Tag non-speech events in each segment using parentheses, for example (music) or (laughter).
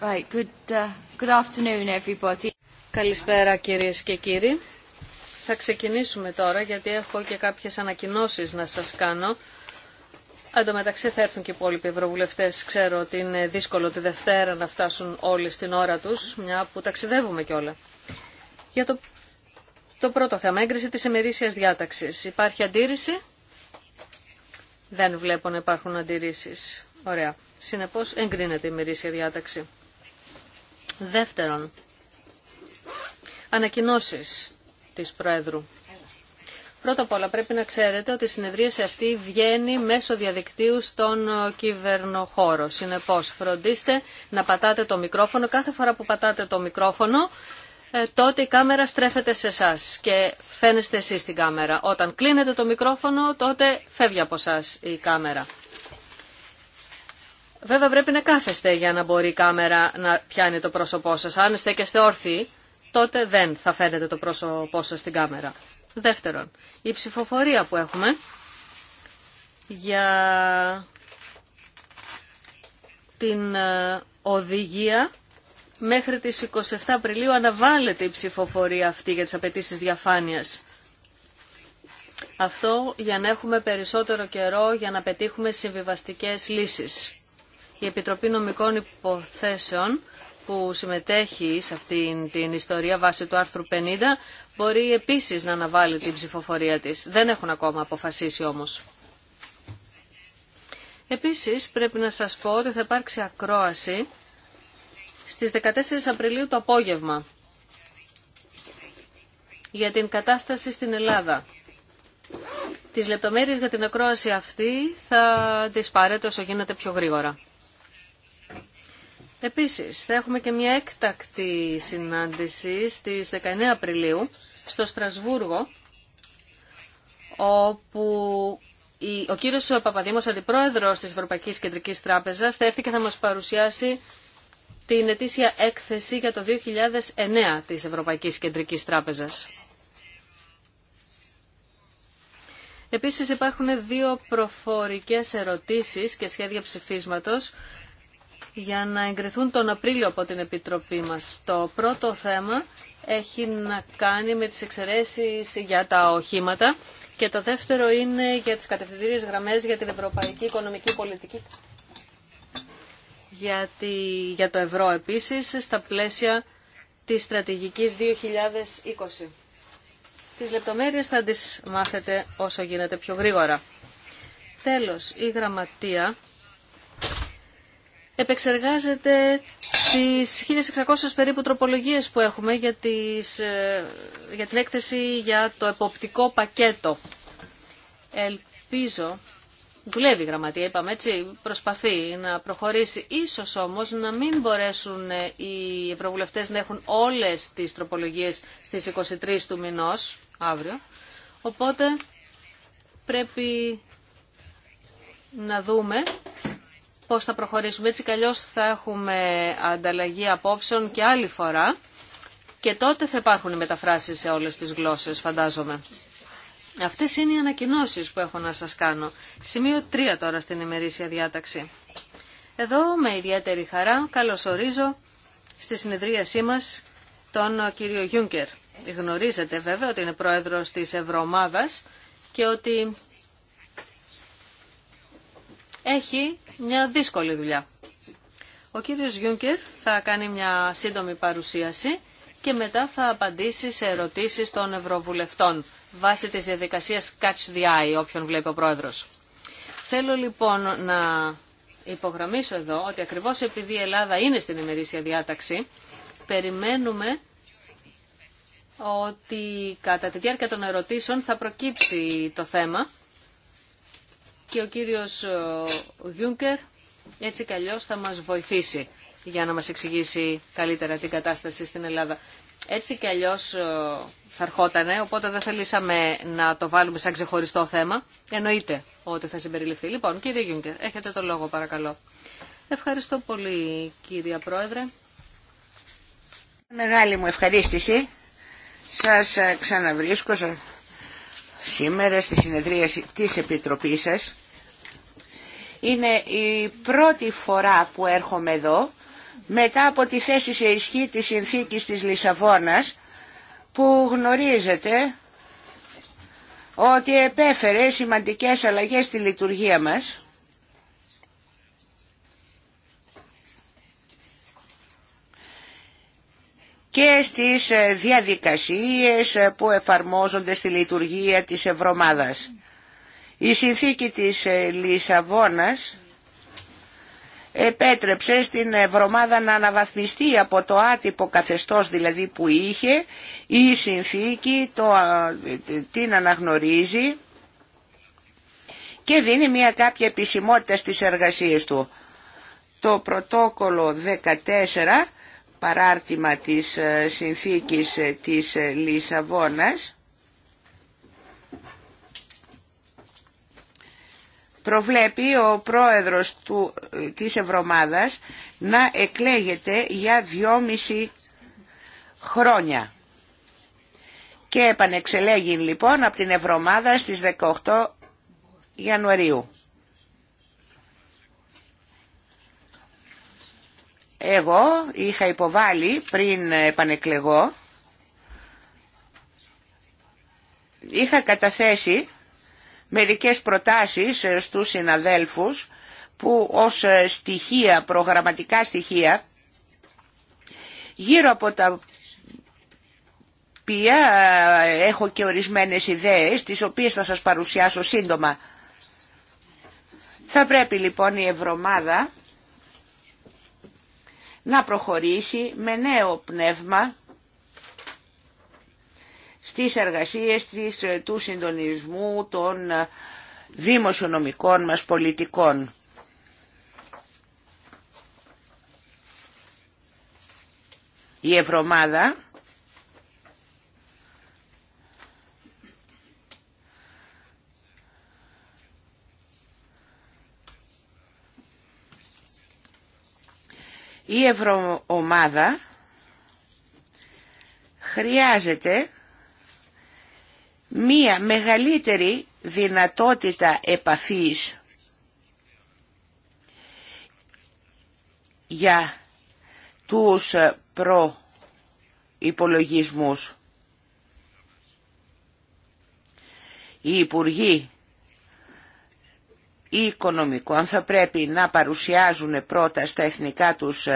Uh, Καλησπέρα κυρίες και κύριοι. Θα ξεκινήσουμε τώρα γιατί έχω και κάποιες ανακοινώσεις να σας κάνω. Αν τω μεταξύ θα έρθουν και οι υπόλοιποι ευρωβουλευτέ. Ξέρω ότι είναι δύσκολο τη Δευτέρα να φτάσουν όλοι στην ώρα τους, μια που ταξιδεύουμε κιόλα. Για το, το πρώτο θέμα, έγκριση τη ημερήσια διάταξη. Υπάρχει αντίρρηση. Δεν βλέπω να υπάρχουν αντιρρήσεις. Ωραία. Συνεπώ, εγκρίνεται η ημερήσια διάταξη. Δεύτερον, ανακοινώσεις της Προέδρου. Πρώτα απ' όλα πρέπει να ξέρετε ότι η συνεδρία σε αυτή βγαίνει μέσω διαδικτύου στον ε, κυβερνοχώρο. Συνεπώς φροντίστε να πατάτε το μικρόφωνο. Κάθε φορά που πατάτε το μικρόφωνο ε, τότε η κάμερα στρέφεται σε εσά και φαίνεστε εσείς στην κάμερα. Όταν κλείνετε το μικρόφωνο τότε φεύγει από εσά η κάμερα. Βέβαια πρέπει να κάθεστε για να μπορεί η κάμερα να πιάνει το πρόσωπό σας. Αν στέκεστε όρθιοι, τότε δεν θα φαίνεται το πρόσωπό σας στην κάμερα. Δεύτερον, η ψηφοφορία που έχουμε για την ε, οδηγία μέχρι τις 27 Απριλίου αναβάλλεται η ψηφοφορία αυτή για τις απαιτήσει διαφάνειας. Αυτό για να έχουμε περισσότερο καιρό για να πετύχουμε συμβιβαστικές λύσεις η Επιτροπή Νομικών Υποθέσεων που συμμετέχει σε αυτή την ιστορία βάσει του άρθρου 50 μπορεί επίσης να αναβάλει την ψηφοφορία της. Δεν έχουν ακόμα αποφασίσει όμως. Επίσης πρέπει να σας πω ότι θα υπάρξει ακρόαση στις 14 Απριλίου το απόγευμα για την κατάσταση στην Ελλάδα. Τις λεπτομέρειες για την ακρόαση αυτή θα τις πάρετε όσο γίνεται πιο γρήγορα. Επίσης, θα έχουμε και μια έκτακτη συνάντηση στις 19 Απριλίου στο Στρασβούργο, όπου ο κύριος Παπαδήμος, αντιπρόεδρος της Ευρωπαϊκής Κεντρικής Τράπεζας, θα έρθει και θα μας παρουσιάσει την ετήσια έκθεση για το 2009 της Ευρωπαϊκής Κεντρικής Τράπεζας. Επίσης υπάρχουν δύο προφορικές ερωτήσεις και σχέδια ψηφίσματος για να εγκριθούν τον Απρίλιο από την Επιτροπή μας. Το πρώτο θέμα έχει να κάνει με τις εξαιρέσεις για τα οχήματα και το δεύτερο είναι για τις κατευθυντήριες γραμμές για την Ευρωπαϊκή Οικονομική Πολιτική για, για το ευρώ επίσης στα πλαίσια της στρατηγικής 2020. Τις λεπτομέρειες θα τις μάθετε όσο γίνεται πιο γρήγορα. Τέλος, η γραμματεία επεξεργάζεται τις 1600 περίπου τροπολογίες που έχουμε για, τις, ε, για την έκθεση για το εποπτικό πακέτο. Ελπίζω, δουλεύει η γραμματεία είπαμε έτσι, προσπαθεί να προχωρήσει. Ίσως όμως να μην μπορέσουν ε, οι ευρωβουλευτές να έχουν όλες τις τροπολογίες στις 23 του μηνός, αύριο. Οπότε πρέπει να δούμε πώς θα προχωρήσουμε. Έτσι καλώς θα έχουμε ανταλλαγή απόψεων και άλλη φορά και τότε θα υπάρχουν οι μεταφράσεις σε όλες τις γλώσσες, φαντάζομαι. Αυτές είναι οι ανακοινώσεις που έχω να σας κάνω. Σημείο 3 τώρα στην ημερήσια διάταξη. Εδώ με ιδιαίτερη χαρά καλωσορίζω στη συνεδρίασή μας τον κύριο Γιούγκερ. Γνωρίζετε βέβαια ότι είναι πρόεδρος της Ευρωομάδας και ότι έχει μια δύσκολη δουλειά. Ο κύριος Γιούνκερ θα κάνει μια σύντομη παρουσίαση και μετά θα απαντήσει σε ερωτήσεις των Ευρωβουλευτών βάσει της διαδικασίας Catch the Eye, όποιον βλέπει ο Πρόεδρος. Θέλω λοιπόν να υπογραμμίσω εδώ ότι ακριβώς επειδή η Ελλάδα είναι στην ημερήσια διάταξη, περιμένουμε ότι κατά τη διάρκεια των ερωτήσεων θα προκύψει το θέμα και ο κύριος ε, Γιούνκερ έτσι κι αλλιώς θα μας βοηθήσει για να μας εξηγήσει καλύτερα την κατάσταση στην Ελλάδα. Έτσι κι αλλιώς ε, θα ερχότανε, οπότε δεν θελήσαμε να το βάλουμε σαν ξεχωριστό θέμα. Εννοείται ότι θα συμπεριληφθεί. Λοιπόν, κύριε Γιούγκερ, έχετε το λόγο παρακαλώ. Ευχαριστώ πολύ κύριε Πρόεδρε. Μεγάλη μου ευχαρίστηση. Σας ξαναβρίσκω σήμερα στη συνεδρία της Επιτροπής σας είναι η πρώτη φορά που έρχομαι εδώ, μετά από τη θέση σε ισχύ της συνθήκης της Λισαβόνας, που γνωρίζετε ότι επέφερε σημαντικές αλλαγές στη λειτουργία μας. και στις διαδικασίες που εφαρμόζονται στη λειτουργία της Ευρωμάδας. Η συνθήκη της ε, Λισαβόνας επέτρεψε στην Ευρωμάδα να αναβαθμιστεί από το άτυπο καθεστώς δηλαδή που είχε η συνθήκη το, την αναγνωρίζει και δίνει μια κάποια επισημότητα στις εργασίες του. Το πρωτόκολλο 14 παράρτημα της ε, συνθήκης ε, της Λισαβόνας προβλέπει ο πρόεδρος του, της Ευρωμάδας να εκλέγεται για δυόμιση χρόνια. Και επανεξελέγει λοιπόν από την Ευρωμάδα στις 18 Ιανουαρίου. Εγώ είχα υποβάλει πριν επανεκλεγώ, είχα καταθέσει μερικές προτάσεις ε, στους συναδέλφους που ως ε, στοιχεία, προγραμματικά στοιχεία, γύρω από τα οποία ε, έχω και ορισμένες ιδέες, τις οποίες θα σας παρουσιάσω σύντομα. Θα πρέπει λοιπόν η Ευρωμάδα να προχωρήσει με νέο πνεύμα στις εργασίες της, ε, του συντονισμού των ε, δημοσιονομικών μας πολιτικών. Η Ευρωμάδα Η Ευρωομάδα χρειάζεται μία μεγαλύτερη δυνατότητα επαφής για τους προϋπολογισμούς. Οι Υπουργοί Οικονομικών θα πρέπει να παρουσιάζουν πρώτα στα εθνικά τους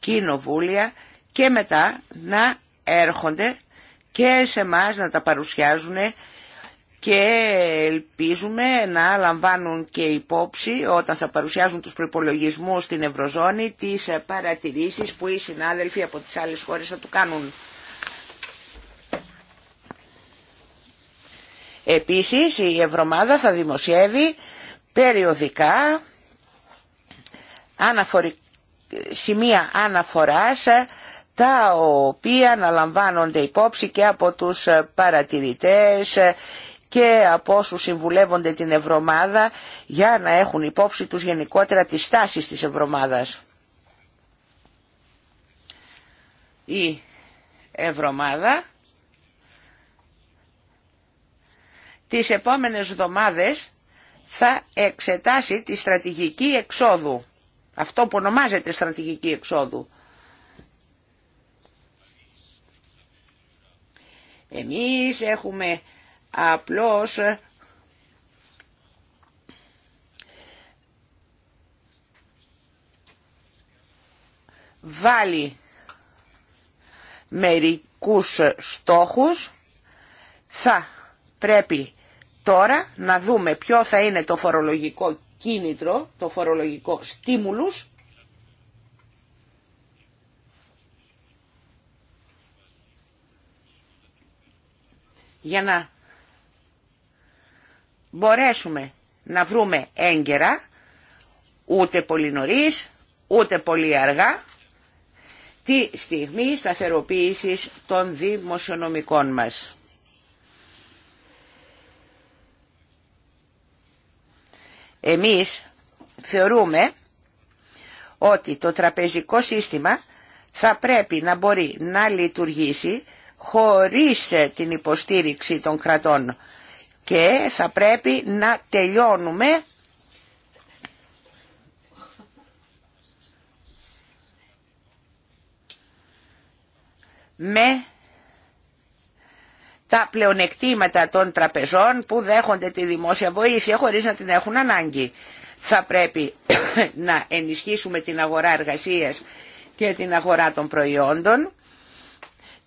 κοινοβούλια και μετά να έρχονται και σε εμά να τα παρουσιάζουν και ελπίζουμε να λαμβάνουν και υπόψη όταν θα παρουσιάζουν τους προπολογισμού στην Ευρωζώνη τις παρατηρήσεις που οι συνάδελφοι από τις άλλες χώρες θα του κάνουν. Επίσης η Ευρωμάδα θα δημοσιεύει περιοδικά σημεία αναφοράς τα οποία αναλαμβάνονται υπόψη και από τους παρατηρητές και από όσους συμβουλεύονται την Ευρωμάδα για να έχουν υπόψη τους γενικότερα τις τάσει της Ευρωμάδας. Η Ευρωμάδα τις επόμενες εβδομάδες θα εξετάσει τη στρατηγική εξόδου, αυτό που ονομάζεται στρατηγική εξόδου. Εμείς έχουμε απλώς ε, βάλει μερικούς στόχους. Θα πρέπει τώρα να δούμε ποιο θα είναι το φορολογικό κίνητρο, το φορολογικό στίμουλους για να μπορέσουμε να βρούμε έγκαιρα, ούτε πολύ νωρίς, ούτε πολύ αργά, τη στιγμή σταθεροποίησης των δημοσιονομικών μας. Εμείς θεωρούμε ότι το τραπεζικό σύστημα θα πρέπει να μπορεί να λειτουργήσει χωρίς ε, την υποστήριξη των κρατών και θα πρέπει να τελειώνουμε με τα πλεονεκτήματα των τραπεζών που δέχονται τη δημόσια βοήθεια χωρίς να την έχουν ανάγκη. Θα πρέπει (coughs) να ενισχύσουμε την αγορά εργασίας και την αγορά των προϊόντων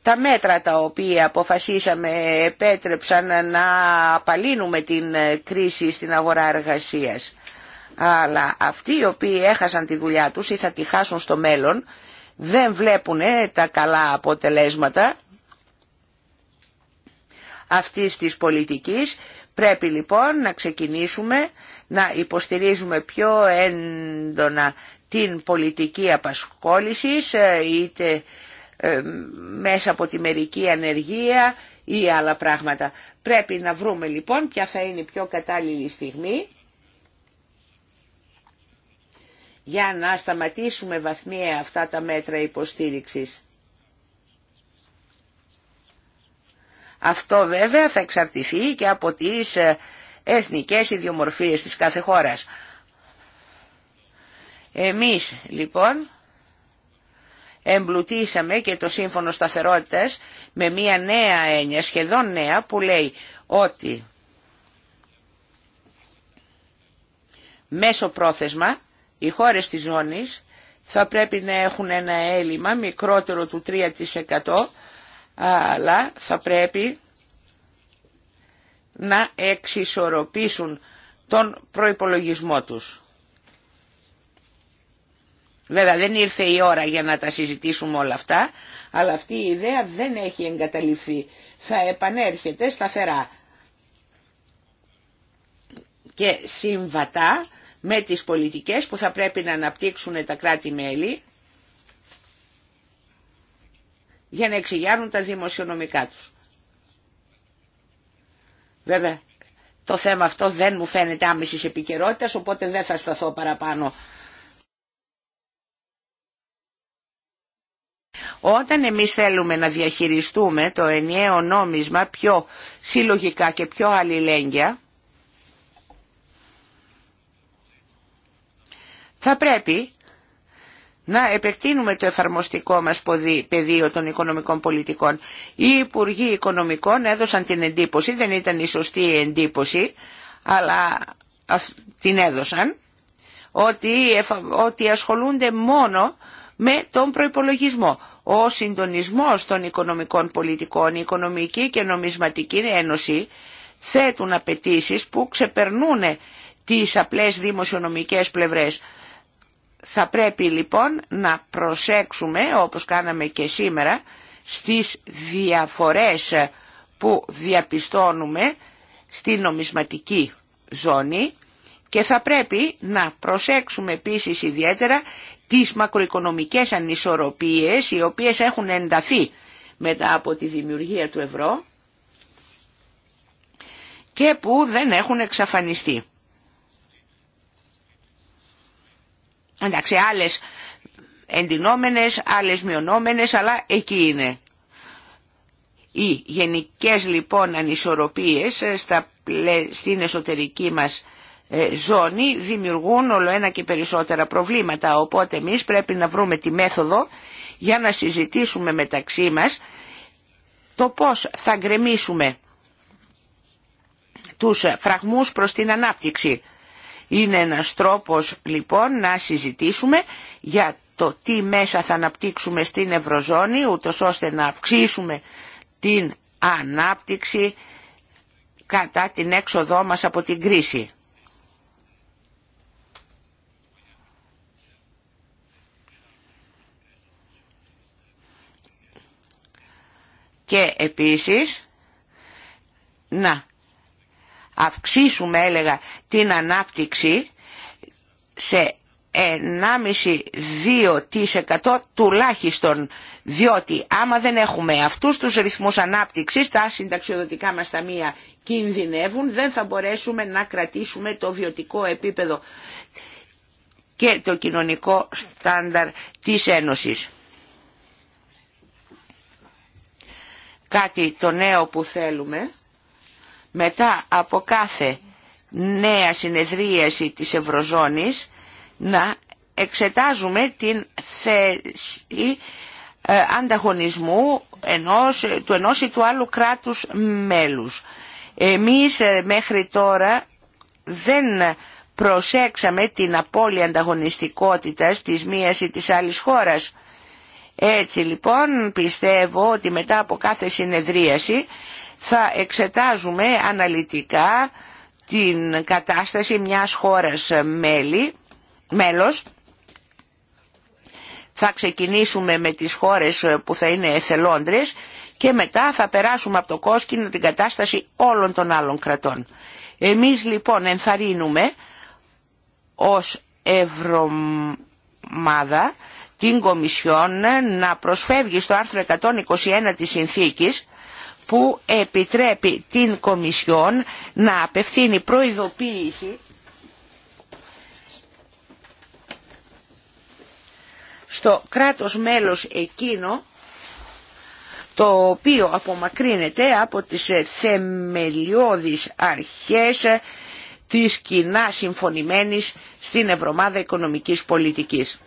τα μέτρα τα οποία αποφασίσαμε επέτρεψαν να απαλύνουμε την ε, κρίση στην αγορά εργασίας. Αλλά αυτοί οι οποίοι έχασαν τη δουλειά τους ή θα τη χάσουν στο μέλλον δεν βλέπουν τα καλά αποτελέσματα αυτής της πολιτικής. Πρέπει λοιπόν να ξεκινήσουμε να υποστηρίζουμε πιο έντονα την πολιτική απασχόλησης ε, είτε ε, μέσα από τη μερική ανεργία ή άλλα πράγματα. Πρέπει να βρούμε λοιπόν ποια θα είναι η πιο κατάλληλη στιγμή για να σταματήσουμε βαθμία αυτά τα μέτρα υποστήριξης. Αυτό βέβαια θα εξαρτηθεί και από τις ε, εθνικές ιδιομορφίες της κάθε χώρας. Εμείς λοιπόν εμπλουτίσαμε και το Σύμφωνο Σταθερότητας με μια νέα έννοια, σχεδόν νέα, που λέει ότι μέσω πρόθεσμα οι χώρες της ζώνης θα πρέπει να έχουν ένα έλλειμμα μικρότερο του 3% αλλά θα πρέπει να εξισορροπήσουν τον προϋπολογισμό τους. Βέβαια δεν ήρθε η ώρα για να τα συζητήσουμε όλα αυτά, αλλά αυτή η ιδέα δεν έχει εγκαταλειφθεί. Θα επανέρχεται σταθερά και συμβατά με τις πολιτικές που θα πρέπει να αναπτύξουν τα κράτη-μέλη για να εξηγιάνουν τα δημοσιονομικά τους. Βέβαια, το θέμα αυτό δεν μου φαίνεται άμεσης επικαιρότητα, οπότε δεν θα σταθώ παραπάνω Όταν εμείς θέλουμε να διαχειριστούμε το ενιαίο νόμισμα πιο συλλογικά και πιο αλληλέγγυα, θα πρέπει να επεκτείνουμε το εφαρμοστικό μας πεδίο των οικονομικών πολιτικών. Οι Υπουργοί Οικονομικών έδωσαν την εντύπωση, δεν ήταν η σωστή εντύπωση, αλλά την έδωσαν, ότι, ότι ασχολούνται μόνο με τον προϋπολογισμό. Ο συντονισμός των οικονομικών πολιτικών, η Οικονομική και Νομισματική Ένωση θέτουν απαιτήσει που ξεπερνούν τις απλές δημοσιονομικές πλευρές. Θα πρέπει λοιπόν να προσέξουμε, όπως κάναμε και σήμερα, στις διαφορές που διαπιστώνουμε στη νομισματική ζώνη και θα πρέπει να προσέξουμε επίσης ιδιαίτερα τις μακροοικονομικές ανισορροπίες οι οποίες έχουν ενταθεί μετά από τη δημιουργία του ευρώ και που δεν έχουν εξαφανιστεί. Εντάξει, άλλες εντυνόμενες, άλλες μειονόμενες, αλλά εκεί είναι. Οι γενικές λοιπόν ανισορροπίες ε, στην εσωτερική μας ε, ζώνη δημιουργούν όλο ένα και περισσότερα προβλήματα. Οπότε εμείς πρέπει να βρούμε τη μέθοδο για να συζητήσουμε μεταξύ μας το πώς θα γκρεμίσουμε τους φραγμούς προς την ανάπτυξη. Είναι ένας τρόπος λοιπόν να συζητήσουμε για το τι μέσα θα αναπτύξουμε στην Ευρωζώνη, ούτως ώστε να αυξήσουμε την ανάπτυξη κατά την έξοδό μας από την κρίση. και επίσης να αυξήσουμε έλεγα την ανάπτυξη σε 1,5-2% τουλάχιστον, διότι άμα δεν έχουμε αυτούς τους ρυθμούς ανάπτυξης, τα συνταξιοδοτικά μας ταμεία κινδυνεύουν, δεν θα μπορέσουμε να κρατήσουμε το βιωτικό επίπεδο και το κοινωνικό στάνταρ της Ένωσης. κάτι το νέο που θέλουμε, μετά από κάθε νέα συνεδρίαση της Ευρωζώνης να εξετάζουμε την θέση ε, ανταγωνισμού ενός, του ενός ή του άλλου κράτους μέλους. Εμείς ε, μέχρι τώρα δεν προσέξαμε την απώλεια ανταγωνιστικότητας της μίας ή της άλλης χώρας. Έτσι λοιπόν πιστεύω ότι μετά από κάθε συνεδρίαση θα εξετάζουμε αναλυτικά την κατάσταση μιας χώρας μέλη, μέλος. Θα ξεκινήσουμε με τις χώρες που θα είναι εθελόντρες και μετά θα περάσουμε από το κόσκινο την κατάσταση όλων των άλλων κρατών. Εμείς λοιπόν ενθαρρύνουμε ως Ευρωμάδα την Κομισιόν ε, να προσφεύγει στο άρθρο 121 της Συνθήκης που επιτρέπει την Κομισιόν να απευθύνει προειδοποίηση στο κράτος μέλος εκείνο το οποίο απομακρύνεται από τις ε, θεμελιώδεις αρχές ε, της κοινά συμφωνημένης στην Ευρωμάδα Οικονομικής Πολιτικής.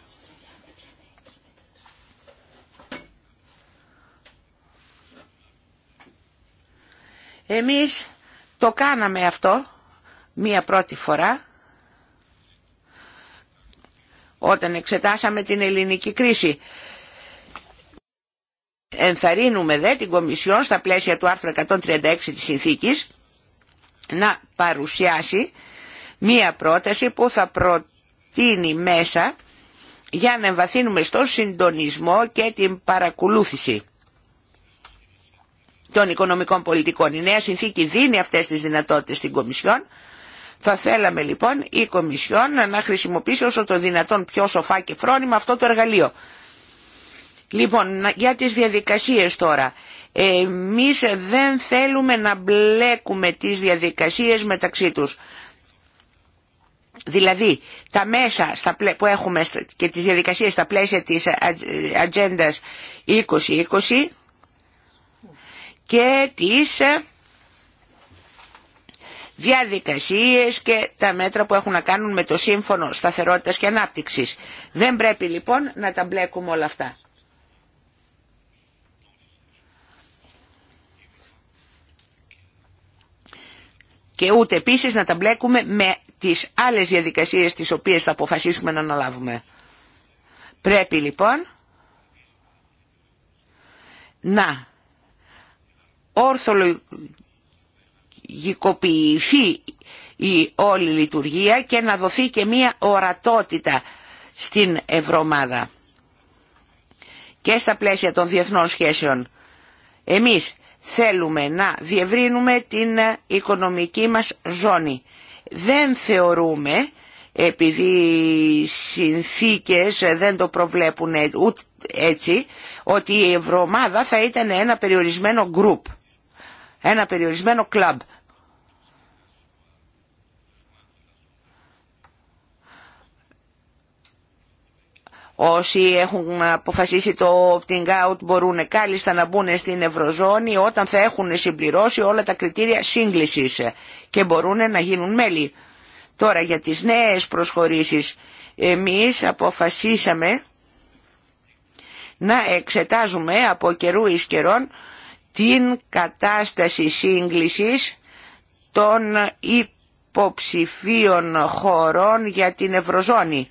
Εμείς το κάναμε αυτό μία πρώτη φορά όταν εξετάσαμε την ελληνική κρίση. Ενθαρρύνουμε δε την Κομισιόν στα πλαίσια του άρθρου 136 της Συνθήκης να παρουσιάσει μία πρόταση που θα προτείνει μέσα για να εμβαθύνουμε στον συντονισμό και την παρακολούθηση των οικονομικών πολιτικών. Η νέα συνθήκη δίνει αυτές τις δυνατότητες στην Κομισιόν. Θα θέλαμε λοιπόν η Κομισιόν να χρησιμοποιήσει όσο το δυνατόν πιο σοφά και φρόνημα αυτό το εργαλείο. Λοιπόν, για τις διαδικασίες τώρα. Εμείς δεν θέλουμε να μπλέκουμε τις διαδικασίες μεταξύ τους. Δηλαδή, τα μέσα που έχουμε και τις διαδικασίες στα πλαίσια της Ατζέντα 2020 ε, και τις ε, διαδικασίες και τα μέτρα που έχουν να κάνουν με το Σύμφωνο Σταθερότητας και Ανάπτυξης. Δεν πρέπει λοιπόν να τα μπλέκουμε όλα αυτά. Και ούτε επίσης να τα μπλέκουμε με τις άλλες διαδικασίες τις οποίες θα αποφασίσουμε να αναλάβουμε. Πρέπει λοιπόν να ορθολογικοποιηθεί η όλη λειτουργία και να δοθεί και μία ορατότητα στην Ευρωμάδα και στα πλαίσια των διεθνών σχέσεων. Εμείς θέλουμε να διευρύνουμε την οικονομική μας ζώνη. Δεν θεωρούμε, επειδή οι συνθήκες δεν το προβλέπουν ε, ούτε έτσι, ότι η ευρωμάδα θα ήταν ένα περιορισμένο γκρουπ ένα περιορισμένο κλαμπ. Όσοι έχουν αποφασίσει το opting out μπορούν κάλλιστα να μπουν στην Ευρωζώνη όταν θα έχουν συμπληρώσει όλα τα κριτήρια σύγκλησης και μπορούν να γίνουν μέλη. Τώρα για τις νέες προσχωρήσεις εμείς αποφασίσαμε να εξετάζουμε από καιρού εις καιρών την κατάσταση σύγκλησης των υποψηφίων χωρών για την Ευρωζώνη.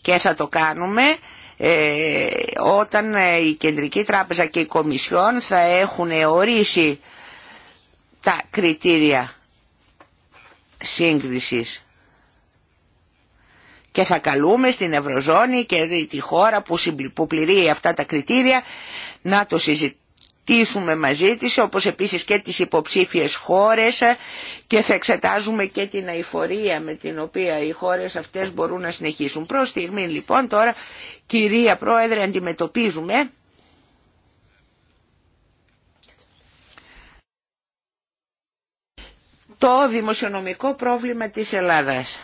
Και θα το κάνουμε ε, όταν ε, η Κεντρική Τράπεζα και η Κομισιόν θα έχουν ορίσει τα κριτήρια σύγκρισης και θα καλούμε στην Ευρωζώνη και τη χώρα που πληρεί αυτά τα κριτήρια να το συζητήσουμε μαζί της, όπως επίσης και τις υποψήφιες χώρες ε, και θα εξετάζουμε και την αηφορία με την οποία οι χώρες αυτές μπορούν να συνεχίσουν. Προς στιγμή λοιπόν τώρα, κυρία Πρόεδρε, αντιμετωπίζουμε... το δημοσιονομικό πρόβλημα της Ελλάδας.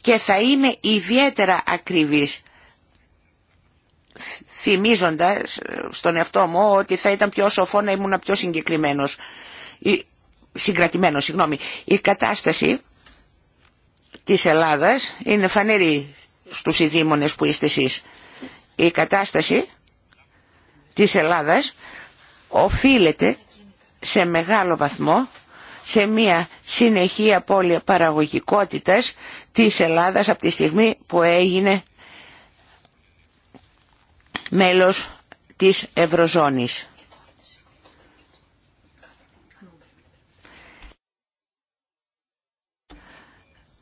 και θα είμαι ιδιαίτερα ακριβής θυμίζοντας ε, στον εαυτό μου ότι θα ήταν πιο σοφό να ήμουν πιο συγκεκριμένος συγκρατημένος, συγγνώμη. Η κατάσταση της Ελλάδας είναι φανερή στους ειδήμονες που είστε εσείς. Η κατάσταση της Ελλάδας οφείλεται σε μεγάλο βαθμό σε μια συνεχή απώλεια παραγωγικότητας της Ελλάδας από τη στιγμή που έγινε μέλος της Ευρωζώνης.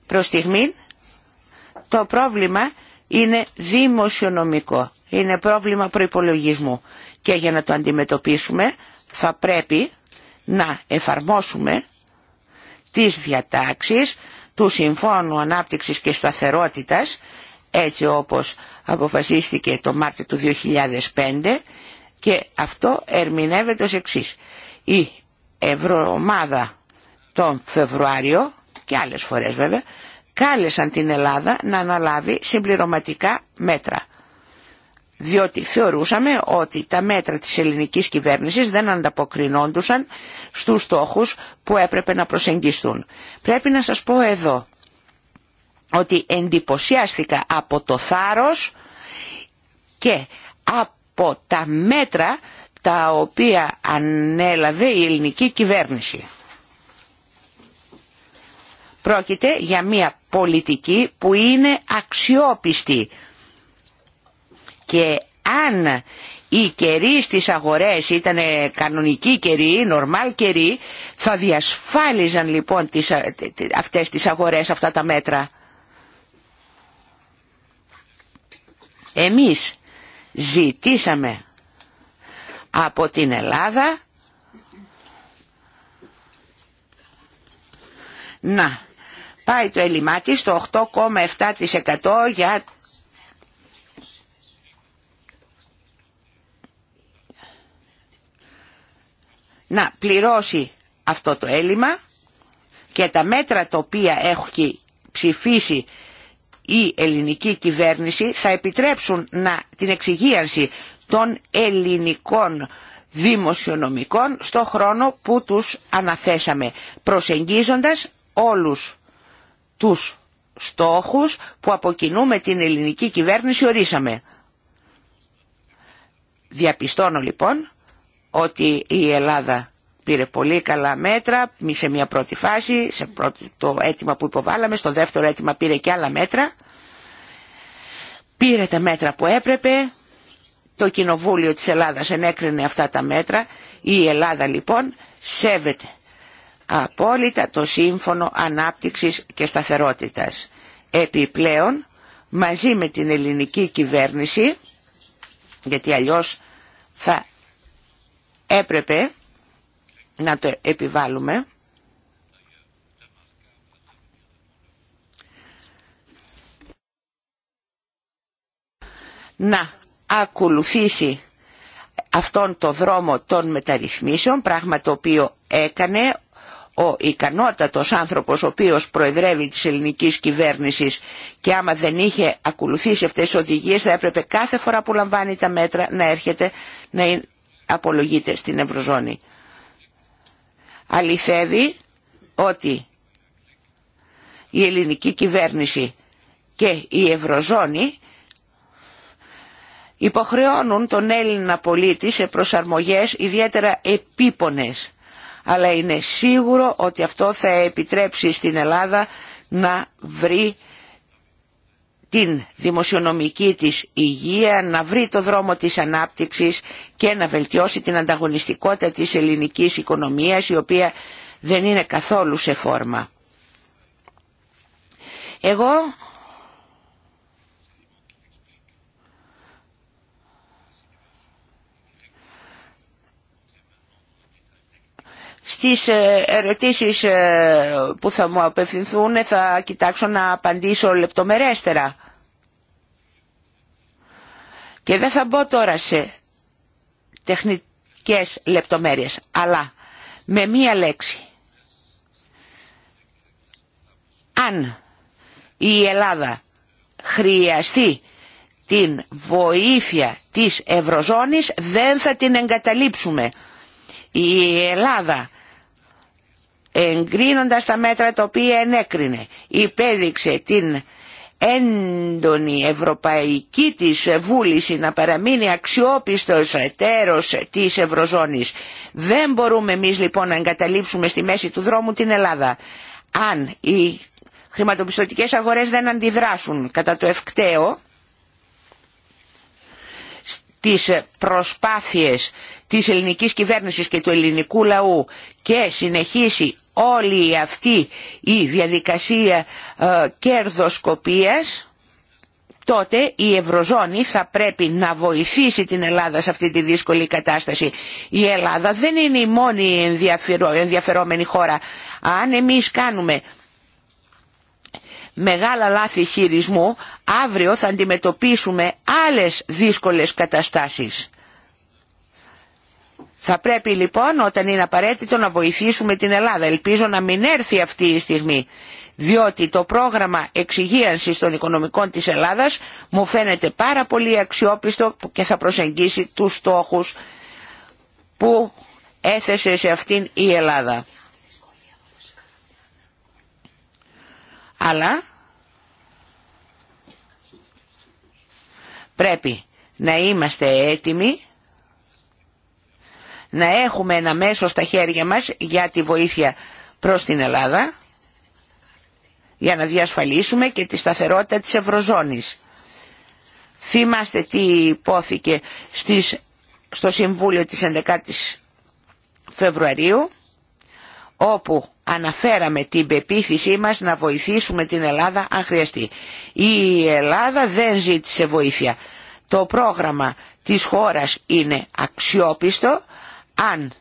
Προς στιγμή το πρόβλημα είναι δημοσιονομικό, είναι πρόβλημα προϋπολογισμού και για να το αντιμετωπίσουμε θα πρέπει να εφαρμόσουμε τις διατάξεις του Συμφώνου Ανάπτυξης και Σταθερότητας, έτσι όπως αποφασίστηκε το Μάρτιο του 2005 και αυτό ερμηνεύεται ως εξής. Η Ευρωομάδα τον Φεβρουάριο και άλλες φορές βέβαια κάλεσαν την Ελλάδα να αναλάβει συμπληρωματικά μέτρα διότι θεωρούσαμε ότι τα μέτρα της ελληνικής κυβέρνησης δεν ανταποκρινόντουσαν στους στόχους που έπρεπε να προσεγγιστούν. Πρέπει να σας πω εδώ ότι εντυπωσιάστηκα από το θάρρος και από τα μέτρα τα οποία ανέλαβε η ελληνική κυβέρνηση. Πρόκειται για μια πολιτική που είναι αξιόπιστη και αν οι καιροί στις αγορές ήταν κανονικοί καιροί, νορμάλ καιροί, θα διασφάλιζαν λοιπόν τις, αυτές τις αγορές, αυτά τα μέτρα. Εμείς ζητήσαμε από την Ελλάδα να πάει το έλλειμμά στο 8,7% για να πληρώσει αυτό το έλλειμμα και τα μέτρα τα οποία έχει ψηφίσει η ελληνική κυβέρνηση θα επιτρέψουν να, την εξυγίανση των ελληνικών δημοσιονομικών στο χρόνο που τους αναθέσαμε, προσεγγίζοντας όλους τους στόχους που από κοινού με την ελληνική κυβέρνηση ορίσαμε. Διαπιστώνω λοιπόν ότι η Ελλάδα πήρε πολύ καλά μέτρα σε μια πρώτη φάση, σε το αίτημα που υποβάλαμε, στο δεύτερο αίτημα πήρε και άλλα μέτρα. Πήρε τα μέτρα που έπρεπε, το Κοινοβούλιο της Ελλάδας ενέκρινε αυτά τα μέτρα. Η Ελλάδα λοιπόν σέβεται απόλυτα το Σύμφωνο Ανάπτυξης και Σταθερότητας. Επιπλέον, μαζί με την ελληνική κυβέρνηση, γιατί αλλιώς θα έπρεπε να το επιβάλλουμε να ακολουθήσει αυτόν το δρόμο των μεταρρυθμίσεων, πράγμα το οποίο έκανε ο ικανότατος άνθρωπος ο οποίος προεδρεύει της ελληνικής κυβέρνησης και άμα δεν είχε ακολουθήσει αυτές τις οδηγίες θα έπρεπε κάθε φορά που λαμβάνει τα μέτρα να έρχεται να απολογείται στην Ευρωζώνη. Αληθεύει ότι η ελληνική κυβέρνηση και η Ευρωζώνη υποχρεώνουν τον Έλληνα πολίτη σε προσαρμογές ιδιαίτερα επίπονες. Αλλά είναι σίγουρο ότι αυτό θα επιτρέψει στην Ελλάδα να βρει την δημοσιονομική της υγεία, να βρει το δρόμο της ανάπτυξης και να βελτιώσει την ανταγωνιστικότητα της ελληνικής οικονομίας η οποία δεν είναι καθόλου σε φόρμα. Εγώ Στις ε, ερωτήσεις ε, που θα μου απευθυνθούν θα κοιτάξω να απαντήσω λεπτομερέστερα. Και δεν θα μπω τώρα σε τεχνικές λεπτομέρειες, αλλά με μία λέξη. Αν η Ελλάδα χρειαστεί την βοήθεια της Ευρωζώνης, δεν θα την εγκαταλείψουμε. Η Ελλάδα εγκρίνοντας τα μέτρα τα οποία ενέκρινε, υπέδειξε την έντονη ευρωπαϊκή της βούληση να παραμείνει αξιόπιστος εταίρος της Ευρωζώνης. Δεν μπορούμε εμείς λοιπόν να εγκαταλείψουμε στη μέση του δρόμου την Ελλάδα. Αν οι χρηματοπιστωτικές αγορές δεν αντιδράσουν κατά το ευκταίο στις προσπάθειες της ελληνικής κυβέρνησης και του ελληνικού λαού και συνεχίσει όλη αυτή η διαδικασία ε, κέρδοσκοπίας τότε η Ευρωζώνη θα πρέπει να βοηθήσει την Ελλάδα σε αυτή τη δύσκολη κατάσταση. Η Ελλάδα δεν είναι η μόνη ενδιαφερόμενη χώρα. Αν εμείς κάνουμε μεγάλα λάθη χειρισμού, αύριο θα αντιμετωπίσουμε άλλες δύσκολες καταστάσεις. Θα πρέπει λοιπόν όταν είναι απαραίτητο να βοηθήσουμε την Ελλάδα. Ελπίζω να μην έρθει αυτή η στιγμή. Διότι το πρόγραμμα εξυγίανσης των οικονομικών της Ελλάδας μου φαίνεται πάρα πολύ αξιόπιστο και θα προσεγγίσει τους στόχους που έθεσε σε αυτήν η Ελλάδα. Αλλά πρέπει να είμαστε έτοιμοι να έχουμε ένα μέσο στα χέρια μας για τη βοήθεια προς την Ελλάδα για να διασφαλίσουμε και τη σταθερότητα της Ευρωζώνης. Θυμάστε τι υπόθηκε στις, στο Συμβούλιο της 11ης Φεβρουαρίου όπου αναφέραμε την πεποίθησή μας να βοηθήσουμε την Ελλάδα αν χρειαστεί. Η Ελλάδα δεν ζήτησε βοήθεια. Το πρόγραμμα της χώρας είναι αξιόπιστο αν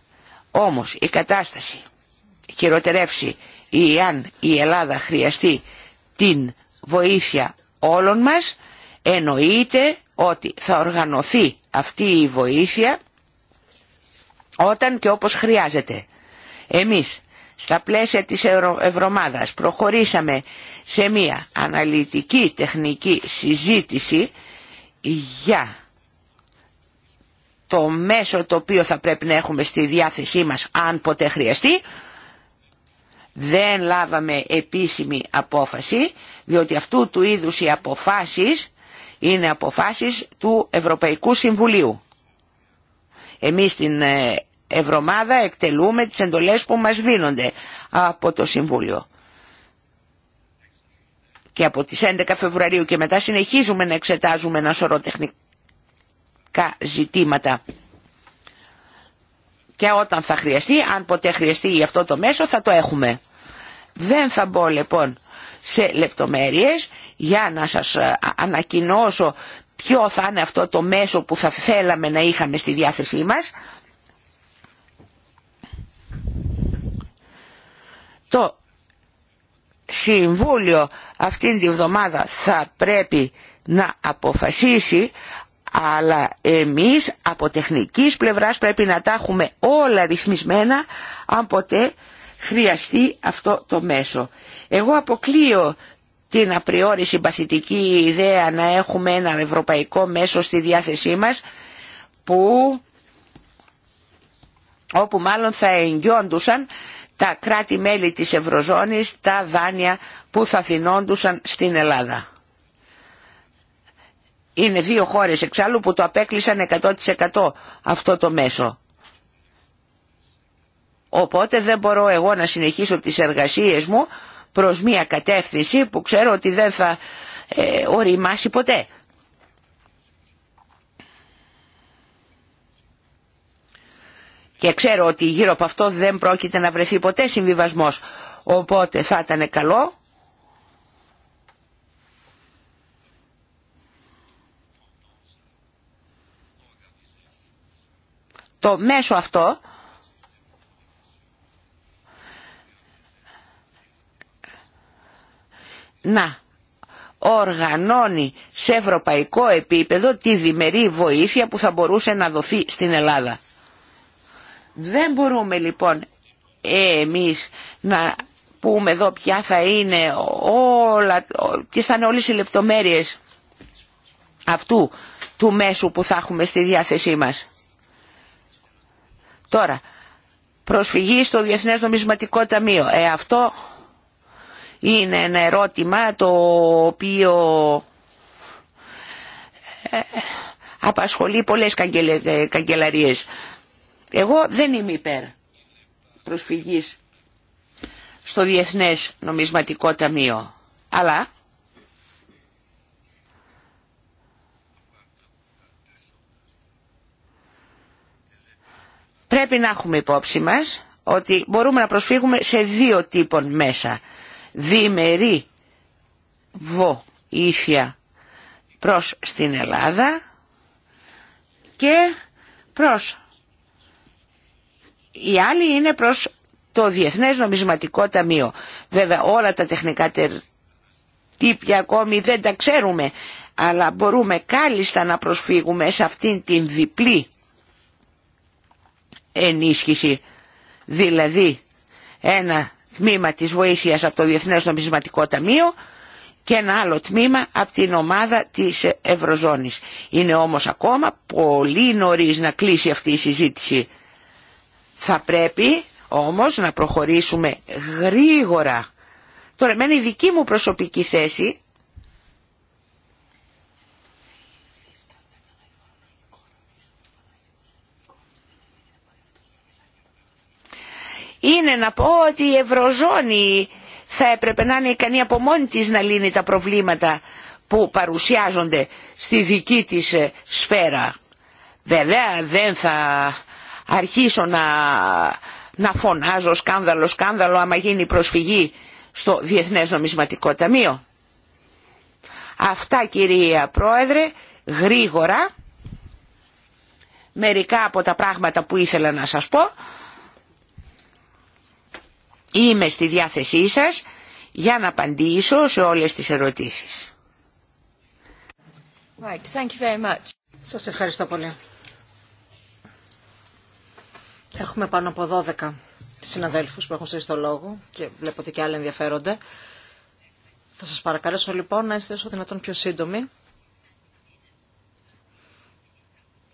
όμως η κατάσταση χειροτερεύσει ή αν η Ελλάδα χρειαστεί την βοήθεια όλων μας, εννοείται ότι θα οργανωθεί αυτή η βοήθεια όταν και όπως χρειάζεται. Εμείς στα πλαίσια της Ευρωμάδας προχωρήσαμε σε μια αναλυτική τεχνική συζήτηση για το μέσο το οποίο θα πρέπει να έχουμε στη διάθεσή μας αν ποτέ χρειαστεί. Δεν λάβαμε επίσημη απόφαση, διότι αυτού του είδους οι αποφάσεις είναι αποφάσεις του Ευρωπαϊκού Συμβουλίου. Εμείς στην ε, Ευρωμάδα εκτελούμε τις εντολές που μας δίνονται από το Συμβούλιο. Και από τις 11 Φεβρουαρίου και μετά συνεχίζουμε να εξετάζουμε ένα σωρό τεχνικό ζητήματα. Και όταν θα χρειαστεί, αν ποτέ χρειαστεί αυτό το μέσο, θα το έχουμε. Δεν θα μπω λοιπόν σε λεπτομέρειες για να σας ε, ανακοινώσω ποιο θα είναι αυτό το μέσο που θα θέλαμε να είχαμε στη διάθεσή μας. Το Συμβούλιο αυτήν τη εβδομάδα θα πρέπει να αποφασίσει αλλά εμείς από τεχνικής πλευράς πρέπει να τα έχουμε όλα ρυθμισμένα αν ποτέ χρειαστεί αυτό το μέσο. Εγώ αποκλείω την απριόρι συμπαθητική ιδέα να έχουμε ένα ευρωπαϊκό μέσο στη διάθεσή μας που όπου μάλλον θα εγγιόντουσαν τα κράτη-μέλη της Ευρωζώνης, τα δάνεια που θα θυνόντουσαν στην Ελλάδα. Είναι δύο χώρες εξάλλου που το απέκλεισαν 100% αυτό το μέσο. Οπότε δεν μπορώ εγώ να συνεχίσω τις εργασίες μου προς μια κατεύθυνση που ξέρω ότι δεν θα ε, οριμάσει ποτέ. Και ξέρω ότι γύρω από αυτό δεν πρόκειται να βρεθεί ποτέ συμβιβασμός. Οπότε θα ήταν καλό το μέσο αυτό να οργανώνει σε ευρωπαϊκό επίπεδο τη διμερή βοήθεια που θα μπορούσε να δοθεί στην Ελλάδα. Δεν μπορούμε λοιπόν εμείς να πούμε εδώ ποια θα είναι όλα, και θα είναι όλες οι λεπτομέρειες αυτού του μέσου που θα έχουμε στη διάθεσή μας. Τώρα, προσφυγή στο Διεθνές Νομισματικό Ταμείο. Ε, αυτό είναι ένα ερώτημα το οποίο ε, απασχολεί πολλές ε, καγκελαρίες. Εγώ δεν είμαι υπέρ προσφυγής στο Διεθνές Νομισματικό Ταμείο. Αλλά Πρέπει να έχουμε υπόψη μας ότι μπορούμε να προσφύγουμε σε δύο τύπων μέσα. Διημερή βοήθεια προς στην Ελλάδα και προς. Η άλλη είναι προς το Διεθνές Νομισματικό Ταμείο. Βέβαια όλα τα τεχνικά τύπια ακόμη δεν τα ξέρουμε, αλλά μπορούμε κάλλιστα να προσφύγουμε σε αυτήν την διπλή ενίσχυση. Δηλαδή ένα τμήμα της βοήθειας από το Διεθνές Νομισματικό Ταμείο και ένα άλλο τμήμα από την ομάδα της Ευρωζώνης. Είναι όμως ακόμα πολύ νωρίς να κλείσει αυτή η συζήτηση. Θα πρέπει όμως να προχωρήσουμε γρήγορα. Τώρα εμένα η δική μου προσωπική θέση είναι να πω ότι η Ευρωζώνη θα έπρεπε να είναι ικανή από μόνη της να λύνει τα προβλήματα που παρουσιάζονται στη δική της ε, σφαίρα. Βέβαια δεν θα αρχίσω να, να φωνάζω σκάνδαλο σκάνδαλο άμα γίνει προσφυγή στο Διεθνές Νομισματικό Ταμείο. Αυτά κυρία Πρόεδρε, γρήγορα, μερικά από τα πράγματα που ήθελα να σας πω. Είμαι στη διάθεσή σας για να απαντήσω σε όλες τις ερωτήσεις. Right, thank you very much. Σας ευχαριστώ πολύ. Έχουμε πάνω από 12 συναδέλφους που έχουν στήσει το λόγο και βλέπω ότι και άλλοι ενδιαφέρονται. Θα σας παρακαλέσω λοιπόν να είστε όσο δυνατόν πιο σύντομοι.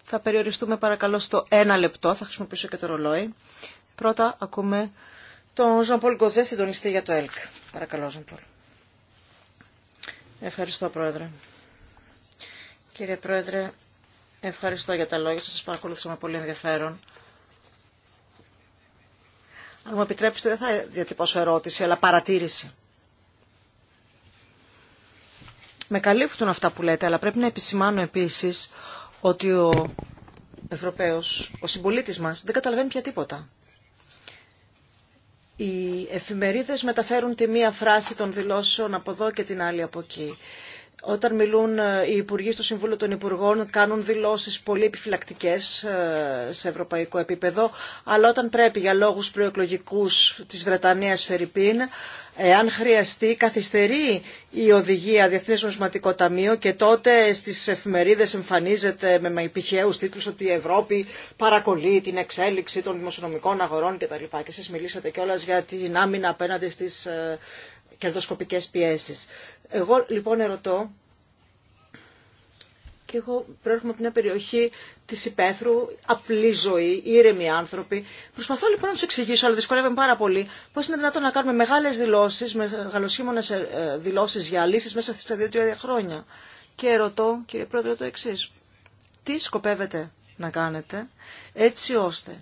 Θα περιοριστούμε παρακαλώ στο ένα λεπτό, θα χρησιμοποιήσω και το ρολόι. Πρώτα ακούμε τον Ζαν Πολ Γκοζέ συντονιστή για το ΕΛΚ. Παρακαλώ, Ζαν Πολ. Ευχαριστώ, Πρόεδρε. Κύριε Πρόεδρε, ευχαριστώ για τα λόγια σας. Σας παρακολούθησα με πολύ ενδιαφέρον. Αν μου επιτρέψετε, δεν θα διατυπώσω ερώτηση, αλλά παρατήρηση. Με καλύπτουν αυτά που λέτε, αλλά πρέπει να επισημάνω επίσης ότι ο Ευρωπαίος, ο συμπολίτης μας, δεν καταλαβαίνει πια τίποτα. Οι εφημερίδες μεταφέρουν τη μία φράση των δηλώσεων από εδώ και την άλλη από εκεί. Όταν μιλούν ε, οι υπουργοί στο Συμβούλιο των Υπουργών κάνουν δηλώσεις πολύ επιφυλακτικές ε, σε ευρωπαϊκό επίπεδο, αλλά όταν πρέπει για λόγους προεκλογικούς της Βρετανίας Φερρυπίν, εάν χρειαστεί, καθυστερεί η οδηγία Διεθνής Νομισματικό Ταμείο και τότε στις εφημερίδες εμφανίζεται με επιχαίους τίτλους ότι η Ευρώπη παρακολεί την εξέλιξη των δημοσιονομικών αγορών κτλ. Και εσείς μιλήσατε κιόλας για την άμυνα απέναντι στις ε, κερδοσκοπικές πιέσεις. Εγώ λοιπόν ερωτώ, και εγώ προέρχομαι από μια περιοχή της υπαίθρου, απλή ζωή, ήρεμοι άνθρωποι. Προσπαθώ λοιπόν να του εξηγήσω, αλλά δυσκολεύομαι πάρα πολύ, πως είναι δυνατόν να κάνουμε μεγάλες δηλώσεις μεγαλοσχήμονες ε, δηλώσεις για λύσεις μέσα στα δύο-τρία χρόνια. Και ερωτώ, κύριε Πρόεδρε, το εξή. Τι σκοπεύετε να κάνετε έτσι ώστε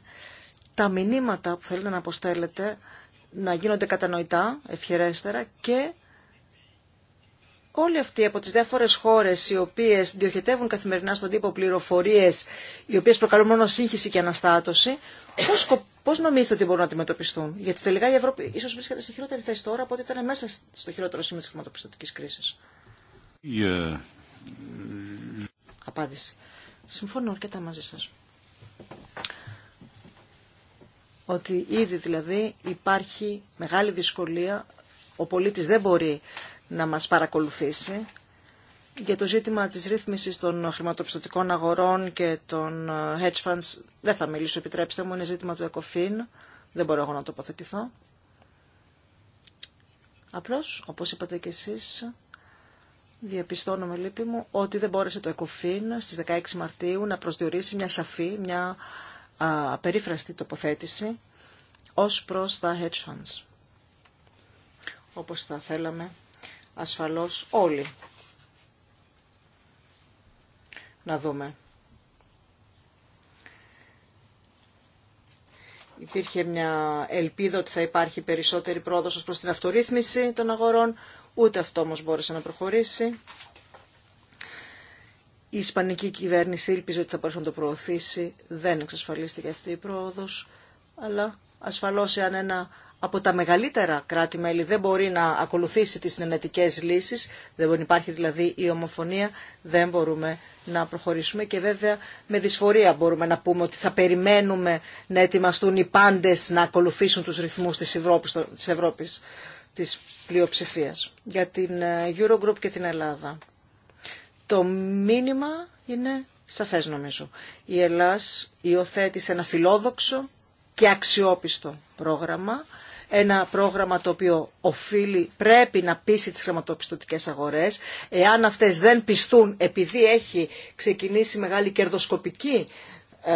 τα μηνύματα που θέλετε να αποστέλλετε να γίνονται κατανοητά, ευχερέστερα και όλοι αυτοί από τις διάφορες χώρες οι οποίες διοχετεύουν καθημερινά στον τύπο πληροφορίες οι οποίες προκαλούν μόνο σύγχυση και αναστάτωση, πώς, πώς νομίζετε ότι μπορούν να αντιμετωπιστούν. Γιατί τελικά η Ευρώπη ίσως βρίσκεται σε χειρότερη θέση τώρα από ότι ήταν μέσα στο χειρότερο σημείο της χρηματοπιστωτικής κρίσης. Απάντηση. Συμφωνώ αρκετά μαζί σας. ότι ήδη δηλαδή υπάρχει μεγάλη δυσκολία, ο πολίτης δεν μπορεί να μας παρακολουθήσει για το ζήτημα της ρύθμισης των χρηματοπιστωτικών αγορών και των ε, hedge funds δεν θα μιλήσω, επιτρέψτε μου, είναι ζήτημα του ΕΚΟΦΗΝ, δεν μπορώ εγώ να τοποθετηθώ. Απλώς, όπως είπατε και εσείς, διαπιστώνω με λύπη μου ότι δεν μπόρεσε το ΕΚΟΦΗΝ στις 16 Μαρτίου να προσδιορίσει μια σαφή, μια απερίφραστη τοποθέτηση ως προς τα hedge funds. Όπως θα θέλαμε ασφαλώς όλοι να δούμε. Υπήρχε μια ελπίδα ότι θα υπάρχει περισσότερη πρόοδος προς την αυτορύθμιση των αγορών, ούτε αυτό όμως μπόρεσε να προχωρήσει. Η Ισπανική κυβέρνηση ήλπιζε ότι θα μπορούσε να το προωθήσει. Δεν εξασφαλίστηκε αυτή η πρόοδο, Αλλά ασφαλώ εάν ένα από τα μεγαλύτερα κράτη-μέλη δεν μπορεί να ακολουθήσει τι συνενετικέ λύσει. δεν μπορεί να υπάρχει δηλαδή η ομοφωνία, δεν μπορούμε να προχωρήσουμε και βέβαια με δυσφορία μπορούμε να πούμε ότι θα περιμένουμε να ετοιμαστούν οι πάντε να ακολουθήσουν του ρυθμού τη Ευρώπη της, της πλειοψηφίας. Για την ε, Eurogroup και την Ελλάδα. Το μήνυμα είναι σαφές νομίζω. Η Ελλάς υιοθέτησε ένα φιλόδοξο και αξιόπιστο πρόγραμμα ένα πρόγραμμα το οποίο οφείλει, πρέπει να πείσει τις χρηματοπιστωτικές αγορές. Εάν αυτές δεν πιστούν, επειδή έχει ξεκινήσει μεγάλη κερδοσκοπική ε,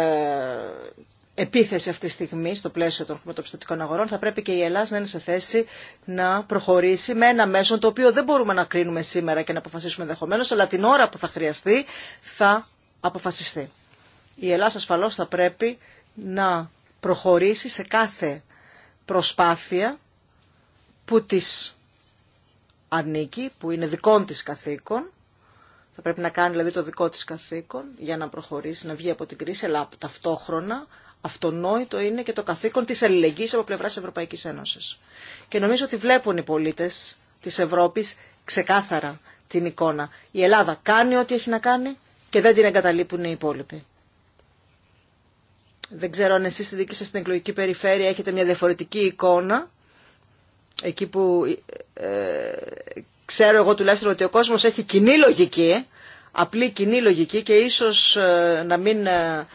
επίθεση αυτή τη στιγμή στο πλαίσιο των χρηματοπιστωτικών αγορών, θα πρέπει και η Ελλάδα να είναι σε θέση να προχωρήσει με ένα μέσο το οποίο δεν μπορούμε να κρίνουμε σήμερα και να αποφασίσουμε ενδεχομένω, αλλά την ώρα που θα χρειαστεί θα αποφασιστεί. Η Ελλάδα ασφαλώ θα πρέπει να προχωρήσει σε κάθε προσπάθεια που της ανήκει, που είναι δικών της καθήκον, θα πρέπει να κάνει δηλαδή το δικό της καθήκον για να προχωρήσει, να βγει από την κρίση, αλλά ταυτόχρονα αυτονόητο είναι και το καθήκον της αλληλεγγύης από πλευράς της Ευρωπαϊκής Ένωσης. Και νομίζω ότι βλέπουν οι πολίτες της Ευρώπης ξεκάθαρα την εικόνα. Η Ελλάδα κάνει ό,τι έχει να κάνει και δεν την εγκαταλείπουν οι υπόλοιποι. Δεν ξέρω αν εσείς στη δική σας την εκλογική περιφέρεια έχετε μια διαφορετική εικόνα, εκεί που ε, ξέρω εγώ τουλάχιστον ότι ο κόσμος έχει κοινή λογική, απλή κοινή λογική και ίσως ε, να μην ε,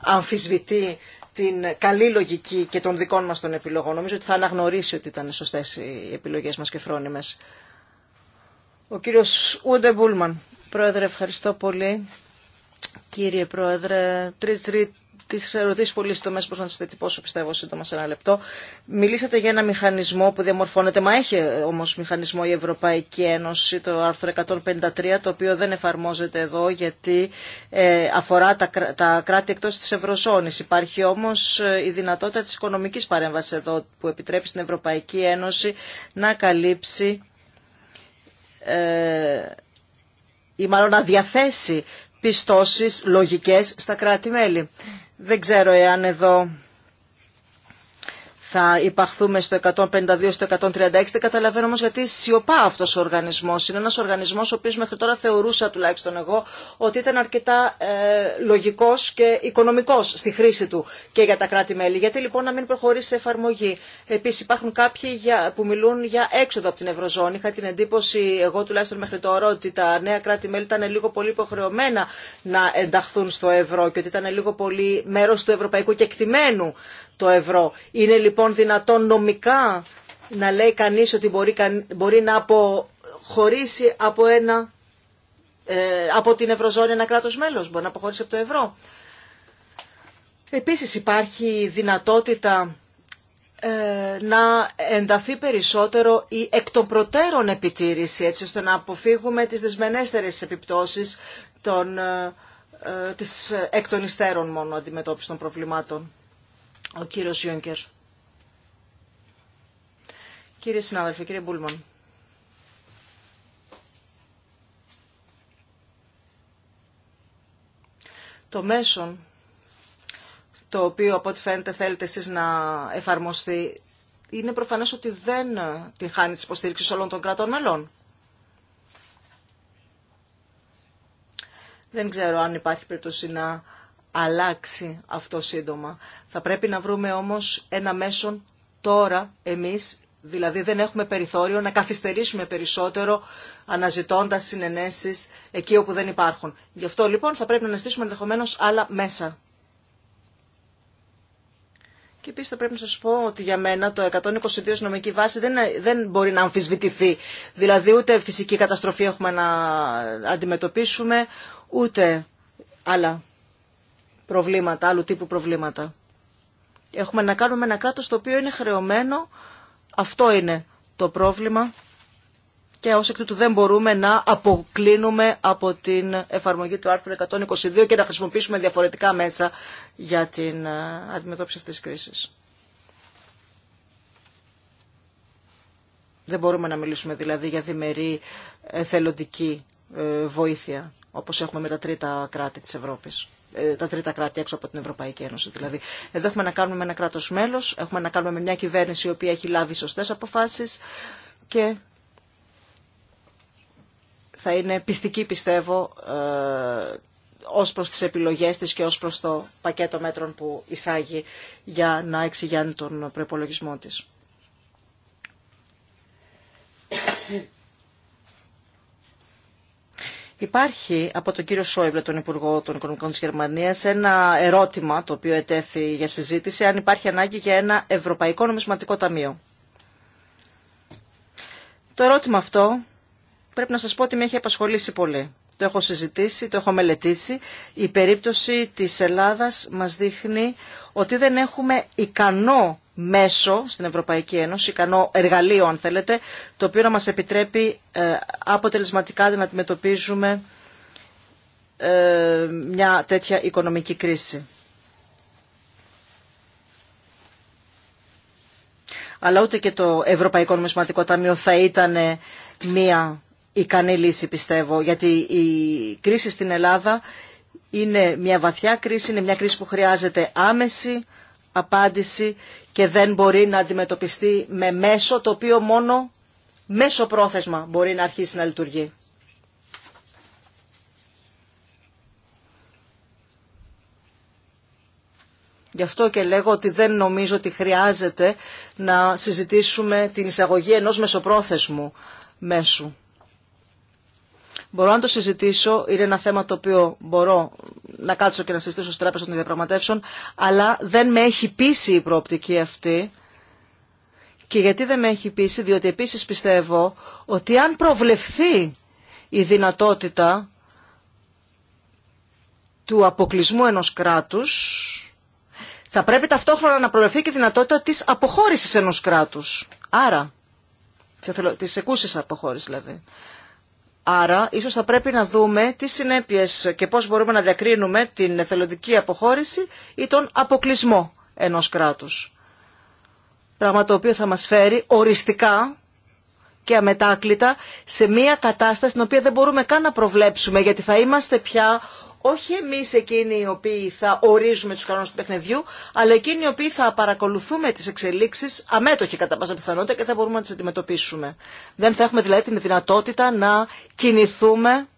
αμφισβητεί την καλή λογική και των δικών μας των επιλογών. Νομίζω ότι θα αναγνωρίσει ότι ήταν σωστές οι επιλογές μας και φρόνιμες. Ο κύριος Ούντε Μπούλμαν. Πρόεδρε, ευχαριστώ πολύ. Κύριε Πρόεδρε, τρεις τι ερωτήσει πολύ σύντομε, πώ να τι τετυπώσω πιστεύω, σύντομα σε ένα λεπτό. Μιλήσατε για ένα μηχανισμό που διαμορφώνεται, μα έχει όμω μηχανισμό η Ευρωπαϊκή Ένωση, το άρθρο 153, το οποίο δεν εφαρμόζεται εδώ γιατί ε, αφορά τα, τα κράτη εκτό τη Ευρωζώνη. Υπάρχει όμω ε, η δυνατότητα τη οικονομική παρέμβαση εδώ που επιτρέπει στην Ευρωπαϊκή Ένωση να καλύψει ε, ή μάλλον να διαθέσει πιστώσεις λογικές στα κράτη-μέλη. Δεν ξέρω εάν εδώ θα υπαχθούμε στο 152, στο 136. Δεν καταλαβαίνω όμω γιατί σιωπά αυτό ο οργανισμό. Είναι ένα οργανισμό ο οποίο μέχρι τώρα θεωρούσα, τουλάχιστον εγώ, ότι ήταν αρκετά ε, λογικό και οικονομικό στη χρήση του και για τα κράτη-μέλη. Γιατί λοιπόν να μην προχωρήσει σε εφαρμογή. Επίση υπάρχουν κάποιοι που μιλούν για έξοδο από την Ευρωζώνη. Είχα την εντύπωση, εγώ τουλάχιστον μέχρι τώρα, ότι τα νέα κράτη-μέλη ήταν λίγο πολύ υποχρεωμένα να ενταχθούν στο ευρώ και ότι ήταν λίγο πολύ μέρο του ευρωπαϊκού κεκτημένου το ευρώ. Είναι λοιπόν δυνατόν νομικά να λέει κανείς ότι μπορεί, μπορεί να αποχωρήσει από, ένα, ε, από την Ευρωζώνη ένα κράτος μέλος, μπορεί να αποχωρήσει από το ευρώ. Επίσης υπάρχει δυνατότητα ε, να ενταθεί περισσότερο η εκ των προτέρων επιτήρηση, έτσι ώστε να αποφύγουμε τις δεσμενέστερες επιπτώσεις των, ε, της εκ των υστέρων μόνο αντιμετώπιση των προβλημάτων ο κύριος Γιούνκερ. Κύριε συνάδελφε, κύριε Μπούλμον. Το μέσον το οποίο από ό,τι φαίνεται θέλετε εσείς να εφαρμοστεί είναι προφανές ότι δεν την χάνει της υποστήριξης όλων των κρατών μελών. Δεν ξέρω αν υπάρχει περίπτωση να αλλάξει αυτό σύντομα. Θα πρέπει να βρούμε όμως ένα μέσον τώρα εμείς, δηλαδή δεν έχουμε περιθώριο να καθυστερήσουμε περισσότερο αναζητώντας συνενέσεις εκεί όπου δεν υπάρχουν. Γι' αυτό λοιπόν θα πρέπει να αναστήσουμε ενδεχομένω άλλα μέσα. Και επίση θα πρέπει να σα πω ότι για μένα το 122 νομική βάση δεν, δεν μπορεί να αμφισβητηθεί. Δηλαδή ούτε φυσική καταστροφή έχουμε να αντιμετωπίσουμε, ούτε άλλα προβλήματα, άλλου τύπου προβλήματα. Έχουμε να κάνουμε ένα κράτος το οποίο είναι χρεωμένο. Αυτό είναι το πρόβλημα και ως εκ τούτου δεν μπορούμε να αποκλίνουμε από την εφαρμογή του άρθρου 122 και να χρησιμοποιήσουμε διαφορετικά μέσα για την ε, αντιμετώπιση αυτής της κρίσης. Δεν μπορούμε να μιλήσουμε δηλαδή για διμερή θελοντική ε, βοήθεια όπως έχουμε με τα τρίτα κράτη της Ευρώπης. Ε, τα τρίτα κράτη έξω από την Ευρωπαϊκή Ένωση. Δηλαδή, εδώ έχουμε να κάνουμε με ένα κράτο μέλο, έχουμε να κάνουμε με μια κυβέρνηση η οποία έχει λάβει σωστέ αποφάσει και θα είναι πιστική πιστεύω ε, ω προς τις επιλογές της και ως προς το πακέτο μέτρων που εισάγει για να εξηγιάνει τον προπολογισμό της. Υπάρχει από τον κύριο Σόιμπλε, τον Υπουργό των Οικονομικών της Γερμανίας, ένα ερώτημα το οποίο ετέθη για συζήτηση, αν υπάρχει ανάγκη για ένα Ευρωπαϊκό Νομισματικό Ταμείο. Το ερώτημα αυτό πρέπει να σας πω ότι με έχει απασχολήσει πολύ. Το έχω συζητήσει, το έχω μελετήσει. Η περίπτωση της Ελλάδας μας δείχνει ότι δεν έχουμε ικανό μέσο στην Ευρωπαϊκή Ένωση, ικανό εργαλείο αν θέλετε, το οποίο να μας επιτρέπει ε, αποτελεσματικά να αντιμετωπίζουμε ε, μια τέτοια οικονομική κρίση. Αλλά ούτε και το Ευρωπαϊκό Νομισματικό Ταμείο θα ήταν μια ικανή λύση πιστεύω, γιατί η κρίση στην Ελλάδα είναι μια βαθιά κρίση, είναι μια κρίση που χρειάζεται άμεση απάντηση και δεν μπορεί να αντιμετωπιστεί με μέσο το οποίο μόνο μέσο πρόθεσμα μπορεί να αρχίσει να λειτουργεί. Γι' αυτό και λέγω ότι δεν νομίζω ότι χρειάζεται να συζητήσουμε την εισαγωγή ενός μεσοπρόθεσμου μέσου. Μπορώ να το συζητήσω, είναι ένα θέμα το οποίο μπορώ να κάτσω και να συζητήσω στις τράπεζες των διαπραγματεύσεων, αλλά δεν με έχει πείσει η προοπτική αυτή. Και γιατί δεν με έχει πείσει, διότι επίσης πιστεύω ότι αν προβλεφθεί η δυνατότητα του αποκλεισμού ενός κράτους, θα πρέπει ταυτόχρονα να προβλεφθεί και η δυνατότητα της αποχώρησης ενός κράτους. Άρα, της εκούσης αποχώρησης δηλαδή. Άρα, ίσως θα πρέπει να δούμε τι συνέπειες και πώς μπορούμε να διακρίνουμε την εθελοντική αποχώρηση ή τον αποκλεισμό ενός κράτους. Πράγμα το οποίο θα μας φέρει οριστικά και αμετάκλητα σε μια κατάσταση την οποία δεν μπορούμε καν να προβλέψουμε γιατί θα είμαστε πια όχι εμεί εκείνοι οι οποίοι θα ορίζουμε τους κανόνες του παιχνιδιού, αλλά εκείνοι οι οποίοι θα παρακολουθούμε τις εξελίξεις αμέτωχοι κατά πάσα πιθανότητα και θα μπορούμε να τις αντιμετωπίσουμε. Δεν θα έχουμε δηλαδή την δυνατότητα να κινηθούμε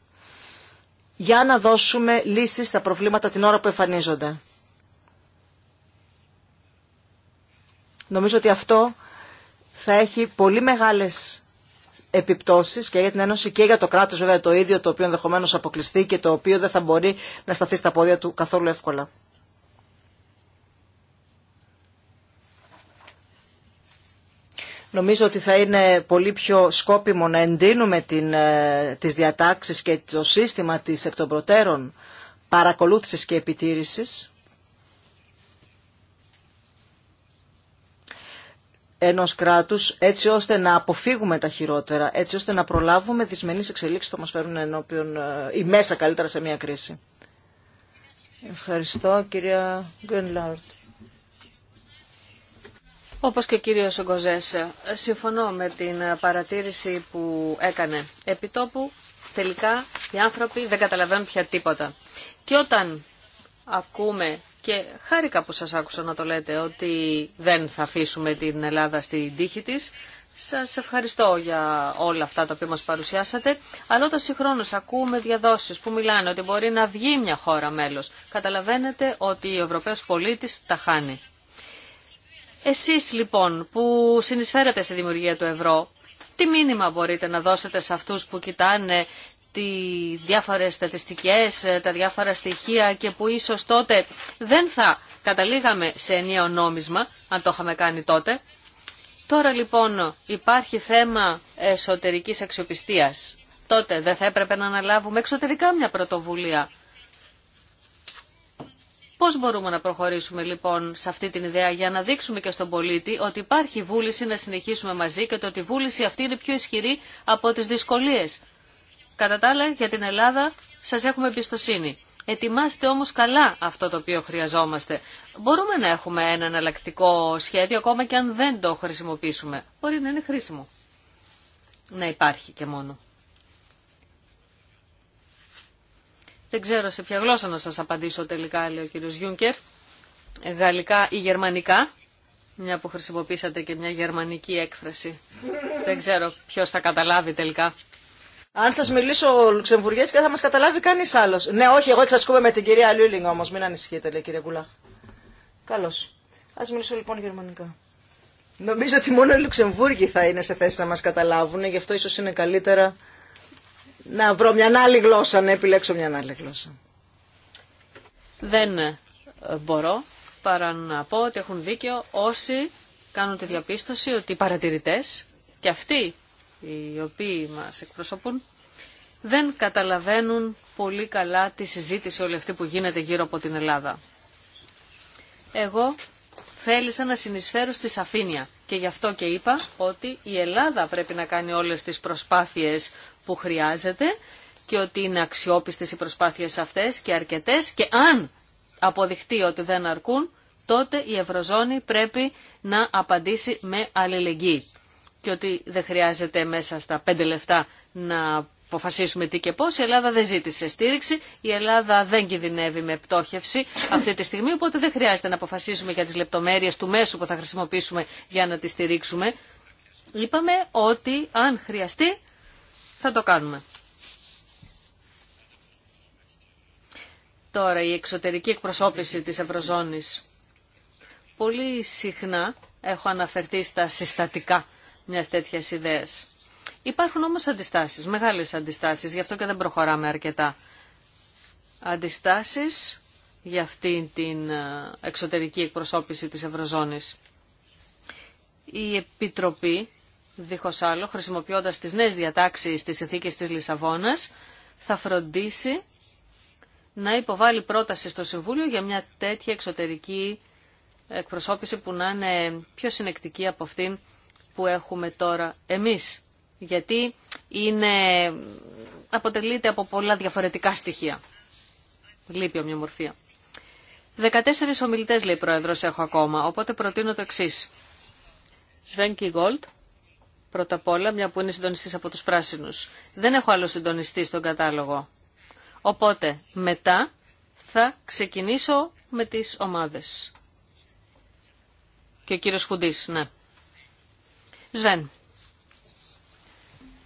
για να δώσουμε λύσεις στα προβλήματα την ώρα που εμφανίζονται. Νομίζω ότι αυτό θα έχει πολύ μεγάλες επιπτώσεις και για την Ένωση και για το κράτος βέβαια το ίδιο το οποίο ενδεχομένω αποκλειστεί και το οποίο δεν θα μπορεί να σταθεί στα πόδια του καθόλου εύκολα. Νομίζω ότι θα είναι πολύ πιο σκόπιμο να εντείνουμε την, ε, τις διατάξεις και το σύστημα της εκ των προτέρων παρακολούθησης και επιτήρησης ενός κράτους έτσι ώστε να αποφύγουμε τα χειρότερα, έτσι ώστε να προλάβουμε δυσμενείς εξελίξεις που θα μας φέρουν ενώπιον ε, ή μέσα καλύτερα σε μια κρίση. Ευχαριστώ κυρία Γκρινλάρτ. Όπως και ο κύριος Ογκοζές, συμφωνώ με την παρατήρηση που έκανε. Επιτόπου τελικά οι άνθρωποι δεν καταλαβαίνουν πια τίποτα. Και όταν ακούμε και χάρηκα που σας άκουσα να το λέτε ότι δεν θα αφήσουμε την Ελλάδα στην τύχη της. Σας ευχαριστώ για όλα αυτά τα οποία μας παρουσιάσατε. Αλλά όταν συγχρόνως ακούμε διαδόσεις που μιλάνε ότι μπορεί να βγει μια χώρα μέλος, καταλαβαίνετε ότι ο Ευρωπαίος πολίτης τα χάνει. Εσείς λοιπόν που συνεισφέρετε στη δημιουργία του ευρώ, τι μήνυμα μπορείτε να δώσετε σε αυτούς που κοιτάνε τις διάφορες στατιστικές, ε, τα διάφορα στοιχεία και που ίσως τότε δεν θα καταλήγαμε σε ενιαίο νόμισμα, αν το είχαμε κάνει τότε. Τώρα λοιπόν υπάρχει θέμα εσωτερικής αξιοπιστίας. Τότε δεν θα έπρεπε να αναλάβουμε εξωτερικά μια πρωτοβουλία. Πώς μπορούμε να προχωρήσουμε λοιπόν σε αυτή την ιδέα για να δείξουμε και στον πολίτη ότι υπάρχει βούληση να συνεχίσουμε μαζί και ότι η βούληση αυτή είναι πιο ισχυρή από τις δυσκολίες. Κατά τα άλλα, για την Ελλάδα σας έχουμε εμπιστοσύνη. Ετοιμάστε όμως καλά αυτό το οποίο χρειαζόμαστε. Μπορούμε να έχουμε ένα εναλλακτικό σχέδιο ακόμα και αν δεν το χρησιμοποιήσουμε. Μπορεί να είναι χρήσιμο. Να υπάρχει και μόνο. Δεν ξέρω σε ποια γλώσσα να σας απαντήσω τελικά, λέει ο κύριος Γιούνκερ. Γαλλικά ή γερμανικά. Μια που χρησιμοποίησατε και μια γερμανική έκφραση. Δεν ξέρω ποιος θα καταλάβει τελικά. Αν σα μιλήσω Λουξεμβουργέ και θα μα καταλάβει κανεί άλλο. Ναι, όχι, εγώ εξασκούμε με την κυρία Λούλινγκ όμω. Μην ανησυχείτε, λέει κυρία Κουλάχ. Καλώ. Α μιλήσω λοιπόν γερμανικά. Νομίζω ότι μόνο οι Λουξεμβούργοι θα είναι σε θέση να μα καταλάβουν, γι' αυτό ίσω είναι καλύτερα να βρω μια άλλη γλώσσα, να επιλέξω μια άλλη γλώσσα. Δεν ε, μπορώ παρά να πω ότι έχουν δίκιο όσοι κάνουν τη διαπίστωση ότι οι παρατηρητέ και αυτοί οι οποίοι μας εκπροσωπούν, δεν καταλαβαίνουν πολύ καλά τη συζήτηση όλη αυτή που γίνεται γύρω από την Ελλάδα. Εγώ θέλησα να συνεισφέρω στη σαφήνεια και γι' αυτό και είπα ότι η Ελλάδα πρέπει να κάνει όλες τις προσπάθειες που χρειάζεται και ότι είναι αξιόπιστες οι προσπάθειες αυτές και αρκετές και αν αποδειχτεί ότι δεν αρκούν, τότε η Ευρωζώνη πρέπει να απαντήσει με αλληλεγγύη και ότι δεν χρειάζεται μέσα στα πέντε λεφτά να αποφασίσουμε τι και πώς. Η Ελλάδα δεν ζήτησε στήριξη, η Ελλάδα δεν κινδυνεύει με πτώχευση αυτή τη στιγμή, οπότε δεν χρειάζεται να αποφασίσουμε για τις λεπτομέρειες του μέσου που θα χρησιμοποιήσουμε για να τη στηρίξουμε. Είπαμε ότι αν χρειαστεί θα το κάνουμε. Τώρα η εξωτερική εκπροσώπηση της Ευρωζώνης. Πολύ συχνά έχω αναφερθεί στα συστατικά μιας τέτοιας ιδέας. Υπάρχουν όμως αντιστάσεις, μεγάλες αντιστάσεις, γι' αυτό και δεν προχωράμε αρκετά. Αντιστάσεις για αυτήν την ε, εξωτερική εκπροσώπηση της Ευρωζώνης. Η Επιτροπή, δίχως άλλο, χρησιμοποιώντας τις νέες διατάξεις της συνθήκης της Λισαβόνας, θα φροντίσει να υποβάλει πρόταση στο Συμβούλιο για μια τέτοια εξωτερική εκπροσώπηση που να είναι πιο συνεκτική από αυτήν που έχουμε τώρα εμείς. Γιατί είναι, αποτελείται από πολλά διαφορετικά στοιχεία. Λείπει ομοιομορφία. 14 ομιλητέ, λέει πρόεδρο, έχω ακόμα. Οπότε προτείνω το εξή. Σβέν Κιγκολτ, πρώτα απ' όλα, μια που είναι συντονιστή από του πράσινου. Δεν έχω άλλο συντονιστή στον κατάλογο. Οπότε μετά θα ξεκινήσω με τι ομάδε. Και ο κύριο Χουντή, ναι. Σβέν.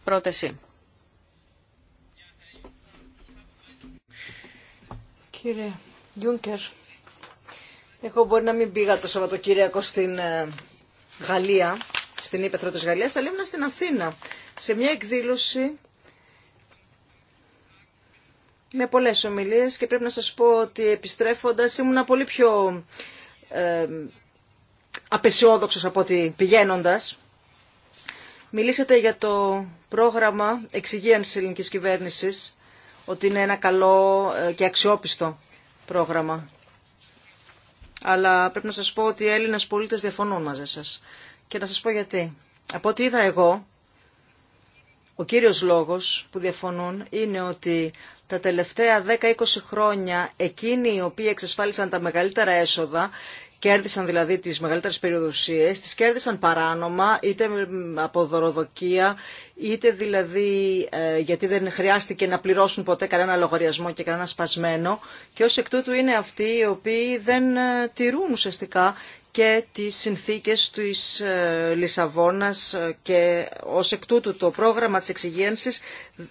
πρότεση. Κύριε Γιούνκερ, εγώ μπορεί να μην πήγα το Σαββατοκύριακο στην ε, Γαλλία, στην Ήπεθρο της Γαλλίας, αλλά ήμουν στην Αθήνα, σε μια εκδήλωση με πολλές ομιλίες και πρέπει να σας πω ότι επιστρέφοντας ήμουν πολύ πιο ε, απεσιόδοξος από ότι πηγαίνοντας. Μιλήσατε για το πρόγραμμα εξυγίανσης ελληνικής κυβέρνησης, ότι είναι ένα καλό ε, και αξιόπιστο πρόγραμμα. Αλλά πρέπει να σας πω ότι οι Έλληνες πολίτες διαφωνούν μαζί σας. Και να σας πω γιατί. Από ό,τι είδα εγώ, ο κύριος λόγος που διαφωνούν είναι ότι τα τελευταία 10-20 χρόνια εκείνοι οι οποίοι εξασφάλισαν τα μεγαλύτερα έσοδα κέρδισαν δηλαδή τις μεγαλύτερες περιοδοσίες, τις κέρδισαν παράνομα, είτε από δωροδοκία, είτε δηλαδή ε, γιατί δεν χρειάστηκε να πληρώσουν ποτέ κανένα λογαριασμό και κανένα σπασμένο και ως εκ τούτου είναι αυτοί οι οποίοι δεν ε, τηρούν ουσιαστικά και τις συνθήκες της ε, Λισαβόνας και ως εκ τούτου το πρόγραμμα της εξυγένσης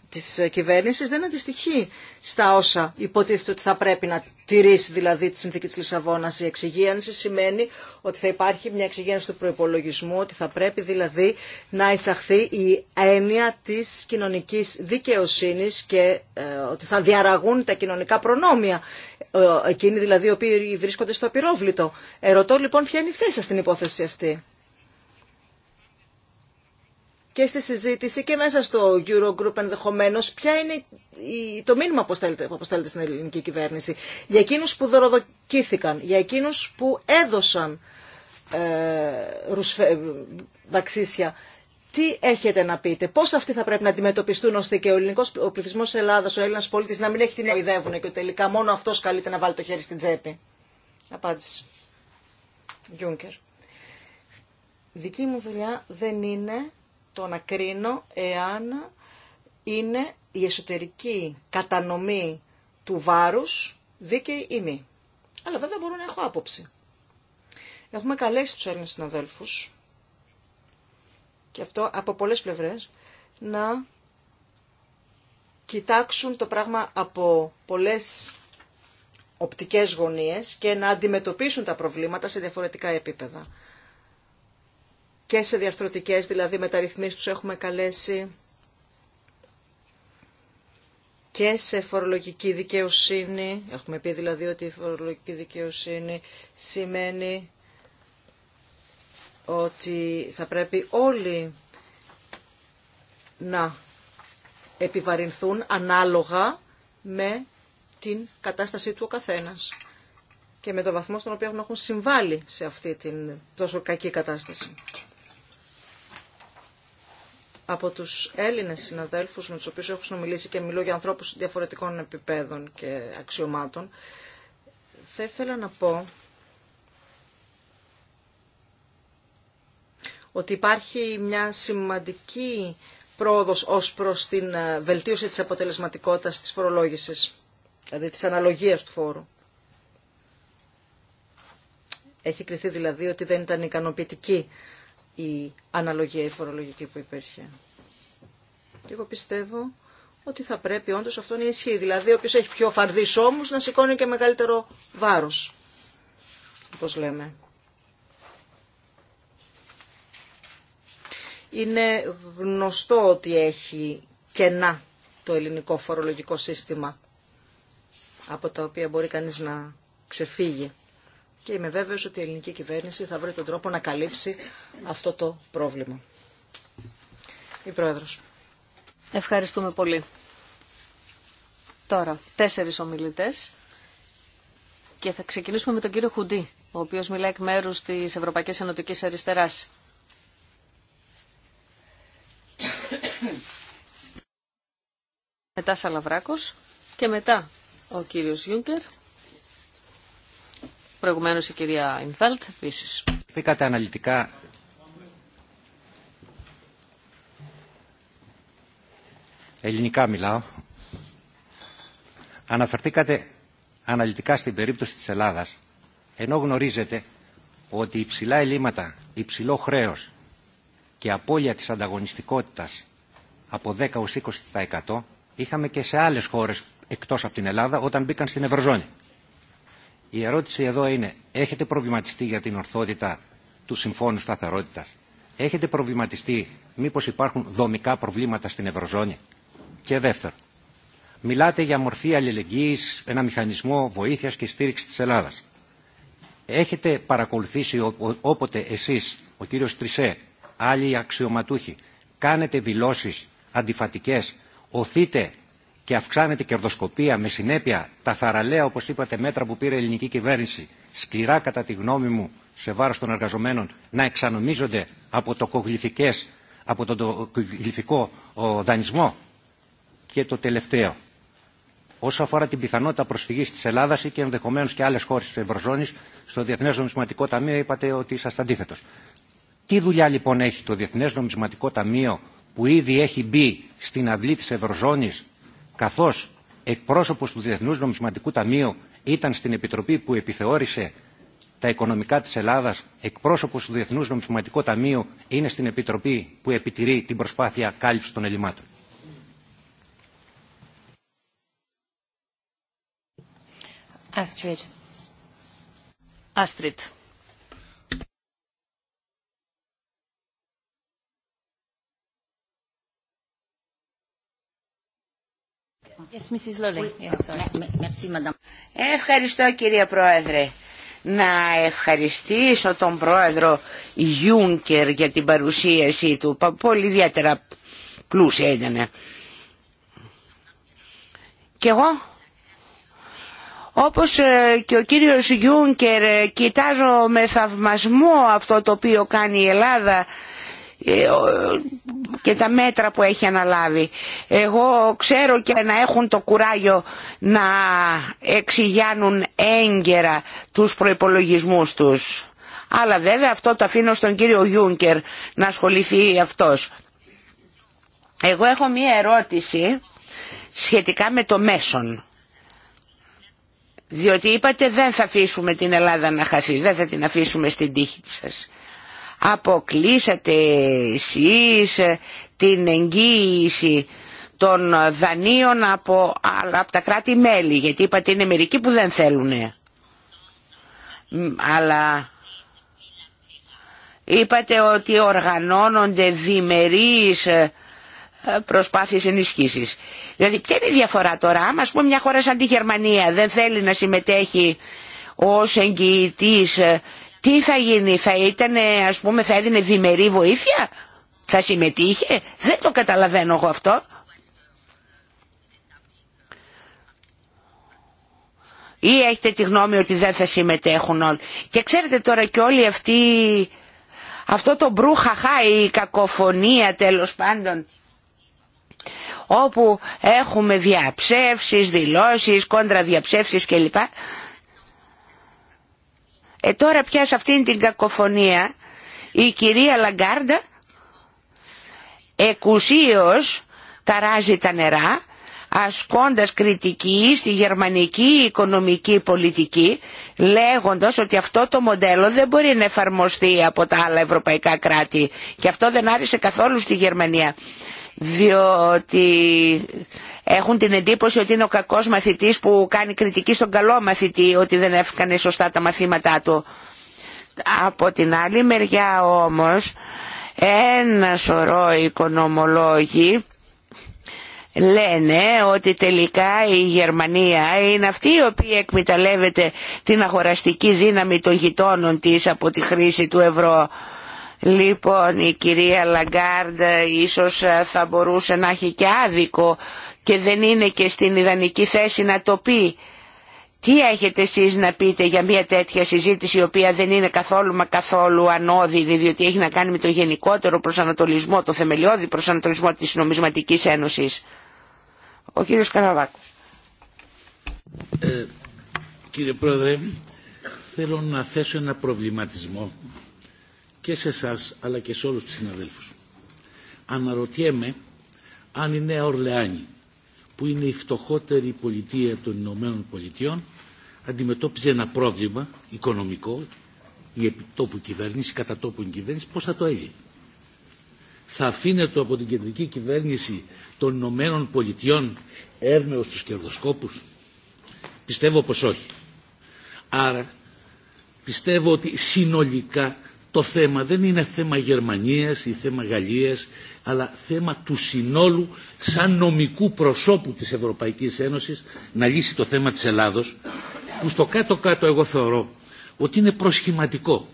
της κυβέρνησης δεν αντιστοιχεί στα όσα υποτίθεται ότι θα πρέπει να τηρήσει δηλαδή τη συνθήκη τη Λισαβόνας η εξυγίανση σημαίνει ότι θα υπάρχει μια εξυγίανση του προπολογισμού, ότι θα πρέπει δηλαδή να εισαχθεί η έννοια της κοινωνικής δικαιοσύνης και ε, ότι θα διαραγούν τα κοινωνικά προνόμια ε, εκείνοι δηλαδή οι οποίοι βρίσκονται στο απειρόβλητο. Ερωτώ λοιπόν ποια είναι η θέση στην υπόθεση αυτή και στη συζήτηση και μέσα στο Eurogroup ενδεχομένω, ποια είναι το μήνυμα που αποστέλλεται, που στην ελληνική κυβέρνηση. Για εκείνου που δωροδοκήθηκαν, για εκείνου που έδωσαν ε, ρουσφε, ε, βαξίσια, τι έχετε να πείτε, πώ αυτοί θα πρέπει να αντιμετωπιστούν ώστε και ο ελληνικό πληθυσμό τη Ελλάδα, ο Έλληνα πολίτη να μην έχει την οειδεύουν και τελικά μόνο αυτό καλείται να βάλει το χέρι στην τσέπη. Απάντηση. Γιούνκερ. Δική μου δουλειά δεν είναι το να κρίνω εάν είναι η εσωτερική κατανομή του βάρους δίκαιη ή μη. Αλλά βέβαια μπορώ να έχω άποψη. Έχουμε καλέσει τους Έλληνες συναδέλφους και αυτό από πολλές πλευρές να κοιτάξουν το πράγμα από πολλές οπτικές γωνίες και να αντιμετωπίσουν τα προβλήματα σε διαφορετικά επίπεδα και σε διαρθρωτικές δηλαδή μεταρρυθμίσεις τους έχουμε καλέσει και σε φορολογική δικαιοσύνη. Έχουμε πει δηλαδή ότι η φορολογική δικαιοσύνη σημαίνει ότι θα πρέπει όλοι να επιβαρυνθούν ανάλογα με την κατάστασή του ο καθένας και με τον βαθμό στον οποίο έχουν συμβάλει σε αυτή την τόσο κακή κατάσταση από τους Έλληνες συναδέλφους με τους οποίους έχω συνομιλήσει και μιλώ για ανθρώπους διαφορετικών επιπέδων και αξιωμάτων, θα ήθελα να πω ότι υπάρχει μια σημαντική πρόοδος ως προς την ε, βελτίωση της αποτελεσματικότητας της φορολόγησης, δηλαδή της αναλογίας του φόρου. Έχει κριθεί δηλαδή ότι δεν ήταν ικανοποιητική η αναλογία η φορολογική που υπήρχε. Και εγώ πιστεύω ότι θα πρέπει όντως αυτό να ισχύει. Δηλαδή, όποιος έχει πιο φαρδείς ώμους να σηκώνει και μεγαλύτερο βάρος, όπως λέμε. Είναι γνωστό ότι έχει κενά το ελληνικό φορολογικό σύστημα, από τα οποία μπορεί κανείς να ξεφύγει και είμαι βέβαιος ότι η ελληνική κυβέρνηση θα βρει τον τρόπο να καλύψει αυτό το πρόβλημα. Η Πρόεδρος. Ευχαριστούμε πολύ. Τώρα, τέσσερις ομιλητές και θα ξεκινήσουμε με τον κύριο Χουντή, ο οποίος μιλάει εκ μέρου τη Ευρωπαϊκή Ενωτική Αριστερά. μετά Σαλαβράκος και μετά ο κύριος Γιούγκερ προηγουμένως η κυρία Ινφέλτ επίσης. αναλυτικά ελληνικά μιλάω, αναφερθήκατε αναλυτικά στην περίπτωση της Ελλάδας, ενώ γνωρίζετε ότι υψηλά ελλείμματα, υψηλό χρέος και απώλεια της ανταγωνιστικότητας από 10 ως 20% είχαμε και σε άλλες χώρες εκτός από την Ελλάδα όταν μπήκαν στην Ευρωζώνη. Η ερώτηση εδώ είναι, έχετε προβληματιστεί για την ορθότητα του Συμφώνου Σταθερότητας. Έχετε προβληματιστεί μήπως υπάρχουν δομικά προβλήματα στην Ευρωζώνη. Και δεύτερο, μιλάτε για μορφή αλληλεγγύης, ένα μηχανισμό βοήθειας και στήριξης της Ελλάδας. Έχετε παρακολουθήσει όποτε εσείς, ο κύριος Τρισέ, άλλοι αξιωματούχοι, κάνετε δηλώσεις αντιφατικές, οθείτε και αυξάνεται η κερδοσκοπία με συνέπεια τα θαραλέα, όπως είπατε, μέτρα που πήρε η ελληνική κυβέρνηση, σκληρά κατά τη γνώμη μου, σε βάρος των εργαζομένων, να εξανομίζονται από, το από τον κογλυφικό δανεισμό. Και το τελευταίο, όσο αφορά την πιθανότητα προσφυγής της Ελλάδας ή και ενδεχομένως και άλλες χώρες της Ευρωζώνης, στο Διεθνές Νομισματικό Ταμείο είπατε ότι είσαστε αντίθετο. Τι δουλειά λοιπόν έχει το Διεθνές Νομισματικό Ταμείο που ήδη έχει μπει στην αυλή της Ευρωζώνης καθώς εκπρόσωπος του Διεθνούς Νομισματικού Ταμείου ήταν στην Επιτροπή που επιθεώρησε τα οικονομικά της Ελλάδας, εκπρόσωπος του Διεθνούς Νομισματικού Ταμείου είναι στην Επιτροπή που επιτηρεί την προσπάθεια κάλυψης των ελλημάτων. Astrid. Astrid. Ευχαριστώ κύριε Πρόεδρε. Να ευχαριστήσω τον Πρόεδρο Γιούνκερ για την παρουσίασή του. Πολύ ιδιαίτερα πλούσια ήταν. Και εγώ, όπως ε, και ο κύριος Γιούνκερ, ε, κοιτάζω με θαυμασμό αυτό το οποίο κάνει η Ελλάδα ε, και τα μέτρα που έχει αναλάβει. Εγώ ξέρω και να έχουν το κουράγιο να εξηγιάνουν έγκαιρα τους προϋπολογισμούς τους. Αλλά βέβαια αυτό το αφήνω στον κύριο Γιούνκερ να ασχοληθεί αυτός. Εγώ έχω μία ερώτηση σχετικά με το μέσον. Διότι είπατε δεν θα αφήσουμε την Ελλάδα να χαθεί, δεν θα την αφήσουμε στην τύχη σας αποκλείσατε εσείς ε, την εγγύηση των δανείων από, από τα κράτη-μέλη, γιατί είπατε είναι μερικοί που δεν θέλουν. Αλλά είπατε ότι οργανώνονται διμερείς ε, προσπάθειες ενισχύσεις. Δηλαδή ποια είναι η διαφορά τώρα, άμα πούμε μια χώρα σαν τη Γερμανία δεν θέλει να συμμετέχει ως εγγυητής ε, τι θα γίνει, θα ήταν ας πούμε θα έδινε διμερή βοήθεια, θα συμμετείχε, δεν το καταλαβαίνω εγώ αυτό. Ή έχετε τη γνώμη ότι δεν θα συμμετέχουν όλοι. Και ξέρετε τώρα και όλοι αυτοί, αυτό το μπρούχαχά, η κακοφωνία τέλος πάντων, όπου έχουμε διαψεύσεις, δηλώσεις, κόντρα διαψεύσεις κλπ. Ε, τώρα πια σε αυτήν την κακοφωνία η κυρία Λαγκάρντα εκουσίως ταράζει τα νερά ασκώντας κριτική στη γερμανική οικονομική πολιτική λέγοντας ότι αυτό το μοντέλο δεν μπορεί να εφαρμοστεί από τα άλλα ευρωπαϊκά κράτη και αυτό δεν άρεσε καθόλου στη Γερμανία διότι έχουν την εντύπωση ότι είναι ο κακός μαθητής που κάνει κριτική στον καλό μαθητή ότι δεν έφυγανε σωστά τα μαθήματά του. Από την άλλη μεριά όμως ένα σωρό οικονομολόγοι λένε ότι τελικά η Γερμανία είναι αυτή η οποία εκμεταλλεύεται την αγοραστική δύναμη των γειτόνων της από τη χρήση του ευρώ. Λοιπόν, η κυρία Λαγκάρντ ίσως θα μπορούσε να έχει και άδικο και δεν είναι και στην ιδανική θέση να το πει. Τι έχετε εσείς να πείτε για μια τέτοια συζήτηση η οποία δεν είναι καθόλου μα καθόλου ανώδυνη διότι έχει να κάνει με το γενικότερο προσανατολισμό, το θεμελιώδη προσανατολισμό της Νομισματικής Ένωσης. Ο κύριος Καραβάκος. Ε, κύριε Πρόεδρε, θέλω να θέσω ένα προβληματισμό και σε εσά αλλά και σε όλους τους συναδέλφους. Αναρωτιέμαι αν η Νέα Ορλεάνη που είναι η φτωχότερη πολιτεία των Ηνωμένων Πολιτειών, αντιμετώπιζε ένα πρόβλημα οικονομικό, η επιτόπου κυβέρνηση, κατά τόπου κυβέρνηση, πώς θα το έγινε. Θα αφήνεται από την κεντρική κυβέρνηση των Ηνωμένων Πολιτειών έρμεως τους κερδοσκόπους. Πιστεύω πως όχι. Άρα πιστεύω ότι συνολικά το θέμα δεν είναι θέμα Γερμανίας ή θέμα Γαλλίας αλλά θέμα του συνόλου σαν νομικού προσώπου της Ευρωπαϊκής Ένωσης να λύσει το θέμα της Ελλάδος που στο κάτω-κάτω εγώ θεωρώ ότι είναι προσχηματικό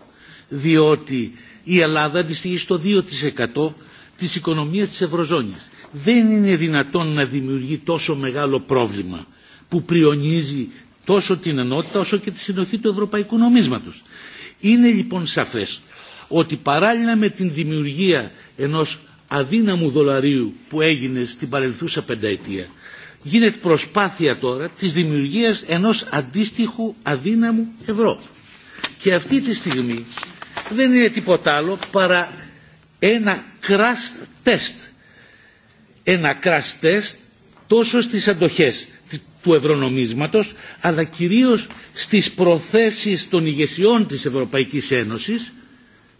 διότι η Ελλάδα αντιστοιχεί στο 2% της οικονομίας της Ευρωζώνης. Δεν είναι δυνατόν να δημιουργεί τόσο μεγάλο πρόβλημα που πριονίζει τόσο την ενότητα όσο και τη συνοχή του ευρωπαϊκού νομίσματος. Είναι λοιπόν σαφές ότι παράλληλα με την δημιουργία ενός αδύναμου δολαρίου που έγινε στην παρελθούσα πενταετία γίνεται προσπάθεια τώρα της δημιουργίας ενός αντίστοιχου αδύναμου ευρώ. Και αυτή τη στιγμή δεν είναι τίποτα άλλο παρά ένα crash test. Ένα crash test τόσο στις αντοχές του ευρωνομίσματος αλλά κυρίως στις προθέσεις των ηγεσιών της Ευρωπαϊκής Ένωσης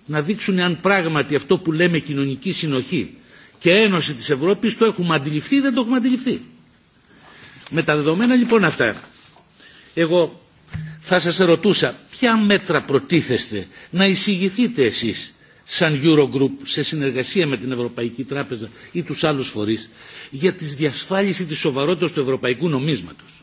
να δείξουν αν πράγματι αυτό που λέμε κοινωνική συνοχή και ένωση της Ευρώπης το έχουμε αντιληφθεί ή δεν το έχουμε αντιληφθεί. Με τα δεδομένα λοιπόν αυτά, εγώ θα σας ερωτούσα ποια μέτρα προτίθεστε να εισηγηθείτε εσείς σαν Eurogroup σε συνεργασία με την Ευρωπαϊκή Τράπεζα ή τους άλλους φορείς για τη διασφάλιση της σοβαρότητας του ευρωπαϊκού νομίσματος.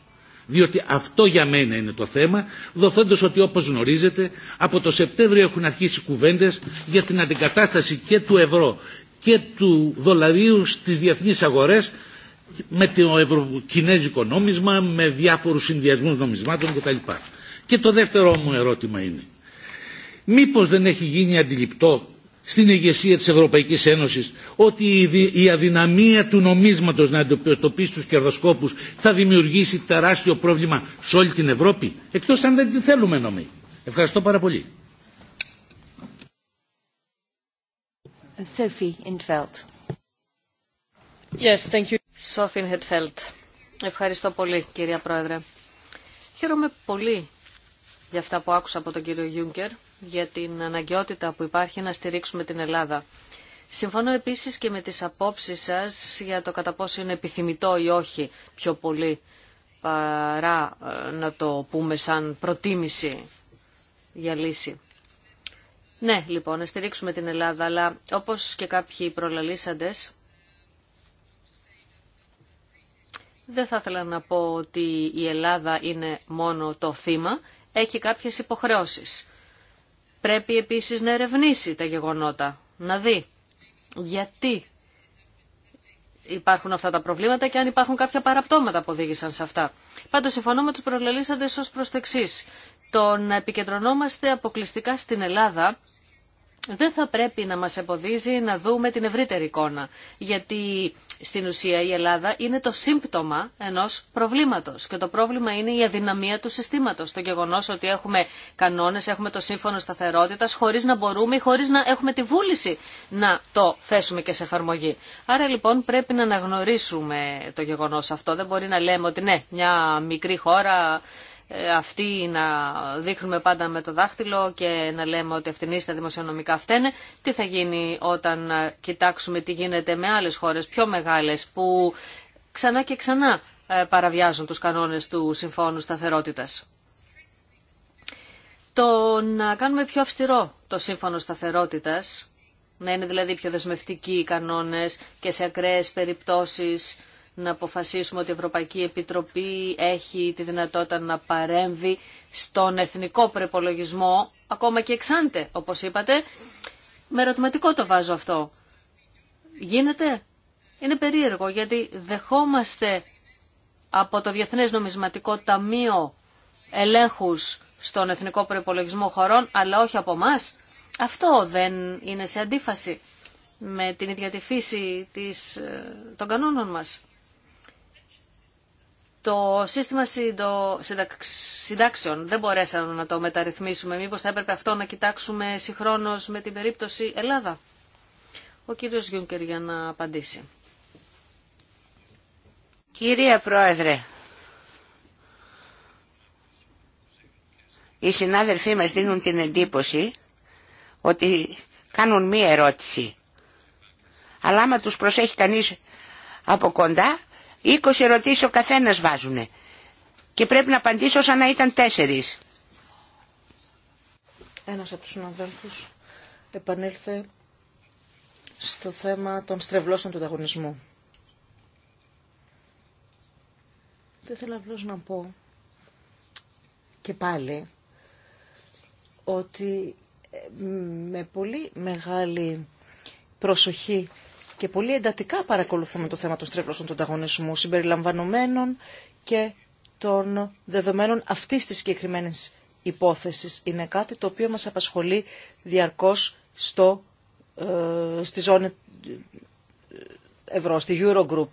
Διότι αυτό για μένα είναι το θέμα, δοθέντως ότι όπως γνωρίζετε από το Σεπτέμβριο έχουν αρχίσει κουβέντες για την αντικατάσταση και του ευρώ και του δολαρίου στις διεθνείς αγορές με το ευρωκινέζικο νόμισμα, με διάφορους συνδυασμούς νομισμάτων κτλ. Και το δεύτερο μου ερώτημα είναι, μήπως δεν έχει γίνει αντιληπτό στην ηγεσία της Ευρωπαϊκής Ένωσης ότι η αδυναμία του νομίσματος να αντιμετωπίσει τους κερδοσκόπους θα δημιουργήσει τεράστιο πρόβλημα σε όλη την Ευρώπη εκτός αν δεν την θέλουμε νομή. Ευχαριστώ πάρα πολύ. Sophie yes, Ευχαριστώ πολύ κυρία Πρόεδρε. Χαίρομαι πολύ για αυτά που άκουσα από τον κύριο Γιούγκερ για την αναγκαιότητα που υπάρχει να στηρίξουμε την Ελλάδα. Συμφωνώ επίσης και με τις απόψεις σας για το κατά πόσο είναι επιθυμητό ή όχι πιο πολύ παρά ε, να το πούμε σαν προτίμηση για λύση. Ναι, λοιπόν, να στηρίξουμε την Ελλάδα, αλλά όπως και κάποιοι προλαλήσαντες, δεν θα ήθελα να πω ότι η Ελλάδα είναι μόνο το θύμα, έχει κάποιες υποχρεώσεις. Πρέπει επίσης να ερευνήσει τα γεγονότα, να δει γιατί υπάρχουν αυτά τα προβλήματα και αν υπάρχουν κάποια παραπτώματα που οδήγησαν σε αυτά. Πάντως συμφωνώ με τους προλαλήσαντες ως προς το εξής. Το να επικεντρωνόμαστε αποκλειστικά στην Ελλάδα δεν θα πρέπει να μας εμποδίζει να δούμε την ευρύτερη εικόνα. Γιατί στην ουσία η Ελλάδα είναι το σύμπτωμα ενός προβλήματος. Και το πρόβλημα είναι η αδυναμία του συστήματος. Το γεγονός ότι έχουμε κανόνες, έχουμε το σύμφωνο σταθερότητας, χωρίς να μπορούμε ή χωρίς να έχουμε τη βούληση να το θέσουμε και σε εφαρμογή. Άρα λοιπόν πρέπει να αναγνωρίσουμε το γεγονός αυτό. Δεν μπορεί να λέμε ότι ναι, μια μικρή χώρα ε, αυτοί να δείχνουμε πάντα με το δάχτυλο και να λέμε ότι αυτήν τα δημοσιονομικά φταίνε. Τι θα γίνει όταν ε, κοιτάξουμε τι γίνεται με άλλες χώρες πιο μεγάλες που ξανά και ξανά ε, παραβιάζουν τους κανόνες του Συμφώνου Σταθερότητας. Το να κάνουμε πιο αυστηρό το Σύμφωνο Σταθερότητας, να είναι δηλαδή πιο δεσμευτικοί οι κανόνες και σε ακραίες περιπτώσεις να αποφασίσουμε ότι η Ευρωπαϊκή Επιτροπή έχει τη δυνατότητα να παρέμβει στον εθνικό προπολογισμό, ακόμα και εξάντε, όπως είπατε. Με ερωτηματικό το βάζω αυτό. Γίνεται. Είναι περίεργο γιατί δεχόμαστε από το Διεθνές Νομισματικό Ταμείο ελέγχους στον εθνικό προπολογισμό χωρών, αλλά όχι από εμά. Αυτό δεν είναι σε αντίφαση με την ίδια τη φύση της, ε, των κανόνων μας. Το σύστημα συντάξεων δεν μπορέσαμε να το μεταρρυθμίσουμε. Μήπως θα έπρεπε αυτό να κοιτάξουμε συγχρόνως με την περίπτωση Ελλάδα. Ο κύριος Γιούνκερ για να απαντήσει. Κύριε Πρόεδρε, οι συνάδελφοί μας δίνουν την εντύπωση ότι κάνουν μία ερώτηση. Αλλά άμα τους προσέχει κανείς από κοντά 20 ερωτήσει ο καθένας βάζουνε και πρέπει να απαντήσω σαν να ήταν τέσσερι. Ένα από τους συναδέλφου επανήλθε στο θέμα των στρεβλώσεων του ανταγωνισμού. Δεν θέλω να πω και πάλι ότι ε, με πολύ μεγάλη προσοχή και πολύ εντατικά παρακολουθούμε το θέμα των στρέβλωσεων του ανταγωνισμού συμπεριλαμβανομένων και των δεδομένων αυτής της συγκεκριμένη υπόθεσης. Είναι κάτι το οποίο μας απασχολεί διαρκώς στο, ε, στη ζώνη ε, ευρώ, στη Eurogroup.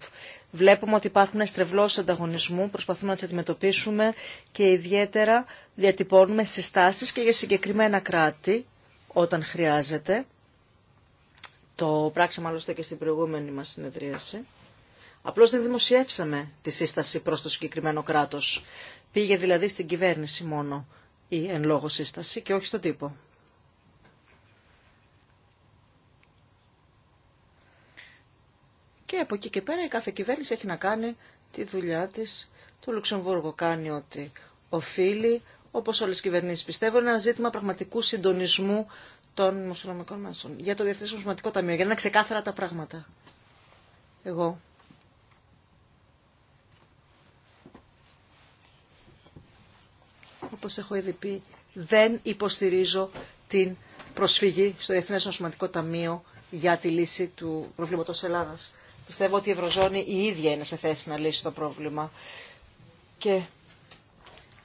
Βλέπουμε ότι υπάρχουν στρεβλώσεις ανταγωνισμού, προσπαθούμε να τις αντιμετωπίσουμε και ιδιαίτερα διατυπώνουμε συστάσεις και για συγκεκριμένα κράτη όταν χρειάζεται το πράξαμε άλλωστε και στην προηγούμενη μας συνεδρίαση. Απλώς δεν δημοσιεύσαμε τη σύσταση προς το συγκεκριμένο κράτος. Πήγε δηλαδή στην κυβέρνηση μόνο η εν λόγω σύσταση και όχι στον τύπο. Και από εκεί και πέρα η κάθε κυβέρνηση έχει να κάνει τη δουλειά της. Το Λουξεμβούργο κάνει ό,τι οφείλει, όπως όλες οι κυβερνήσεις πιστεύω, ένα ζήτημα πραγματικού συντονισμού των μουσουλμανικών μέσων, για το Διεθνές Ταμείο, για να ξεκάθαρα τα πράγματα. Εγώ. Όπως έχω ήδη πει, δεν υποστηρίζω την προσφυγή στο Διεθνές Ταμείο για τη λύση του προβλήματος Ελλάδας. Πιστεύω ότι η Ευρωζώνη η ίδια είναι σε θέση να λύσει το πρόβλημα. Και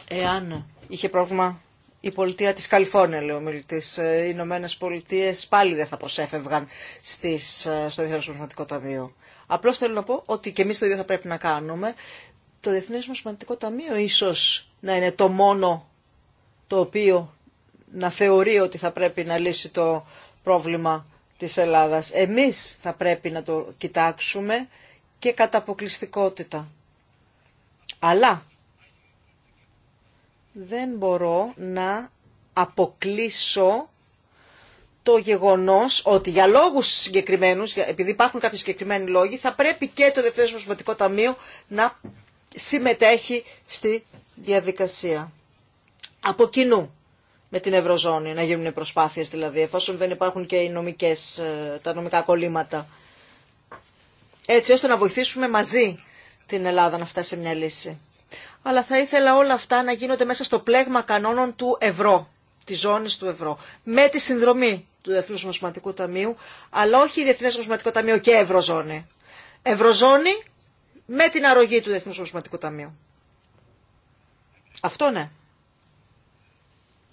εάν είχε πρόβλημα η πολιτεία της Καλιφόρνια, λέει ο μιλητής. Ε, οι Ηνωμένε Πολιτείε πάλι δεν θα προσέφευγαν στις, ε, στο Διεθνές Νομισματικό Ταμείο. Απλώς θέλω να πω ότι και εμείς το ίδιο θα πρέπει να κάνουμε. Το Διεθνές Νομισματικό Ταμείο ίσως να είναι το μόνο το οποίο να θεωρεί ότι θα πρέπει να λύσει το πρόβλημα της Ελλάδας. Εμείς θα πρέπει να το κοιτάξουμε και κατά αποκλειστικότητα. Αλλά δεν μπορώ να αποκλείσω το γεγονός ότι για λόγους συγκεκριμένους, επειδή υπάρχουν κάποιοι συγκεκριμένοι λόγοι, θα πρέπει και το Διευθύνσιο Προσματικό Ταμείο να συμμετέχει στη διαδικασία. Από κοινού με την Ευρωζώνη να γίνουν προσπάθειες δηλαδή, εφόσον δεν υπάρχουν και οι νομικές, ε, τα νομικά κολλήματα. Έτσι ώστε να βοηθήσουμε μαζί την Ελλάδα να φτάσει σε μια λύση αλλά θα ήθελα όλα αυτά να γίνονται μέσα στο πλέγμα κανόνων του ευρώ, της ζώνης του ευρώ, με τη συνδρομή του Διεθνούς Ταμείου, αλλά όχι Διεθνές Νομισματικό Ταμείο και Ευρωζώνη. Ευρωζώνη με την αρρωγή του Διεθνούς Ταμείου. Αυτό ναι.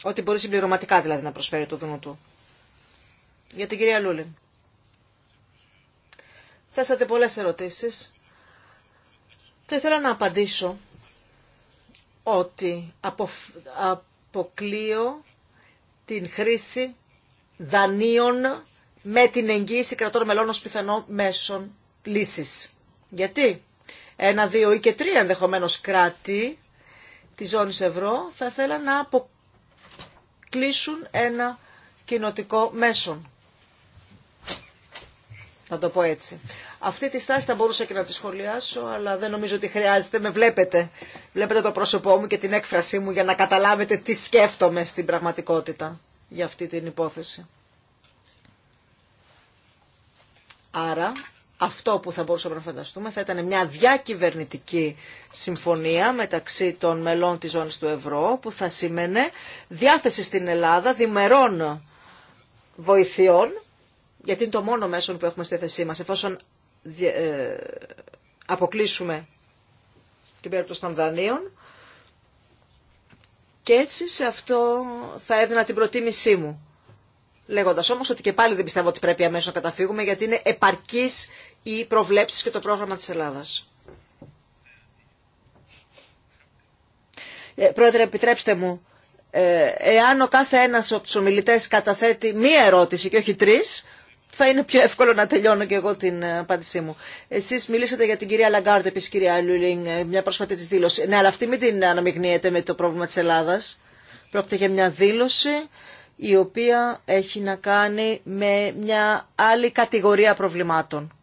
Ό,τι μπορεί συμπληρωματικά δηλαδή να προσφέρει το δουνού του. Για την κυρία Λούλη. Θέσατε πολλές ερωτήσεις. Θα ήθελα να απαντήσω ότι αποκλείω την χρήση δανείων με την εγγύηση κρατών μελών ως πιθανό μέσον λύσης. Γιατί ένα, δύο ή και τρία ενδεχομένω κράτη της ζώνης ευρώ θα θέλαν να αποκλείσουν ένα κοινοτικό μέσον να το πω έτσι. Αυτή τη στάση θα μπορούσα και να τη σχολιάσω, αλλά δεν νομίζω ότι χρειάζεται. Με βλέπετε. Βλέπετε το πρόσωπό μου και την έκφρασή μου για να καταλάβετε τι σκέφτομαι στην πραγματικότητα για αυτή την υπόθεση. Άρα, αυτό που θα μπορούσαμε να φανταστούμε θα ήταν μια διακυβερνητική συμφωνία μεταξύ των μελών της ζώνης του ευρώ που θα σήμαινε διάθεση στην Ελλάδα διμερών βοηθειών γιατί είναι το μόνο μέσο που έχουμε στη θέση μας. Εφόσον ε, αποκλείσουμε την περίπτωση των δανείων και έτσι σε αυτό θα έδινα την προτίμησή μου. Λέγοντα όμω ότι και πάλι δεν πιστεύω ότι πρέπει αμέσω να καταφύγουμε, γιατί είναι επαρκή οι προβλέψει και το πρόγραμμα τη Ελλάδα. Ε, πρόεδρε, επιτρέψτε μου, ε, εάν ο κάθε ένα από του ομιλητέ καταθέτει μία ερώτηση και όχι τρει, θα είναι πιο εύκολο να τελειώνω και εγώ την ε, απάντησή μου. Εσεί μιλήσατε για την κυρία Λαγκάρντ, επίση κυρία Λούλινγκ, ε, μια πρόσφατη τη δήλωση. Ναι, αλλά αυτή μην την αναμειγνύεται με το πρόβλημα τη Ελλάδα. Πρόκειται για μια δήλωση η οποία έχει να κάνει με μια άλλη κατηγορία προβλημάτων,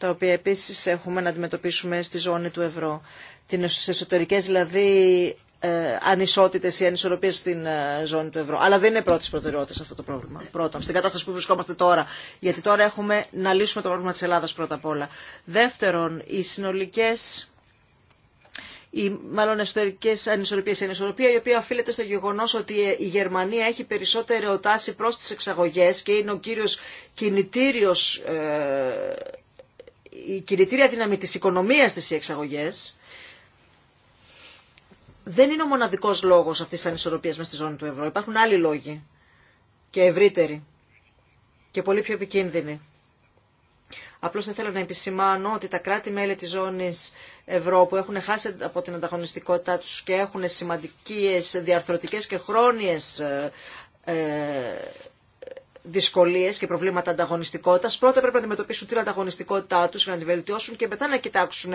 τα οποία επίσης έχουμε να αντιμετωπίσουμε στη ζώνη του ευρώ. Τις εσωτερικές δηλαδή ε, Ανισότητε ή αναισορπίε στην ε, ζώνη του Ευρώπη. Αλλά δεν επρώ τι προτεραιότητε αυτό το πρόβλημα πρώτα. Στην κατάσταση που βρισκόμαστε τώρα, γιατί τώρα έχουμε να λύσουμε το πρόγραμμα τη Ελλάδα πρώτα απ' όλα. Δεύτερον, οι συνολικέ, οι μάλλον εσωτερικέ ανισορποίηση ενισοπία, Η ανισορροπίε στην ζωνη του ευρω αλλα δεν ειναι πρωτη προτεραιοτητα αυτο το προβλημα πρωτον στην κατασταση που βρισκομαστε τωρα γιατι τωρα εχουμε να λυσουμε το προβλημα τη ελλαδα πρωτα απ ολα δευτερον οι συνολικε οι οποία οφείλεται στο γεγονό ότι ε, η Γερμανία έχει περισσότερο εχει περισσοτερη οταση προ τι εξαγωγέ και είναι ο κύριο κινητήριο. η κινητήρια δύναμη τη οικονομίας τη οι εξαγωγές δεν είναι ο μοναδικό λόγο αυτή τη ανισορροπία με στη ζώνη του ευρώ. Υπάρχουν άλλοι λόγοι και ευρύτεροι και πολύ πιο επικίνδυνοι. Απλώς θα θέλω να επισημάνω ότι τα κράτη-μέλη της ζώνης ευρώ που έχουν χάσει από την ανταγωνιστικότητά τους και έχουν σημαντικές διαρθρωτικές και χρόνιες ε, δυσκολίε και προβλήματα ανταγωνιστικότητας Πρώτα πρέπει να αντιμετωπίσουν την ανταγωνιστικότητά τους για να τη βελτιώσουν και μετά να κοιτάξουν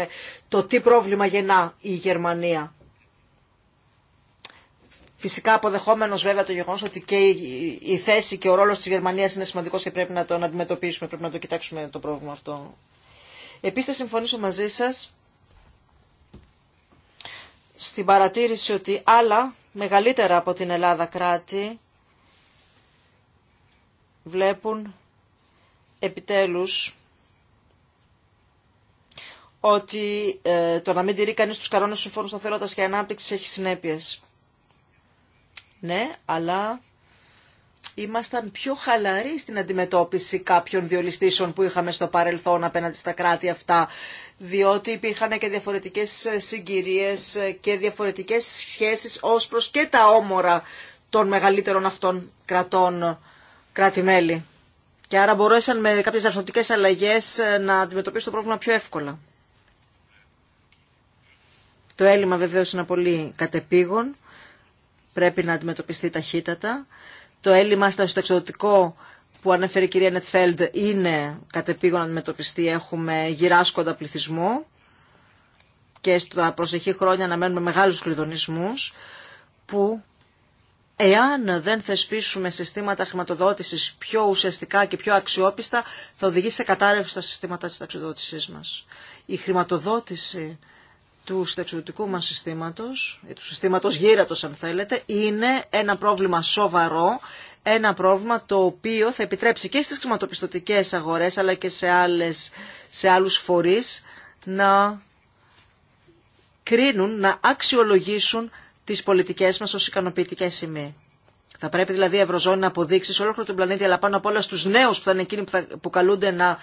το τι πρόβλημα γεννά η Γερμανία. Φυσικά αποδεχόμενος βέβαια το γεγονός ότι και η θέση και ο ρόλος της Γερμανίας είναι σημαντικός και πρέπει να τον αντιμετωπίσουμε, πρέπει να το κοιτάξουμε το πρόβλημα αυτό. Επίση θα συμφωνήσω μαζί σας στην παρατήρηση ότι άλλα μεγαλύτερα από την Ελλάδα κράτη βλέπουν επιτέλους ότι ε, το να μην τηρεί κανείς τους κανόνες του Συμφώνου Σταθερότητας και ανάπτυξη έχει συνέπειες ναι, αλλά ήμασταν πιο χαλαροί στην αντιμετώπιση κάποιων διολυστήσεων που είχαμε στο παρελθόν απέναντι στα κράτη αυτά, διότι υπήρχαν και διαφορετικές συγκυρίες και διαφορετικές σχέσεις ως προς και τα όμορα των μεγαλύτερων αυτών κρατών κράτη-μέλη. Και άρα μπορούσαν με κάποιες αρθρωτικές αλλαγές ε, να αντιμετωπίσουν το πρόβλημα πιο εύκολα. Το έλλειμμα βεβαίως είναι πολύ κατεπήγον πρέπει να αντιμετωπιστεί ταχύτατα. Το έλλειμμα στο εξωτικό που ανέφερε η κυρία Νετφέλντ είναι κατεπήγον να αντιμετωπιστεί. Έχουμε γυράσκοντα πληθυσμό και στα προσεχή χρόνια αναμένουμε μεγάλους κλειδονισμούς που εάν δεν θεσπίσουμε συστήματα χρηματοδότησης πιο ουσιαστικά και πιο αξιόπιστα θα οδηγήσει σε κατάρρευση στα συστήματα της ταξιδότησής μας. Η χρηματοδότηση του συνταξιδοτικού μας συστήματος, του συστήματος γύρατος αν θέλετε, είναι ένα πρόβλημα σοβαρό, ένα πρόβλημα το οποίο θα επιτρέψει και στις χρηματοπιστωτικές αγορές αλλά και σε, άλλες, σε άλλους φορείς να κρίνουν, να αξιολογήσουν τις πολιτικές μας ως ικανοποιητικές σημεί. Θα πρέπει δηλαδή η Ευρωζώνη να αποδείξει σε όλο τον πλανήτη, αλλά πάνω απ' όλα στους νέους που θα είναι εκείνοι που, θα, που καλούνται να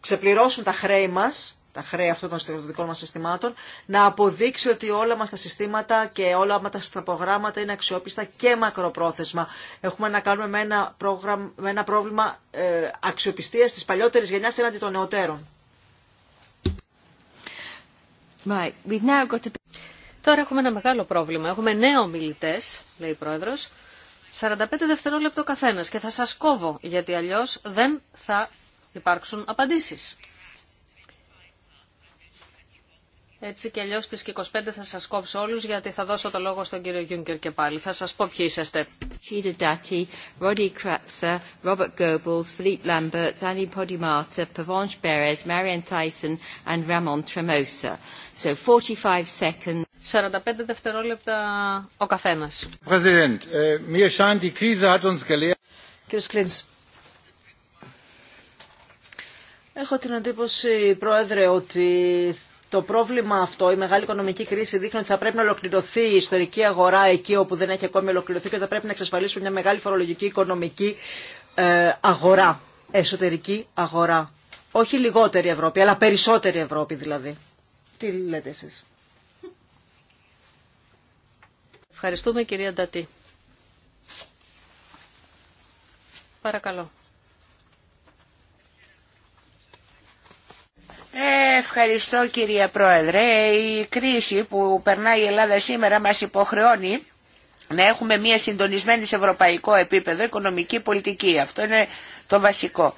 ξεπληρώσουν τα χρέη μας, τα χρέη αυτών των στρατιωτικών μας συστημάτων, να αποδείξει ότι όλα μας τα συστήματα και όλα μας τα στραπογράμματα είναι αξιόπιστα και μακροπρόθεσμα. Έχουμε να κάνουμε με ένα, πρόγραμμα, ένα πρόβλημα ε, αξιοπιστίας της παλιότερης γενιάς έναντι των νεωτέρων. Τώρα έχουμε ένα μεγάλο πρόβλημα. Έχουμε νέο μιλητέ, λέει η πρόεδρο. 45 δευτερόλεπτο καθένα και θα σα κόβω γιατί αλλιώ δεν θα υπάρξουν απαντήσει. Έτσι και αλλιώ στις 25 θα σας κόψω όλους γιατί θα δώσω το λόγο στον κύριο Γιούγκερ και πάλι. Θα σας πω ποιοι είσαστε. Roddy Kratzer, Robert Goebbels, Philippe Lambert, Annie Podimata, Pavanche Beres, Marian Tyson and Ramon Tremosa. So 45 seconds. 45 δευτερόλεπτα ο καθένας. President, mir scheint die Krise hat uns gelehrt. Κύριος Κλίντς, Έχω την εντύπωση, Πρόεδρε, ότι το πρόβλημα αυτό, η μεγάλη οικονομική κρίση δείχνει ότι θα πρέπει να ολοκληρωθεί η ιστορική αγορά εκεί όπου δεν έχει ακόμη ολοκληρωθεί και θα πρέπει να εξασφαλίσουμε μια μεγάλη φορολογική οικονομική ε, αγορά, εσωτερική αγορά. Όχι λιγότερη Ευρώπη, αλλά περισσότερη Ευρώπη δηλαδή. Τι λέτε εσείς. Ευχαριστούμε κυρία Ντατή. Παρακαλώ. Ευχαριστώ κυρία Πρόεδρε. Η κρίση που περνάει η Ελλάδα σήμερα μας υποχρεώνει να έχουμε μια συντονισμένη σε ευρωπαϊκό επίπεδο οικονομική πολιτική. Αυτό είναι το βασικό.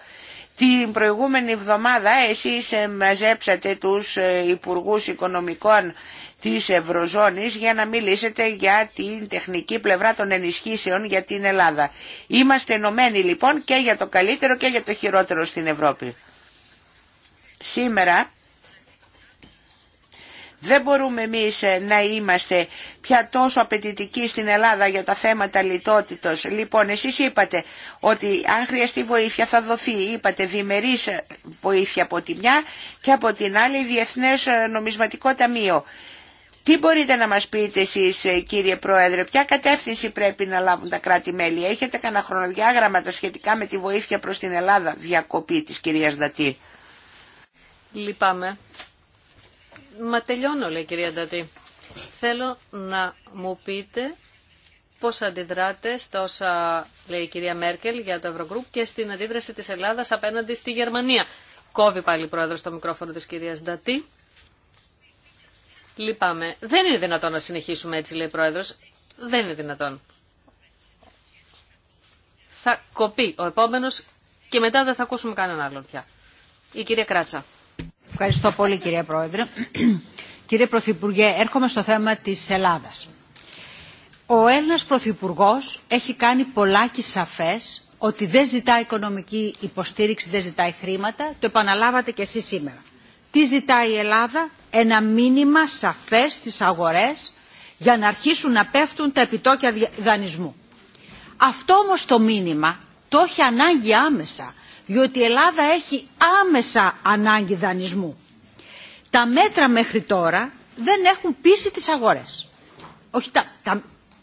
Την προηγούμενη εβδομάδα εσείς μαζέψατε τους ε, Υπουργούς Οικονομικών της Ευρωζώνης για να μιλήσετε για την τεχνική πλευρά των ενισχύσεων για την Ελλάδα. Είμαστε ενωμένοι λοιπόν και για το καλύτερο και για το χειρότερο στην Ευρώπη. Σήμερα δεν μπορούμε εμείς ε, να είμαστε πια τόσο απαιτητικοί στην Ελλάδα για τα θέματα λιτότητος. Λοιπόν, εσείς είπατε ότι αν χρειαστεί βοήθεια θα δοθεί. Είπατε διμερής ε, βοήθεια από τη μια και από την άλλη Διεθνές ε, Νομισματικό Ταμείο. Τι μπορείτε να μας πείτε εσείς κύριε Πρόεδρε, ποια κατεύθυνση πρέπει να λάβουν τα κράτη-μέλη. Έχετε κανένα χρονοδιάγραμμα σχετικά με τη βοήθεια προς την Ελλάδα διακοπή της κυρίας Δατή. Λυπάμαι. Μα τελειώνω, λέει η κυρία Ντατή. Θέλω να μου πείτε πώς αντιδράτε στα όσα λέει η κυρία Μέρκελ για το Ευρωγκρουπ και στην αντίδραση της Ελλάδας απέναντι στη Γερμανία. Κόβει πάλι η πρόεδρος το μικρόφωνο της κυρίας Ντατή. Λυπάμαι. Δεν είναι δυνατόν να συνεχίσουμε έτσι, λέει η πρόεδρος. Δεν είναι δυνατόν. Θα κοπεί ο επόμενος και μετά δεν θα ακούσουμε κανέναν άλλον πια. Η κυρία Κράτσα. Ευχαριστώ πολύ κύριε Πρόεδρε. Κύριε Πρωθυπουργέ, έρχομαι στο θέμα της Ελλάδας. Ο Έλληνας Πρωθυπουργό έχει κάνει πολλά και σαφές ότι δεν ζητά οικονομική υποστήριξη, δεν ζητάει χρήματα. Το επαναλάβατε και εσείς σήμερα. Τι ζητάει η Ελλάδα? Ένα μήνυμα σαφές στις αγορές για να αρχίσουν να πέφτουν τα επιτόκια δανεισμού. Αυτό όμως το μήνυμα το έχει ανάγκη άμεσα διότι η Ελλάδα έχει άμεσα ανάγκη δανεισμού. Τα μέτρα μέχρι τώρα δεν έχουν πείσει τις αγορές. Όχι τα,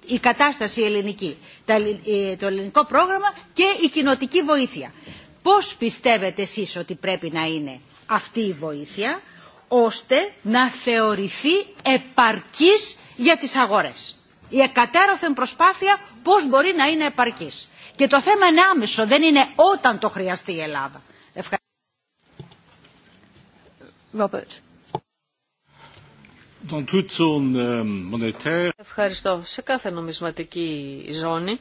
η κατάσταση ελληνική, ε, το ελληνικό πρόγραμμα και η κοινοτική βοήθεια. Πώς πιστεύετε εσείς ότι πρέπει να είναι αυτή η βοήθεια, ώστε να θεωρηθεί επαρκής για τις αγορές. Η εκατέρωθεν προσπάθεια πώς μπορεί να είναι επαρκής. Και το θέμα είναι άμεσο, δεν είναι όταν το χρειαστεί η Ελλάδα. Euh, Ευχαριστώ. Σε κάθε νομισματική ζώνη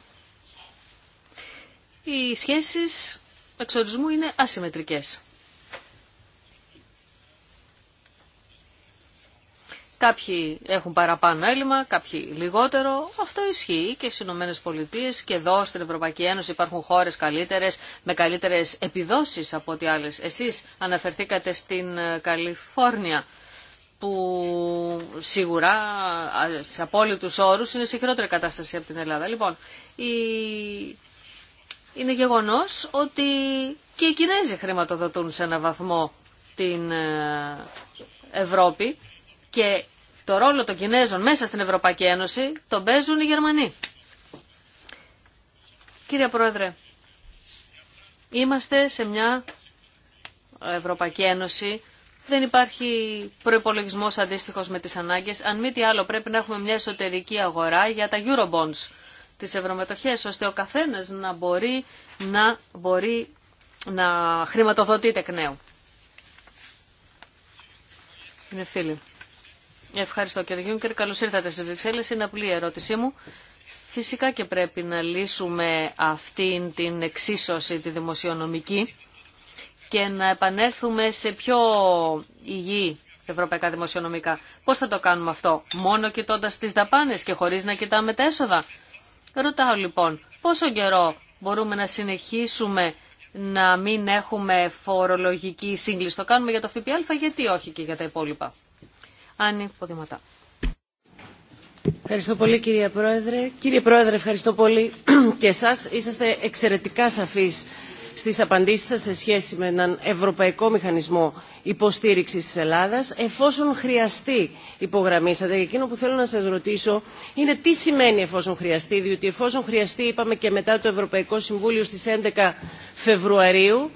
οι σχέσεις εξορισμού είναι ασυμμετρικές. Κάποιοι έχουν παραπάνω έλλειμμα, κάποιοι λιγότερο. Αυτό ισχύει και στι Ηνωμένε Πολιτείε και εδώ στην Ευρωπαϊκή Ένωση υπάρχουν χώρε καλύτερε, με καλύτερε επιδόσει από ό,τι άλλε. Εσεί αναφερθήκατε στην ε, Καλιφόρνια, που σίγουρα σε απόλυτου όρου είναι σε χειρότερη κατάσταση από την Ελλάδα. Λοιπόν, η... είναι γεγονό ότι και οι Κινέζοι χρηματοδοτούν σε ένα βαθμό την ε, Ευρώπη και το ρόλο των Κινέζων μέσα στην Ευρωπαϊκή Ένωση τον παίζουν οι Γερμανοί. Κύριε Πρόεδρε, είμαστε σε μια Ευρωπαϊκή Ένωση δεν υπάρχει προπολογισμό αντίστοιχο με τι ανάγκε. Αν μη τι άλλο, πρέπει να έχουμε μια εσωτερική αγορά για τα Eurobonds, τι ευρωμετοχέ, ώστε ο καθένα να μπορεί να, μπορεί να χρηματοδοτείται εκ νέου. Είναι φίλοι. Ευχαριστώ κύριε Γιούνκερ. Καλώ ήρθατε στι Βρυξέλλε. Είναι απλή η ερώτησή μου. Φυσικά και πρέπει να λύσουμε αυτή την εξίσωση τη δημοσιονομική και να επανέλθουμε σε πιο υγιή ευρωπαϊκά δημοσιονομικά. Πώ θα το κάνουμε αυτό, μόνο κοιτώντα τι δαπάνε και χωρί να κοιτάμε τα έσοδα. Ρωτάω λοιπόν, πόσο καιρό μπορούμε να συνεχίσουμε να μην έχουμε φορολογική σύγκληση. Το κάνουμε για το ΦΠΑ, γιατί όχι και για τα υπόλοιπα. Άννη Ποδηματά. Ευχαριστώ πολύ κύριε Πρόεδρε. Κύριε Πρόεδρε, ευχαριστώ πολύ (clears throat) και εσάς. Είσαστε εξαιρετικά σαφείς στις απαντήσεις σας σε σχέση με έναν ευρωπαϊκό μηχανισμό υποστήριξης της Ελλάδας. Εφόσον χρειαστεί υπογραμμίσατε, εκείνο που θέλω να σας ρωτήσω είναι τι σημαίνει εφόσον χρειαστεί, διότι εφόσον χρειαστεί είπαμε και μετά το Ευρωπαϊκό Συμβούλιο στις 11 Φεβρουαρίου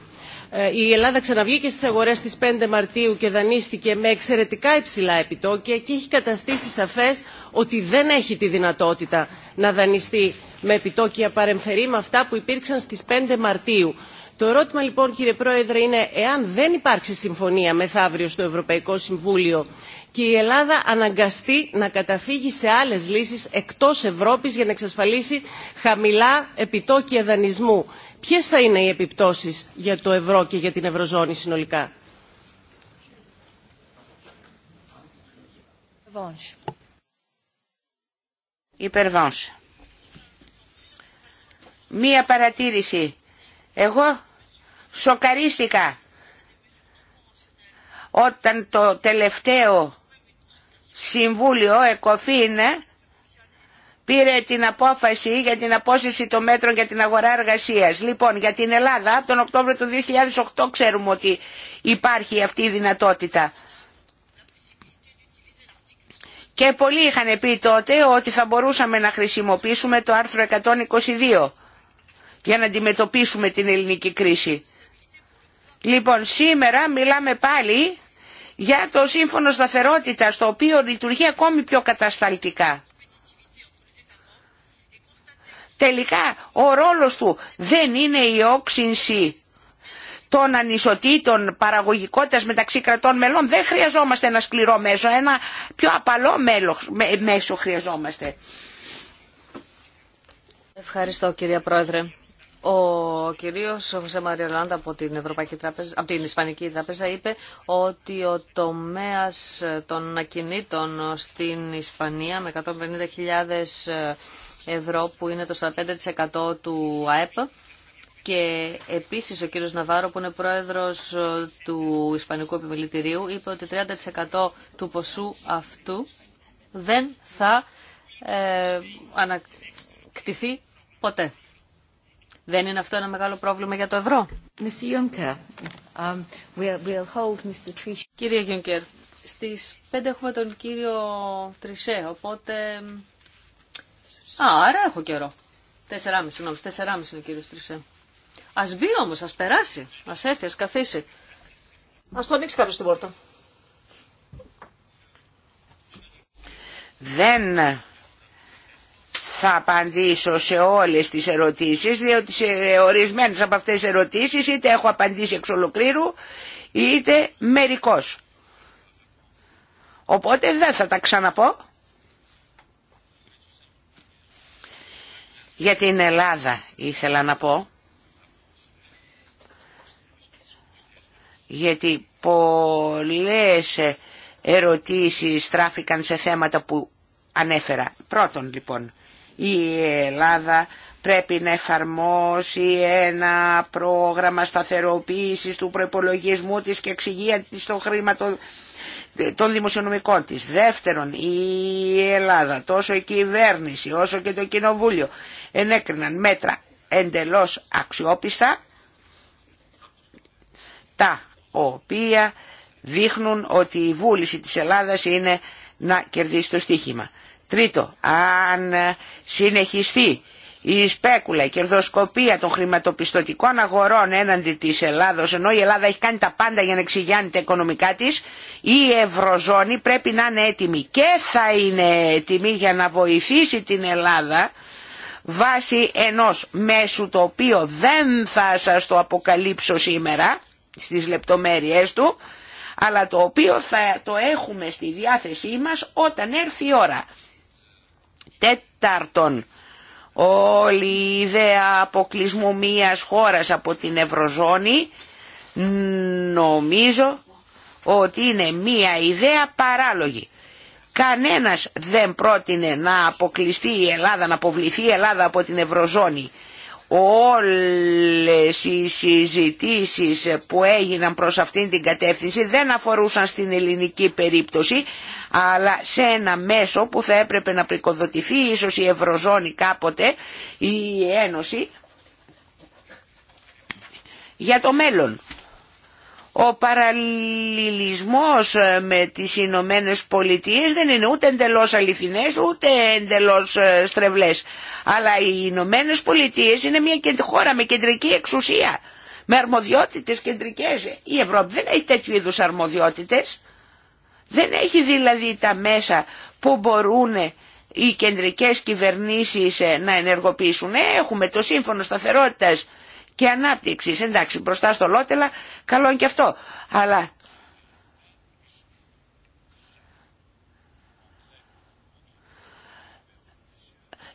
ε, η Ελλάδα ξαναβγήκε στις αγορές στις 5 Μαρτίου και δανείστηκε με εξαιρετικά υψηλά επιτόκια και έχει καταστήσει σαφές ότι δεν έχει τη δυνατότητα να δανειστεί με επιτόκια παρεμφερή με αυτά που υπήρξαν στις 5 Μαρτίου. Το ερώτημα λοιπόν κύριε Πρόεδρε είναι εάν δεν υπάρξει συμφωνία μεθαύριο στο Ευρωπαϊκό Συμβούλιο και η Ελλάδα αναγκαστεί να καταφύγει σε άλλες λύσεις εκτός Ευρώπης για να εξασφαλίσει χαμηλά επιτόκια δανεισμού ποιες θα είναι οι επιπτώσεις για το ευρώ και για την ευρωζώνη συνολικά. Μία παρατήρηση. Εγώ σοκαρίστηκα όταν το τελευταίο συμβούλιο εκοφήνε πήρε την απόφαση για την απόσυρση των μέτρων για την αγορά εργασίας. Λοιπόν, για την Ελλάδα, από τον Οκτώβριο του 2008 ξέρουμε ότι υπάρχει αυτή η δυνατότητα. Και πολλοί είχαν πει τότε ότι θα μπορούσαμε να χρησιμοποιήσουμε το άρθρο 122 για να αντιμετωπίσουμε την ελληνική κρίση. Λοιπόν, σήμερα μιλάμε πάλι για το σύμφωνο σταθερότητας, το οποίο λειτουργεί ακόμη πιο κατασταλτικά. Τελικά ο ρόλος του δεν είναι η όξυνση των ανισοτήτων παραγωγικότητας μεταξύ κρατών μελών. Δεν χρειαζόμαστε ένα σκληρό μέσο, ένα πιο απαλό μέσο χρειαζόμαστε. Ευχαριστώ κυρία Πρόεδρε. Ο κυρίος Χωσέ Μαριολάντα από την, Ευρωπαϊκή Τράπεζα, από την Ισπανική Τράπεζα είπε ότι ο τομέας των ακινήτων στην Ισπανία με 150.000 ευρώ που είναι το 45% του ΑΕΠ και επίσης ο κύριος Ναβάρο που είναι πρόεδρος ε, του Ισπανικού Επιμελητηρίου είπε ότι 30% του ποσού αυτού δεν θα ε, ανακτηθεί ποτέ. Δεν είναι αυτό ένα μεγάλο πρόβλημα για το ευρώ. Um, Κύριε Γιούνκερ, στις 5 έχουμε τον κύριο Τρισέ, οπότε Α, άρα έχω καιρό. Τέσσερα μισή, τεσσεράμιση τέσσερα είναι ο κύριος Τρισέ. Ας μπει όμως, ας περάσει, ας έρθει, ας καθίσει. Ας το ανοίξει κάποιος την πόρτα. Δεν θα απαντήσω σε όλες τις ερωτήσεις, διότι σε ορισμένες από αυτές τις ερωτήσεις είτε έχω απαντήσει εξ ολοκλήρου, είτε μερικός. Οπότε δεν θα τα ξαναπώ. Για την Ελλάδα ήθελα να πω, γιατί πολλές ερωτήσεις στράφηκαν σε θέματα που ανέφερα. Πρώτον λοιπόν, η Ελλάδα πρέπει να εφαρμόσει ένα πρόγραμμα σταθεροποίησης του προϋπολογισμού της και εξηγία της των των δημοσιονομικών της. Δεύτερον, η Ελλάδα, τόσο η κυβέρνηση όσο και το κοινοβούλιο ενέκριναν μέτρα εντελώς αξιόπιστα τα οποία δείχνουν ότι η βούληση της Ελλάδας είναι να κερδίσει το στοίχημα. Τρίτο, αν συνεχιστεί η σπέκουλα, η κερδοσκοπία των χρηματοπιστωτικών αγορών έναντι της Ελλάδος, ενώ η Ελλάδα έχει κάνει τα πάντα για να εξηγιάνει τα οικονομικά της, η Ευρωζώνη πρέπει να είναι έτοιμη και θα είναι έτοιμη για να βοηθήσει την Ελλάδα βάσει ενός μέσου το οποίο δεν θα σας το αποκαλύψω σήμερα στις λεπτομέρειές του αλλά το οποίο θα το έχουμε στη διάθεσή μας όταν έρθει η ώρα. Τέταρτον, όλη η ιδέα αποκλεισμού μίας χώρας από την Ευρωζώνη νομίζω ότι είναι μία ιδέα παράλογη. Κανένας δεν πρότεινε να αποκλειστεί η Ελλάδα, να αποβληθεί η Ελλάδα από την Ευρωζώνη. Όλες οι συζητήσεις που έγιναν προς αυτήν την κατεύθυνση δεν αφορούσαν στην ελληνική περίπτωση, αλλά σε ένα μέσο που θα έπρεπε να πρικοδοτηθεί ίσως η Ευρωζώνη κάποτε ή η Ένωση για το μέλλον. Ο παραλληλισμός ε, με τις Ηνωμένε Πολιτείε δεν είναι ούτε εντελώς αληθινές ούτε εντελώς ε, στρεβλές. Αλλά οι Ηνωμένε Πολιτείε είναι μια χώρα με κεντρική εξουσία, με αρμοδιότητες κεντρικές. Η Ευρώπη δεν έχει τέτοιου είδους αρμοδιότητες. Δεν έχει δηλαδή τα μέσα που μπορούν οι κεντρικές κυβερνήσεις ε, να ενεργοποιήσουν. Έχουμε το σύμφωνο σταθερότητας και ανάπτυξη. Εντάξει, μπροστά στο Λότελα, καλό είναι και αυτό. Αλλά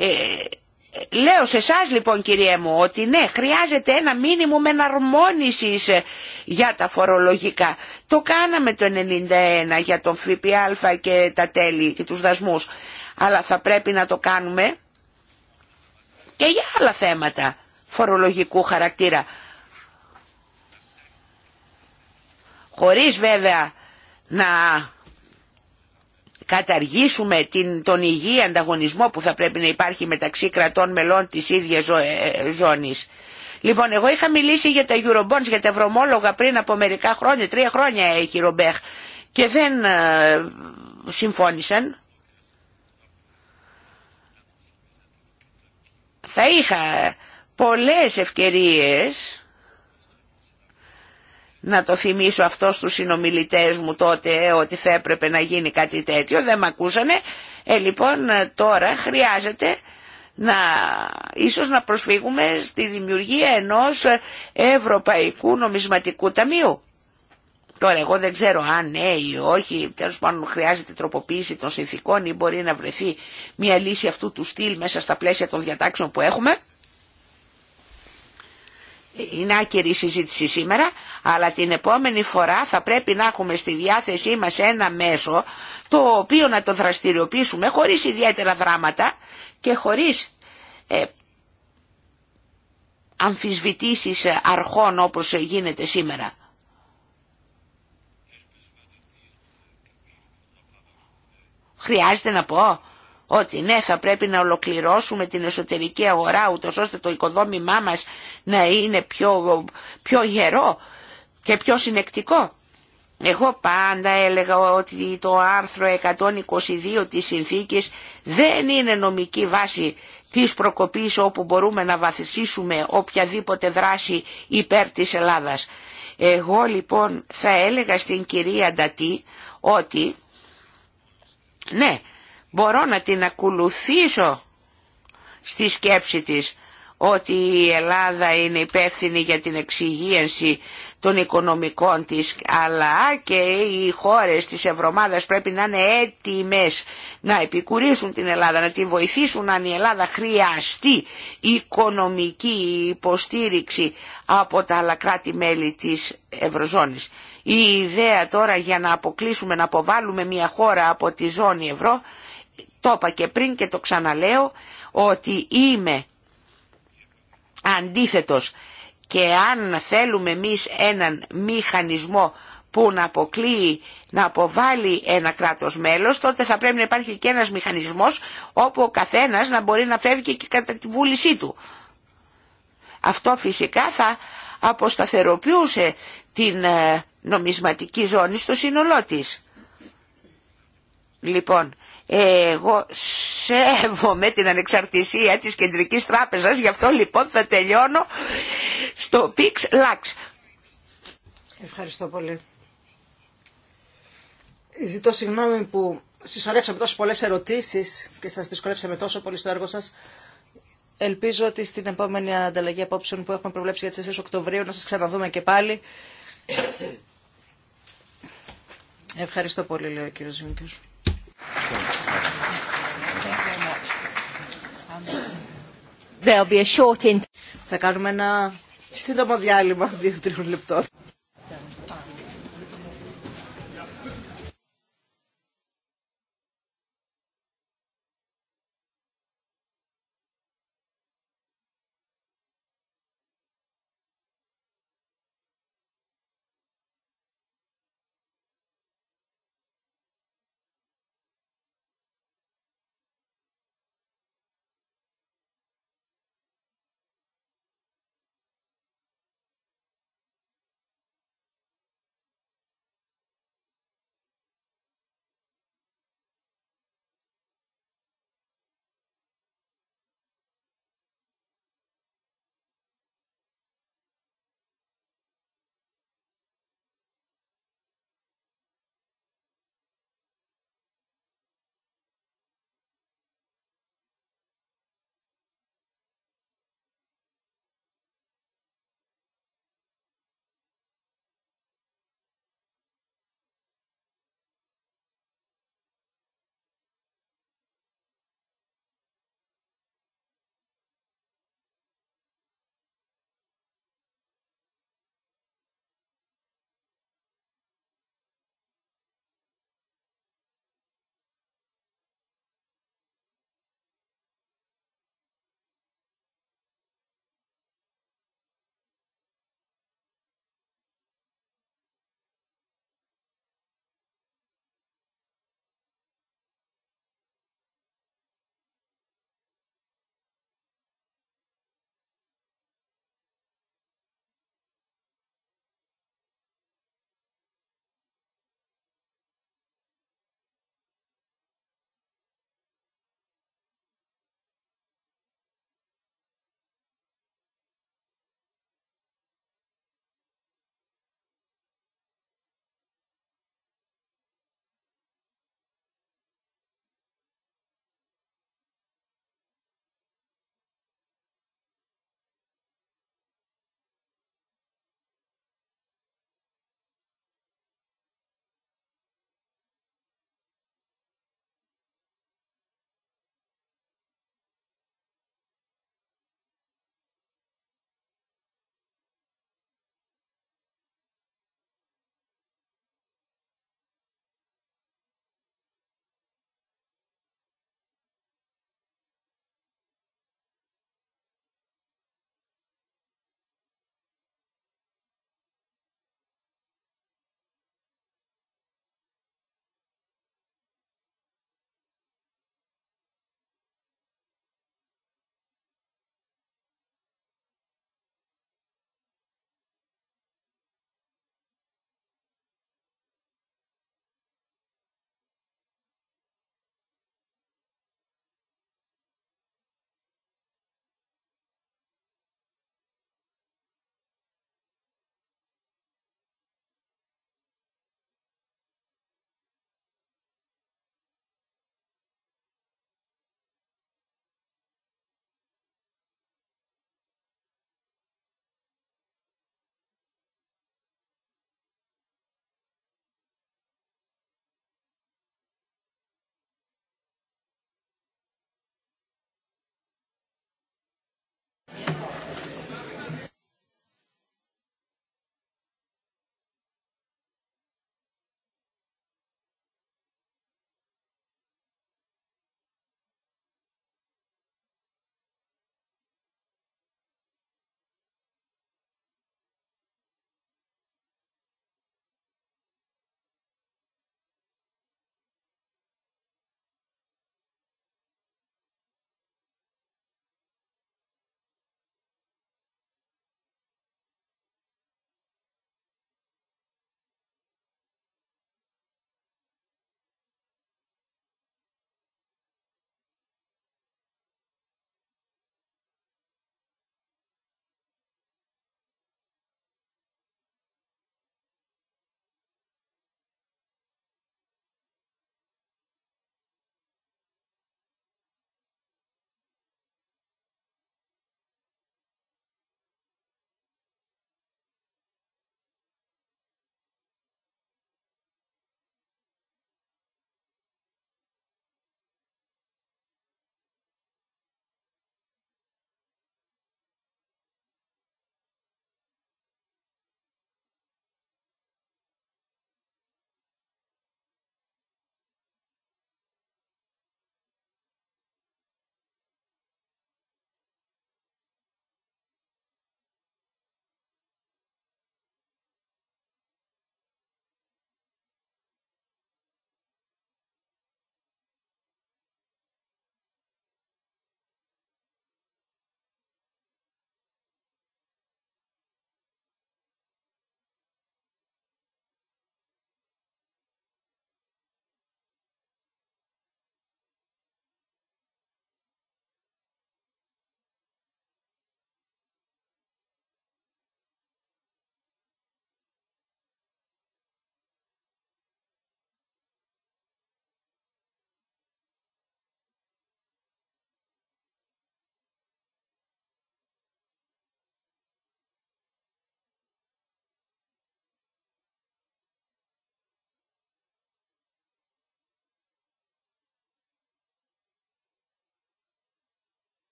Ε, λέω σε εσά λοιπόν κυριέ μου ότι ναι χρειάζεται ένα μήνυμο με ε, για τα φορολογικά. Το κάναμε το 91 για τον ΦΠΑ και τα τέλη και τους δασμούς. Αλλά θα πρέπει να το κάνουμε και για άλλα θέματα φορολογικού χαρακτήρα. Χωρίς βέβαια να καταργήσουμε την, τον υγιή ανταγωνισμό που θα πρέπει να υπάρχει μεταξύ κρατών μελών της ίδιας ζω, ε, ζώνης. Λοιπόν, εγώ είχα μιλήσει για τα Eurobonds, για τα ευρωμόλογα πριν από μερικά χρόνια, τρία χρόνια έχει η Ρομπέχ και δεν ε, συμφώνησαν. Θα είχα πολλές ευκαιρίες να το θυμίσω αυτό στους συνομιλητές μου τότε ε, ότι θα έπρεπε να γίνει κάτι τέτοιο, δεν με ακούσανε. Ε, λοιπόν, ε, τώρα χρειάζεται να, ίσως να προσφύγουμε στη δημιουργία ενός Ευρωπαϊκού Νομισματικού Ταμείου. Τώρα, εγώ δεν ξέρω αν ναι ή όχι, τέλο πάντων χρειάζεται τροποποίηση των συνθήκων ή μπορεί να βρεθεί μια λύση αυτού του στυλ μέσα στα πλαίσια των διατάξεων που έχουμε είναι άκυρη η συζήτηση σήμερα, αλλά την επόμενη φορά θα πρέπει να έχουμε στη διάθεσή μας ένα μέσο το οποίο να το δραστηριοποιήσουμε χωρίς ιδιαίτερα δράματα και χωρίς ε, αμφισβητήσεις αρχών όπως γίνεται σήμερα. Χρειάζεται να πω ότι ναι θα πρέπει να ολοκληρώσουμε την εσωτερική αγορά ούτως ώστε το οικοδόμημά μας να είναι πιο, πιο γερό και πιο συνεκτικό. Εγώ πάντα έλεγα ότι το άρθρο 122 της συνθήκης δεν είναι νομική βάση της προκοπής όπου μπορούμε να βαθισίσουμε οποιαδήποτε δράση υπέρ της Ελλάδας. Εγώ λοιπόν θα έλεγα στην κυρία Ντατή ότι ναι, μπορώ να την ακολουθήσω στη σκέψη της ότι η Ελλάδα είναι υπεύθυνη για την εξυγίανση των οικονομικών της, αλλά και οι χώρες της Ευρωμάδας πρέπει να είναι έτοιμες να επικουρήσουν την Ελλάδα, να τη βοηθήσουν αν η Ελλάδα χρειαστεί οικονομική υποστήριξη από τα άλλα κράτη-μέλη της Ευρωζώνης. Η ιδέα τώρα για να αποκλείσουμε, να αποβάλουμε μια χώρα από τη ζώνη ευρώ το είπα και πριν και το ξαναλέω ότι είμαι αντίθετος και αν θέλουμε εμείς έναν μηχανισμό που να αποκλείει, να αποβάλει ένα κράτος μέλος, τότε θα πρέπει να υπάρχει και ένας μηχανισμός όπου ο καθένας να μπορεί να φεύγει και κατά τη βούλησή του. Αυτό φυσικά θα αποσταθεροποιούσε την ε, νομισματική ζώνη στο σύνολό της. Λοιπόν, εγώ σέβομαι την ανεξαρτησία της Κεντρικής Τράπεζας, γι' αυτό λοιπόν θα τελειώνω στο Pix Lux. Ευχαριστώ πολύ. Ζητώ συγγνώμη που συσσωρεύσαμε τόσο πολλές ερωτήσεις και σας δυσκολεύσαμε τόσο πολύ στο έργο σας. Ελπίζω ότι στην επόμενη ανταλλαγή απόψεων που έχουμε προβλέψει για τις 4 Οκτωβρίου να σας ξαναδούμε και πάλι. Ευχαριστώ πολύ, λέει ο κύριος Ζήνκερ. Θα κάνουμε ένα σύντομο διάλειμμα, 2-3 λεπτών.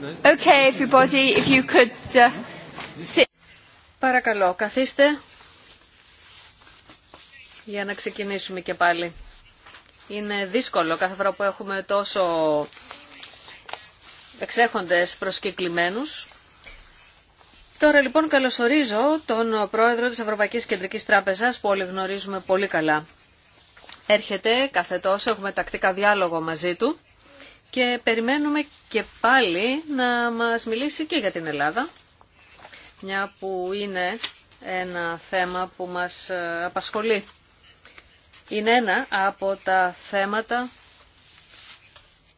Okay, everybody, if you could uh, sit. Παρακαλώ, καθίστε για να ξεκινήσουμε και πάλι. Είναι δύσκολο κάθε φορά που έχουμε τόσο εξέχοντες προσκεκλημένους. Τώρα λοιπόν καλωσορίζω τον πρόεδρο της Ευρωπαϊκής Κεντρικής Τράπεζας που όλοι γνωρίζουμε πολύ καλά. Έρχεται κάθε τόσο, έχουμε τακτικά διάλογο μαζί του και περιμένουμε και πάλι να μας μιλήσει και για την Ελλάδα, μια που είναι ένα θέμα που μας ε, απασχολεί. Είναι ένα από τα θέματα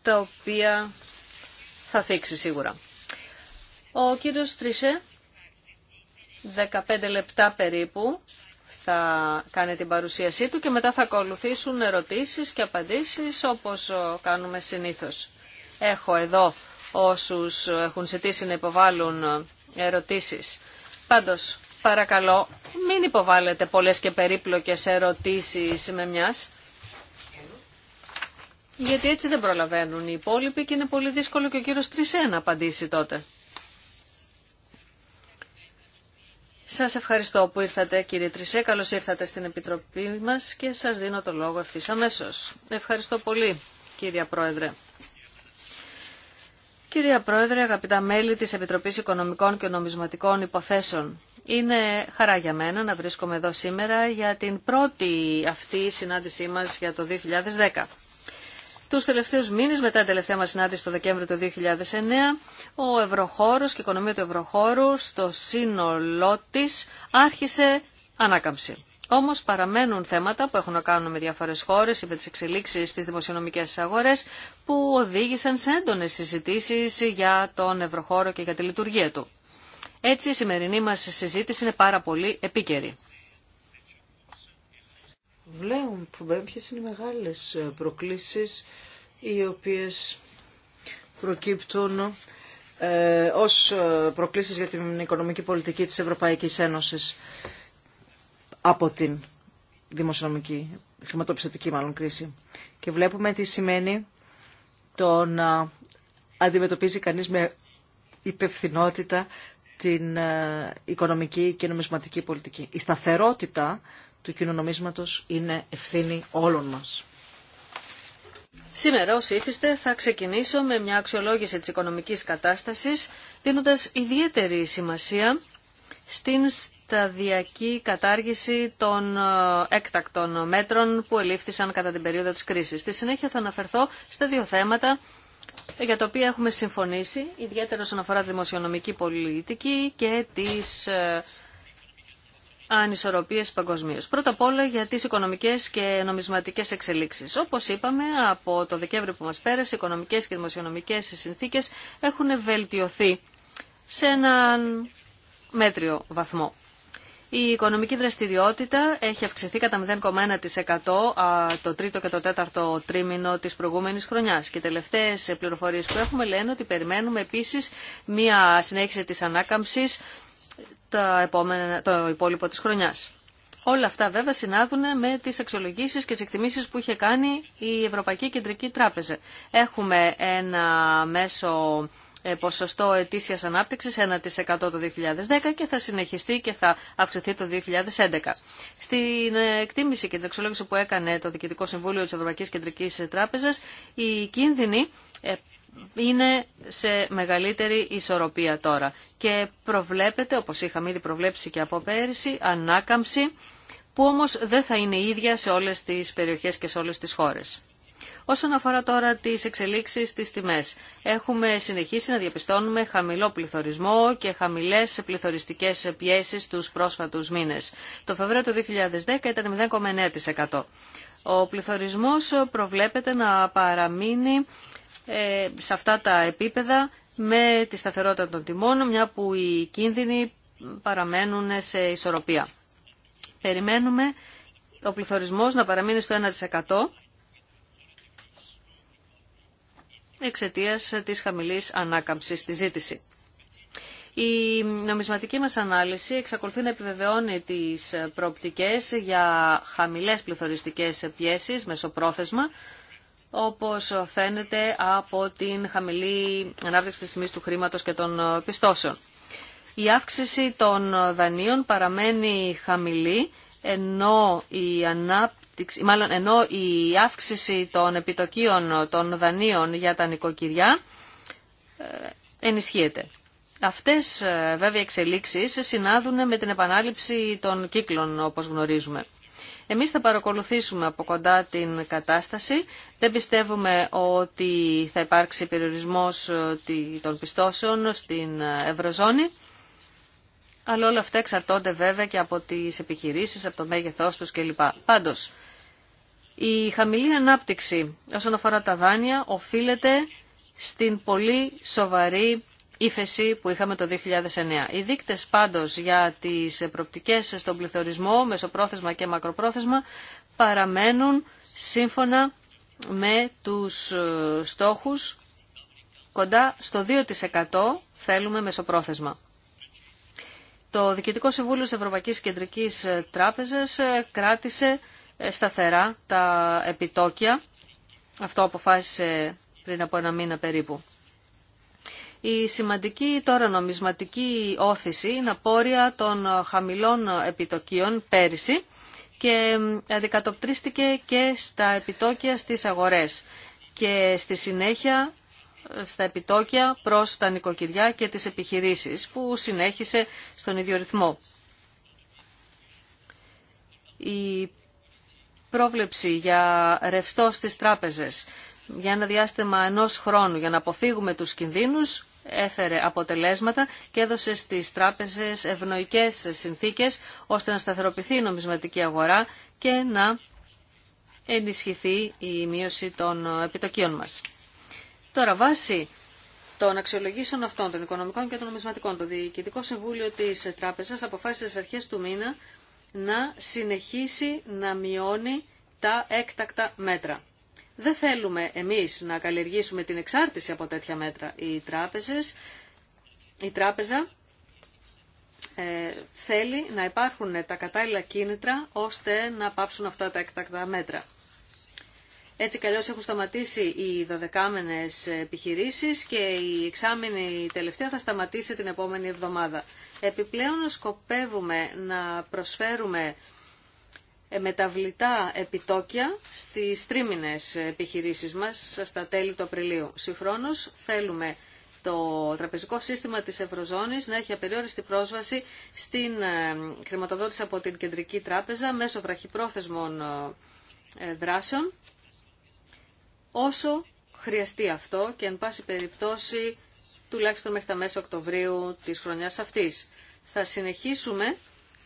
τα οποία θα θίξει σίγουρα. Ο κύριος Τρισέ, 15 λεπτά περίπου, θα κάνει την παρουσίασή του και μετά θα ακολουθήσουν ερωτήσεις και απαντήσεις όπως κάνουμε συνήθως. Έχω εδώ όσους έχουν ζητήσει να υποβάλουν ερωτήσεις. Πάντως, παρακαλώ, μην υποβάλλετε πολλές και περίπλοκες ερωτήσεις με μιας. Γιατί έτσι δεν προλαβαίνουν οι υπόλοιποι και είναι πολύ δύσκολο και ο κύριος Τρισέ να απαντήσει τότε. Σας ευχαριστώ που ήρθατε κύριε Τρισέ, καλώς ήρθατε στην Επιτροπή μας και σας δίνω το λόγο ευθύς αμέσως. Ευχαριστώ πολύ κύριε Πρόεδρε. Κυρία Πρόεδρε, αγαπητά μέλη της Επιτροπής Οικονομικών και Νομισματικών Υποθέσεων, είναι χαρά για μένα να βρίσκομαι εδώ σήμερα για την πρώτη αυτή συνάντησή μας για το 2010. Τους τελευταίους μήνες μετά την τελευταία μας συνάντηση το Δεκέμβριο του 2009, ο ευρωχώρος και η οικονομία του ευρωχώρου στο σύνολό της άρχισε ανάκαμψη. Όμω παραμένουν θέματα που έχουν να κάνουν με διάφορε χώρε ή με τι εξελίξει στι δημοσιονομικέ αγορέ που οδήγησαν σε έντονε συζητήσει για τον ευρωχώρο και για τη λειτουργία του. Έτσι η σημερινή μα συζήτηση είναι πάρα πολύ επίκαιρη βλέπουμε ποιες είναι οι μεγάλες ε, προκλήσεις οι οποίες προκύπτουν ε, ως ε, προκλήσεις για την οικονομική πολιτική της Ευρωπαϊκής Ένωσης από την δημοσιονομική, χρηματοπιστωτική μάλλον κρίση. Και βλέπουμε τι σημαίνει το να αντιμετωπίζει κανείς με υπευθυνότητα την ε, οικονομική και νομισματική πολιτική. Η σταθερότητα του κοινωνομίσματος είναι ευθύνη όλων μας. Σήμερα, όσοι ήθιστε, θα ξεκινήσω με μια αξιολόγηση της οικονομικής κατάστασης, δίνοντας ιδιαίτερη σημασία στην σταδιακή κατάργηση των ε, έκτακτων μέτρων που ελήφθησαν κατά την περίοδο της κρίσης. Στη συνέχεια θα αναφερθώ στα δύο θέματα για τα οποία έχουμε συμφωνήσει, ιδιαίτερα όσον αφορά τη δημοσιονομική πολιτική και τις ε, ανισορροπίες παγκοσμίω. Πρώτα απ' όλα για τι οικονομικέ και νομισματικέ εξελίξει. Όπω είπαμε, από το Δεκέμβριο που μα πέρασε, οι οικονομικέ και δημοσιονομικέ συνθήκε έχουν βελτιωθεί σε έναν μέτριο βαθμό. Η οικονομική δραστηριότητα έχει αυξηθεί κατά 0,1% το τρίτο και το τέταρτο τρίμηνο της προηγούμενης χρονιάς. Και οι τελευταίες πληροφορίες που έχουμε λένε ότι περιμένουμε επίσης μία συνέχιση της ανάκαμψης τα επόμενα, το υπόλοιπο της χρονιάς. Όλα αυτά βέβαια συνάδουν με τις αξιολογήσεις και τις εκτιμήσεις που είχε κάνει η Ευρωπαϊκή Κεντρική Τράπεζα. Έχουμε ένα μέσο ε, ποσοστό ετήσιας ανάπτυξης 1% το 2010 και θα συνεχιστεί και θα αυξηθεί το 2011. Στην ε, εκτίμηση και την αξιολόγηση που έκανε το Διοικητικό Συμβούλιο της Ευρωπαϊκής Κεντρικής Τράπεζας, οι κίνδυνοι ε, είναι σε μεγαλύτερη ισορροπία τώρα και προβλέπεται, όπως είχαμε ήδη προβλέψει και από πέρυσι, ανάκαμψη που όμως δεν θα είναι ίδια σε όλες τις περιοχές και σε όλες τις χώρες. Όσον αφορά τώρα τις εξελίξεις στις τιμές, έχουμε συνεχίσει να διαπιστώνουμε χαμηλό πληθωρισμό και χαμηλές πληθωριστικές πιέσεις τους πρόσφατους μήνες. Το Φεβρουάριο του 2010 ήταν 0,9%. Ο πληθωρισμός προβλέπεται να παραμείνει ε, σε αυτά τα επίπεδα με τη σταθερότητα των τιμών, μια που οι κίνδυνοι παραμένουν σε ισορροπία. Περιμένουμε ο πληθωρισμός να παραμείνει στο 1% εξαιτίας της χαμηλής ανάκαμψης στη ζήτηση. Η νομισματική μας ανάλυση εξακολουθεί να επιβεβαιώνει τις προοπτικές για χαμηλές πληθωριστικές πιέσεις μεσοπρόθεσμα, όπως φαίνεται από την χαμηλή ανάπτυξη της τιμής του χρήματος και των πιστώσεων. Η αύξηση των δανείων παραμένει χαμηλή, ενώ η, ανάπτυξη, μάλλον ενώ η αύξηση των επιτοκίων των δανείων για τα νοικοκυριά ε, ενισχύεται. Αυτές ε, βέβαια εξελίξεις συνάδουν με την επανάληψη των κύκλων όπως γνωρίζουμε. Εμείς θα παρακολουθήσουμε από κοντά την κατάσταση. Δεν πιστεύουμε ότι θα υπάρξει περιορισμός ε, των πιστώσεων στην ε, Ευρωζώνη. Αλλά όλα αυτά εξαρτώνται βέβαια και από τις επιχειρήσεις, από το μέγεθός τους κλπ. Πάντως, η χαμηλή ανάπτυξη όσον αφορά τα δάνεια οφείλεται στην πολύ σοβαρή ύφεση που είχαμε το 2009. Οι δείκτες πάντως για τις προπτικές στον πληθωρισμό, μεσοπρόθεσμα και μακροπρόθεσμα, παραμένουν σύμφωνα με τους ε, στόχους κοντά στο 2% θέλουμε μεσοπρόθεσμα. Το Διοικητικό Συμβούλιο της Ευρωπαϊκής Κεντρικής Τράπεζας ε, κράτησε ε, σταθερά τα επιτόκια. Αυτό αποφάσισε πριν από ένα μήνα περίπου. Η σημαντική τώρα νομισματική όθηση είναι απόρρια των χαμηλών επιτοκίων πέρυσι και αντικατοπτρίστηκε και στα επιτόκια στις αγορές και στη συνέχεια ε, στα επιτόκια προς τα νοικοκυριά και τις επιχειρήσεις που συνέχισε στον ίδιο ρυθμό. Η πρόβλεψη για ρευστό στις τράπεζες για ένα διάστημα ενός χρόνου για να αποφύγουμε τους κινδύνους έφερε αποτελέσματα και έδωσε στις τράπεζες ευνοϊκές συνθήκες ώστε να σταθεροποιηθεί η νομισματική αγορά και να ενισχυθεί η μείωση των επιτοκίων μας. Τώρα, βάσει των αξιολογήσεων αυτών, των οικονομικών και των νομισματικών, το Διοικητικό Συμβούλιο της Τράπεζας αποφάσισε στις αρχές του μήνα να συνεχίσει να μειώνει τα έκτακτα μέτρα. Δεν θέλουμε εμείς να καλλιεργήσουμε την εξάρτηση από τέτοια μέτρα. Οι τράπεζες, η τράπεζα ε, θέλει να υπάρχουν τα κατάλληλα κίνητρα ώστε να πάψουν αυτά τα εκτακτά μέτρα. Έτσι κι έχουν σταματήσει οι δωδεκάμενες επιχειρήσεις και η εξάμηνη τελευταία θα σταματήσει την επόμενη εβδομάδα. Επιπλέον σκοπεύουμε να προσφέρουμε ε, μεταβλητά επιτόκια στις τρίμηνες επιχειρήσεις μας στα τέλη του Απριλίου. Συγχρόνως θέλουμε το τραπεζικό σύστημα της Ευρωζώνης να έχει απεριόριστη πρόσβαση στην ε, χρηματοδότηση από την Κεντρική Τράπεζα μέσω βραχυπρόθεσμων ε, δράσεων όσο χρειαστεί αυτό και εν πάση περιπτώσει τουλάχιστον μέχρι τα μέσα Οκτωβρίου της χρονιάς αυτής. Θα συνεχίσουμε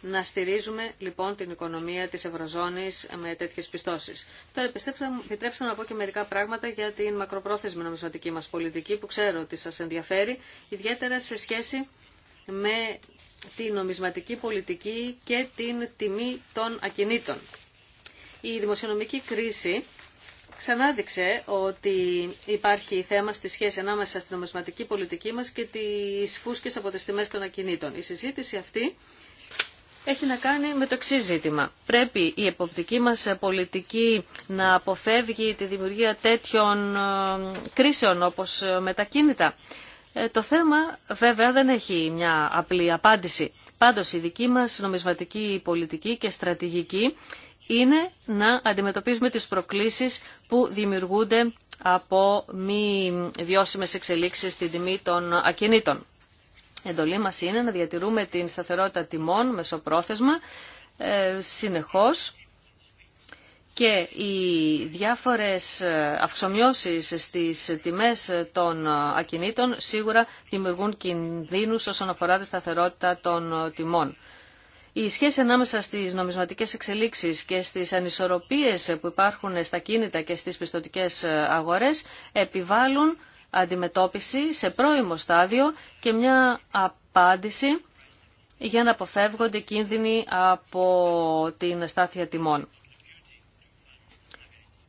να στηρίζουμε λοιπόν την οικονομία της Ευρωζώνης με τέτοιες πιστώσεις. Τώρα επιτρέψτε μου να πω και μερικά πράγματα για την μακροπρόθεσμη νομισματική μας πολιτική που ξέρω ότι σας ενδιαφέρει, ιδιαίτερα σε σχέση με την νομισματική πολιτική και την τιμή των ακινήτων. Η δημοσιονομική κρίση ξανάδειξε ότι υπάρχει θέμα στη σχέση ανάμεσα στην νομισματική πολιτική μας και τις φούσκες από τις τιμές των ακινήτων. Η συζήτηση αυτή έχει να κάνει με το εξή ζήτημα. Πρέπει η εποπτική μας πολιτική να αποφεύγει τη δημιουργία τέτοιων ε, κρίσεων όπως ε, μετακίνητα. Ε, το θέμα βέβαια δεν έχει μια απλή απάντηση. Πάντως η δική μας νομισματική πολιτική και στρατηγική είναι να αντιμετωπίζουμε τις προκλήσεις που δημιουργούνται από μη βιώσιμες εξελίξεις στην τιμή των ακινήτων εντολή μας είναι να διατηρούμε την σταθερότητα τιμών μεσοπρόθεσμα ε, συνεχώς και οι διάφορες ε, αυξομοιώσεις στις τιμές των ακινήτων σίγουρα δημιουργούν κινδύνους όσον αφορά τη σταθερότητα των τιμών. Η σχέση ανάμεσα στις νομισματικές εξελίξεις και στις ανισορροπίες που υπάρχουν στα κίνητα και στις πιστοτικές ε, αγορές επιβάλλουν αντιμετώπιση σε πρώιμο στάδιο και μια απάντηση για να αποφεύγονται κίνδυνοι από την αστάθεια τιμών.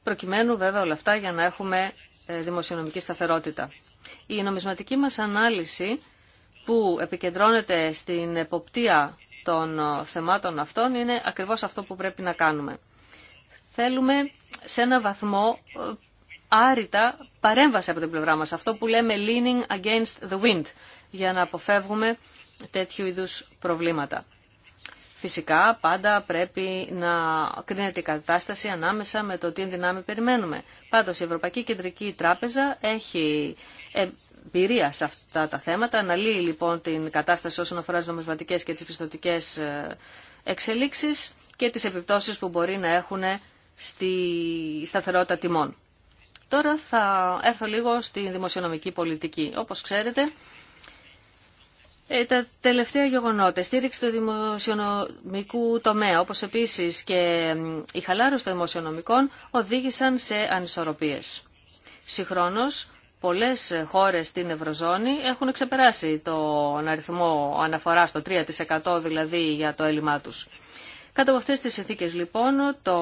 Προκειμένου βέβαια όλα αυτά για να έχουμε ε, δημοσιονομική σταθερότητα. Η νομισματική μας ανάλυση που επικεντρώνεται στην εποπτεία των ε, θεμάτων αυτών είναι ακριβώς αυτό που πρέπει να κάνουμε. Θέλουμε σε ένα βαθμό ε, άρρητα παρέμβαση από την πλευρά μας, αυτό που λέμε leaning against the wind, για να αποφεύγουμε τέτοιου είδους προβλήματα. Φυσικά πάντα πρέπει να κρίνεται η κατάσταση ανάμεσα με το τι δυνάμει περιμένουμε. Πάντως η Ευρωπαϊκή Κεντρική Τράπεζα έχει εμπειρία σε αυτά τα θέματα, αναλύει λοιπόν την κατάσταση όσον αφορά τις νομισματικές και τις πιστοτικές ε, εξελίξεις και τις επιπτώσεις που μπορεί να έχουν στη σταθερότητα τιμών. Τώρα θα έρθω λίγο στη δημοσιονομική πολιτική. Όπως ξέρετε, ε, τα τελευταία γεγονότα, στήριξη του δημοσιονομικού τομέα, όπως επίσης και η χαλάρωση των δημοσιονομικών, οδήγησαν σε ανισορροπίες. Συγχρόνως, πολλές χώρες στην Ευρωζώνη έχουν ξεπεράσει τον αριθμό αναφορά στο 3% δηλαδή για το έλλειμμά τους. Κάτω από αυτές τις συνθήκες λοιπόν, το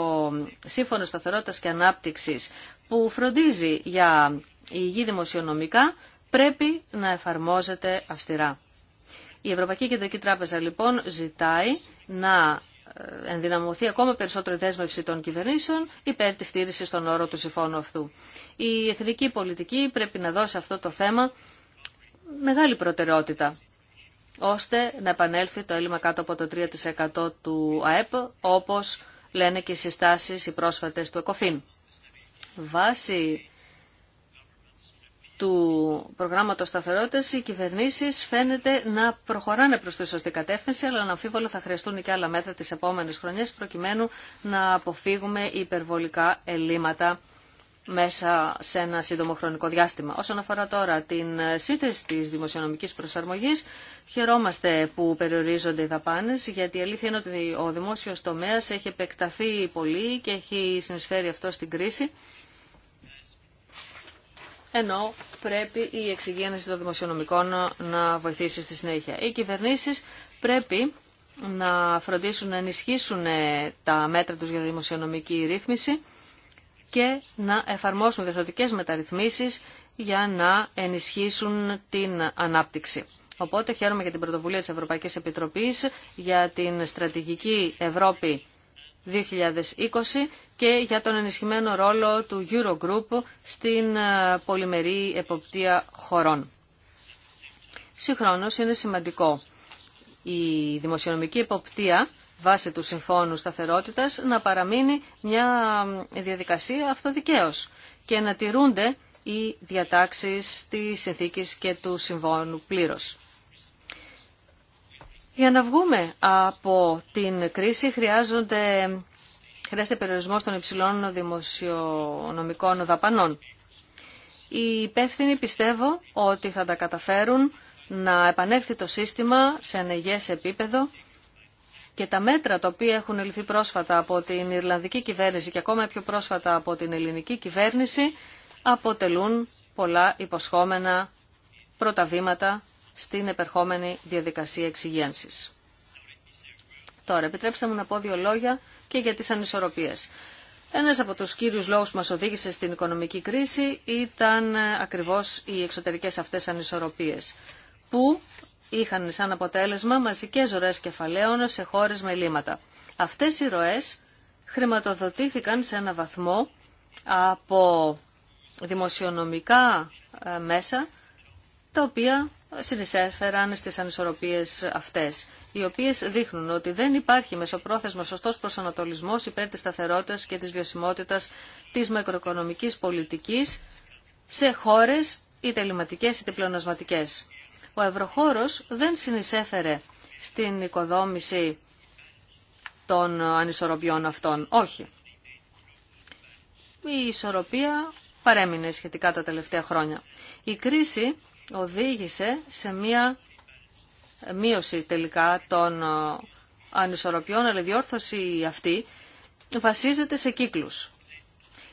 Σύμφωνο Σταθερότητας και Ανάπτυξης που φροντίζει για η υγιή δημοσιονομικά πρέπει να εφαρμόζεται αυστηρά. Η Ευρωπαϊκή Κεντρική Τράπεζα λοιπόν ζητάει να ε, ενδυναμωθεί ακόμα περισσότερο η δέσμευση των κυβερνήσεων υπέρ της στήριξης των όρων του συμφώνου αυτού. Η εθνική πολιτική πρέπει να δώσει αυτό το θέμα μεγάλη προτεραιότητα ώστε να επανέλθει το έλλειμμα κάτω από το 3% του ΑΕΠ όπως λένε και οι συστάσεις οι πρόσφατες του ΕΚΟΦΗΝ. Βάσει του προγράμματος σταθερότητας οι κυβερνήσεις φαίνεται να προχωράνε προς τη σωστή κατεύθυνση αλλά αναμφίβολα θα χρειαστούν και άλλα μέτρα τις επόμενες χρονιές προκειμένου να αποφύγουμε υπερβολικά ελλείμματα μέσα σε ένα σύντομο χρονικό διάστημα. Όσον αφορά τώρα την σύνθεση της δημοσιονομικής προσαρμογής, χαιρόμαστε που περιορίζονται οι δαπάνες, γιατί η αλήθεια είναι ότι ο δημόσιος τομέας έχει επεκταθεί πολύ και έχει συνεισφέρει αυτό στην κρίση ενώ πρέπει η εξυγίανση των δημοσιονομικών να βοηθήσει στη συνέχεια. Οι κυβερνήσεις πρέπει να φροντίσουν να ενισχύσουν ε, τα μέτρα τους για δημοσιονομική ρύθμιση και να εφαρμόσουν διευθυντικές μεταρρυθμίσεις για να ενισχύσουν την ανάπτυξη. Οπότε χαίρομαι για την πρωτοβουλία της Ευρωπαϊκής Επιτροπής για την στρατηγική Ευρώπη 2020 και για τον ενισχυμένο ρόλο του Eurogroup στην ε, πολυμερή εποπτεία χωρών. Συγχρόνως είναι σημαντικό η δημοσιονομική εποπτεία βάσει του Συμφώνου Σταθερότητας να παραμείνει μια ε, διαδικασία αυτοδικαίως και να τηρούνται οι διατάξεις της συνθήκης και του Συμφώνου πλήρως. Για να βγούμε από την κρίση χρειάζονται, χρειάζεται περιορισμό των υψηλών δημοσιονομικών δαπανών. Οι υπεύθυνοι πιστεύω ότι θα τα καταφέρουν να επανέλθει το σύστημα σε ανεγές επίπεδο και τα μέτρα τα οποία έχουν ληφθεί πρόσφατα από την Ιρλανδική κυβέρνηση και ακόμα πιο πρόσφατα από την ελληνική κυβέρνηση αποτελούν πολλά υποσχόμενα πρώτα στην επερχόμενη διαδικασία εξυγένσης. Τώρα, επιτρέψτε μου να πω δύο λόγια και για τις ανισορροπίες. Ένας από τους κύριους λόγους που μας οδήγησε στην οικονομική κρίση ήταν ε, ακριβώς οι εξωτερικές αυτές ανισορροπίες, που είχαν σαν αποτέλεσμα μαζικές ροές κεφαλαίων σε χώρες με λύματα. Αυτές οι ροές χρηματοδοτήθηκαν σε ένα βαθμό από δημοσιονομικά ε, μέσα, τα οποία συνεισέφεραν στι ανισορροπίε αυτές, οι οποίες δείχνουν ότι δεν υπάρχει μεσοπρόθεσμα σωστό προσανατολισμό υπέρ τη σταθερότητα και της βιωσιμότητα της μακροοικονομικής πολιτικής σε χώρες είτε ελληματικέ είτε πλεονασματικές. Ο ευρωχώρος δεν συνεισέφερε στην οικοδόμηση των ανισορροπιών αυτών. Όχι. Η ισορροπία παρέμεινε σχετικά τα τελευταία χρόνια. Η κρίση οδήγησε σε μία μείωση τελικά των ε, ανισορροπιών, αλλά η διόρθωση αυτή βασίζεται σε κύκλους.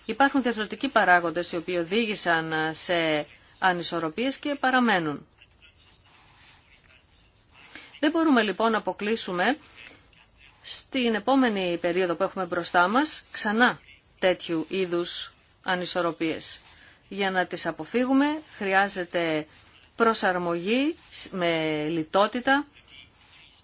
Υπάρχουν διαφορετικοί παράγοντες οι οποίοι οδήγησαν ε, σε ανισορροπίες και παραμένουν. Δεν μπορούμε λοιπόν να αποκλείσουμε στην επόμενη περίοδο που έχουμε μπροστά μας ξανά τέτοιου είδους ανισορροπίες. Για να τις αποφύγουμε χρειάζεται προσαρμογή με λιτότητα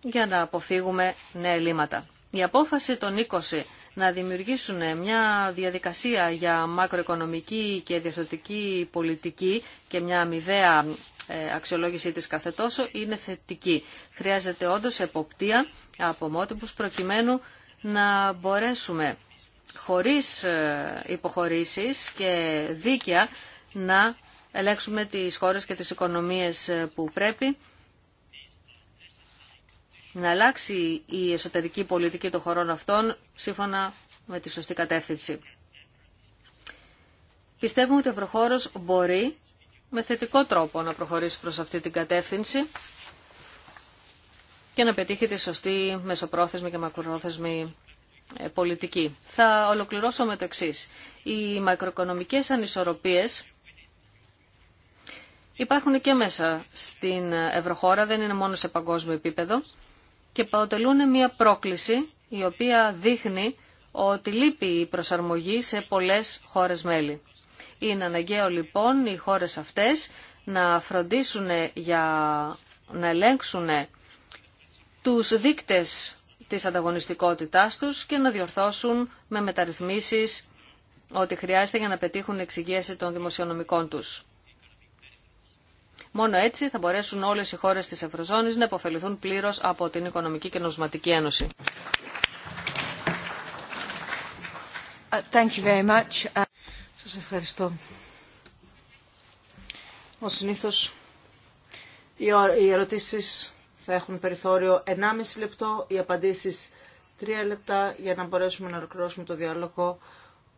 για να αποφύγουμε νέα ελλείμματα. Η απόφαση των 20 να δημιουργήσουν μια διαδικασία για μακροοικονομική και διευθυντική πολιτική και μια αμοιβαία ε, αξιολόγησή της καθετόσο είναι θετική. Χρειάζεται όντως εποπτεία από μότυπους προκειμένου να μπορέσουμε χωρίς ε, υποχωρήσεις και δίκαια να ελέγξουμε τις χώρες και τις οικονομίες ε, που πρέπει να αλλάξει η εσωτερική πολιτική των χωρών αυτών σύμφωνα με τη σωστή κατεύθυνση. Πιστεύουμε ότι ο Ευρωχώρος μπορεί με θετικό τρόπο να προχωρήσει προς αυτή την κατεύθυνση και να πετύχει τη σωστή μεσοπρόθεσμη και μακροπρόθεσμη ε, πολιτική. Θα ολοκληρώσω με το εξή. Οι μακροοικονομικές ανισορροπίες υπάρχουν και μέσα στην Ευρωχώρα, δεν είναι μόνο σε παγκόσμιο επίπεδο και αποτελούν μια πρόκληση η οποία δείχνει ότι λείπει η προσαρμογή σε πολλές χώρες μέλη. Είναι αναγκαίο λοιπόν οι χώρες αυτές να φροντίσουν για να ελέγξουν τους δείκτες της ανταγωνιστικότητάς τους και να διορθώσουν με μεταρρυθμίσεις ότι χρειάζεται για να πετύχουν εξυγίαση των δημοσιονομικών τους. Μόνο έτσι θα μπορέσουν όλες οι χώρες της Ευρωζώνης να υποφεληθούν πλήρως από την Οικονομική και Νοσματική Ένωση. Uh, uh, Σας ευχαριστώ. συνήθως οι ερωτήσεις θα έχουν περιθώριο 1,5 λεπτό, οι απαντήσεις 3 λεπτά για να μπορέσουμε να ολοκληρώσουμε το διάλογο.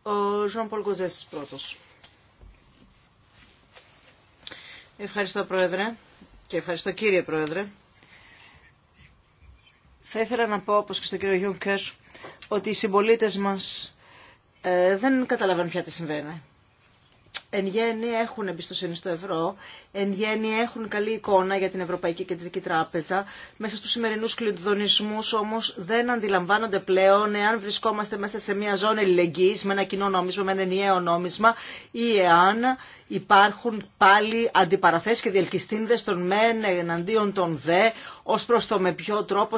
Ο Ζων Πολγκοζέσης πρώτος. Ευχαριστώ Πρόεδρε και ευχαριστώ κύριε Πρόεδρε. Θα ήθελα να πω, όπως και στον κύριο Γιούνκερ, ότι οι συμπολίτε μας ε, δεν καταλαβαίνουν πια τι συμβαίνει εν γέννη έχουν εμπιστοσύνη στο ευρώ, εν γέννη έχουν καλή εικόνα για την Ευρωπαϊκή Κεντρική Τράπεζα. Μέσα στους σημερινούς κλειδονισμούς όμως δεν αντιλαμβάνονται πλέον εάν βρισκόμαστε μέσα σε μια ζώνη αλληλεγγύης με ένα κοινό νόμισμα, με ένα ενιαίο νόμισμα ή εάν υπάρχουν πάλι αντιπαραθέσεις και διελκυστίνδες των μεν εναντίον των δε ως προς το με ποιο τρόπο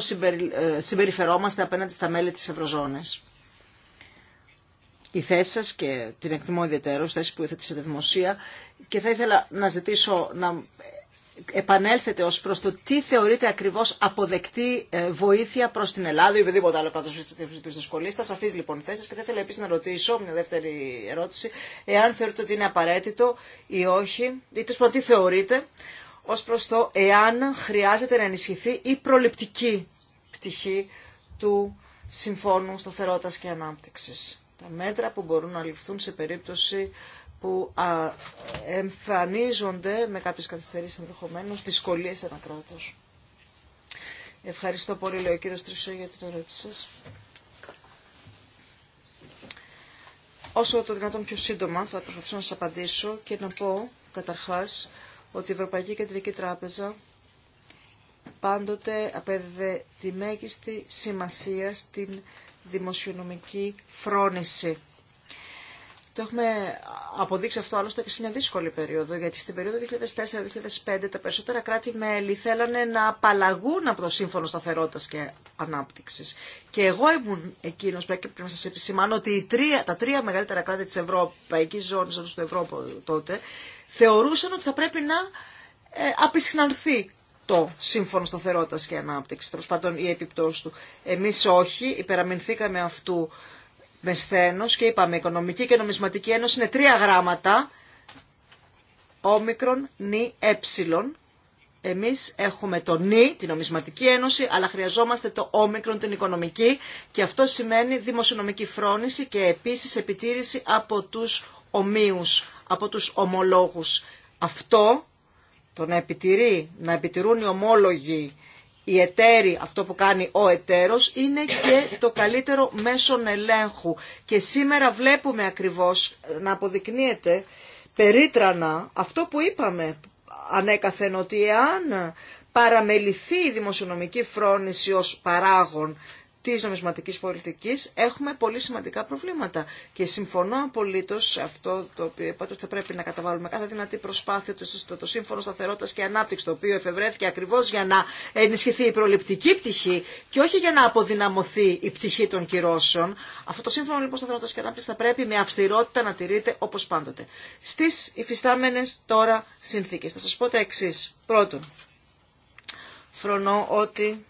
ε, συμπεριφερόμαστε απέναντι στα μέλη της Ευρωζώνης. Η θέση σας και την εκτιμώ ιδιαίτερως, θέση που υιοθετήσετε δημοσία και θα ήθελα να ζητήσω να επανέλθετε ως προς το τι θεωρείτε ακριβώς αποδεκτή ε, βοήθεια προς την Ελλάδα ή οτιδήποτε άλλο πράγμα τη δυσκολίες. Θα σαφείς λοιπόν θέσεις και θα ήθελα επίσης να ρωτήσω, μια δεύτερη ερώτηση, εάν θεωρείτε ότι είναι απαραίτητο ή όχι, ή τόσο τι θεωρείτε, ως προς το εάν χρειάζεται να ενισχυθεί η προληπτική πτυχή του Συμφώνου Σταθερότητας και Ανάπτυξης τα μέτρα που μπορούν να ληφθούν σε περίπτωση που εμφανίζονται με κάποιες καθυστερήσεις ενδεχομένω δυσκολίες σε ένα κράτος. Ευχαριστώ πολύ, λέει ο κύριος Τρισέ, για την ερώτηση σα. Όσο το δυνατόν πιο σύντομα θα προσπαθήσω να σας απαντήσω και να πω καταρχάς ότι η Ευρωπαϊκή Κεντρική Τράπεζα πάντοτε απέδιδε τη μέγιστη σημασία στην δημοσιονομική φρόνηση. Το έχουμε αποδείξει αυτό άλλωστε και σε μια δύσκολη περίοδο, γιατί στην περίοδο 2004-2005 τα περισσότερα κράτη-μέλη θέλανε να απαλλαγούν από το Σύμφωνο Σταθερότητα και Ανάπτυξη. Και εγώ ήμουν εκείνο, πρέπει να σα επισημάνω, ότι τρία, τα τρία μεγαλύτερα κράτη τη Ευρωπαϊκή Ζώνη, όπω του Ευρώπη τότε, θεωρούσαν ότι θα πρέπει να ε, το σύμφωνο σταθερότητα και ανάπτυξη. Τέλο πάντων, η επιπτώση του. Εμεί όχι, υπεραμεινθήκαμε αυτού με σθένο και είπαμε: Οικονομική και Νομισματική Ένωση είναι τρία γράμματα. Όμικρον, νη, έψιλον. Εμείς έχουμε το νη, την νομισματική ένωση, αλλά χρειαζόμαστε το όμικρον, την οικονομική και αυτό σημαίνει δημοσιονομική φρόνηση και επίση επιτήρηση από του ομοίου, από του ομολόγου Αυτό το να, επιτηρεί, να επιτηρούν οι ομόλογοι οι εταίροι, αυτό που κάνει ο εταίρος, είναι και το καλύτερο μέσον ελέγχου. Και σήμερα βλέπουμε ακριβώς ε, να αποδεικνύεται περίτρανα αυτό που είπαμε ανέκαθεν ότι εάν παραμεληθεί η δημοσιονομική φρόνηση ως παράγον τη νομισματική πολιτική έχουμε πολύ σημαντικά προβλήματα. Και συμφωνώ απολύτω σε αυτό το οποίο είπατε ότι θα πρέπει να καταβάλουμε κάθε δυνατή προσπάθεια το, το Σύμφωνο σταθερότητα και ανάπτυξη το οποίο εφευρέθηκε ακριβώ για να ενισχυθεί η προληπτική πτυχή και όχι για να αποδυναμωθεί η πτυχή των κυρώσεων. Αυτό το Σύμφωνο λοιπόν σταθερότητα και ανάπτυξη θα πρέπει με αυστηρότητα να τηρείται όπω πάντοτε. Στι υφιστάμενε τώρα συνθήκε. Θα σα πω τα εξή. Πρώτον, φρονώ ότι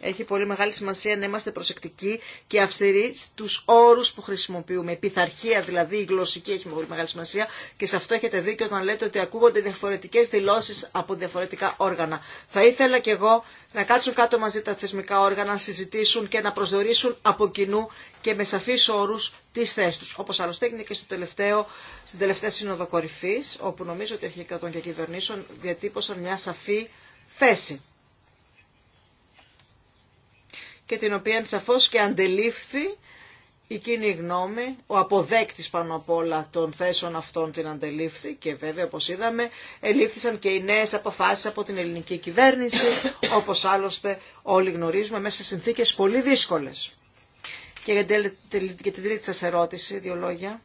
έχει πολύ μεγάλη σημασία να είμαστε προσεκτικοί και αυστηροί στους όρους που χρησιμοποιούμε. Η πειθαρχία δηλαδή, η γλωσσική έχει πολύ μεγάλη σημασία και σε αυτό έχετε δίκιο όταν λέτε ότι ακούγονται διαφορετικές δηλώσεις από διαφορετικά όργανα. Θα ήθελα και εγώ να κάτσουν κάτω μαζί τα θεσμικά όργανα, να συζητήσουν και να προσδιορίσουν από κοινού και με σαφείς όρους τις θέσεις τους. Όπως άλλωστε έγινε και στο τελευταίο, στην τελευταία σύνοδο κορυφής, όπου νομίζω ότι αρχικά των και κυβερνήσεων διατύπωσαν μια σαφή θέση και την οποία σαφώς και αντελήφθη η κοινή γνώμη, ο αποδέκτης πάνω απ' όλα των θέσεων αυτών την αντελήφθη και βέβαια όπως είδαμε ελήφθησαν και οι νέες αποφάσεις από την ελληνική κυβέρνηση όπως άλλωστε όλοι γνωρίζουμε μέσα σε συνθήκες πολύ δύσκολες. Και για την τρίτη σας ερώτηση, δύο λόγια,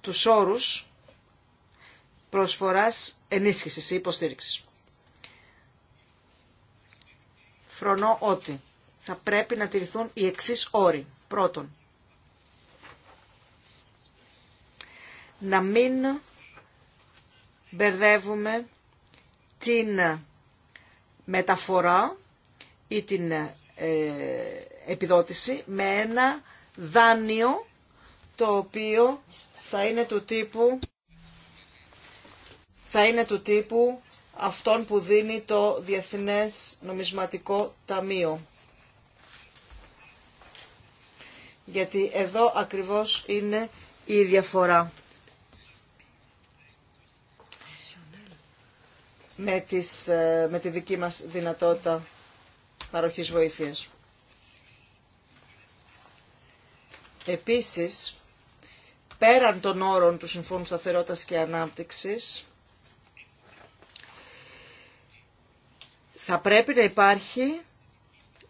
τους όρους προσφοράς ενίσχυσης ή υποστήριξης. Φρονώ ότι θα πρέπει να τηρηθούν οι εξής όροι. Πρώτον, να μην μπερδεύουμε την μεταφορά ή την ε, επιδότηση με ένα δάνειο το οποίο θα είναι του τύπου θα είναι του τύπου αυτόν που δίνει το Διεθνές Νομισματικό Ταμείο. γιατί εδώ ακριβώς είναι η διαφορά. Με, τις, ε, με τη δική μας δυνατότητα παροχής βοήθειας. Επίσης, πέραν των όρων του Συμφώνου Σταθερότητας και Ανάπτυξης, θα πρέπει να υπάρχει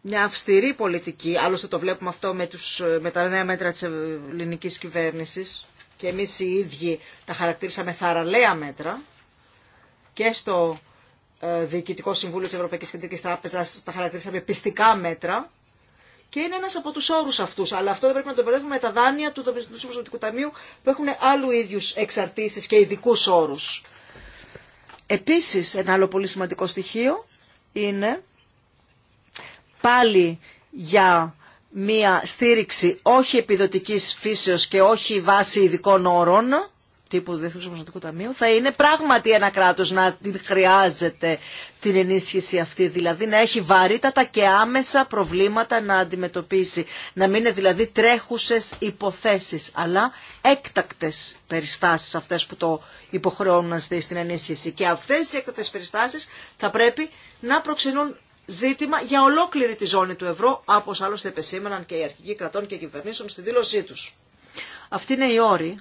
μια αυστηρή πολιτική, άλλωστε το βλέπουμε αυτό με, τους, με τα νέα μέτρα της ελληνικής κυβέρνησης και εμείς οι ίδιοι τα χαρακτήρισαμε θαραλέα μέτρα και στο ε, Διοικητικό Συμβούλιο της Ευρωπαϊκής Κεντρικής Τράπεζας τα χαρακτήρισαμε πιστικά μέτρα και είναι ένας από τους όρους αυτούς, αλλά αυτό δεν πρέπει να το μπερδεύουμε με τα δάνεια του Δομιστικού Ταμείου που έχουν άλλου ίδιους εξαρτήσεις και ειδικού όρους. Επίσης, ένα άλλο πολύ σημαντικό στοιχείο είναι πάλι για μία στήριξη όχι επιδοτικής φύσεως και όχι βάση ειδικών όρων, τύπου Διεθνούς Προστατικού Ταμείου, θα είναι πράγματι ένα κράτος να την χρειάζεται την ενίσχυση αυτή, δηλαδή να έχει βαρύτατα και άμεσα προβλήματα να αντιμετωπίσει, να μην είναι δηλαδή τρέχουσες υποθέσεις, αλλά έκτακτες περιστάσεις αυτές που το υποχρεώνουν να στην ενίσχυση. Και αυτές οι έκτακτες περιστάσεις θα πρέπει να προξενούν ζήτημα για ολόκληρη τη ζώνη του ευρώ, όπως άλλωστε επεσήμεναν και οι αρχηγοί κρατών και κυβερνήσεων στη δήλωσή τους. Αυτή είναι η όρη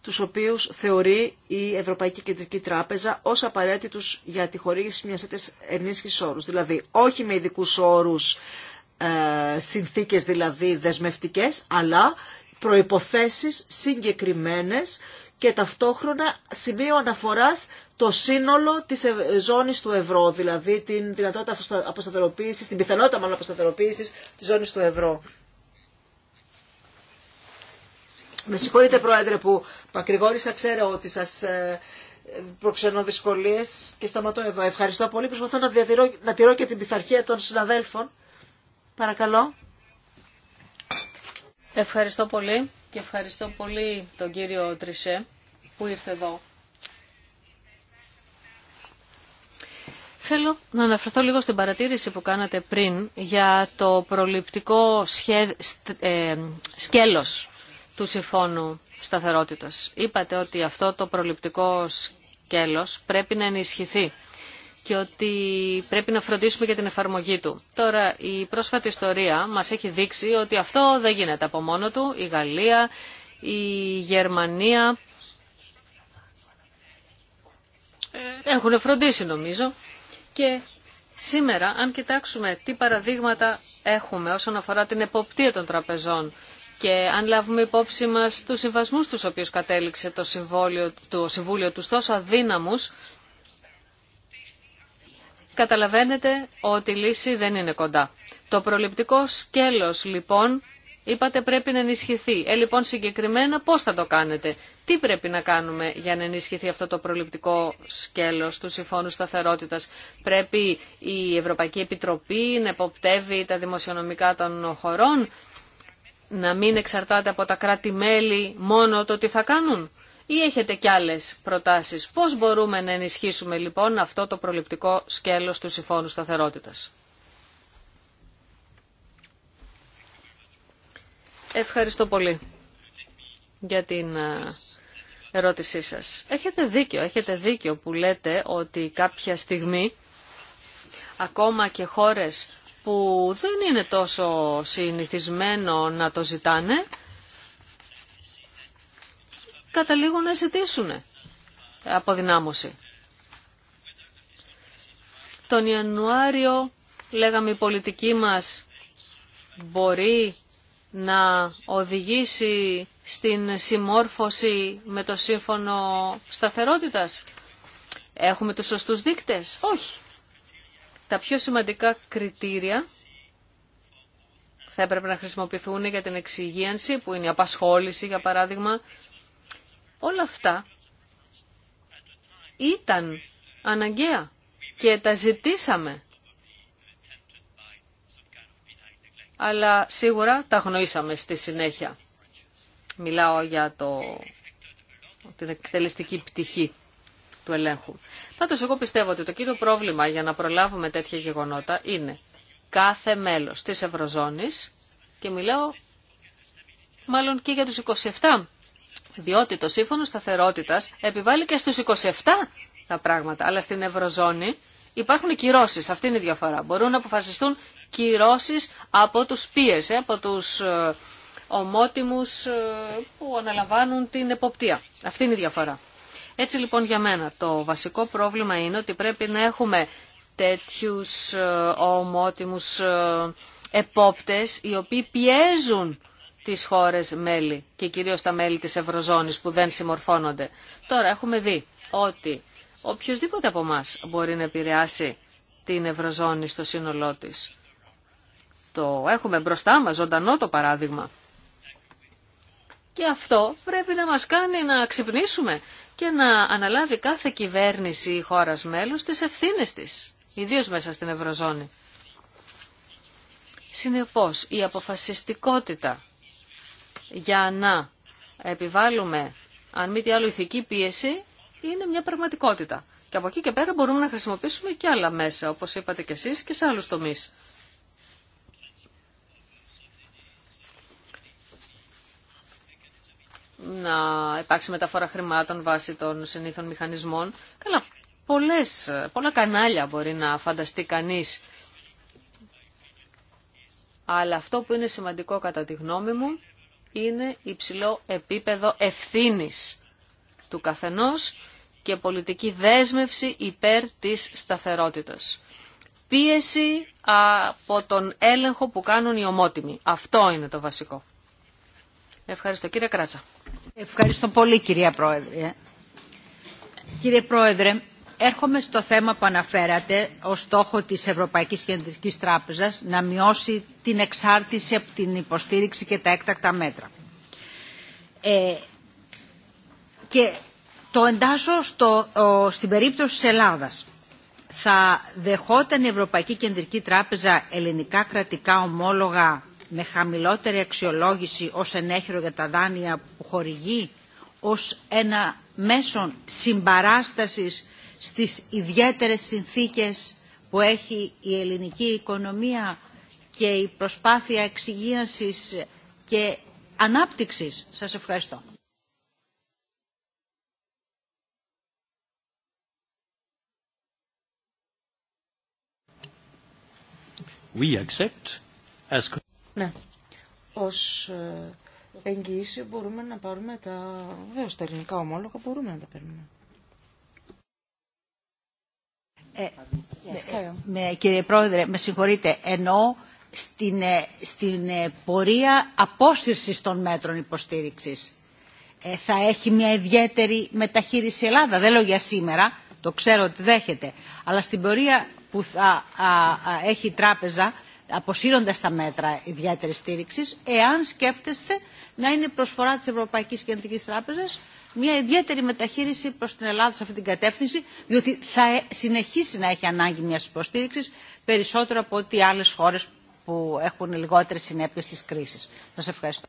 τους οποίους θεωρεί η Ευρωπαϊκή Κεντρική Τράπεζα ως απαραίτητους για τη χορήγηση μιας τέτοια ενίσχυσης όρου, Δηλαδή, όχι με ειδικού όρους, ε, συνθήκες δηλαδή δεσμευτικές, αλλά προϋποθέσεις συγκεκριμένες και ταυτόχρονα σημείο αναφοράς το σύνολο της ζώνης του ευρώ, δηλαδή την δυνατότητα αποσταθεροποίησης, την πιθανότητα μάλλον αποσταθεροποίησης της ζώνης του ευρώ. Με συγχωρείτε Πρόεδρε που πακρηγόρησα, ξέρω ότι σας ε, προξενώ δυσκολίες και σταματώ εδώ. Ευχαριστώ πολύ, προσπαθώ να, διατηρώ, να τηρώ και την πειθαρχία των συναδέλφων. Παρακαλώ. Ευχαριστώ πολύ και ευχαριστώ πολύ τον κύριο Τρισέ που ήρθε εδώ. Θέλω να αναφερθώ λίγο στην παρατήρηση που κάνατε πριν για το προληπτικό σχέ... Ε, σκέλος του Συμφώνου Σταθερότητας. Είπατε ότι αυτό το προληπτικό σκέλος πρέπει να ενισχυθεί και ότι πρέπει να φροντίσουμε για την εφαρμογή του. Τώρα, η πρόσφατη ιστορία μας έχει δείξει ότι αυτό δεν γίνεται από μόνο του. Η Γαλλία, η Γερμανία ε, έχουν φροντίσει νομίζω και σήμερα αν κοιτάξουμε τι παραδείγματα έχουμε όσον αφορά την εποπτεία των τραπεζών και αν λάβουμε υπόψη μας τους συμβασμούς τους οποίους κατέληξε το Συμβούλιο, του Συμβούλιο τους τόσο αδύναμους καταλαβαίνετε ότι η λύση δεν είναι κοντά. Το προληπτικό σκέλος λοιπόν είπατε πρέπει να ενισχυθεί. Ε, λοιπόν συγκεκριμένα πώς θα το κάνετε. Τι πρέπει να κάνουμε για να ενισχυθεί αυτό το προληπτικό σκέλος του Συμφώνου Σταθερότητας. Πρέπει η Ευρωπαϊκή Επιτροπή να εποπτεύει τα δημοσιονομικά των χωρών, να μην εξαρτάται από τα κράτη-μέλη μόνο το τι θα κάνουν ή έχετε κι άλλες προτάσεις. Πώς μπορούμε να ενισχύσουμε λοιπόν αυτό το προληπτικό σκέλος του Συμφώνου Σταθερότητας. Ευχαριστώ πολύ για την ε, ερώτησή σας. Έχετε δίκιο, έχετε δίκιο που λέτε ότι κάποια στιγμή ακόμα και χώρες που δεν είναι τόσο συνηθισμένο να το ζητάνε καταλήγουν να ζητήσουν αποδυνάμωση. Τον Ιανουάριο λέγαμε η πολιτική μας μπορεί να οδηγήσει στην συμμόρφωση με το σύμφωνο σταθερότητας. Έχουμε τους σωστούς δείκτες. Όχι. Τα πιο σημαντικά κριτήρια θα έπρεπε να χρησιμοποιηθούν για την εξυγίανση, που είναι η απασχόληση για παράδειγμα, Όλα αυτά ήταν αναγκαία και τα ζητήσαμε. Αλλά σίγουρα τα γνωρίσαμε στη συνέχεια. Μιλάω για το, την εκτελεστική πτυχή του ελέγχου. Πάντως εγώ πιστεύω ότι το κύριο πρόβλημα για να προλάβουμε τέτοια γεγονότα είναι κάθε μέλος της Ευρωζώνης και μιλάω μάλλον και για τους 27 διότι το σύμφωνο σταθερότητα επιβάλλει και στους 27 τα πράγματα. Αλλά στην Ευρωζώνη υπάρχουν κυρώσει, Αυτή είναι η διαφορά. Μπορούν να αποφασιστούν κυρώσει από τους πίεσε, από τους ε, ομότιμους ε, που αναλαμβάνουν την εποπτεία. Αυτή είναι η διαφορά. Έτσι λοιπόν για μένα το βασικό πρόβλημα είναι ότι πρέπει να έχουμε τέτοιους ε, ομότιμους επόπτες οι οποίοι πιέζουν τις χώρες μέλη και κυρίως τα μέλη της Ευρωζώνης που δεν συμμορφώνονται. Τώρα έχουμε δει ότι οποιοδήποτε από εμά μπορεί να επηρεάσει την Ευρωζώνη στο σύνολό της. Το έχουμε μπροστά μας, ζωντανό το παράδειγμα. Και αυτό πρέπει να μας κάνει να ξυπνήσουμε και να αναλάβει κάθε κυβέρνηση ή χώρας μέλος τις ευθύνες της, ιδίως μέσα στην Ευρωζώνη. Συνεπώς, η χωρας μέλους τις ευθυνες της ιδιως μεσα στην ευρωζωνη συνεπως η αποφασιστικοτητα για να επιβάλλουμε, αν μη τι άλλο, ηθική πίεση, είναι μια πραγματικότητα. Και από εκεί και πέρα μπορούμε να χρησιμοποιήσουμε και άλλα μέσα, όπως είπατε και εσείς, και σε άλλους τομείς. Να υπάρξει μεταφορά χρημάτων βάσει των συνήθων μηχανισμών. Καλά, πολλές, πολλά κανάλια μπορεί να φανταστεί κανείς. Αλλά αυτό που είναι σημαντικό κατά τη γνώμη μου είναι υψηλό επίπεδο ευθύνης του καθενός και πολιτική δέσμευση υπέρ της σταθερότητας. Πίεση από τον έλεγχο που κάνουν οι ομότιμοι. Αυτό είναι το βασικό. Ευχαριστώ κύριε Κράτσα. Ευχαριστώ πολύ κυρία Πρόεδρε. Κύριε Πρόεδρε, Έρχομαι στο θέμα που αναφέρατε, ο στόχο της Ευρωπαϊκής Κεντρικής Τράπεζας να μειώσει την εξάρτηση από την υποστήριξη και τα έκτακτα μέτρα. Ε, και το εντάσσω στο, στην περίπτωση της Ελλάδας. Θα δεχόταν η Ευρωπαϊκή Κεντρική Τράπεζα ελληνικά κρατικά ομόλογα με χαμηλότερη αξιολόγηση ως ενέχειρο για τα δάνεια που χορηγεί ως ένα μέσο συμπαράστασης στις ιδιαίτερες συνθήκες που έχει η ελληνική οικονομία και η προσπάθεια εξυγίανσης και ανάπτυξης. Σας ευχαριστώ. We accept as... Ναι. Ως ε, εγγύηση μπορούμε να πάρουμε τα... Βέβαια, τα ελληνικά ομόλογα μπορούμε να τα παίρνουμε. Ε, ε, κύριε Πρόεδρε, με συγχωρείτε. ενώ στην, ε, πορεία απόσυρσης των μέτρων υποστήριξης. θα έχει μια ιδιαίτερη μεταχείριση Ελλάδα. Δεν λέω για σήμερα, το ξέρω ότι δέχεται. Αλλά στην πορεία που θα έχει η τράπεζα, αποσύροντας τα μέτρα ιδιαίτερης στήριξης, εάν σκέφτεστε να είναι προσφορά της Ευρωπαϊκής Κεντρικής Τράπεζας μια ιδιαίτερη μεταχείριση προς την Ελλάδα σε αυτή την κατεύθυνση, διότι θα ε, συνεχίσει να έχει ανάγκη μιας υποστήριξης περισσότερο από ό,τι άλλες χώρες που έχουν λιγότερες συνέπειες της κρίσης. Σας ευχαριστώ.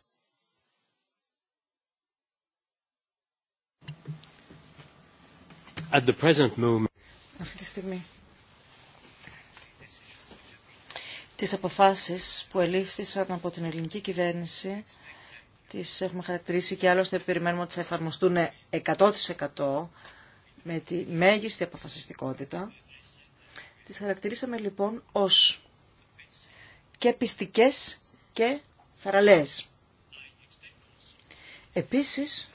At the present moment... Αυτή τη στιγμή. Τις αποφάσεις που ελήφθησαν από την ελληνική κυβέρνηση Τις έχουμε χαρακτηρίσει και άλλωστε περιμένουμε ότι θα εφαρμοστούν 100% με τη μέγιστη αποφασιστικότητα. Τις χαρακτηρίσαμε λοιπόν ως και πιστικές και θαραλές. Επίσης,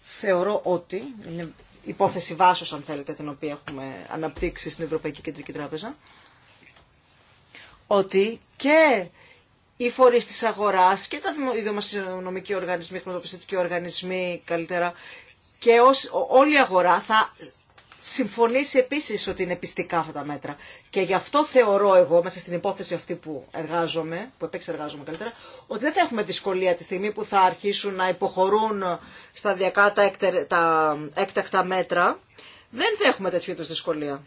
θεωρώ ότι, είναι υπόθεση βάσος αν θέλετε την οποία έχουμε αναπτύξει στην Ευρωπαϊκή Κεντρική Τράπεζα, ότι και οι φορείς της αγοράς και τα δημοσιονομικοί οργανισμοί, χρηματοπιστικοί οργανισμοί καλύτερα και ως, όλη η αγορά θα συμφωνήσει επίσης ότι είναι πιστικά αυτά τα μέτρα. Και γι' αυτό θεωρώ εγώ, μέσα στην υπόθεση αυτή που εργάζομαι, που επεξεργάζομαι καλύτερα, ότι δεν θα έχουμε δυσκολία τη στιγμή που θα αρχίσουν να υποχωρούν σταδιακά τα, τα έκτακτα μέτρα. Δεν θα έχουμε τέτοιου είδους δυσκολία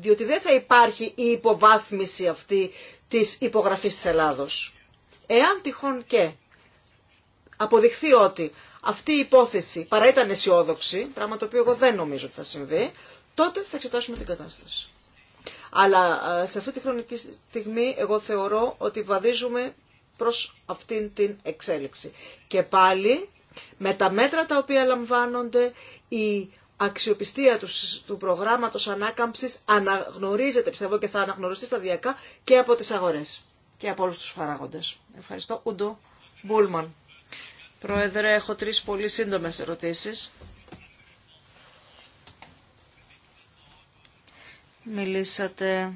διότι δεν θα υπάρχει η υποβάθμιση αυτή της υπογραφής της Ελλάδος. Εάν τυχόν και αποδειχθεί ότι αυτή η υπόθεση παρά ήταν αισιόδοξη, πράγμα το οποίο εγώ δεν νομίζω ότι θα συμβεί, τότε θα εξετάσουμε την κατάσταση. Αλλά ε, σε αυτή τη χρονική στιγμή εγώ θεωρώ ότι βαδίζουμε προς αυτήν την εξέλιξη. Και πάλι με τα μέτρα τα οποία λαμβάνονται η αξιοπιστία του, του προγράμματος ανάκαμψης αναγνωρίζεται, πιστεύω, και θα αναγνωριστεί σταδιακά και από τις αγορές και από όλους τους παράγοντες. Ευχαριστώ. Ούντο Μπούλμαν. Πρόεδρε, έχω τρεις πολύ σύντομες ερωτήσεις. Μιλήσατε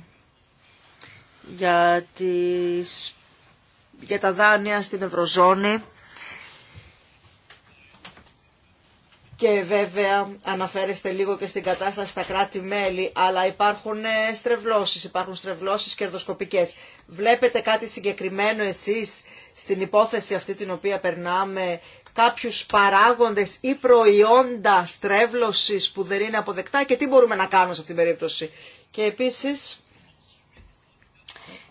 για, τις... για τα δάνεια στην Ευρωζώνη και βέβαια αναφέρεστε λίγο και στην κατάσταση στα κράτη-μέλη, αλλά υπάρχουν ε, στρεβλώσεις, υπάρχουν στρεβλώσεις κερδοσκοπικές. Βλέπετε κάτι συγκεκριμένο εσείς στην υπόθεση αυτή την οποία περνάμε, κάποιους παράγοντες ή προϊόντα στρέβλωσης που δεν είναι αποδεκτά και τι μπορούμε να κάνουμε σε αυτήν την περίπτωση. Και επίσης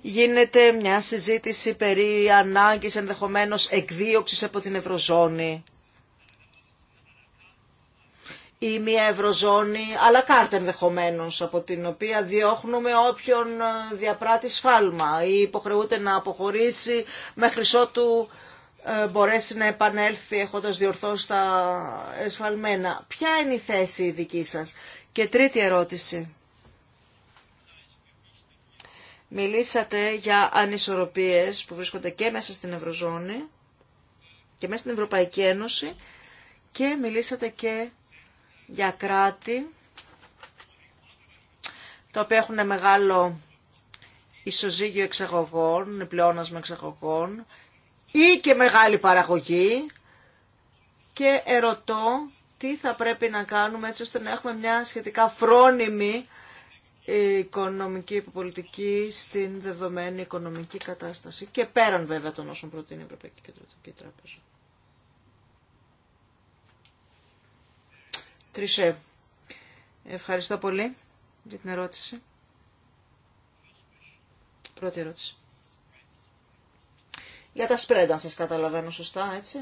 γίνεται μια συζήτηση περί ανάγκης ενδεχομένως εκδίωξης από την Ευρωζώνη ή μια ευρωζώνη αλλά κάρτα ενδεχομένω, από την οποία διώχνουμε όποιον ε, διαπράττει σφάλμα ή υποχρεούται να αποχωρήσει μέχρι ότου ε, μπορέσει να επανέλθει έχοντας διορθώσει τα εσφαλμένα. Ποια είναι η θέση η δική σας. Και τρίτη ερώτηση. Μιλήσατε για ανισορροπίες που βρίσκονται και μέσα στην Ευρωζώνη και μέσα στην Ευρωπαϊκή Ένωση και μιλήσατε και για κράτη τα οποία έχουν μεγάλο ισοζύγιο εξαγωγών, πλεόνασμα εξαγωγών ή και μεγάλη παραγωγή και ερωτώ τι θα πρέπει να κάνουμε έτσι ώστε να έχουμε μια σχετικά φρόνιμη οικονομική πολιτική στην δεδομένη οικονομική κατάσταση και πέραν βέβαια των όσων προτείνει η Ευρωπαϊκή Κεντρική Τράπεζα. Ευχαριστώ πολύ για την ερώτηση. Πρώτη ερώτηση. Για τα σπρέντα, αν σας καταλαβαίνω σωστά, έτσι.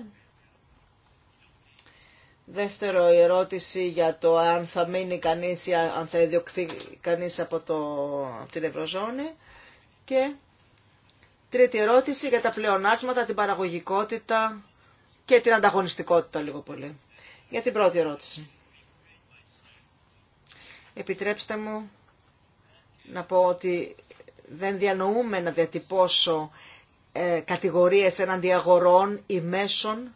Δεύτερο, η ερώτηση για το αν θα μείνει κανείς ή αν θα ιδιοκθεί κανείς από, το, από την Ευρωζώνη. Και τρίτη ερώτηση για τα πλεονάσματα, την παραγωγικότητα και την ανταγωνιστικότητα λίγο πολύ. Για την πρώτη ερώτηση. Επιτρέψτε μου να πω ότι δεν διανοούμε να διατυπώσω ε, κατηγορίες έναντι αγορών ή μέσων.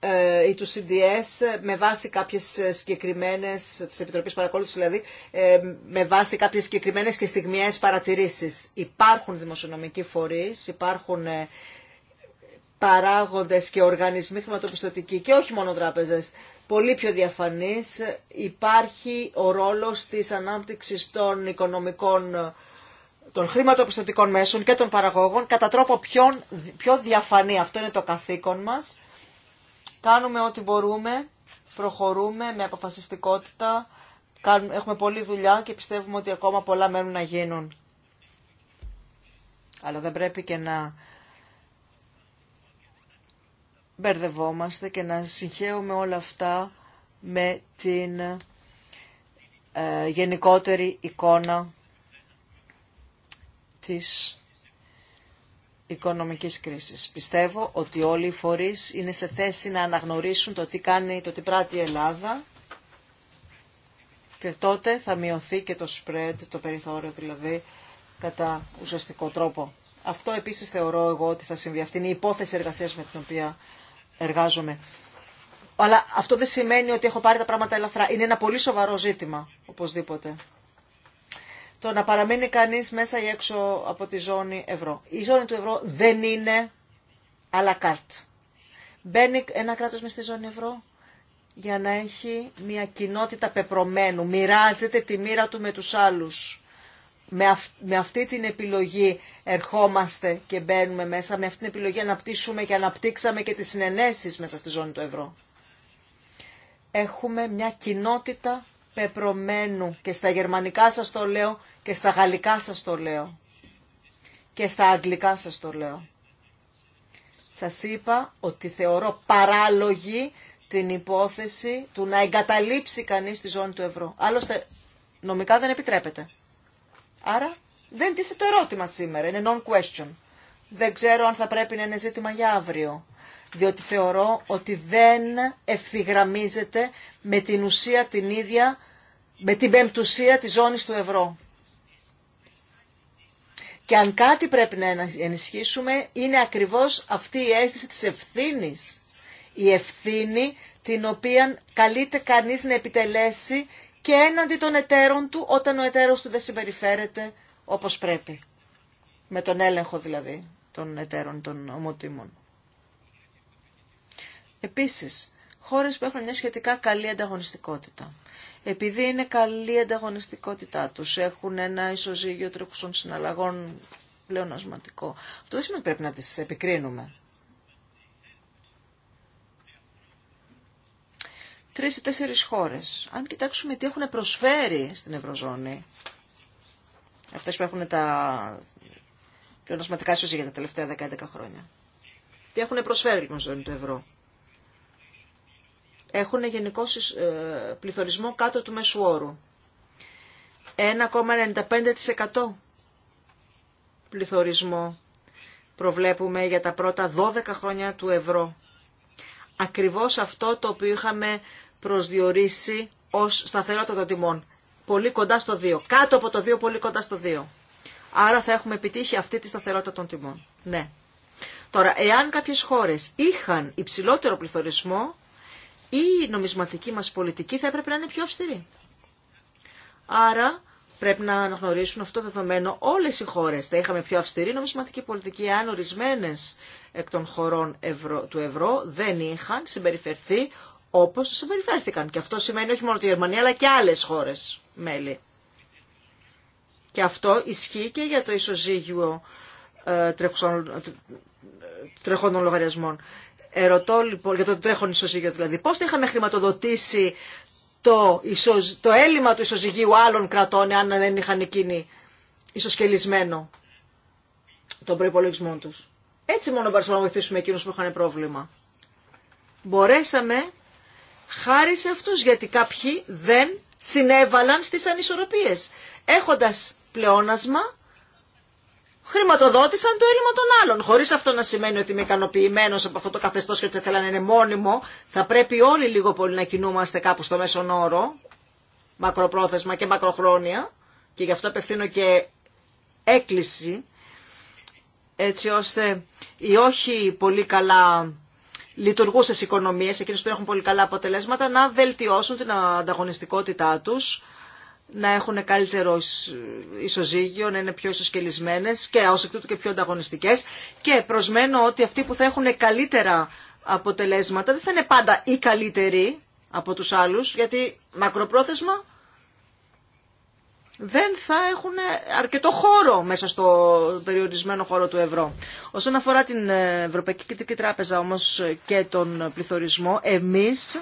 Ε, ή του CDS με βάση κάποιες συγκεκριμένες, της Επιτροπής Παρακολούθησης δηλαδή, ε, με βάση κάποιες συγκεκριμένες και στιγμιαίες παρατηρήσεις. Υπάρχουν δημοσιονομικοί φορείς, υπάρχουν ε, παράγοντες και οργανισμοί χρηματοπιστωτικοί και όχι μόνο τράπεζες πολύ πιο διαφανής. Υπάρχει ο ρόλος της ανάπτυξης των οικονομικών των χρηματοπιστωτικών μέσων και των παραγόγων κατά τρόπο πιο, πιο διαφανή. Αυτό είναι το καθήκον μας. Κάνουμε ό,τι μπορούμε, προχωρούμε με αποφασιστικότητα, έχουμε πολλή δουλειά και πιστεύουμε ότι ακόμα πολλά μένουν να γίνουν. Αλλά δεν πρέπει και να μπερδευόμαστε και να συγχαίουμε όλα αυτά με την ε, γενικότερη εικόνα της οικονομικής κρίσης. Πιστεύω ότι όλοι οι φορείς είναι σε θέση να αναγνωρίσουν το τι κάνει, το τι πράττει η Ελλάδα και τότε θα μειωθεί και το spread, το περιθώριο δηλαδή, κατά ουσιαστικό τρόπο. Αυτό επίσης θεωρώ εγώ ότι θα συμβεί. Αυτή είναι η υπόθεση εργασίας με την οποία εργάζομαι. Αλλά αυτό δεν σημαίνει ότι έχω πάρει τα πράγματα ελαφρά. Είναι ένα πολύ σοβαρό ζήτημα, οπωσδήποτε. Το να παραμείνει κανείς μέσα ή έξω από τη ζώνη ευρώ. Η ζώνη του ευρώ δεν είναι à la carte. Μπαίνει ένα κράτος με στη ζώνη ευρώ για να έχει μια κοινότητα πεπρωμένου. Μοιράζεται τη μοίρα του με τους άλλους με, αυτή την επιλογή ερχόμαστε και μπαίνουμε μέσα, με αυτή την επιλογή αναπτύσσουμε και αναπτύξαμε και τις συνενέσεις μέσα στη ζώνη του ευρώ. Έχουμε μια κοινότητα πεπρωμένου και στα γερμανικά σας το λέω και στα γαλλικά σας το λέω και στα αγγλικά σας το λέω. Σας είπα ότι θεωρώ παράλογη την υπόθεση του να εγκαταλείψει κανείς τη ζώνη του ευρώ. Άλλωστε νομικά δεν επιτρέπεται. Άρα δεν τίθεται το ερώτημα σήμερα, είναι non-question. Δεν ξέρω αν θα πρέπει να είναι ζήτημα για αύριο, διότι θεωρώ ότι δεν ευθυγραμμίζεται με την ουσία την ίδια, με την πεμπτουσία της ζώνης του ευρώ. Και αν κάτι πρέπει να ενισχύσουμε, είναι ακριβώς αυτή η αίσθηση της ευθύνης. Η ευθύνη την οποία καλείται κανείς να επιτελέσει και έναντι των εταίρων του όταν ο εταίρος του δεν συμπεριφέρεται όπως πρέπει. Με τον έλεγχο δηλαδή των εταίρων των ομοτήμων. Επίσης, χώρες που έχουν μια σχετικά καλή ανταγωνιστικότητα. Επειδή είναι καλή ανταγωνιστικότητά τους, έχουν ένα ισοζύγιο τρέχουσων συναλλαγών πλεονασματικό. Αυτό δεν σημαίνει πρέπει να τις επικρίνουμε. τρεις ή τέσσερις χώρες. Αν κοιτάξουμε τι έχουν προσφέρει στην Ευρωζώνη, αυτές που έχουν τα πλεονασματικά ίσως για τα τελευταία 10-11 χρόνια. Τι έχουν προσφέρει λοιπόν ζώνη του ευρώ. Έχουν γενικό ε, πληθωρισμό κάτω του μέσου όρου. 1,95% πληθωρισμό προβλέπουμε για τα πρώτα 12 χρόνια του ευρώ. Ακριβώς αυτό το οποίο είχαμε προσδιορίσει ως σταθερότητα των τιμών. Πολύ κοντά στο 2. Κάτω από το 2, πολύ κοντά στο 2. Άρα θα έχουμε επιτύχει αυτή τη σταθερότητα των τιμών. Ναι. Τώρα, εάν κάποιες χώρες είχαν υψηλότερο πληθωρισμό, η νομισματική μας πολιτική θα έπρεπε να είναι πιο αυστηρή. Άρα, πρέπει να αναγνωρίσουν αυτό το δεδομένο όλες οι χώρες. Θα είχαμε πιο αυστηρή νομισματική πολιτική, αν ορισμένες εκ των χωρών του ευρώ δεν είχαν συμπεριφερθεί Όπω συμπεριφέρθηκαν. Και αυτό σημαίνει όχι μόνο τη Γερμανία, αλλά και άλλε χώρε μέλη. Και αυτό ισχύει και για το ισοζύγιο ε, τρεχόντων λογαριασμών. Ερωτώ λοιπόν, για το τρέχον ισοζύγιο δηλαδή, πώς θα είχαμε χρηματοδοτήσει το, το έλλειμμα του ισοζυγίου άλλων κρατών, αν δεν είχαν εκείνοι ισοσκελισμένο τον προπολογισμό τους. Έτσι μόνο μπορούσαμε να βοηθήσουμε εκείνους που είχαν πρόβλημα. Μπορέσαμε χάρη σε αυτούς, γιατί κάποιοι δεν συνέβαλαν στις ανισορροπίες. Έχοντας πλεόνασμα, χρηματοδότησαν το έλλειμμα των άλλων. Χωρίς αυτό να σημαίνει ότι είμαι ικανοποιημένο από αυτό το καθεστώς και ότι θα ήθελα να είναι μόνιμο, θα πρέπει όλοι λίγο πολύ να κινούμαστε κάπου στο μέσον όρο, μακροπρόθεσμα και μακροχρόνια, και γι' αυτό απευθύνω και έκκληση, έτσι ώστε οι όχι πολύ καλά λειτουργούσες οικονομίες, εκείνε που έχουν πολύ καλά αποτελέσματα, να βελτιώσουν την ανταγωνιστικότητά τους, να έχουν καλύτερο ισοζύγιο, να είναι πιο ισοσκελισμένε και ω εκ τούτου και πιο ανταγωνιστικές και προσμένω ότι αυτοί που θα έχουν καλύτερα αποτελέσματα δεν θα είναι πάντα οι καλύτεροι από τους άλλου, γιατί μακροπρόθεσμα δεν θα έχουν αρκετό χώρο μέσα στο περιορισμένο χώρο του ευρώ. Όσον αφορά την Ευρωπαϊκή Κεντρική Τράπεζα όμως και τον πληθωρισμό, εμείς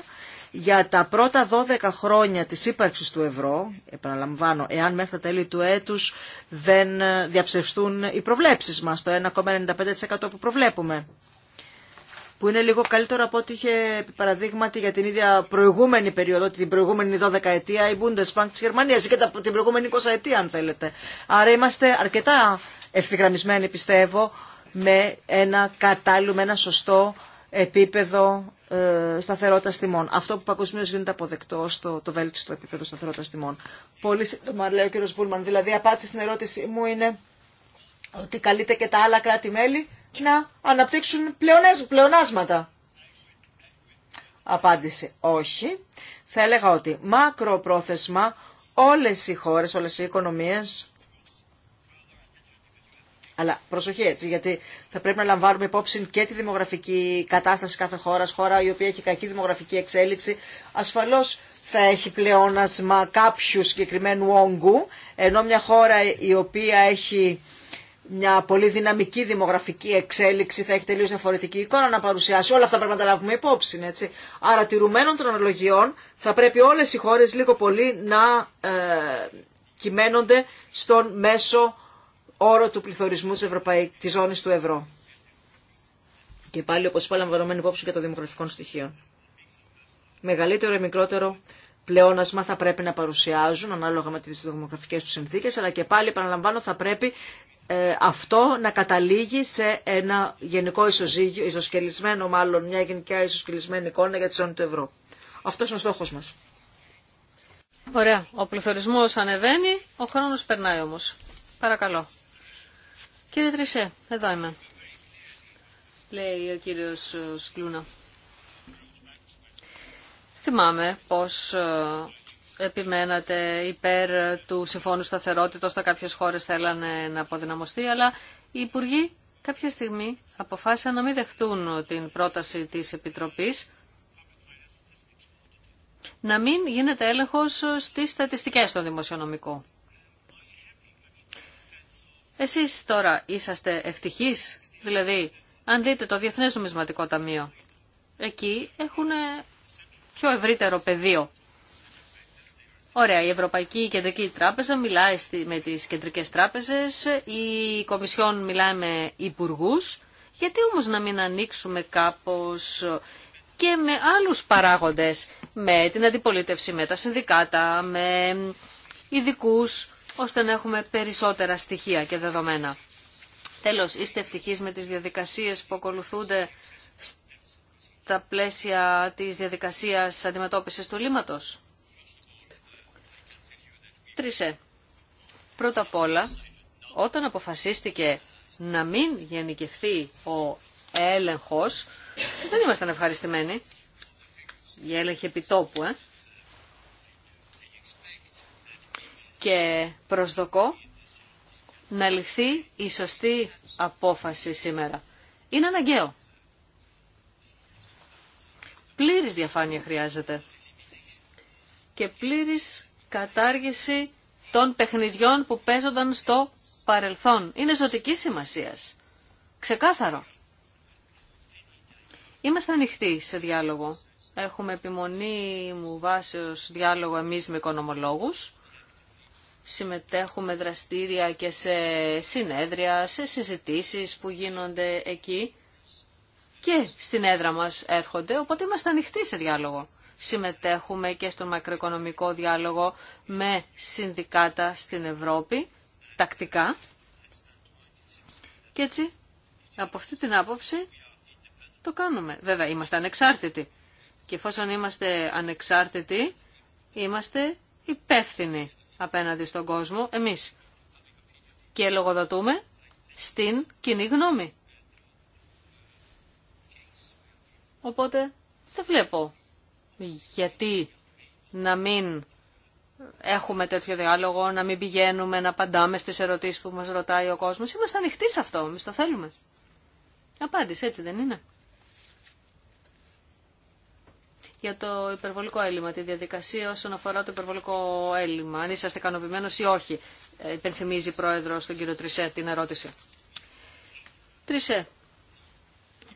για τα πρώτα 12 χρόνια της ύπαρξης του ευρώ, επαναλαμβάνω, εάν μέχρι τα τέλη του έτους δεν διαψευστούν οι προβλέψεις μας, το 1,95% που προβλέπουμε, που είναι λίγο καλύτερο από ό,τι είχε παραδείγματι για την ίδια προηγούμενη περίοδο, την προηγούμενη 12 ετία η Bundesbank της Γερμανίας ή και την προηγούμενη 20 ετία αν θέλετε. Άρα είμαστε αρκετά ευθυγραμμισμένοι πιστεύω με ένα κατάλληλο, με ένα σωστό επίπεδο ε, σταθερότητα τιμών. Αυτό που παγκοσμίω γίνεται αποδεκτό στο το βέλτιστο επίπεδο σταθερότητα τιμών. Πολύ σύντομα λέει ο κ. Μπούλμαν. Δηλαδή, απάντηση στην ερώτησή μου είναι ότι καλείται και τα άλλα κράτη-μέλη να αναπτύξουν πλεονάσματα. Απάντηση όχι. Θα έλεγα ότι μακροπρόθεσμα όλες οι χώρες, όλες οι οικονομίες, αλλά προσοχή έτσι, γιατί θα πρέπει να λαμβάνουμε υπόψη και τη δημογραφική κατάσταση κάθε χώρας, χώρα η οποία έχει κακή δημογραφική εξέλιξη, ασφαλώς θα έχει πλεόνασμα κάποιου συγκεκριμένου όγκου, ενώ μια χώρα η οποία έχει μια πολύ δυναμική δημογραφική εξέλιξη θα έχει τελείω διαφορετική εικόνα να παρουσιάσει. Όλα αυτά πρέπει να τα λάβουμε υπόψη. Έτσι. Άρα τηρουμένων των αναλογιών θα πρέπει όλε οι χώρε λίγο πολύ να ε, κυμαίνονται στον μέσο όρο του πληθωρισμού της, ζώνη ζώνης του ευρώ. Και πάλι όπως είπα λαμβανωμένη υπόψη και των δημογραφικών στοιχείων. Μεγαλύτερο ή μικρότερο πλεόνασμα θα πρέπει να παρουσιάζουν ανάλογα με τις δημογραφικές τους συνθήκες, αλλά και πάλι, επαναλαμβάνω, θα πρέπει ε, αυτό να καταλήγει σε ένα γενικό ισοζύγιο, ισοσκελισμένο μάλλον, μια γενικά ισοσκελισμένη εικόνα για τη ζώνη του ευρώ. Αυτός είναι ο στόχος μας. Ωραία. Ο πληθωρισμός ανεβαίνει, ο χρόνος περνάει όμως. Παρακαλώ. Κύριε Τρισέ, εδώ είμαι. Λέει ο κύριος ε, Σκλούνα. Θυμάμαι πως ε, επιμένατε υπέρ του συμφώνου σταθερότητα, όταν κάποιε χώρε θέλανε να αποδυναμωστεί, αλλά οι υπουργοί κάποια στιγμή αποφάσισαν να μην δεχτούν την πρόταση της Επιτροπής να μην γίνεται έλεγχος στι στατιστικέ των δημοσιονομικών. Εσείς τώρα είσαστε ευτυχεί, δηλαδή αν δείτε το Διεθνές Νομισματικό Ταμείο, εκεί έχουν πιο ευρύτερο πεδίο Ωραία, η Ευρωπαϊκή Κεντρική Τράπεζα μιλάει με τις κεντρικές τράπεζες, η Κομισιόν μιλάει με υπουργού, Γιατί όμως να μην ανοίξουμε κάπως και με άλλους παράγοντες, με την αντιπολίτευση, με τα συνδικάτα, με ειδικού, ώστε να έχουμε περισσότερα στοιχεία και δεδομένα. Τέλος, είστε ευτυχείς με τις διαδικασίες που ακολουθούνται στα πλαίσια της διαδικασίας αντιμετώπισης του λίματος. Τρισέ. Ε. Πρώτα απ' όλα, όταν αποφασίστηκε να μην γενικευθεί ο έλεγχος, δεν ήμασταν ευχαριστημένοι. Η έλεγχη επιτόπου, ε. Και προσδοκώ να ληφθεί η σωστή απόφαση σήμερα. Είναι αναγκαίο. Πλήρης διαφάνεια χρειάζεται. Και πλήρης κατάργηση των παιχνιδιών που παίζονταν στο παρελθόν. Είναι ζωτική σημασία Ξεκάθαρο. Είμαστε ανοιχτοί σε διάλογο. Έχουμε επιμονή μου βάσεως διάλογο εμείς με οικονομολόγους. Συμμετέχουμε δραστήρια και σε συνέδρια, σε συζητήσεις που γίνονται εκεί και στην έδρα μας έρχονται, οπότε είμαστε ανοιχτοί σε διάλογο συμμετέχουμε και στον μακροοικονομικό διάλογο με συνδικάτα στην Ευρώπη, τακτικά. Και έτσι, από αυτή την άποψη, το κάνουμε. Βέβαια, είμαστε ανεξάρτητοι. Και εφόσον είμαστε ανεξάρτητοι, είμαστε υπεύθυνοι απέναντι στον κόσμο εμείς. Και λογοδοτούμε στην κοινή γνώμη. Οπότε δεν βλέπω γιατί να μην έχουμε τέτοιο διάλογο, να μην πηγαίνουμε, να απαντάμε στις ερωτήσεις που μας ρωτάει ο κόσμος. Είμαστε ανοιχτοί σε αυτό, εμείς το θέλουμε. Απάντηση, έτσι δεν είναι. Για το υπερβολικό έλλειμμα, τη διαδικασία όσον αφορά το υπερβολικό έλλειμμα, αν είσαστε ικανοποιημένο ή όχι, ε, υπενθυμίζει η πρόεδρο στον κύριο Τρισέ την ερώτηση. Τρισέ,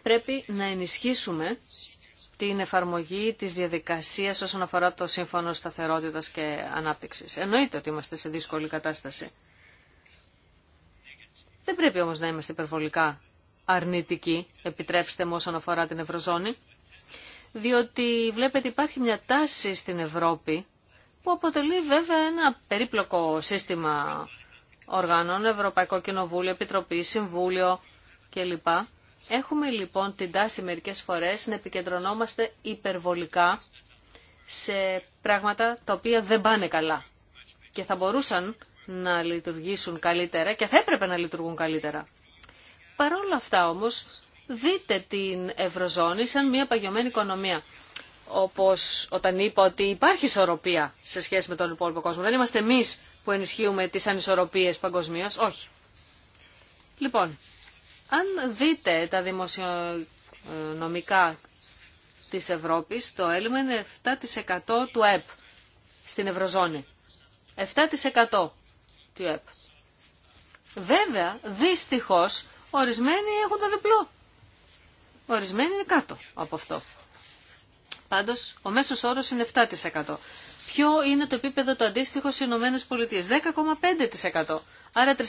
πρέπει να ενισχύσουμε την εφαρμογή της διαδικασίας όσον αφορά το Σύμφωνο Σταθερότητας και Ανάπτυξης. Εννοείται ότι είμαστε σε δύσκολη κατάσταση. Δεν πρέπει όμως να είμαστε υπερβολικά αρνητικοί, επιτρέψτε μου όσον αφορά την Ευρωζώνη, διότι βλέπετε υπάρχει μια τάση στην Ευρώπη που αποτελεί βέβαια ένα περίπλοκο σύστημα οργάνων, Ευρωπαϊκό Κοινοβούλιο, Επιτροπή, Συμβούλιο κλπ. Έχουμε λοιπόν την τάση μερικές φορές να επικεντρωνόμαστε υπερβολικά σε πράγματα τα οποία δεν πάνε καλά και θα μπορούσαν να λειτουργήσουν καλύτερα και θα έπρεπε να λειτουργούν καλύτερα. Παρ' όλα αυτά όμως δείτε την Ευρωζώνη σαν μια παγιωμένη οικονομία. Όπως όταν είπα ότι υπάρχει ισορροπία σε σχέση με τον υπόλοιπο κόσμο. Δεν είμαστε εμείς που ενισχύουμε τις ανισορροπίες παγκοσμίω, όχι. Λοιπόν, αν δείτε τα δημοσιονομικά της Ευρώπης, το έλλειμμα είναι 7% του ΕΠ στην Ευρωζώνη. 7% του ΕΠ. Βέβαια, δυστυχώς, ορισμένοι έχουν το διπλό. Ορισμένοι είναι κάτω από αυτό. Πάντως, ο μέσος όρος είναι 7%. Ποιο είναι το επίπεδο το αντίστοιχο στις ΗΠΑ. 10,5%. Άρα 3,5%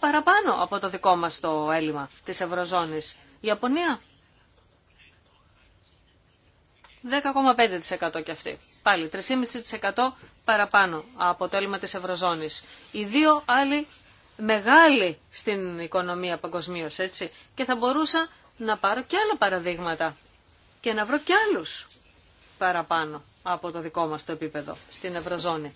παραπάνω από το δικό μας το έλλειμμα της Ευρωζώνης. Η Ιαπωνία 10,5% κι αυτή. Πάλι 3,5% παραπάνω από το έλλειμμα της Ευρωζώνης. Οι δύο άλλοι μεγάλοι στην οικονομία παγκοσμίω, έτσι. Και θα μπορούσα να πάρω και άλλα παραδείγματα και να βρω και άλλους παραπάνω από το δικό μας το επίπεδο στην Ευρωζώνη.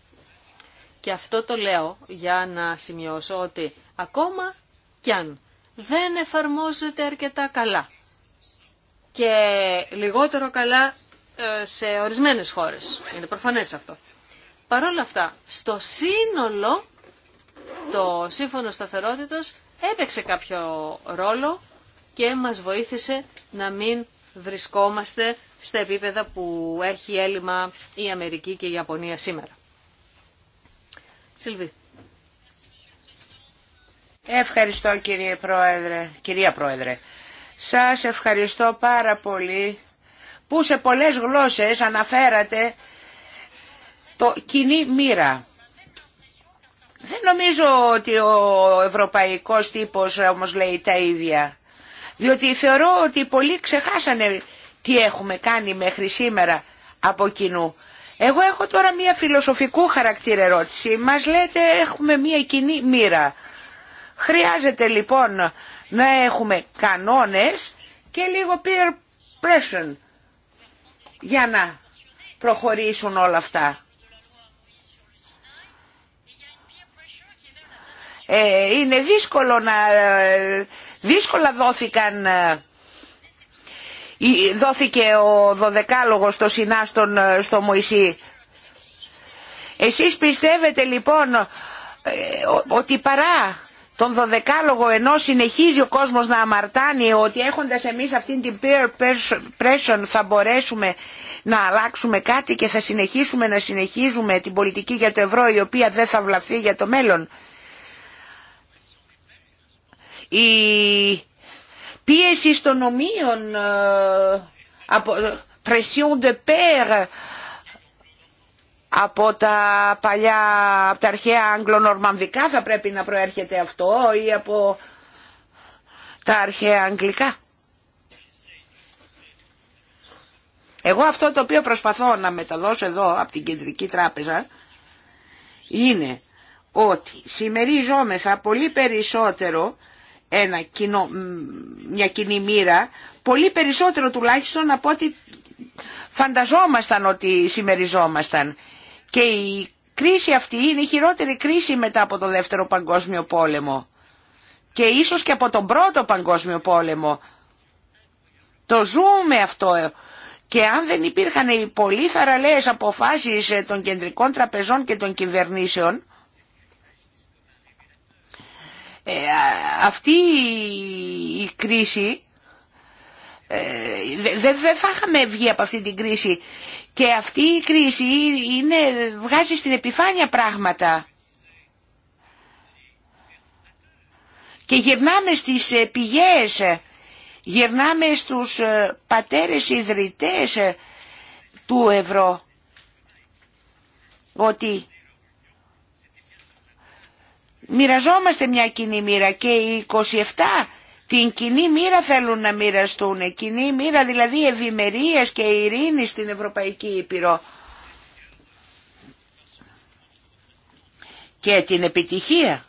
Και αυτό το λέω για να σημειώσω ότι ακόμα κι αν δεν εφαρμόζεται αρκετά καλά και λιγότερο καλά ε, σε ορισμένες χώρες. Είναι προφανές αυτό. Παρ' όλα αυτά, στο σύνολο το σύμφωνο σταθερότητας έπαιξε κάποιο ρόλο και μας βοήθησε να μην βρισκόμαστε στα επίπεδα που έχει έλλειμμα η Αμερική και η Ιαπωνία σήμερα. Σιλβί. Ευχαριστώ κύριε Πρόεδρε, κυρία Πρόεδρε. Σας ευχαριστώ πάρα πολύ που σε πολλές γλώσσες αναφέρατε το κοινή μοίρα. Δεν νομίζω ότι ο ευρωπαϊκός τύπος όμως λέει τα ίδια. Διότι θεωρώ ότι πολλοί ξεχάσανε τι έχουμε κάνει μέχρι σήμερα από κοινού. Εγώ έχω τώρα μία φιλοσοφικού χαρακτήρα ερώτηση. Μας λέτε έχουμε μία κοινή μοίρα. Χρειάζεται λοιπόν να έχουμε κανόνες και λίγο peer pressure για να προχωρήσουν όλα αυτά. Ε, είναι δύσκολο να... Δύσκολα δόθηκαν ε, δόθηκε ο δωδεκάλογος στο συνάστον ε, στο Μωυσή. Εσείς πιστεύετε λοιπόν ε, ότι παρά τον δωδεκάλογο ενώ συνεχίζει ο κόσμος να αμαρτάνει ότι έχοντας εμείς αυτή την peer pressure θα μπορέσουμε να αλλάξουμε κάτι και θα συνεχίσουμε να συνεχίζουμε την πολιτική για το ευρώ η οποία δεν θα βλαφθεί για το μέλλον. Η πίεση των ομοίων, ε, από, ε, pression de από τα παλιά, από τα αρχαία αγγλονορμανδικά θα πρέπει να προέρχεται αυτό ή από τα αρχαία αγγλικά. Εγώ αυτό το οποίο προσπαθώ να μεταδώσω εδώ από την Κεντρική Τράπεζα είναι ότι σημεριζόμεθα πολύ περισσότερο ένα κοινό, μια κοινή μοίρα, πολύ περισσότερο τουλάχιστον από ό,τι φανταζόμασταν ότι συμμεριζόμασταν. Και η κρίση αυτή είναι η χειρότερη κρίση μετά από το Δεύτερο Παγκόσμιο Πόλεμο και ίσως και από τον Πρώτο Παγκόσμιο Πόλεμο. Το ζούμε αυτό και αν δεν υπήρχαν οι πολύ θαραλέες αποφάσεις ε, των κεντρικών τραπεζών και των κυβερνήσεων ε, αυτή η κρίση ε, δεν δε θα είχαμε βγει από αυτή την κρίση και αυτή η κρίση είναι, βγάζει στην επιφάνεια πράγματα και γυρνάμε στις ε, πηγές γυρνάμε στους πατέρες ιδρυτές του ευρώ ότι μοιραζόμαστε μια κοινή μοίρα και οι 27 την κοινή μοίρα θέλουν να μοιραστούν. Κοινή μοίρα δηλαδή ευημερία και ειρήνη στην Ευρωπαϊκή Ήπειρο. Και την επιτυχία.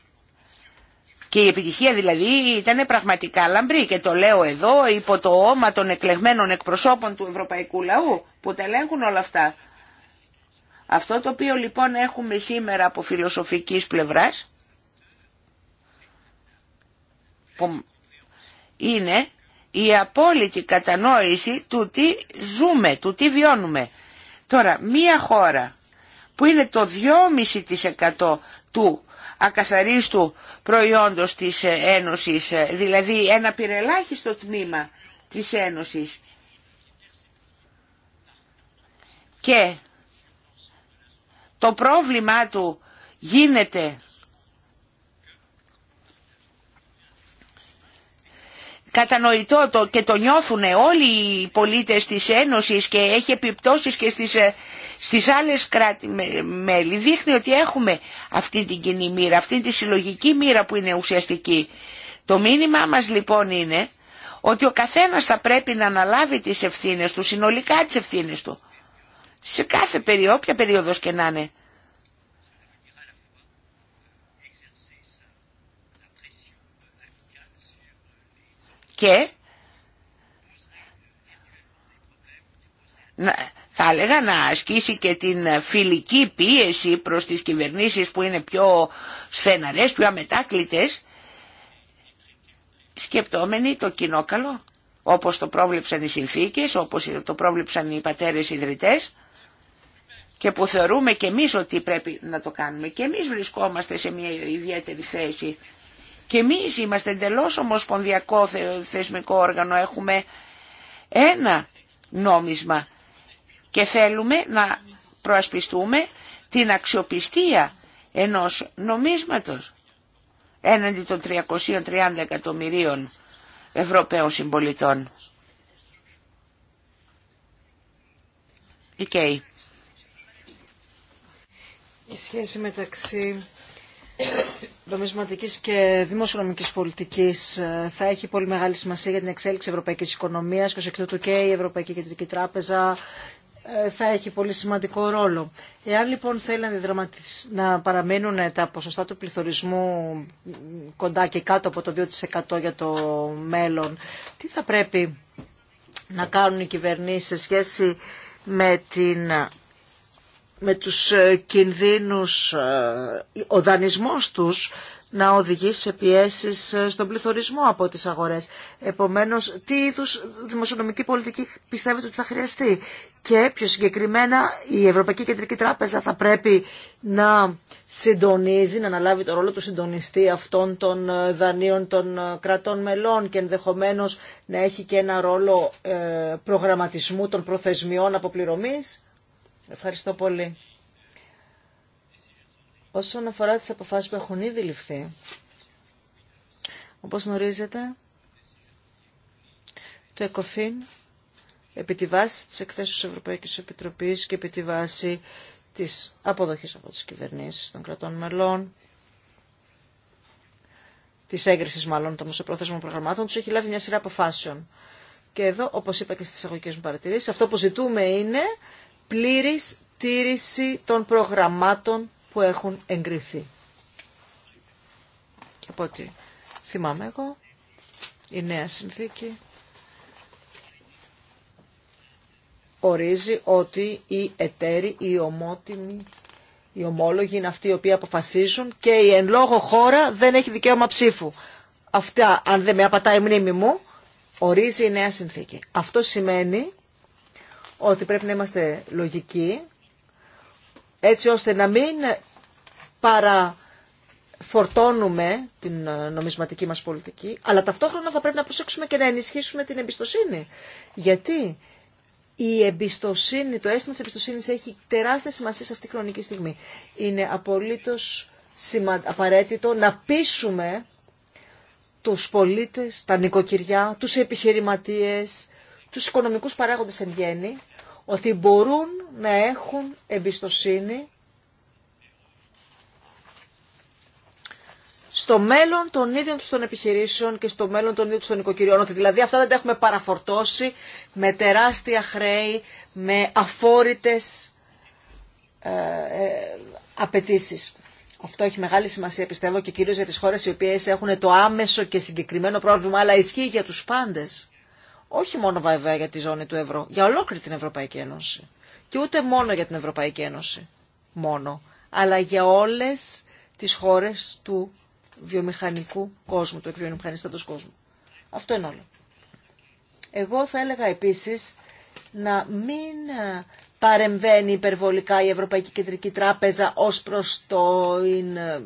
Και η επιτυχία δηλαδή ήταν πραγματικά λαμπρή και το λέω εδώ υπό το όμα των εκλεγμένων εκπροσώπων του ευρωπαϊκού λαού που τα ελέγχουν όλα αυτά. Αυτό το οποίο λοιπόν έχουμε σήμερα από φιλοσοφικής πλευράς που είναι η απόλυτη κατανόηση του τι ζούμε, του τι βιώνουμε. Τώρα, μία χώρα που είναι το 2,5% του ακαθαρίστου προϊόντος της Ένωσης, δηλαδή ένα πυρελάχιστο τμήμα της Ένωσης. Και το πρόβλημά του γίνεται κατανοητό το και το νιώθουν όλοι οι πολίτες της Ένωσης και έχει επιπτώσεις και στις, ε, στις άλλες κράτη-μέλη δείχνει ότι έχουμε αυτή την κοινή μοίρα, αυτή τη συλλογική μοίρα που είναι ουσιαστική. Το μήνυμά μας λοιπόν είναι ότι ο καθένας θα πρέπει να αναλάβει τις ευθύνες του, συνολικά τις ευθύνες του, σε κάθε περίοδο, όποια περίοδος και να είναι. και θα έλεγα να ασκήσει και την φιλική πίεση προς τις κυβερνήσεις που είναι πιο σθεναρές, πιο αμετάκλητες, σκεπτόμενοι το κοινό καλό, όπως το πρόβλεψαν οι συνθήκες, όπως το πρόβλεψαν οι πατέρες ιδρυτές και που θεωρούμε και εμείς ότι πρέπει να το κάνουμε. Και εμείς βρισκόμαστε σε μια ιδιαίτερη θέση και εμεί είμαστε εντελώ ομοσπονδιακό θεσμικό όργανο, έχουμε ένα νόμισμα και θέλουμε να προασπιστούμε την αξιοπιστία ενός νομίσματος έναντι των 330 εκατομμυρίων Ευρωπαίων συμπολιτών. Okay. Η σχέση μεταξύ νομισματική και δημοσιονομική πολιτικής ε, θα έχει πολύ μεγάλη σημασία για την εξέλιξη ευρωπαϊκής οικονομίας και ω εκ τούτου και η Ευρωπαϊκή Κεντρική Τράπεζα ε, θα έχει πολύ σημαντικό ρόλο. Εάν λοιπόν θέλει να παραμείνουν τα ποσοστά του πληθωρισμού κοντά και κάτω από το 2% για το μέλλον, τι θα πρέπει να κάνουν οι κυβερνήσει σε σχέση με την με τους ε, κινδύνους, ε, ο δανεισμός τους να οδηγήσει σε πιέσεις ε, στον πληθωρισμό από τις αγορές. Επομένως, τι είδου δημοσιονομική πολιτική πιστεύετε ότι θα χρειαστεί. Και πιο συγκεκριμένα η Ευρωπαϊκή Κεντρική Τράπεζα θα πρέπει να συντονίζει, να αναλάβει το ρόλο του συντονιστή αυτών των δανείων των κρατών μελών και ενδεχομένως να έχει και ένα ρόλο προγραμματισμού των προθεσμιών αποπληρωμής. Ευχαριστώ πολύ. Όσον αφορά τις αποφάσεις που έχουν ήδη ληφθεί, όπως γνωρίζετε, το ΕΚΟΦΗΝ επί τη βάση της εκθέσεως της Ευρωπαϊκής Επιτροπής και επί τη βάση της αποδοχής από τις κυβερνήσεις των κρατών μελών, της έγκρισης μάλλον των μεσοπρόθεσμων προγραμμάτων, τους έχει λάβει μια σειρά αποφάσεων. Και εδώ, όπως είπα και στις εισαγωγικές μου παρατηρήσεις, αυτό που ζητούμε είναι πλήρης τήρηση των προγραμμάτων που έχουν εγκριθεί. Και από ό,τι θυμάμαι εγώ, η νέα συνθήκη ορίζει ότι οι εταίροι, οι ομότιμοι, οι ομόλογοι είναι αυτοί οι οποίοι αποφασίζουν και η εν λόγω χώρα δεν έχει δικαίωμα ψήφου. Αυτά, αν δεν με απατάει η μνήμη μου, ορίζει η νέα συνθήκη. Αυτό σημαίνει ότι πρέπει να είμαστε λογικοί έτσι ώστε να μην παραφορτώνουμε την νομισματική μας πολιτική, αλλά ταυτόχρονα θα πρέπει να προσέξουμε και να ενισχύσουμε την εμπιστοσύνη. Γιατί η εμπιστοσύνη, το αίσθημα της εμπιστοσύνης έχει τεράστια σημασία σε αυτή τη χρονική στιγμή. Είναι απολύτως απαραίτητο να πείσουμε τους πολίτες, τα νοικοκυριά, τους επιχειρηματίες, τους οικονομικούς παράγοντες εν γέννη, ότι μπορούν να έχουν εμπιστοσύνη στο μέλλον των ίδιων τους των επιχειρήσεων και στο μέλλον των ίδιων τους των οικοκυριών. Ότι δηλαδή αυτά δεν τα έχουμε παραφορτώσει με τεράστια χρέη, με αφόρητες ε, ε απαιτήσει. Αυτό έχει μεγάλη σημασία πιστεύω και κυρίως για τις χώρες οι οποίες έχουν το άμεσο και συγκεκριμένο πρόβλημα, αλλά ισχύει για τους πάντες. Όχι μόνο βέβαια για τη ζώνη του ευρώ, για ολόκληρη την Ευρωπαϊκή Ένωση. Και ούτε μόνο για την Ευρωπαϊκή Ένωση, μόνο, αλλά για όλες τις χώρες του βιομηχανικού κόσμου, του εκβιομηχανιστέντο κόσμου. Αυτό είναι όλο. Εγώ θα έλεγα επίσης να μην ε, παρεμβαίνει υπερβολικά η Ευρωπαϊκή Κεντρική Τράπεζα ως προς το ε,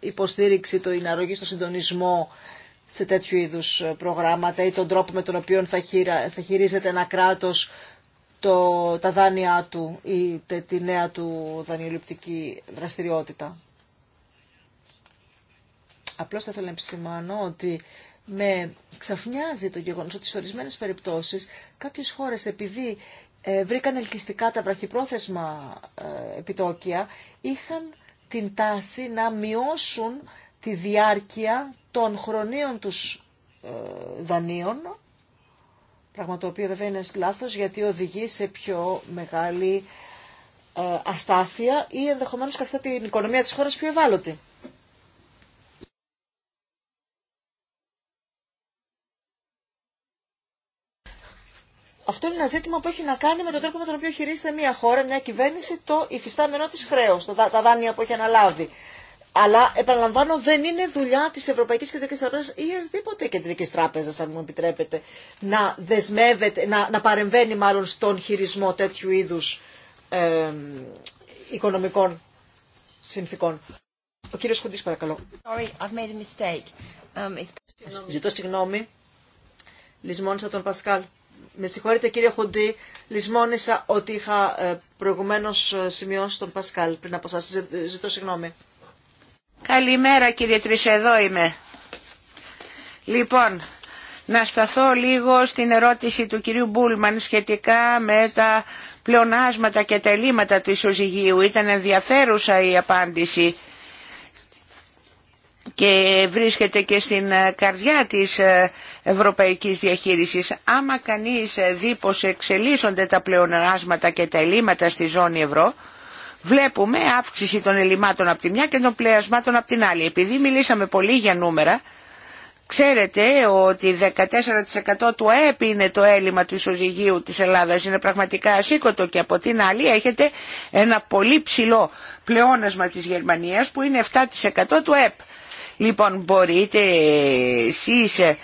υποστήριξη, το αρρωγή στο συντονισμό σε τέτοιου είδους ε, προγράμματα ή τον τρόπο με τον οποίο θα, χειρίζεται ένα κράτος το, τα δάνειά του ή τη νέα του δανειοληπτική δραστηριότητα. Απλώς θα ήθελα να επισημάνω ότι με ξαφνιάζει το γεγονός ότι σε ορισμένες περιπτώσεις κάποιες χώρες επειδή ε, βρήκαν ελκυστικά τα βραχυπρόθεσμα ε, επιτόκια είχαν την τάση να μειώσουν τη διάρκεια των χρονίων τους ε, δανείων, πράγμα το οποίο βέβαια είναι λάθος γιατί οδηγεί σε πιο μεγάλη ε, αστάθεια ή ενδεχομένως καθιστά την οικονομία της χώρας πιο ευάλωτη. Αυτό είναι ένα ζήτημα που έχει να κάνει με τον τρόπο με τον οποίο χειρίζεται μια χώρα, μια κυβέρνηση, το υφιστάμενο της χρέο, τα δάνεια που έχει αναλάβει. Αλλά, επαναλαμβάνω, δεν είναι δουλειά τη Ευρωπαϊκή Κεντρική Τράπεζα ή εσδήποτε κεντρική τράπεζα, αν μου επιτρέπετε, να δεσμεύεται, να, παρεμβαίνει μάλλον στον χειρισμό τέτοιου είδου οικονομικών συνθήκων. Ο κύριος Χουντής, παρακαλώ. Um, Ζητώ συγγνώμη. Λυσμόνισα τον Πασκάλ. Με συγχωρείτε κύριε Χουντή, Λυσμόνισα ότι είχα ε, προηγουμένως ε, σημειώσει τον Πασκάλ πριν από σας. Ζητώ συγγνώμη. Καλημέρα κύριε Τρίσε, είμαι. Λοιπόν, να σταθώ λίγο στην ερώτηση του κυρίου Μπούλμαν σχετικά με τα πλεονάσματα και τα ελλείμματα του ισοζυγίου. Ήταν ενδιαφέρουσα η απάντηση και βρίσκεται και στην καρδιά της ευρωπαϊκής διαχείρισης. Άμα κανείς δει πως εξελίσσονται τα πλεονάσματα και τα ελλείμματα στη ζώνη ευρώ, βλέπουμε αύξηση των ελλημάτων από τη μια και των πλεασμάτων από την άλλη. Επειδή μιλήσαμε πολύ για νούμερα, ξέρετε ότι 14% του ΑΕΠ είναι το έλλειμμα του ισοζυγίου της Ελλάδας, είναι πραγματικά ασήκωτο και από την άλλη έχετε ένα πολύ ψηλό πλεόνασμα της Γερμανίας που είναι 7% του ΑΕΠ. Λοιπόν, μπορείτε εσείς ε,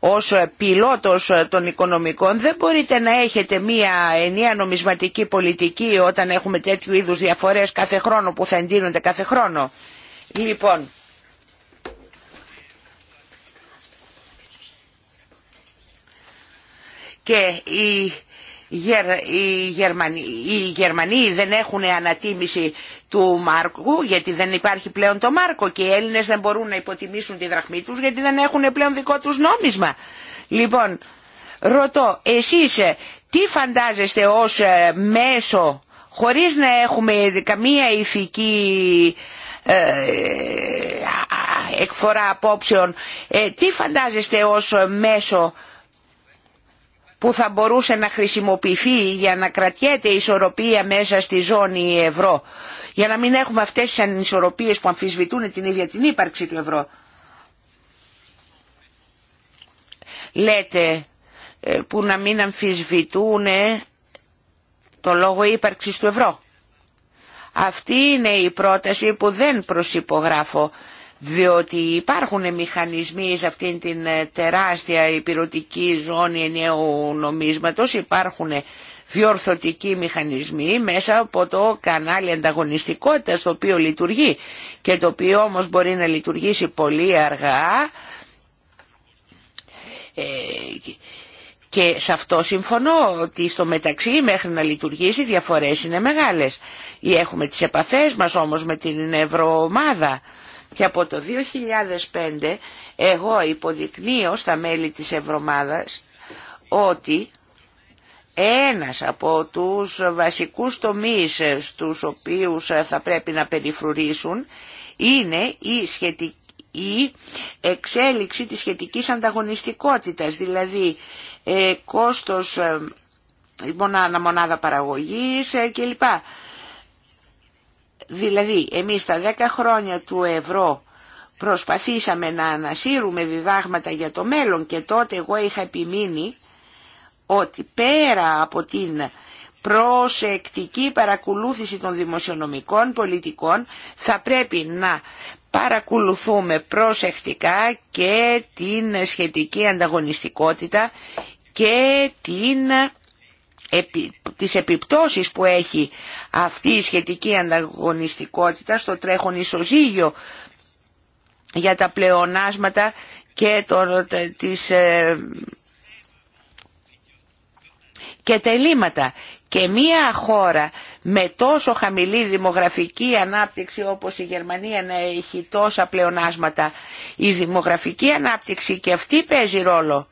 ως ε, πιλότος ε, των οικονομικών δεν μπορείτε να έχετε μία ενιαία νομισματική πολιτική όταν έχουμε τέτοιου είδους διαφορές κάθε χρόνο που θα εντείνονται κάθε χρόνο. Λοιπόν, και η οι Γερμανοί, δεν έχουν ανατίμηση του Μάρκου γιατί δεν υπάρχει πλέον το Μάρκο και οι Έλληνες δεν μπορούν να υποτιμήσουν τη δραχμή τους γιατί δεν έχουν πλέον δικό τους νόμισμα. Λοιπόν, ρωτώ, εσείς ε, τι φαντάζεστε ως ε, μέσο χωρίς να έχουμε καμία ηθική ε, εκφορά απόψεων, τι φαντάζεστε ως μέσο που θα μπορούσε να χρησιμοποιηθεί για να κρατιέται η ισορροπία μέσα στη ζώνη ευρώ. Για να μην έχουμε αυτές τις ανισορροπίες που αμφισβητούν την ίδια την ύπαρξη του ευρώ. Λέτε ε, που να μην αμφισβητούν ε, το λόγο ύπαρξης του ευρώ. Αυτή είναι η πρόταση που δεν προσυπογράφω διότι υπάρχουν μηχανισμοί σε αυτήν την ε, τεράστια υπηρετική ζώνη ενιαίου νομίσματος, υπάρχουν διορθωτικοί μηχανισμοί μέσα από το κανάλι ανταγωνιστικότητας το οποίο λειτουργεί και το οποίο όμως μπορεί να λειτουργήσει πολύ αργά ε, και σε αυτό συμφωνώ ότι στο μεταξύ μέχρι να λειτουργήσει διαφορές είναι μεγάλες. Έχουμε τις επαφές μας όμως με την Ευρωομάδα και από το 2005 εγώ υποδεικνύω στα μέλη της Ευρωμάδας ότι ένας από τους βασικούς τομείς στους οποίους θα πρέπει να περιφρουρήσουν είναι η, σχετική, εξέλιξη της σχετικής ανταγωνιστικότητας, δηλαδή ε, κόστος ε, μονάδα, μονάδα παραγωγής ε, κλπ. Δηλαδή, εμείς τα 10 χρόνια του ευρώ προσπαθήσαμε να ανασύρουμε διδάγματα για το μέλλον και τότε εγώ είχα επιμείνει ότι πέρα από την προσεκτική παρακολούθηση των δημοσιονομικών πολιτικών θα πρέπει να παρακολουθούμε προσεκτικά και την σχετική ανταγωνιστικότητα και την τις επιπτώσεις που έχει αυτή η σχετική ανταγωνιστικότητα στο τρέχον ισοζύγιο για τα πλεονάσματα και, το, ε, και τα ελλείμματα. Και μία χώρα με τόσο χαμηλή δημογραφική ανάπτυξη όπως η Γερμανία να έχει τόσα πλεονάσματα, η δημογραφική ανάπτυξη και αυτή παίζει ρόλο.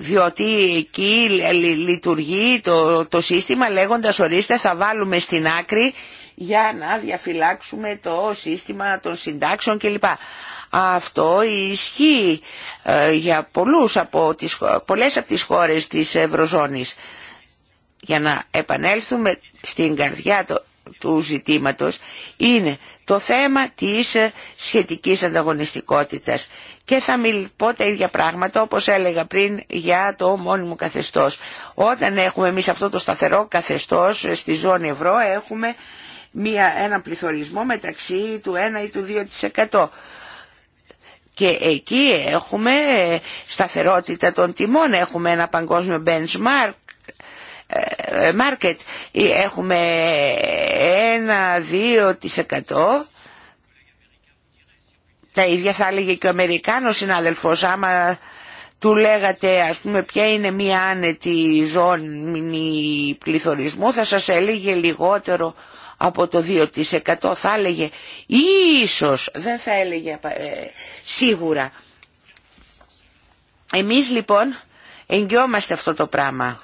διότι εκεί λειτουργεί το, το σύστημα λέγοντας ορίστε θα βάλουμε στην άκρη για να διαφυλάξουμε το σύστημα των συντάξεων κλπ. Αυτό ισχύει ε, για πολλούς από τις, πολλές από τις χώρες της Ευρωζώνης. Για να επανέλθουμε στην καρδιά του ζητήματος είναι το θέμα της ε, σχετικής ανταγωνιστικότητας και θα μιλ, πω τα ίδια πράγματα όπως έλεγα πριν για το μόνιμο καθεστώς. Όταν έχουμε εμείς αυτό το σταθερό καθεστώς στη ζώνη ευρώ έχουμε μια, έναν πληθωρισμό μεταξύ του 1 ή του 2%. Και εκεί έχουμε ε, σταθερότητα των τιμών, έχουμε ένα παγκόσμιο benchmark, ε, ε, market, έχουμε Έχουμε 2% τα ίδια θα έλεγε και ο Αμερικάνος συνάδελφος άμα του λέγατε ας πούμε ποια είναι μια άνετη ζώνη πληθωρισμού θα σας έλεγε λιγότερο από το 2% θα έλεγε ίσως δεν θα έλεγε ε, σίγουρα εμείς λοιπόν εγγυόμαστε αυτό το πράγμα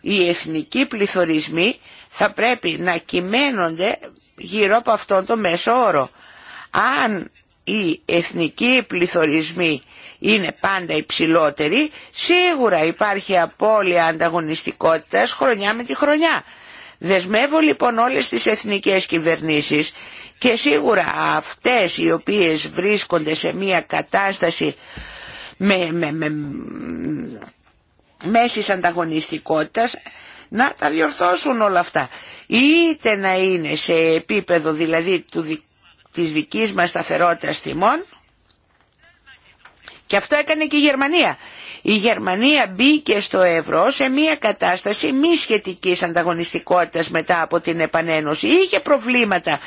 οι εθνικοί πληθωρισμοί θα πρέπει να κυμαίνονται γύρω από αυτόν το μέσο όρο αν οι εθνικοί πληθωρισμοί είναι πάντα υψηλότεροι, σίγουρα υπάρχει απώλεια ανταγωνιστικότητας χρονιά με τη χρονιά. Δεσμεύω λοιπόν όλες τις εθνικές κυβερνήσεις και σίγουρα αυτές οι οποίες βρίσκονται σε μια κατάσταση με, με, με, μέσης ανταγωνιστικότητας να τα διορθώσουν όλα αυτά. Είτε να είναι σε επίπεδο δηλαδή του δικού της δικής μας σταθερότητας τιμών και αυτό έκανε και η Γερμανία. Η Γερμανία μπήκε στο ευρώ σε μια κατάσταση μη σχετικής ανταγωνιστικότητας μετά από την επανένωση. Είχε προβλήματα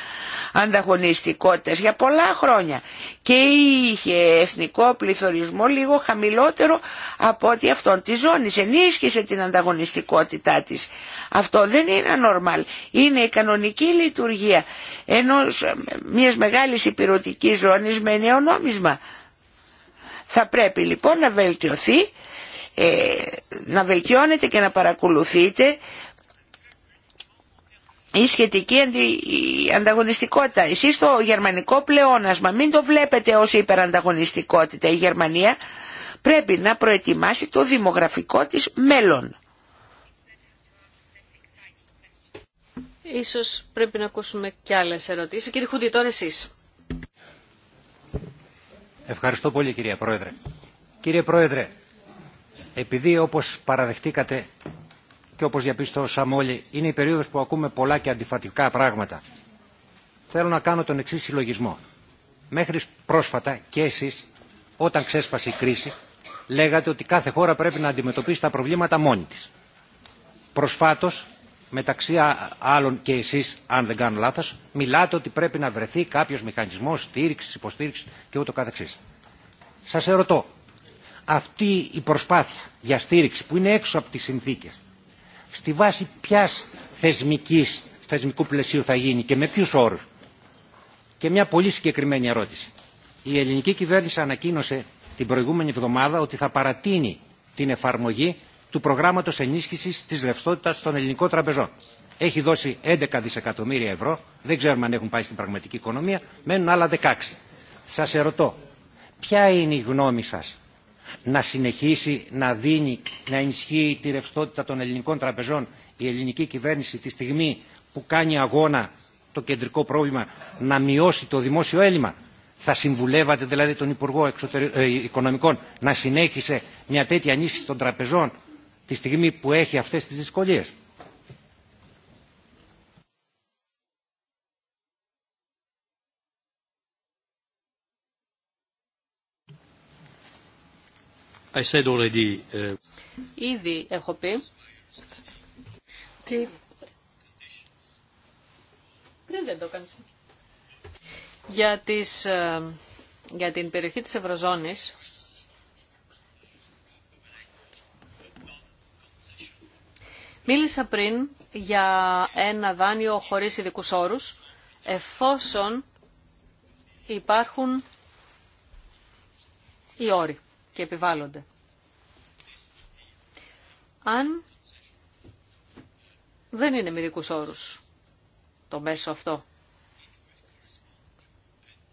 ανταγωνιστικότητας για πολλά χρόνια και είχε εθνικό πληθωρισμό λίγο χαμηλότερο από ό,τι αυτόν τη ζώνης. Ενίσχυσε την ανταγωνιστικότητά της. Αυτό δεν είναι ανορμάλ. Είναι η κανονική λειτουργία ενός, ε, μιας μεγάλης υπηρετικής ζώνης με νέο νόμισμα. Θα πρέπει λοιπόν να βελτιωθεί, ε, να βελτιώνεται και να παρακολουθείτε η σχετική ανταγωνιστικότητα. Εσείς το γερμανικό πλεόνασμα μην το βλέπετε ως υπερανταγωνιστικότητα. Η Γερμανία πρέπει να προετοιμάσει το δημογραφικό της μέλλον. Ίσως πρέπει να ακούσουμε κι άλλες ερωτήσεις. Κύριε Χούντι, τώρα εσείς. Ευχαριστώ πολύ κυρία Πρόεδρε. Κύριε Πρόεδρε, επειδή όπως παραδεχτήκατε και όπως διαπιστώσαμε όλοι είναι η περίοδος που ακούμε πολλά και αντιφατικά πράγματα. Θέλω να κάνω τον εξής συλλογισμό. Μέχρι πρόσφατα και εσείς όταν ξέσπασε η κρίση λέγατε ότι κάθε χώρα πρέπει να αντιμετωπίσει τα προβλήματα μόνη της. Προσφάτως μεταξύ άλλων και εσείς αν δεν κάνω λάθος μιλάτε ότι πρέπει να βρεθεί κάποιος μηχανισμός στήριξης, υποστήριξης και ούτω καθεξής. Σας ερωτώ, αυτή η προσπάθεια για στήριξη που είναι έξω από τις συνθήκες στη βάση ποιας θεσμικής, θεσμικού πλαισίου θα γίνει και με ποιους όρους. Και μια πολύ συγκεκριμένη ερώτηση. Η ελληνική κυβέρνηση ανακοίνωσε την προηγούμενη εβδομάδα ότι θα παρατείνει την εφαρμογή του προγράμματος ενίσχυσης της ρευστότητα των ελληνικών τραπεζών. Έχει δώσει 11 δισεκατομμύρια ευρώ, δεν ξέρουμε αν έχουν πάει στην πραγματική οικονομία, μένουν άλλα 16. Σας ερωτώ, ποια είναι η γνώμη σας να συνεχίσει να δίνει, να ενισχύει τη ρευστότητα των ελληνικών τραπεζών η ελληνική κυβέρνηση τη στιγμή που κάνει αγώνα το κεντρικό πρόβλημα να μειώσει το δημόσιο έλλειμμα. Θα συμβουλεύατε δηλαδή τον Υπουργό ε, Οικονομικών να συνέχισε μια τέτοια ενίσχυση των τραπεζών τη στιγμή που έχει αυτές τις δυσκολίες. Uh, Ήδη έχω πει ότι Πριν δεν το Για, τις, ε, για την περιοχή της Ευρωζώνης μίλησα πριν για ένα δάνειο χωρίς ειδικού όρους εφόσον υπάρχουν οι όροι και Αν δεν είναι μερικού το μέσο αυτό.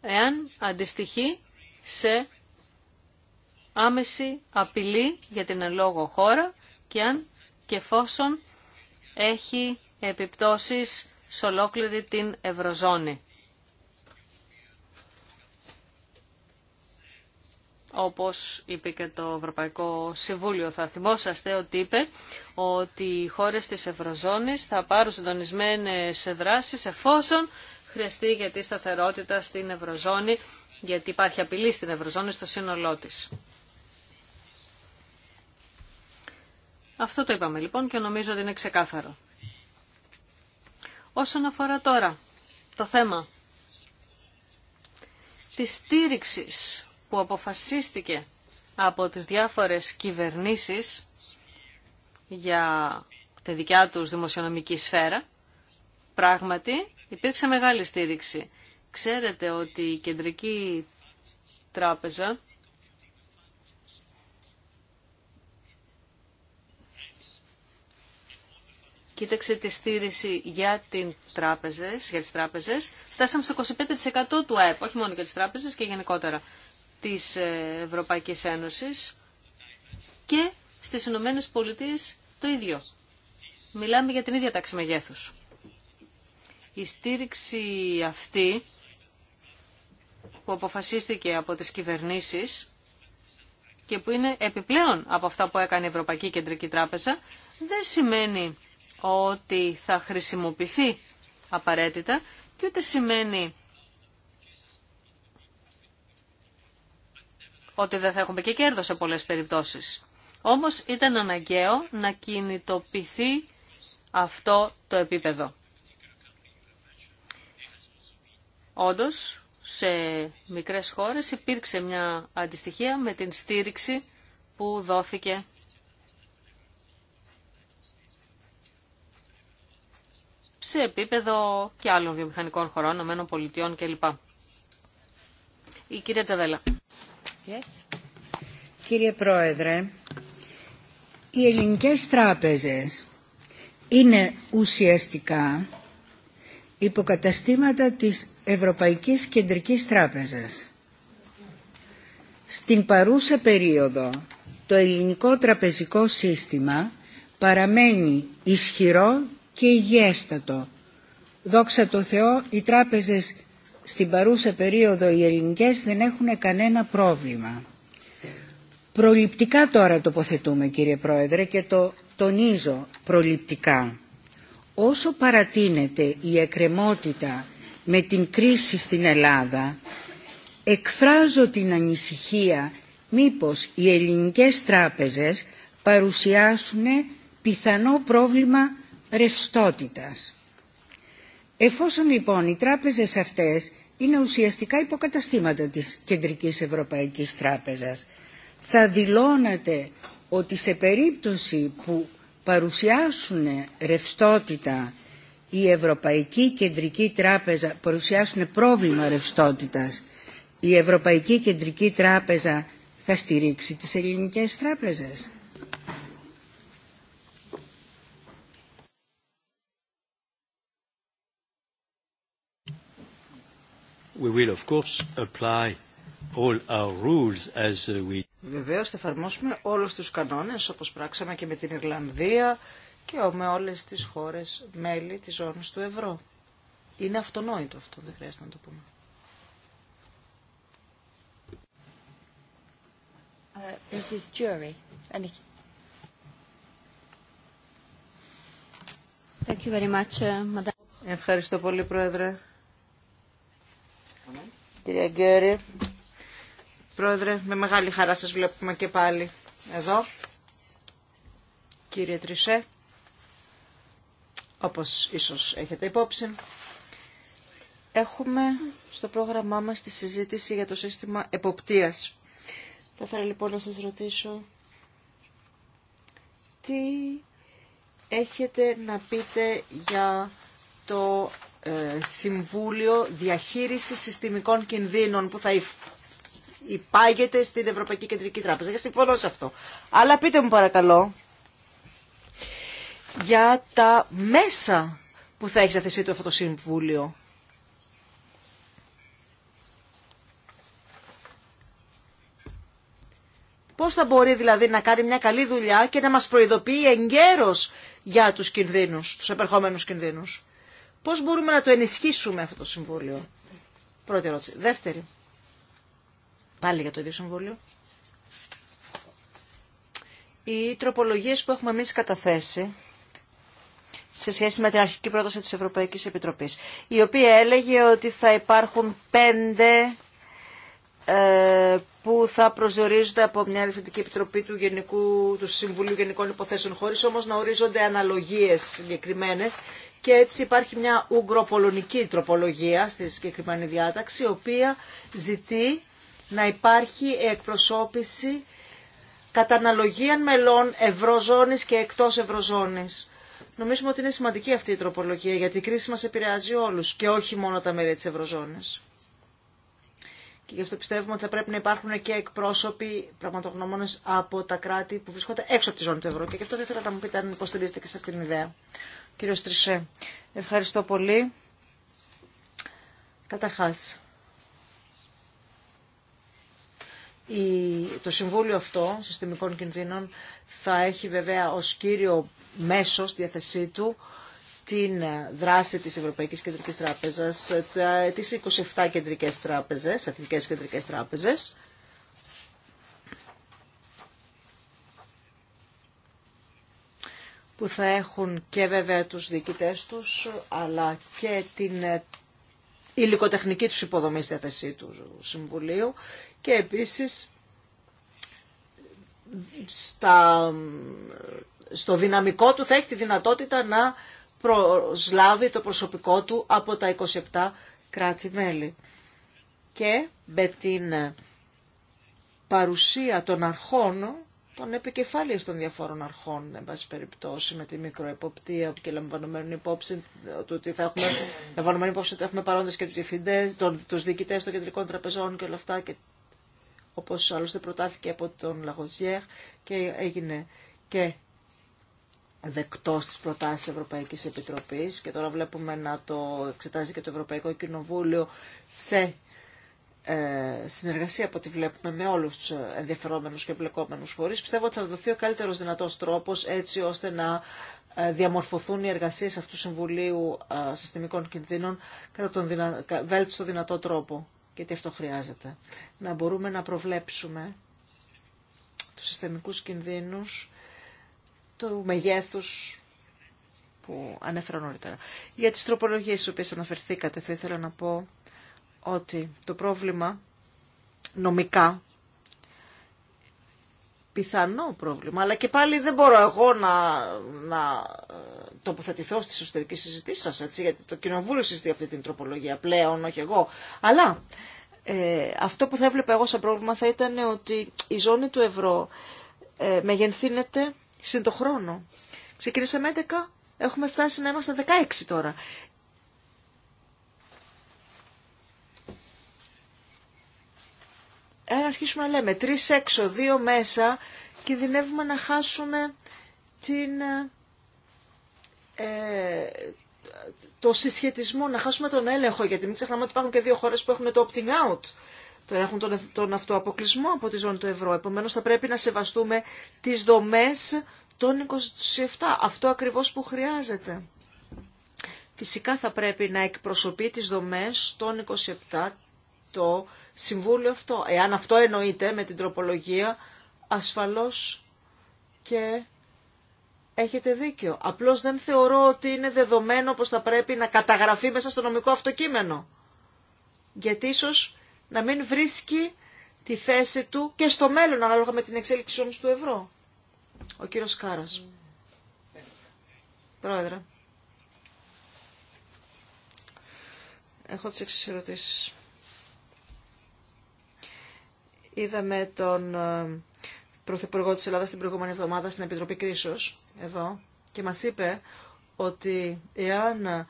Εάν αντιστοιχεί σε άμεση απειλή για την ελόγω χώρα και αν και εφόσον έχει επιπτώσεις σε ολόκληρη την Ευρωζώνη. όπως είπε και το Ευρωπαϊκό Συμβούλιο. Θα θυμόσαστε ότι είπε ότι οι χώρες της Ευρωζώνης θα πάρουν συντονισμένες δράσεις εφόσον χρειαστεί για τη σταθερότητα στην Ευρωζώνη, γιατί υπάρχει απειλή στην Ευρωζώνη στο σύνολό της. Αυτό το είπαμε λοιπόν και νομίζω ότι είναι ξεκάθαρο. Όσον αφορά τώρα το θέμα της στήριξης που αποφασίστηκε από τις διάφορες κυβερνήσεις για τη δικιά τους δημοσιονομική σφαίρα, πράγματι υπήρξε μεγάλη στήριξη. Ξέρετε ότι η Κεντρική Τράπεζα κοίταξε τη στήριξη για, την τράπεζες, για τις τράπεζες, φτάσαμε στο 25% του ΑΕΠ, όχι μόνο για τις τράπεζες και γενικότερα της Ευρωπαϊκής Ένωσης και στις Ηνωμένε Πολιτείε το ίδιο. Μιλάμε για την ίδια τάξη μεγέθους. Η στήριξη αυτή που αποφασίστηκε από τις κυβερνήσεις και που είναι επιπλέον από αυτά που έκανε η Ευρωπαϊκή Κεντρική Τράπεζα, δεν σημαίνει ότι θα χρησιμοποιηθεί απαραίτητα και ούτε σημαίνει ότι δεν θα έχουμε και κέρδο σε πολλές περιπτώσεις. Όμως ήταν αναγκαίο να κινητοποιηθεί αυτό το επίπεδο. Όντως, σε μικρές χώρες υπήρξε μια αντιστοιχία με την στήριξη που δόθηκε σε επίπεδο και άλλων βιομηχανικών χωρών, ΗΠΑ κλπ. Η κυρία Τζαβέλα. Κύριε Πρόεδρε, οι ελληνικές τράπεζες είναι ουσιαστικά υποκαταστήματα της Ευρωπαϊκής Κεντρικής Τράπεζας. Στην παρούσα περίοδο το ελληνικό τραπεζικό σύστημα παραμένει ισχυρό και υγιέστατο. Δόξα τω Θεώ οι τράπεζες στην παρούσα περίοδο οι ελληνικές δεν έχουν κανένα πρόβλημα. Προληπτικά τώρα τοποθετούμε κύριε Πρόεδρε και το τονίζω προληπτικά. Όσο παρατείνεται η εκκρεμότητα με την κρίση στην Ελλάδα, εκφράζω την ανησυχία μήπως οι ελληνικές τράπεζες παρουσιάσουν πιθανό πρόβλημα ρευστότητας. Εφόσον λοιπόν οι τράπεζες αυτές είναι ουσιαστικά υποκαταστήματα της Κεντρικής Ευρωπαϊκής Τράπεζας, θα δηλώνατε ότι σε περίπτωση που παρουσιάσουν ρευστότητα η Ευρωπαϊκή Κεντρική Τράπεζα παρουσιάσουν πρόβλημα ρευστότητας, η Ευρωπαϊκή Κεντρική Τράπεζα θα στηρίξει τις ελληνικές τράπεζες. we will of course apply all our rules as uh, we... Βεβαίως θα εφαρμόσουμε όλους τους κανόνες όπως πράξαμε και με την Ιρλανδία και με όλες τις χώρες μέλη της ζώνης του ευρώ. Είναι αυτονόητο αυτό, δεν χρειάζεται να το πούμε. Uh, uh, Ευχαριστώ πολύ, Πρόεδρε. Κυρία Γκέρι, πρόεδρε, με μεγάλη χαρά σας βλέπουμε και πάλι εδώ. Κύριε Τρισέ, όπως ίσως έχετε υπόψη, έχουμε στο πρόγραμμά μας τη συζήτηση για το σύστημα εποπτείας. Θα ήθελα λοιπόν να σας ρωτήσω τι έχετε να πείτε για το ε, Συμβούλιο Διαχείρισης Συστημικών Κινδύνων που θα υπάγεται στην Ευρωπαϊκή Κεντρική Τράπεζα. Για συμφωνώ σε αυτό. Αλλά πείτε μου παρακαλώ για τα μέσα που θα έχει σε θέση του αυτό το Συμβούλιο. Πώς θα μπορεί δηλαδή να κάνει μια καλή δουλειά και να μας προειδοποιεί εγκαίρως για τους κινδύνους, τους επερχόμενους κινδύνους. Πώς μπορούμε να το ενισχύσουμε αυτό το συμβολιό; Πρώτη ερώτηση. Δεύτερη. Πάλι για το ίδιο συμβολιό; Οι τροπολογίες που έχουμε εμείς καταθέσει σε σχέση με την αρχική πρόταση της Ευρωπαϊκής Επιτροπής, η οποία έλεγε ότι θα υπάρχουν πέντε ε, που θα προσδιορίζονται από μια διευθυντική επιτροπή του, Γενικού, του Συμβουλίου Γενικών Υποθέσεων, χωρίς όμως να ορίζονται αναλογίες συγκεκριμένε και έτσι υπάρχει μια ουγγροπολωνική τροπολογία στη συγκεκριμένη διάταξη, η οποία ζητεί να υπάρχει εκπροσώπηση κατά αναλογία μελών ευρωζώνης και εκτός ευρωζώνης. Νομίζουμε ότι είναι σημαντική αυτή η τροπολογία, γιατί η κρίση μας επηρεάζει όλους και όχι μόνο τα μέρη της ευρωζώνης. Και γι' αυτό πιστεύουμε ότι θα πρέπει να υπάρχουν και εκπρόσωποι πραγματογνωμόνες από τα κράτη που βρίσκονται έξω από τη ζώνη του ευρώ. Και γι' αυτό δεν ήθελα να μου πείτε αν υποστηρίζετε και σε αυτήν την ιδέα. Κύριο Στρισέ, ευχαριστώ πολύ. Καταρχάς, το Συμβούλιο αυτό συστημικών κινδύνων θα έχει βέβαια ως κύριο μέσο στη διάθεσή του την δράση της Ευρωπαϊκής Κεντρικής Τράπεζας, τις 27 κεντρικές τράπεζες, εθνικές κεντρικές τράπεζες, που θα έχουν και βέβαια τους διοικητές τους, αλλά και την ε, υλικοτεχνική τους υποδομή στη θέση του Συμβουλίου και επίσης στα, στο δυναμικό του θα έχει τη δυνατότητα να προσλάβει το προσωπικό του από τα 27 κράτη-μέλη. Και με την παρουσία των αρχών των επικεφάλειες των διαφόρων αρχών, εν πάση περιπτώσει, με τη μικροεποπτεία και λαμβανωμένη υπόψη ότι θα έχουμε, λαμβανωμένη υπόψη ότι έχουμε παρόντες και τους διευθυντές, τους διοικητές των κεντρικών τραπεζών και όλα αυτά και όπως άλλωστε προτάθηκε από τον Λαγοζιέρ και έγινε και δεκτό στις προτάσεις Ευρωπαϊκής Επιτροπής και τώρα βλέπουμε να το εξετάζει και το Ευρωπαϊκό Κοινοβούλιο σε ε, συνεργασία από ό,τι βλέπουμε με όλους τους ενδιαφερόμενους και εμπλεκόμενους φορείς, πιστεύω ότι θα δοθεί ο καλύτερος δυνατός τρόπος έτσι ώστε να ε, διαμορφωθούν οι εργασίες αυτού του Συμβουλίου ε, Συστημικών Κινδύνων κατά τον βέλτιστο δυνατό τρόπο, γιατί αυτό χρειάζεται. Να μπορούμε να προβλέψουμε τους συστημικούς κινδύνους του μεγέθου που ανέφερα νωρίτερα. Για τι τροπολογίε στι οποίε αναφερθήκατε θα ήθελα να πω ότι το πρόβλημα νομικά πιθανό πρόβλημα, αλλά και πάλι δεν μπορώ εγώ να, να ε, τοποθετηθώ στις εσωτερικές συζητήσεις σας, έτσι, γιατί το κοινοβούλιο συζητεί αυτή την τροπολογία πλέον, όχι εγώ. Αλλά ε, αυτό που θα έβλεπα εγώ σαν πρόβλημα θα ήταν ότι η ζώνη του ευρώ ε, μεγενθύνεται σύντο χρόνο. Ξεκινήσαμε 11, έχουμε φτάσει να είμαστε 16 τώρα. αν αρχίσουμε να λέμε τρεις έξω, δύο μέσα, κινδυνεύουμε να χάσουμε την, ε, το συσχετισμό, να χάσουμε τον έλεγχο, γιατί μην ξεχνάμε ότι υπάρχουν και δύο χώρες που έχουν το opting out, το έχουν τον, τον αυτοαποκλεισμό από τη ζώνη του ευρώ. Επομένως θα πρέπει να σεβαστούμε τις δομές των 27, αυτό ακριβώς που χρειάζεται. Φυσικά θα πρέπει να εκπροσωπεί τις δομές των 27 το Συμβούλιο αυτό. Εάν αυτό εννοείται με την τροπολογία, ασφαλώς και έχετε δίκιο. Απλώς δεν θεωρώ ότι είναι δεδομένο πως θα πρέπει να καταγραφεί μέσα στο νομικό αυτοκείμενο. Γιατί ίσως να μην βρίσκει τη θέση του και στο μέλλον ανάλογα με την εξέλιξη όμως του ευρώ. Ο κύριος Κάρας. Mm. Πρόεδρε. Έχω τις εξής ερωτήσεις. Είδαμε τον ε, Πρωθυπουργό της Ελλάδας την προηγούμενη εβδομάδα στην Επιτροπή Κρίσεως εδώ, και μας είπε ότι εάν ε,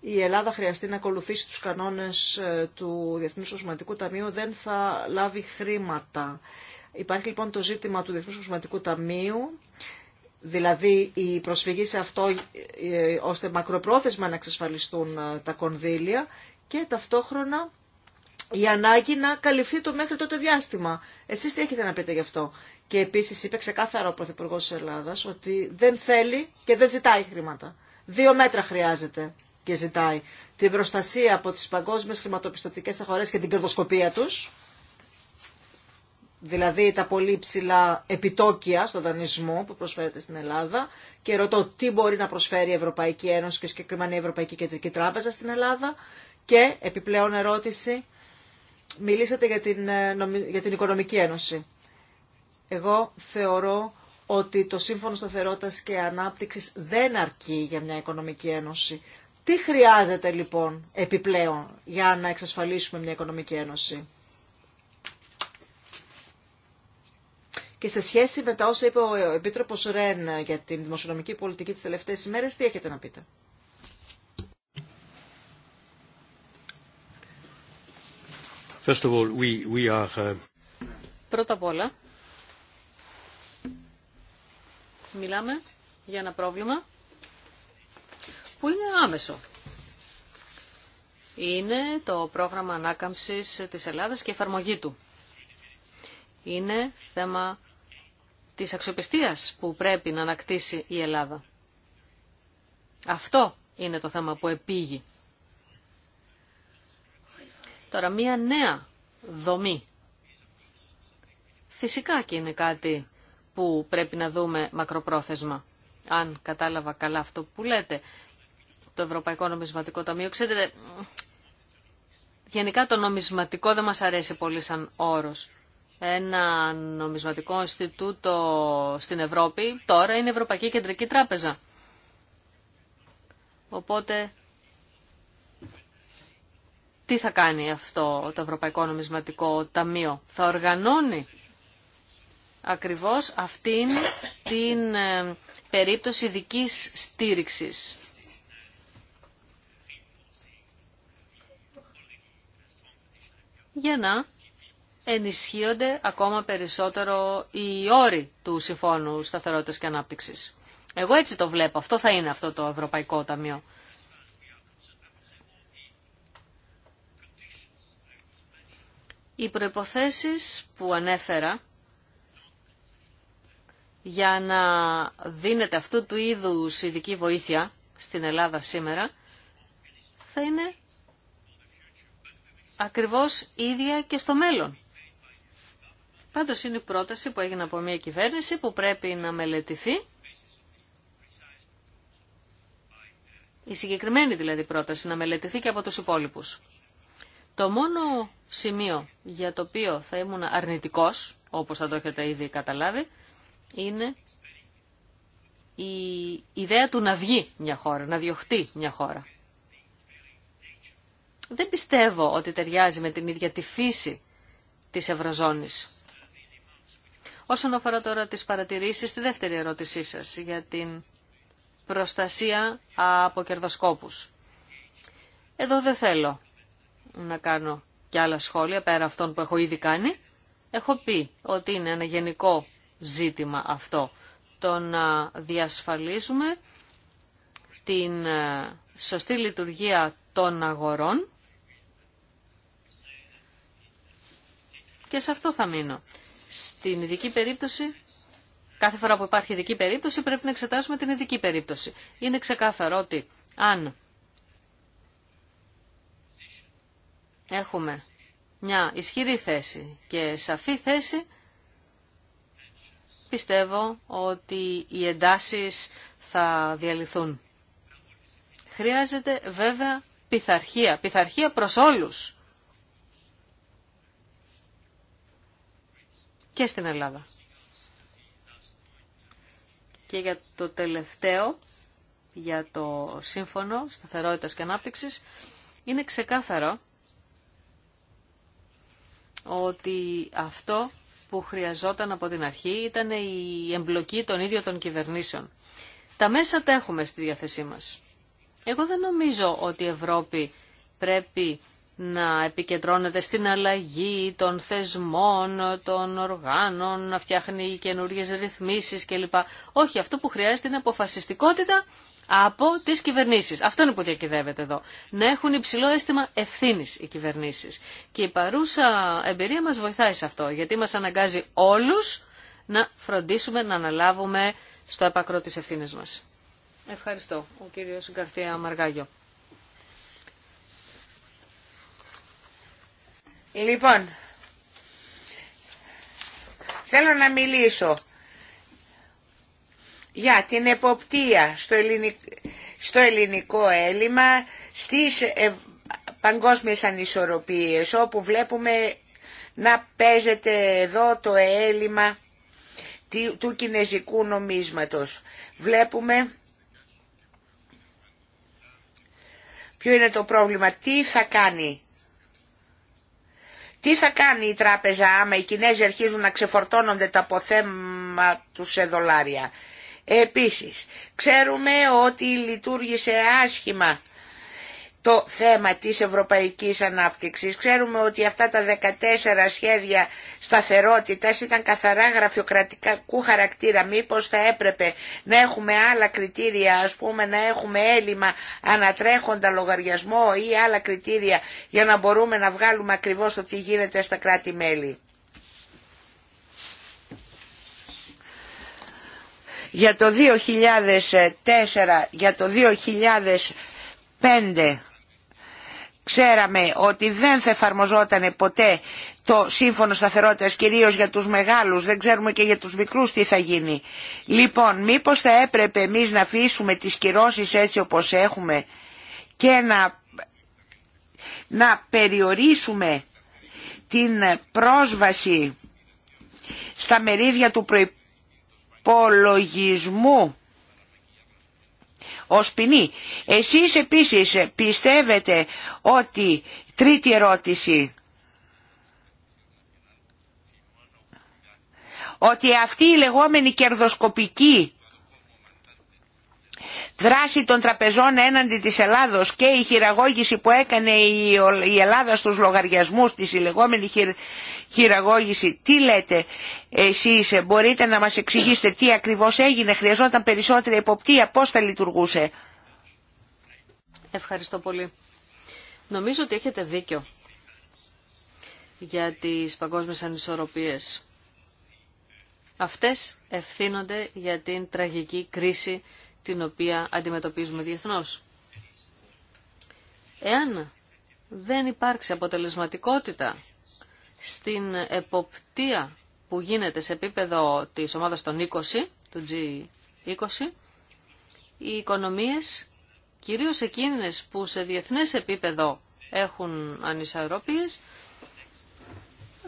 η Ελλάδα χρειαστεί να ακολουθήσει τους κανόνες ε, του Διεθνούς Οσματικού Ταμείου, δεν θα λάβει χρήματα. Υπάρχει λοιπόν το ζήτημα του Διεθνούς Οσματικού Ταμείου, δηλαδή η προσφυγή σε αυτό ώστε μακροπρόθεσμα να εξασφαλιστούν τα κονδύλια και ταυτόχρονα η ανάγκη να καλυφθεί το μέχρι τότε διάστημα. Εσεί τι έχετε να πείτε γι' αυτό. Και επίση είπε ξεκάθαρα ο Πρωθυπουργό τη Ελλάδα ότι δεν θέλει και δεν ζητάει χρήματα. Δύο μέτρα χρειάζεται και ζητάει. Την προστασία από τι παγκόσμιε χρηματοπιστωτικέ αγορέ και την κερδοσκοπία του, δηλαδή τα πολύ ψηλά επιτόκια στο δανεισμό που προσφέρεται στην Ελλάδα και ρωτώ τι μπορεί να προσφέρει η Ευρωπαϊκή Ένωση και συγκεκριμένα η Ευρωπαϊκή Κεντρική Τράπεζα στην Ελλάδα και επιπλέον ερώτηση μιλήσατε για την, ε, για την Οικονομική Ένωση. Εγώ θεωρώ ότι το Σύμφωνο Σταθερότητας και Ανάπτυξης δεν αρκεί για μια Οικονομική Ένωση. Τι χρειάζεται λοιπόν επιπλέον για να εξασφαλίσουμε μια Οικονομική Ένωση. Και σε σχέση με τα όσα είπε ο Επίτροπος Ρεν για την δημοσιονομική πολιτική τις τελευταίες ημέρες, τι έχετε να πείτε. Uh, Πρώτα απ' όλα, μιλάμε για ένα πρόβλημα που είναι άμεσο. Είναι το πρόγραμμα ανάκαμψης της Ελλάδας και εφαρμογή του. Είναι θέμα της αξιοπιστίας που πρέπει να ανακτήσει η Ελλάδα. Αυτό είναι το θέμα που επήγει. Τώρα μία νέα δομή. Φυσικά και είναι κάτι που πρέπει να δούμε μακροπρόθεσμα. Αν κατάλαβα καλά αυτό που λέτε, το Ευρωπαϊκό Νομισματικό Ταμείο, ξέρετε, γενικά το νομισματικό δεν μας αρέσει πολύ σαν όρος. Ένα νομισματικό Ινστιτούτο στην Ευρώπη τώρα είναι η Ευρωπαϊκή Κεντρική Τράπεζα. Οπότε τι θα κάνει αυτό το Ευρωπαϊκό Νομισματικό Ταμείο. Θα οργανώνει ακριβώς αυτήν την ε, περίπτωση δικής στήριξης. Για να ενισχύονται ακόμα περισσότερο οι όροι του Συμφώνου Σταθερότητας και Ανάπτυξης. Εγώ έτσι το βλέπω. Αυτό θα είναι αυτό το Ευρωπαϊκό Ταμείο. Οι προϋποθέσεις που ανέφερα για να δίνεται αυτού του είδους ειδική βοήθεια στην Ελλάδα σήμερα θα είναι ακριβώς ίδια και στο μέλλον. Πάντως είναι η πρόταση που έγινε από μια κυβέρνηση που πρέπει να μελετηθεί. Η συγκεκριμένη δηλαδή πρόταση να μελετηθεί και από τους υπόλοιπους. Το μόνο σημείο για το οποίο θα ήμουν αρνητικός, όπως θα το έχετε ήδη καταλάβει, είναι η ιδέα του να βγει μια χώρα, να διωχτεί μια χώρα. Δεν πιστεύω ότι ταιριάζει με την ίδια τη φύση της Ευρωζώνης. Όσον αφορά τώρα τις παρατηρήσεις, στη δεύτερη ερώτησή σας για την προστασία από κερδοσκόπους. Εδώ δεν θέλω να κάνω και άλλα σχόλια πέρα αυτών που έχω ήδη κάνει. Έχω πει ότι είναι ένα γενικό ζήτημα αυτό το να διασφαλίζουμε την ε, σωστή λειτουργία των αγορών και σε αυτό θα μείνω. Στην ειδική περίπτωση, κάθε φορά που υπάρχει ειδική περίπτωση πρέπει να εξετάσουμε την ειδική περίπτωση. Είναι ξεκάθαρο ότι αν έχουμε μια ισχυρή θέση και σαφή θέση, πιστεύω ότι οι εντάσεις θα διαλυθούν. Χρειάζεται βέβαια πειθαρχία, πειθαρχία προς όλους. Και στην Ελλάδα. Και για το τελευταίο, για το σύμφωνο σταθερότητας και ανάπτυξης, είναι ξεκάθαρο ότι αυτό που χρειαζόταν από την αρχή ήταν η εμπλοκή των ίδιων των κυβερνήσεων. Τα μέσα τα έχουμε στη διάθεσή μας. Εγώ δεν νομίζω ότι η Ευρώπη πρέπει να επικεντρώνεται στην αλλαγή των θεσμών, των οργάνων, να φτιάχνει καινούργιες ρυθμίσεις κλπ. Όχι, αυτό που χρειάζεται είναι αποφασιστικότητα από τις κυβερνήσεις. Αυτό είναι που διακυδεύεται εδώ. Να έχουν υψηλό αίσθημα ευθύνη οι κυβερνήσεις. Και η παρούσα εμπειρία μας βοηθάει σε αυτό, γιατί μας αναγκάζει όλους να φροντίσουμε να αναλάβουμε στο επακρό τη ευθύνε μας. Ευχαριστώ, ο κύριος Γκαρθία Μαργάγιο. Λοιπόν, θέλω να μιλήσω για την εποπτεία στο ελληνικό, στο έλλειμμα, στις ε, παγκόσμιες ανισορροπίες, όπου βλέπουμε να παίζεται εδώ το έλλειμμα του κινέζικου νομίσματος. Βλέπουμε ποιο είναι το πρόβλημα, τι θα κάνει. Τι θα κάνει η τράπεζα άμα οι Κινέζοι αρχίζουν να ξεφορτώνονται τα αποθέματα τους σε δολάρια. Επίσης, ξέρουμε ότι λειτουργήσε άσχημα το θέμα της ευρωπαϊκής ανάπτυξης. Ξέρουμε ότι αυτά τα 14 σχέδια σταθερότητας ήταν καθαρά γραφειοκρατικού χαρακτήρα. Μήπως θα έπρεπε να έχουμε άλλα κριτήρια, ας πούμε να έχουμε έλλειμμα ανατρέχοντα λογαριασμό ή άλλα κριτήρια για να μπορούμε να βγάλουμε ακριβώς το τι γίνεται στα κράτη-μέλη. για το 2004, για το 2005 ξέραμε ότι δεν θα εφαρμοζόταν ποτέ το σύμφωνο σταθερότητας κυρίως για τους μεγάλους, δεν ξέρουμε και για τους μικρούς τι θα γίνει. Λοιπόν, μήπως θα έπρεπε εμείς να αφήσουμε τις κυρώσεις έτσι όπως έχουμε και να, περιορίσουμε την πρόσβαση στα μερίδια του προϋπολογισμού υπολογισμού ως ποινή. Εσείς επίσης πιστεύετε ότι, τρίτη ερώτηση, ότι αυτή η λεγόμενη κερδοσκοπική δράση των τραπεζών έναντι της Ελλάδος και η χειραγώγηση που έκανε η Ελλάδα στους λογαριασμούς της, η λεγόμενη χειραγώγηση. Τι λέτε εσείς, μπορείτε να μας εξηγήσετε τι ακριβώς έγινε, χρειαζόταν περισσότερη εποπτεία, πώς θα λειτουργούσε. Ευχαριστώ πολύ. Νομίζω ότι έχετε δίκιο για τις παγκόσμιες ανισορροπίες. Αυτές ευθύνονται για την τραγική κρίση την οποία αντιμετωπίζουμε διεθνώς. Εάν δεν υπάρξει αποτελεσματικότητα στην εποπτεία που γίνεται σε επίπεδο της ομάδας των 20, του G20, οι οικονομίες, κυρίως εκείνες που σε διεθνές επίπεδο έχουν ανισορροπίες,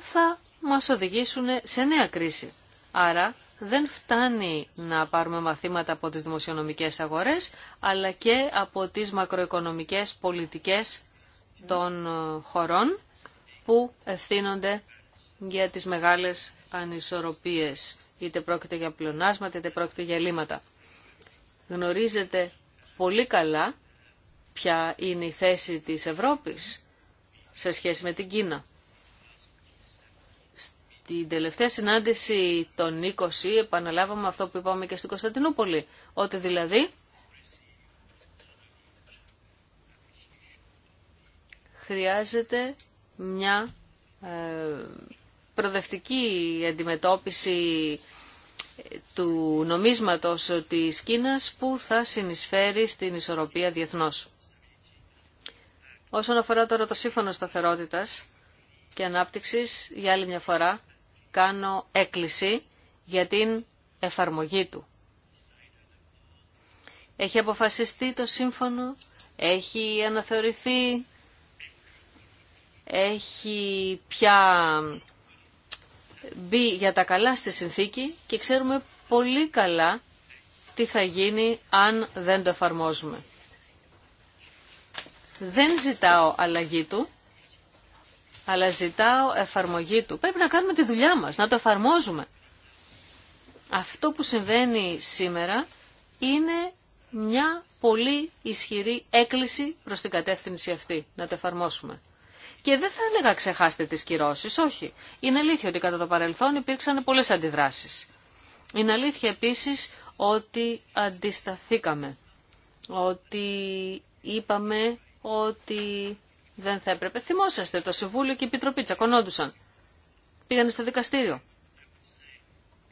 θα μας οδηγήσουν σε νέα κρίση. Άρα δεν φτάνει να πάρουμε μαθήματα από τις δημοσιονομικές αγορές, αλλά και από τις μακροοικονομικές πολιτικές των ε, χωρών που ευθύνονται για τις μεγάλες ανισορροπίες, είτε πρόκειται για πλεονάσματα, είτε πρόκειται για λύματα. Γνωρίζετε πολύ καλά ποια είναι η θέση της Ευρώπης σε σχέση με την Κίνα την τελευταία συνάντηση των 20 επαναλάβαμε αυτό που είπαμε και στην Κωνσταντινούπολη. Ότι δηλαδή χρειάζεται μια ε, προδευτική αντιμετώπιση του νομίσματος της Κίνας που θα συνεισφέρει στην ισορροπία διεθνώς. Όσον αφορά τώρα το σύμφωνο σταθερότητας και ανάπτυξης, για άλλη μια φορά κάνω έκκληση για την εφαρμογή του. Έχει αποφασιστεί το σύμφωνο, έχει αναθεωρηθεί, έχει πια μπει για τα καλά στη συνθήκη και ξέρουμε πολύ καλά τι θα γίνει αν δεν το εφαρμόζουμε. Δεν ζητάω αλλαγή του, αλλά ζητάω εφαρμογή του. Πρέπει να κάνουμε τη δουλειά μας, να το εφαρμόζουμε. Αυτό που συμβαίνει σήμερα είναι μια πολύ ισχυρή έκκληση προς την κατεύθυνση αυτή, να το εφαρμόσουμε. Και δεν θα έλεγα ξεχάστε τις κυρώσεις, όχι. Είναι αλήθεια ότι κατά το παρελθόν υπήρξαν πολλές αντιδράσεις. Είναι αλήθεια επίσης ότι αντισταθήκαμε, ότι είπαμε ότι δεν θα έπρεπε. Θυμόσαστε, το Συμβούλιο και η Επιτροπή τσακωνόντουσαν. Πήγανε στο δικαστήριο.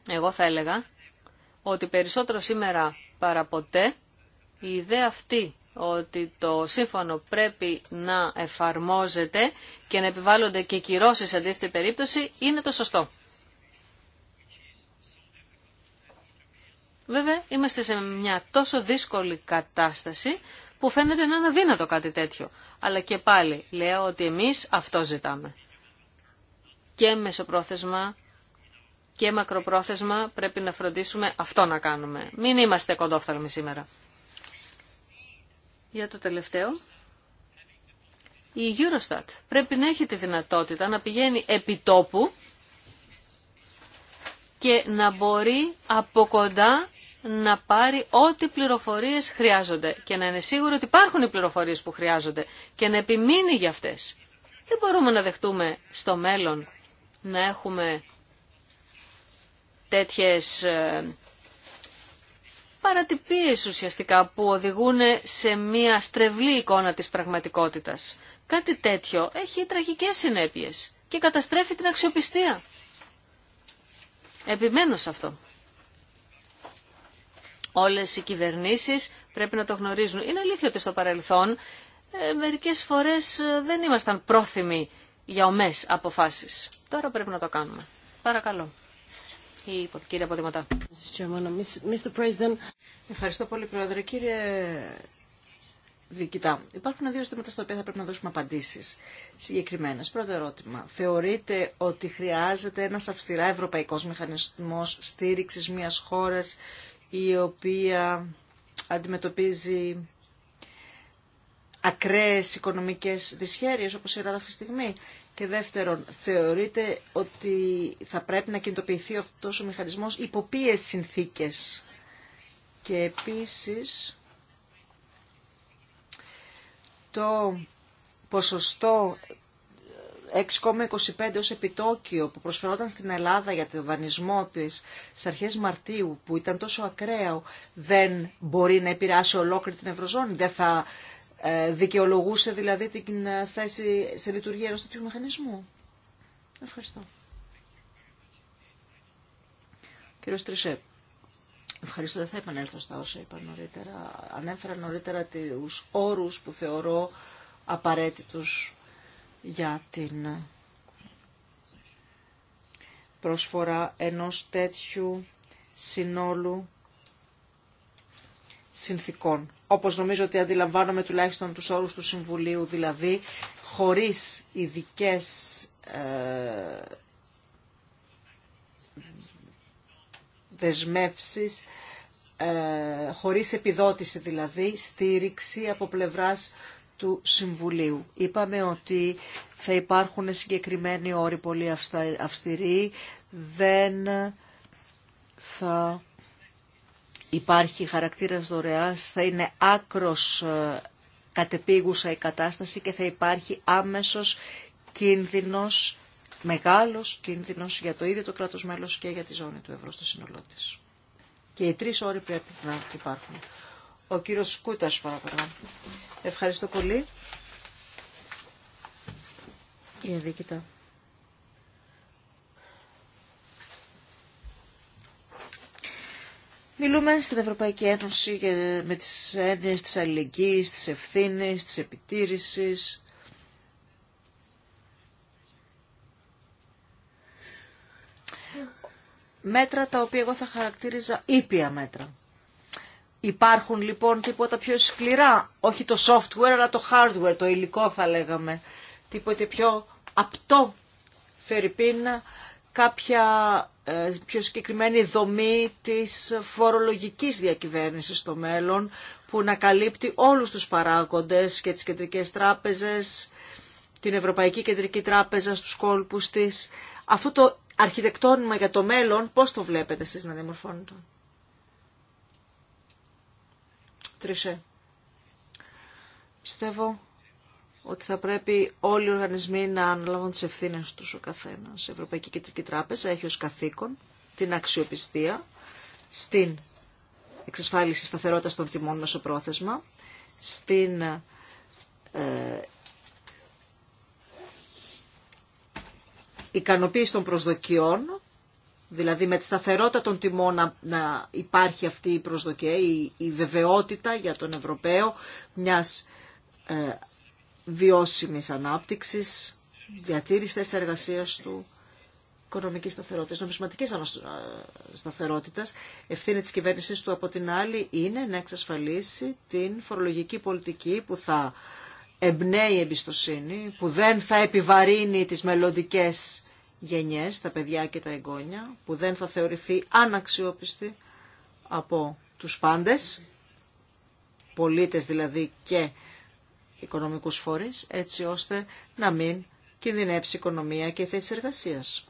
Εγώ θα έλεγα ότι περισσότερο σήμερα παραποτέ η ιδέα αυτή ότι το σύμφωνο πρέπει να εφαρμόζεται και να επιβάλλονται και κυρώσεις σε αντίθετη περίπτωση είναι το σωστό. Βέβαια, είμαστε σε μια τόσο δύσκολη κατάσταση που φαίνεται να είναι αδύνατο κάτι τέτοιο. Αλλά και πάλι λέω ότι εμείς αυτό ζητάμε. Και μεσοπρόθεσμα και μακροπρόθεσμα πρέπει να φροντίσουμε αυτό να κάνουμε. Μην είμαστε κοντόφθαλμοι σήμερα. Για το τελευταίο. Η Eurostat πρέπει να έχει τη δυνατότητα να πηγαίνει επιτόπου και να μπορεί από κοντά να πάρει ό,τι πληροφορίες χρειάζονται και να είναι σίγουρο ότι υπάρχουν οι πληροφορίες που χρειάζονται και να επιμείνει για αυτές. Δεν μπορούμε να δεχτούμε στο μέλλον να έχουμε τέτοιες ε, παρατυπίες ουσιαστικά που οδηγούν σε μια στρεβλή εικόνα της πραγματικότητας. Κάτι τέτοιο έχει τραγικές συνέπειες και καταστρέφει την αξιοπιστία. Επιμένω σε αυτό. Όλες οι κυβερνήσεις πρέπει να το γνωρίζουν. Είναι αλήθεια ότι στο παρελθόν ε, μερικές φορές ε, δεν ήμασταν πρόθυμοι για ομές αποφάσεις. Τώρα πρέπει να το κάνουμε. Παρακαλώ. Η κυρία Ποδηματά. Ευχαριστώ πολύ, Πρόεδρε. Κύριε Διοικητά, υπάρχουν δύο ζητήματα στα οποία θα πρέπει να δώσουμε απαντήσεις συγκεκριμένες. Πρώτο ερώτημα. Θεωρείτε ότι χρειάζεται ένας αυστηρά ευρωπαϊκός μηχανισμός στήριξης μιας χώρας η οποία αντιμετωπίζει ακραίες οικονομικές δυσχέρειες όπως η αυτή τη στιγμή. Και δεύτερον, θεωρείτε ότι θα πρέπει να κινητοποιηθεί αυτός ο μηχανισμός υπό ποιες συνθήκες. Και επίσης το ποσοστό 6,25 ως επιτόκιο που προσφερόταν στην Ελλάδα για το δανεισμό της στις αρχές Μαρτίου που ήταν τόσο ακραίο δεν μπορεί να επηρεάσει ολόκληρη την Ευρωζώνη. Δεν θα ε, δικαιολογούσε δηλαδή την ε, θέση σε λειτουργία ενός τέτοιου μηχανισμού. Ευχαριστώ. Κύριο Τρισέ, ευχαριστώ. Δεν θα επανέλθω στα όσα είπα νωρίτερα. Ανέφερα νωρίτερα τους όρους που θεωρώ απαραίτητους για την προσφορά ενός τέτοιου συνόλου συνθήκων. Όπως νομίζω ότι αντιλαμβάνομαι τουλάχιστον τους όρους του Συμβουλίου, δηλαδή χωρίς ειδικέ ε, δεσμεύσεις, ε, χωρίς επιδότηση δηλαδή, στήριξη από πλευράς του Συμβουλίου. Είπαμε ότι θα υπάρχουν συγκεκριμένοι όροι πολύ αυστηροί, δεν θα υπάρχει χαρακτήρας δωρεάς, θα είναι άκρος ε, κατεπίγουσα η κατάσταση και θα υπάρχει άμεσος κίνδυνος, μεγάλος κίνδυνος για το ίδιο το κράτος μέλος και για τη ζώνη του ευρώ στο σύνολό της. Και οι τρεις όροι πρέπει να υπάρχουν. Ο κύριος Σκούτας παρακαλώ. Ευχαριστώ πολύ. Κύριε Δίκητα. Μιλούμε στην Ευρωπαϊκή Ένωση με τις έννοιες της αλληλεγγύης, της ευθύνης, της επιτήρησης. Μέτρα τα οποία εγώ θα χαρακτήριζα ήπια μέτρα. Υπάρχουν λοιπόν τίποτα πιο σκληρά, όχι το software αλλά το hardware, το υλικό θα λέγαμε. Τίποτε πιο απτό, φερρυπίν, κάποια ε, πιο συγκεκριμένη δομή της φορολογικής διακυβέρνησης στο μέλλον που να καλύπτει όλους τους παράγοντες και τις κεντρικές τράπεζες, την Ευρωπαϊκή Κεντρική Τράπεζα στους κόλπους της. Αυτό το αρχιτεκτόνημα για το μέλλον πώς το βλέπετε εσείς να διαμορφώνετε. Τρισέ. Πιστεύω ότι θα πρέπει όλοι οι οργανισμοί να αναλάβουν τις ευθύνες τους ο καθένας. Η Ευρωπαϊκή Κεντρική Τράπεζα έχει ως καθήκον την αξιοπιστία στην εξασφάλιση σταθερότητας των τιμών πρόθεσμα, στην ε, ικανοποίηση των προσδοκιών δηλαδή με τη σταθερότητα των τιμών να, υπάρχει αυτή η προσδοκία, η, βεβαιότητα για τον Ευρωπαίο μιας ε, βιώσιμης ανάπτυξης, διατήρησης εργασίας του, οικονομική σταθερότητα, νομισματικής ε, σταθερότητας. Ευθύνη τη κυβέρνηση του, από την άλλη, είναι να εξασφαλίσει την φορολογική πολιτική που θα εμπνέει εμπιστοσύνη, που δεν θα επιβαρύνει τις μελλοντικές γενιές, τα παιδιά και τα εγγόνια, που δεν θα θεωρηθεί αναξιόπιστη από τους πάντες, πολίτες δηλαδή και οικονομικούς φορείς, έτσι ώστε να μην κινδυνεύσει η οικονομία και η θέση εργασίας.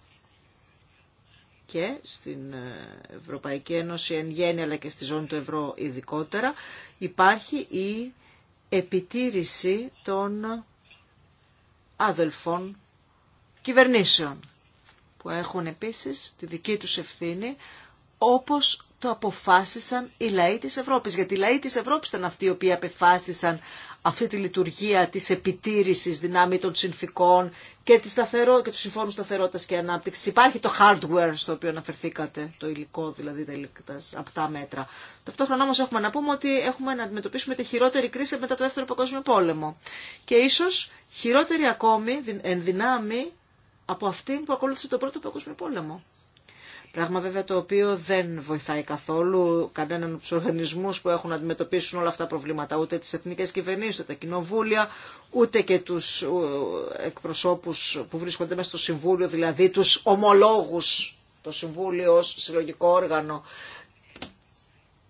Και στην ε, Ευρωπαϊκή Ένωση εν γέννη αλλά και στη ζώνη του ευρώ ειδικότερα υπάρχει η επιτήρηση των αδελφών κυβερνήσεων που έχουν επίσης τη δική τους ευθύνη, όπως το αποφάσισαν οι λαοί της Ευρώπης. Γιατί οι λαοί της Ευρώπης ήταν αυτοί οι οποίοι απεφάσισαν αυτή τη λειτουργία της επιτήρησης δυνάμει των συνθήκων και, σταθερό, και του συμφώνου σταθερότητας και ανάπτυξης. Υπάρχει το hardware στο οποίο αναφερθήκατε, το υλικό δηλαδή τα τα μέτρα. Ταυτόχρονα όμως έχουμε να πούμε ότι έχουμε να αντιμετωπίσουμε τη χειρότερη κρίση μετά το Δεύτερο Παγκόσμιο Πόλεμο. Και ίσως χειρότερη ακόμη εν δυνάμει από αυτήν που ακολούθησε τον Πρώτο Παγκόσμιο Πόλεμο. Πράγμα βέβαια το οποίο δεν βοηθάει καθόλου κανέναν από του οργανισμού που έχουν να αντιμετωπίσουν όλα αυτά τα προβλήματα, ούτε τι εθνικέ κυβερνήσει, ούτε τα κοινοβούλια, ούτε και του ε, εκπροσώπου που βρίσκονται μέσα στο Συμβούλιο, δηλαδή του ομολόγου, το Συμβούλιο ω συλλογικό όργανο.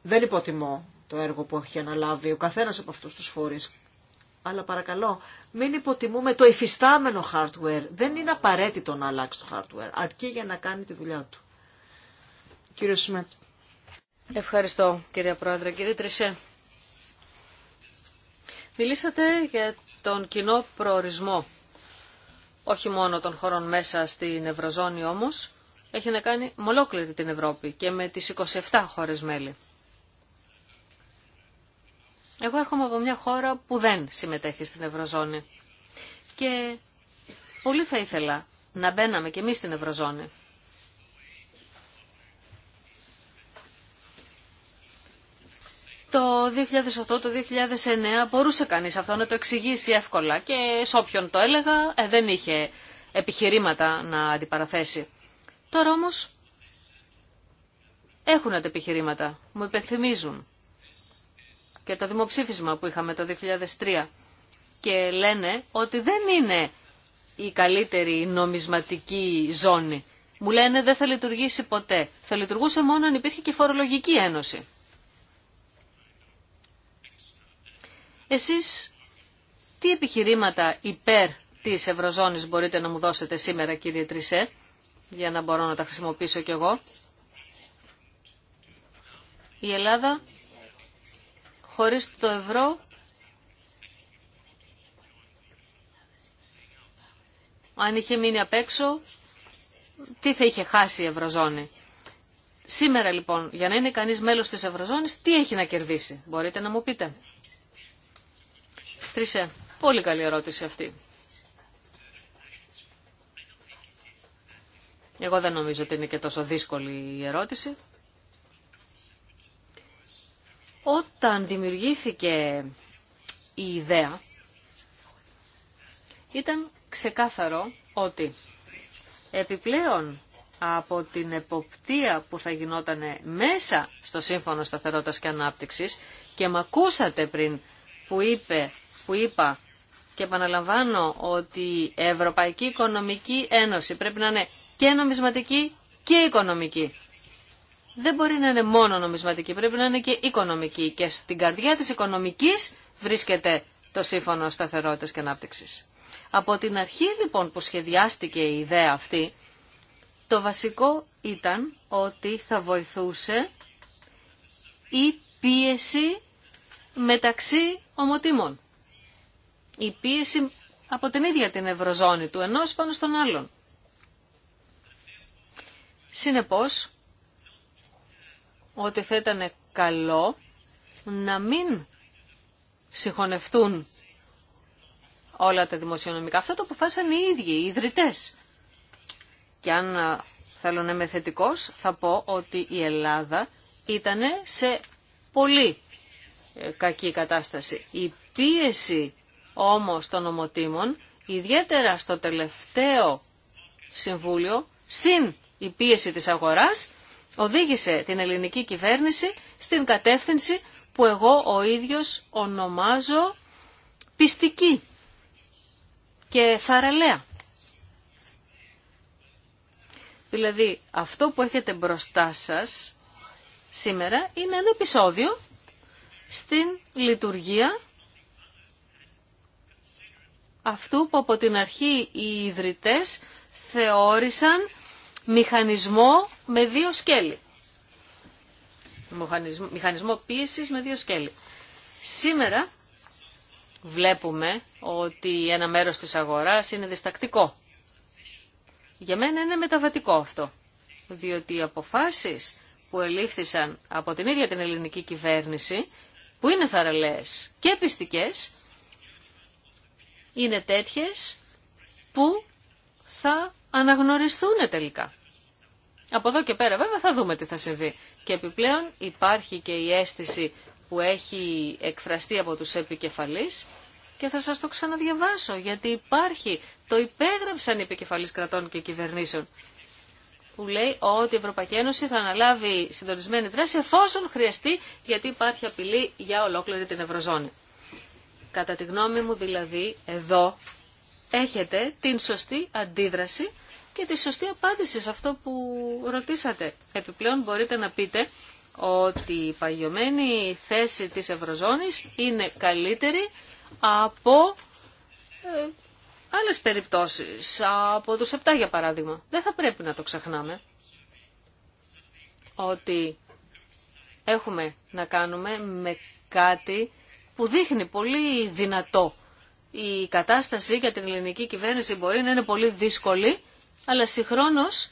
Δεν υποτιμώ το έργο που έχει αναλάβει ο καθένα από αυτού του φορεί αλλά παρακαλώ μην υποτιμούμε το εφιστάμενο hardware. Δεν είναι απαραίτητο να αλλάξει το hardware, αρκεί για να κάνει τη δουλειά του. Κύριε Σμέτ. Ευχαριστώ κύριε Πρόεδρε. Κύριε Τρισέ, μιλήσατε για τον κοινό προορισμό, όχι μόνο των χωρών μέσα στην Ευρωζώνη όμως, έχει να κάνει με ολόκληρη την Ευρώπη και με τις 27 χώρες μέλη. Εγώ έρχομαι από μια χώρα που δεν συμμετέχει στην Ευρωζώνη και πολύ θα ήθελα να μπαίναμε και εμείς στην Ευρωζώνη. Το 2008, το 2009 μπορούσε κανείς αυτό να το εξηγήσει εύκολα και σε όποιον το έλεγα ε, δεν είχε επιχειρήματα να αντιπαραθέσει. Τώρα όμως έχουν αντεπιχειρήματα, μου υπενθυμίζουν και το δημοψήφισμα που είχαμε το 2003 και λένε ότι δεν είναι η καλύτερη νομισματική ζώνη. Μου λένε δεν θα λειτουργήσει ποτέ. Θα λειτουργούσε μόνο αν υπήρχε και φορολογική ένωση. Εσείς τι επιχειρήματα υπέρ της Ευρωζώνης μπορείτε να μου δώσετε σήμερα κύριε Τρισέ, για να μπορώ να τα χρησιμοποιήσω κι εγώ. Η Ελλάδα Χωρίς το ευρώ αν είχε μείνει απ' έξω, τι θα είχε χάσει η Ευρωζώνη. Σήμερα λοιπόν, για να είναι κανείς μέλος της Ευρωζώνης, τι έχει να κερδίσει. Μπορείτε να μου πείτε. Τρίσε, πολύ καλή ερώτηση αυτή. Εγώ δεν νομίζω ότι είναι και τόσο δύσκολη η ερώτηση. Όταν δημιουργήθηκε η ιδέα, ήταν ξεκάθαρο ότι επιπλέον από την εποπτεία που θα γινόταν μέσα στο Σύμφωνο Σταθερότητας και Ανάπτυξης και με ακούσατε πριν που, είπε, που είπα και επαναλαμβάνω ότι η Ευρωπαϊκή Οικονομική Ένωση πρέπει να είναι και νομισματική και οικονομική δεν μπορεί να είναι μόνο νομισματική, πρέπει να είναι και οικονομική. Και στην καρδιά της οικονομικής βρίσκεται το Σύμφωνο Σταθερότητας και Ανάπτυξης. Από την αρχή λοιπόν που σχεδιάστηκε η ιδέα αυτή, το βασικό ήταν ότι θα βοηθούσε η πίεση μεταξύ ομοτήμων. Η πίεση από την ίδια την ευρωζώνη του ενός πάνω στον άλλον. Συνεπώς, ότι θα ήταν καλό να μην συγχωνευτούν όλα τα δημοσιονομικά. Αυτό το αποφάσισαν οι ίδιοι, οι ιδρυτές. Και αν ε, θέλω να είμαι θετικό, θα πω ότι η Ελλάδα ήταν σε πολύ ε, κακή κατάσταση. Η πίεση όμως των ομοτήμων, ιδιαίτερα στο τελευταίο συμβούλιο, συν η πίεση της αγοράς, οδήγησε την ελληνική κυβέρνηση στην κατεύθυνση που εγώ ο ίδιος ονομάζω πιστική και θαραλέα. Δηλαδή αυτό που έχετε μπροστά σας σήμερα είναι ένα επεισόδιο στην λειτουργία αυτού που από την αρχή οι ιδρυτές θεώρησαν μηχανισμό με δύο σκέλη. Μηχανισμό, μηχανισμό πίεσης με δύο σκέλη. Σήμερα βλέπουμε ότι ένα μέρος της αγοράς είναι διστακτικό. Για μένα είναι μεταβατικό αυτό, διότι οι αποφάσεις που ελήφθησαν από την ίδια την ελληνική κυβέρνηση, που είναι θαραλέες και πιστικές, είναι τέτοιες που θα αναγνωριστούν τελικά. Από εδώ και πέρα βέβαια θα δούμε τι θα συμβεί. Και επιπλέον υπάρχει και η αίσθηση που έχει εκφραστεί από τους επικεφαλείς και θα σας το ξαναδιαβάσω γιατί υπάρχει, το υπέγραψαν οι επικεφαλείς κρατών και κυβερνήσεων που λέει ότι η Ευρωπαϊκή Ένωση θα αναλάβει συντονισμένη δράση εφόσον χρειαστεί γιατί υπάρχει απειλή για ολόκληρη την Ευρωζώνη. Κατά τη γνώμη μου δηλαδή εδώ έχετε την σωστή αντίδραση και τη σωστή απάντηση σε αυτό που ρωτήσατε. Επιπλέον μπορείτε να πείτε ότι η παγιωμένη θέση της Ευρωζώνης είναι καλύτερη από ε, άλλες περιπτώσεις, από τους 7 για παράδειγμα. Δεν θα πρέπει να το ξεχνάμε ότι έχουμε να κάνουμε με κάτι που δείχνει πολύ δυνατό. Η κατάσταση για την ελληνική κυβέρνηση μπορεί να είναι πολύ δύσκολη, αλλά συγχρόνως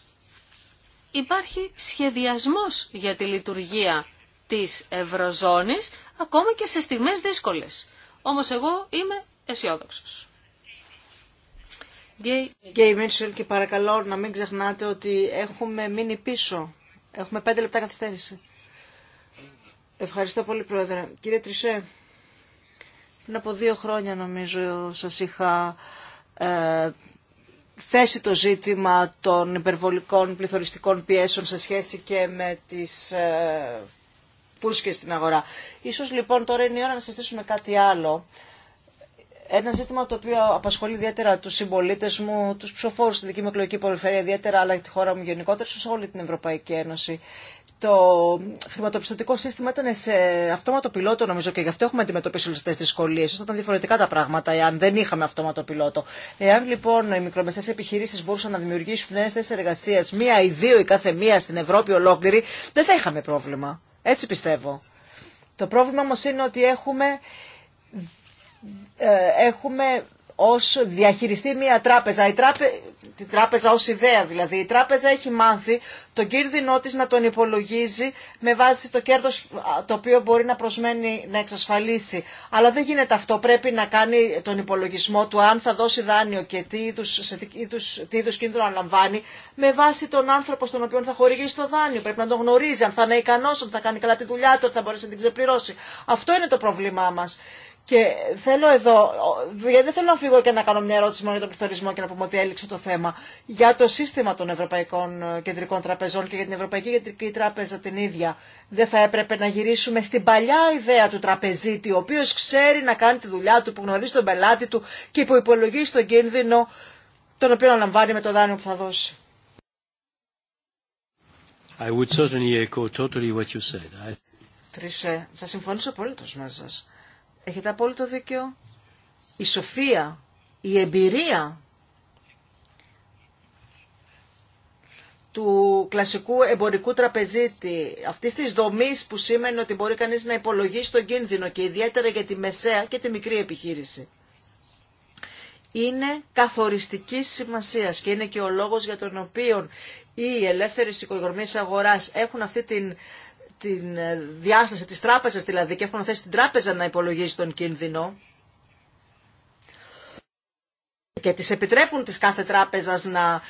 υπάρχει σχεδιασμός για τη λειτουργία της Ευρωζώνης, ακόμα και σε στιγμές δύσκολες. Όμως εγώ είμαι αισιόδοξο. Γκέι Μίτσελ και παρακαλώ να μην ξεχνάτε ότι έχουμε μείνει πίσω. Έχουμε πέντε λεπτά καθυστέρηση. Ευχαριστώ πολύ Πρόεδρε. Κύριε Τρισέ, πριν από δύο χρόνια νομίζω σας είχα ε, θέσει το ζήτημα των υπερβολικών πληθωριστικών πιέσεων σε σχέση και με τις ε, φούσκες στην αγορά. Ίσως λοιπόν τώρα είναι η ώρα να συζητήσουμε κάτι άλλο. Ένα ζήτημα το οποίο απασχολεί ιδιαίτερα του συμπολίτε μου, του ψηφοφόρου στη δική μου εκλογική περιφέρεια, ιδιαίτερα αλλά και τη χώρα μου γενικότερα, σε όλη την Ευρωπαϊκή Ένωση το χρηματοπιστωτικό σύστημα ήταν σε αυτόματο πιλότο, νομίζω, και γι' αυτό έχουμε αντιμετωπίσει όλε αυτέ τι δυσκολίε. σω ήταν διαφορετικά τα πράγματα εάν δεν είχαμε αυτόματο πιλότο. Εάν λοιπόν οι μικρομεσαίε επιχειρήσει μπορούσαν να δημιουργήσουν νέε θέσει εργασία, μία ή δύο η κάθε μία στην Ευρώπη ολόκληρη, δεν θα είχαμε πρόβλημα. Έτσι πιστεύω. Το πρόβλημα όμω είναι ότι έχουμε, ε, έχουμε ως διαχειριστεί μια τράπεζα. Η Την τράπεζα ως ιδέα δηλαδή. Η τράπεζα έχει μάθει τον κίνδυνό τη να τον υπολογίζει με βάση το κέρδος το οποίο μπορεί να προσμένει να εξασφαλίσει. Αλλά δεν γίνεται αυτό. Πρέπει να κάνει τον υπολογισμό του αν θα δώσει δάνειο και τι είδους, τι είδους, τι είδους κίνδυνο αναλαμβάνει με βάση τον άνθρωπο στον οποίο θα χορηγήσει το δάνειο. Πρέπει να τον γνωρίζει αν θα είναι ικανός, αν θα κάνει καλά τη δουλειά του, αν θα μπορέσει να την ξεπληρώσει. Αυτό είναι το πρόβλημά μας. Και θέλω εδώ, γιατί δεν θέλω να φύγω και να κάνω μια ερώτηση μόνο για τον πληθωρισμό και να πούμε ότι έληξε το θέμα, για το σύστημα των Ευρωπαϊκών Κεντρικών Τραπεζών και για την Ευρωπαϊκή Κεντρική Τράπεζα την ίδια. Δεν θα έπρεπε να γυρίσουμε στην παλιά ιδέα του τραπεζίτη, ο οποίο ξέρει να κάνει τη δουλειά του, που γνωρίζει τον πελάτη του και που υπολογίζει τον κίνδυνο τον οποίο αναλαμβάνει με το δάνειο που θα δώσει. Τρισε, θα συμφωνήσω πολύ μαζί σα. Έχετε απόλυτο δίκιο. Η σοφία, η εμπειρία του κλασικού εμπορικού τραπεζίτη, αυτή τη δομή που σήμαινε ότι μπορεί κανεί να υπολογίσει τον κίνδυνο και ιδιαίτερα για τη μεσαία και τη μικρή επιχείρηση. Είναι καθοριστική σημασία και είναι και ο λόγο για τον οποίο οι ελεύθερε οικογενειακέ αγορά έχουν αυτή την την ε, διάσταση της τράπεζας δηλαδή και έχουν θέσει την τράπεζα να υπολογίζει τον κίνδυνο και τις επιτρέπουν τις κάθε τράπεζας να,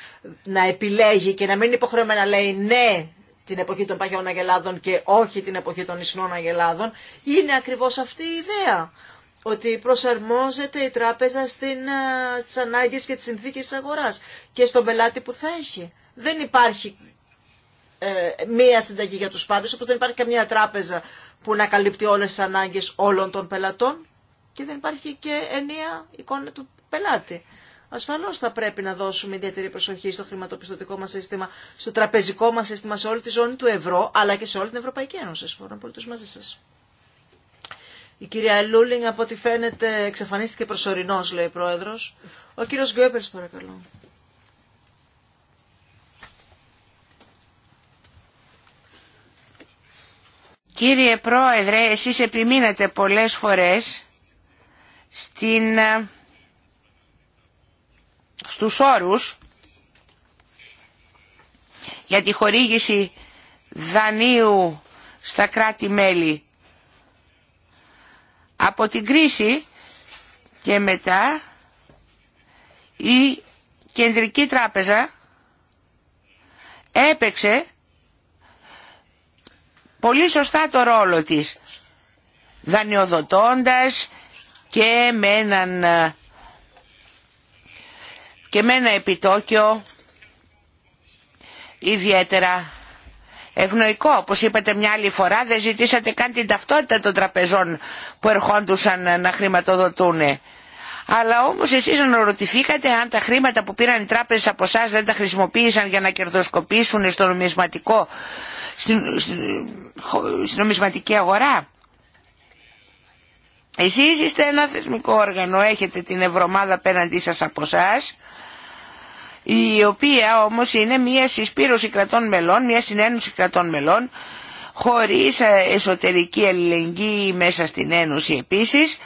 να επιλέγει και να μην είναι υποχρεωμένα να λέει ναι την εποχή των παγιών αγελάδων και όχι την εποχή των ισνών αγελάδων, είναι ακριβώς αυτή η ιδέα ότι προσαρμόζεται η τράπεζα στην, ε, στις ανάγκες και τις συνθήκες της αγοράς και στον πελάτη που θα έχει. Δεν υπάρχει ε, μία συνταγή για τους πάντες, όπως δεν υπάρχει καμία τράπεζα που να καλύπτει όλες τις ανάγκες όλων των πελατών και δεν υπάρχει και ενία εικόνα του πελάτη. Ασφαλώ θα πρέπει να δώσουμε ιδιαίτερη προσοχή στο χρηματοπιστωτικό μα σύστημα, στο τραπεζικό μα σύστημα, σε όλη τη ζώνη του ευρώ, αλλά και σε όλη την Ευρωπαϊκή Ένωση. Συμφωνώ πολύ μαζί σα. Η κυρία Λούλινγκ, από ό,τι φαίνεται, εξαφανίστηκε προσωρινώ, λέει ο πρόεδρο. Ο κύριο Γκέμπερ, παρακαλώ. Κύριε Πρόεδρε, εσείς επιμείνατε πολλές φορές στην, ε, στους όρους για τη χορήγηση δανείου στα κράτη-μέλη. Από την κρίση και μετά η Κεντρική Τράπεζα έπαιξε πολύ σωστά το ρόλο της δανειοδοτώντας και με, ε, και ένα επιτόκιο ιδιαίτερα ευνοϊκό. Όπως είπατε μια άλλη φορά δεν ζητήσατε καν την ταυτότητα των τραπεζών που ερχόντουσαν να χρηματοδοτούν. Αλλά όμως εσείς αναρωτηθήκατε αν τα χρήματα που πήραν οι τράπεζε από εσά δεν τα χρησιμοποίησαν για να κερδοσκοπήσουν στο νομισματικό, στην, νομισματική αγορά. Εσεί είστε ένα θεσμικό όργανο, έχετε την Ευρωμάδα απέναντί σα από εσά, η οποία όμως είναι μια συσπήρωση κρατών μελών, μια συνένωση κρατών μελών, χωρίς ε, εσωτερική αλληλεγγύη μέσα στην Ένωση επίσης,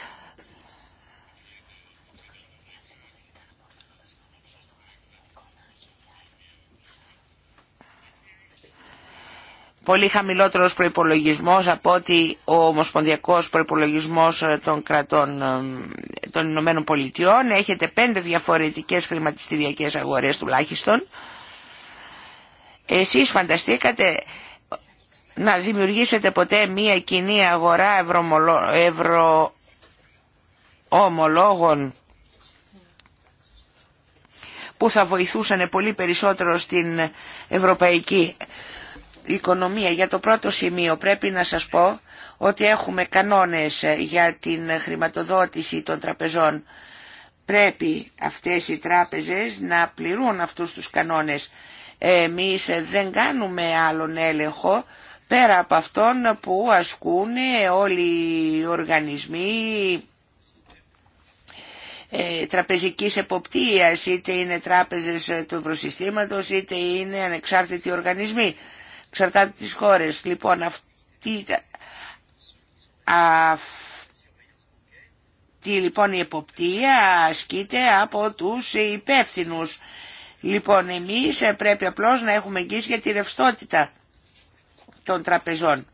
πολύ χαμηλότερος προϋπολογισμός από ότι ο ομοσπονδιακός προϋπολογισμός των κρατών ε, των Ηνωμένων Πολιτειών. Έχετε πέντε διαφορετικές χρηματιστηριακές αγορές τουλάχιστον. Εσείς φανταστήκατε να δημιουργήσετε ποτέ μία κοινή αγορά ευρωομολόγων που θα βοηθούσαν πολύ περισσότερο στην ευρωπαϊκή οικονομία. Για το πρώτο σημείο πρέπει να σας πω ότι έχουμε κανόνες ε, για την χρηματοδότηση των τραπεζών. Πρέπει αυτές οι τράπεζες να πληρούν αυτούς τους κανόνες. Εμείς δεν κάνουμε άλλον έλεγχο πέρα από αυτόν που ασκούν όλοι οι οργανισμοί ε, τραπεζικής εποπτείας, είτε είναι τράπεζες του ευρωσυστήματος, είτε είναι ανεξάρτητοι οργανισμοί εξαρτάται τις χώρες. Λοιπόν, αυτή, αυτή λοιπόν η εποπτεία ασκείται από τους υπεύθυνου. Λοιπόν, εμείς πρέπει απλώς να έχουμε εγγύηση για τη ρευστότητα των τραπεζών.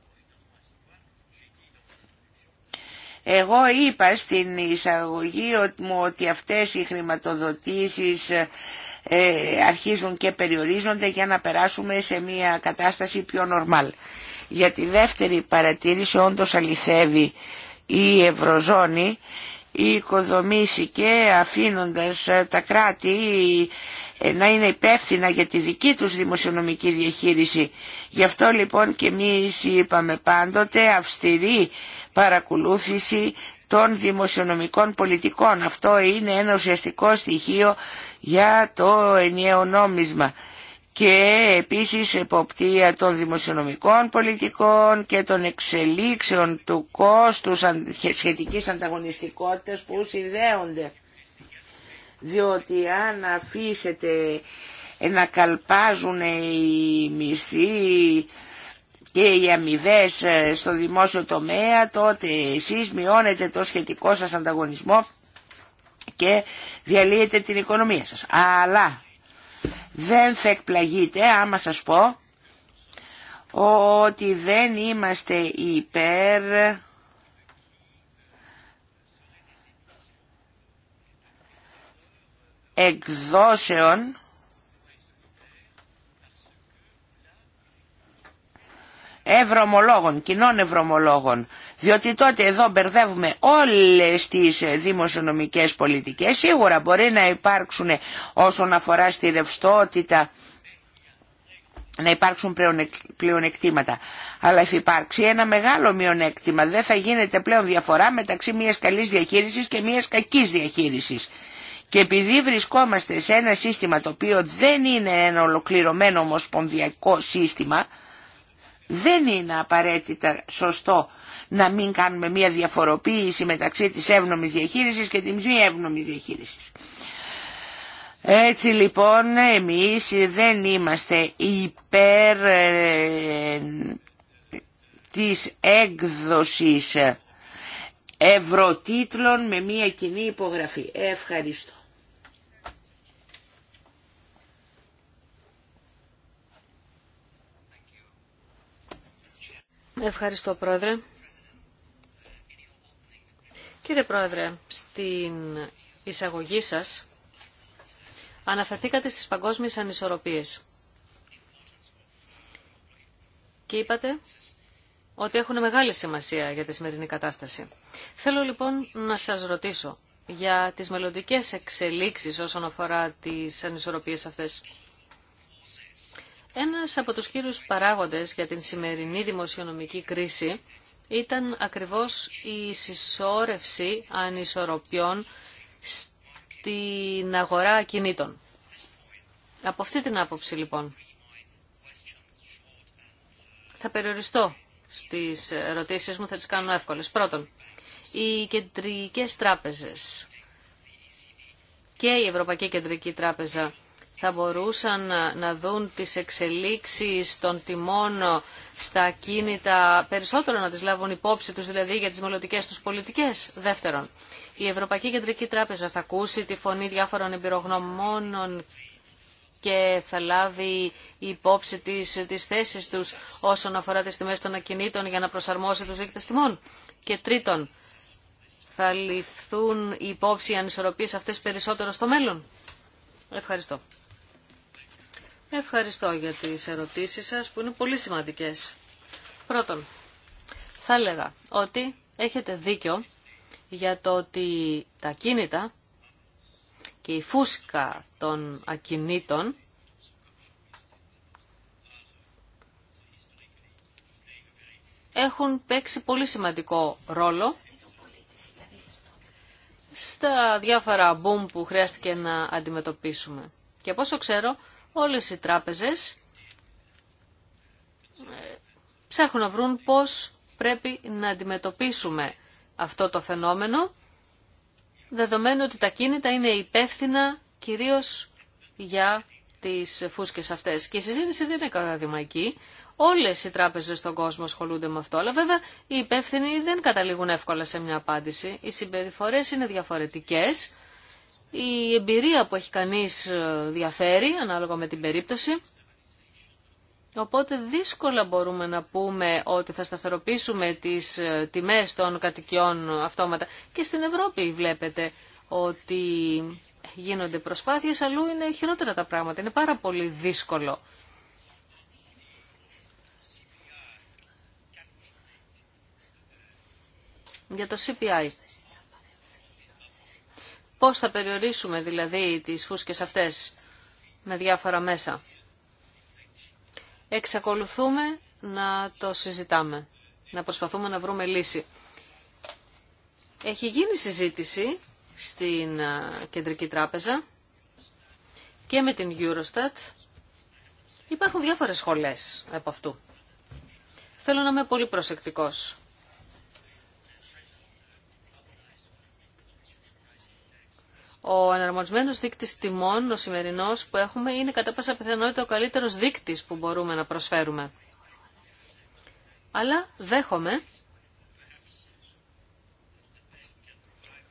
Εγώ είπα στην εισαγωγή μου ότι αυτές οι χρηματοδοτήσεις ε, αρχίζουν και περιορίζονται για να περάσουμε σε μια κατάσταση πιο νορμάλ. Για τη δεύτερη παρατήρηση όντως αληθεύει η Ευρωζώνη οικοδομήθηκε αφήνοντας ε, τα κράτη ε, να είναι υπεύθυνα για τη δική τους δημοσιονομική διαχείριση. Γι' αυτό λοιπόν και εμείς είπαμε πάντοτε αυστηρή παρακολούθηση των δημοσιονομικών πολιτικών. Αυτό είναι ένα ουσιαστικό στοιχείο για το ενιαίο νόμισμα και επίσης εποπτεία των δημοσιονομικών πολιτικών και των εξελίξεων του κόστου σχετικής ανταγωνιστικότητας που συνδέονται. Διότι αν αφήσετε να καλπάζουν οι μισθοί και οι αμοιβέ ε, στο δημόσιο τομέα, τότε εσείς μειώνετε το σχετικό σας ανταγωνισμό και διαλύετε την οικονομία σας. Αλλά δεν θα εκπλαγείτε άμα σας πω ότι δεν είμαστε υπέρ εκδόσεων ευρωμολόγων, κοινών ευρωμολόγων, διότι τότε εδώ μπερδεύουμε όλες τις δημοσιονομικές πολιτικές, σίγουρα μπορεί να υπάρξουν όσον αφορά στη ρευστότητα, να υπάρξουν πλεονεκτήματα. Αλλά θα υπάρξει ένα μεγάλο μειονέκτημα, δεν θα γίνεται πλέον διαφορά μεταξύ μιας καλής διαχείρισης και μιας κακής διαχείρισης. Και επειδή βρισκόμαστε σε ένα σύστημα το οποίο δεν είναι ένα ολοκληρωμένο ομοσπονδιακό σύστημα, δεν είναι απαραίτητα σωστό να μην κάνουμε μια διαφοροποίηση μεταξύ της εύνομης διαχείρισης και της μη εύνομης διαχείρισης. Έτσι λοιπόν εμείς δεν είμαστε υπέρ ε, της έκδοσης ευρωτήτλων με μια κοινή υπογραφή. Ευχαριστώ. Ευχαριστώ, Πρόεδρε. Κύριε Πρόεδρε, στην εισαγωγή σας αναφερθήκατε στις παγκόσμιες ανισορροπίες και είπατε ότι έχουν μεγάλη σημασία για τη σημερινή κατάσταση. Θέλω λοιπόν να σας ρωτήσω για τις μελλοντικές εξελίξεις όσον αφορά τις ανισορροπίες αυτές. Ένας από τους κύριους παράγοντες για την σημερινή δημοσιονομική κρίση ήταν ακριβώς η συσσόρευση ανισορροπιών στην αγορά κινήτων. Από αυτή την άποψη λοιπόν θα περιοριστώ στις ερωτήσεις μου, θα τις κάνω εύκολες. Πρώτον, οι κεντρικές τράπεζες και η Ευρωπαϊκή Κεντρική Τράπεζα θα μπορούσαν να δουν τις εξελίξεις των τιμών στα κίνητα περισσότερο να τις λάβουν υπόψη τους δηλαδή για τις μελλοντικέ τους πολιτικές. Δεύτερον, η Ευρωπαϊκή Κεντρική Τράπεζα θα ακούσει τη φωνή διάφορων εμπειρογνωμόνων και θα λάβει υπόψη τις, τις θέσεις τους όσον αφορά τις τιμές των ακινήτων για να προσαρμόσει τους δείκτες τιμών. Και τρίτον, θα ληφθούν υπόψη οι ανισορροπίες αυτές περισσότερο στο μέλλον. Ευχαριστώ. Ευχαριστώ για τις ερωτήσεις σας που είναι πολύ σημαντικές. Πρώτον, θα έλεγα ότι έχετε δίκιο για το ότι τα κίνητα και η φούσκα των ακινήτων έχουν παίξει πολύ σημαντικό ρόλο στα διάφορα μπούμ που χρειάστηκε να αντιμετωπίσουμε. Και πόσο ξέρω, όλες οι τράπεζες ε, ψάχνουν να βρουν πώς πρέπει να αντιμετωπίσουμε αυτό το φαινόμενο, δεδομένου ότι τα κίνητα είναι υπεύθυνα κυρίως για τις φούσκες αυτές. Και η συζήτηση δεν είναι καταδημαϊκή. Όλες οι τράπεζες στον κόσμο ασχολούνται με αυτό, αλλά βέβαια οι υπεύθυνοι δεν καταλήγουν εύκολα σε μια απάντηση. Οι συμπεριφορές είναι διαφορετικές η εμπειρία που έχει κανείς ε, διαφέρει ανάλογα με την περίπτωση. Οπότε δύσκολα μπορούμε να πούμε ότι θα σταθεροποιήσουμε τις ε, τιμές των κατοικιών αυτόματα. Και στην Ευρώπη βλέπετε ότι γίνονται προσπάθειες, αλλού είναι χειρότερα τα πράγματα. Είναι πάρα πολύ δύσκολο. Για το CPI. Πώς θα περιορίσουμε δηλαδή τις φούσκες αυτές με διάφορα μέσα. Εξακολουθούμε να το συζητάμε, να προσπαθούμε να βρούμε λύση. Έχει γίνει συζήτηση στην Κεντρική Τράπεζα και με την Eurostat. Υπάρχουν διάφορες σχολές από αυτού. Θέλω να είμαι πολύ προσεκτικός. Ο εναρμονισμένος δείκτης τιμών, ο σημερινός που έχουμε, είναι κατά πάσα πιθανότητα ο καλύτερος δείκτης που μπορούμε να προσφέρουμε. Αλλά δέχομαι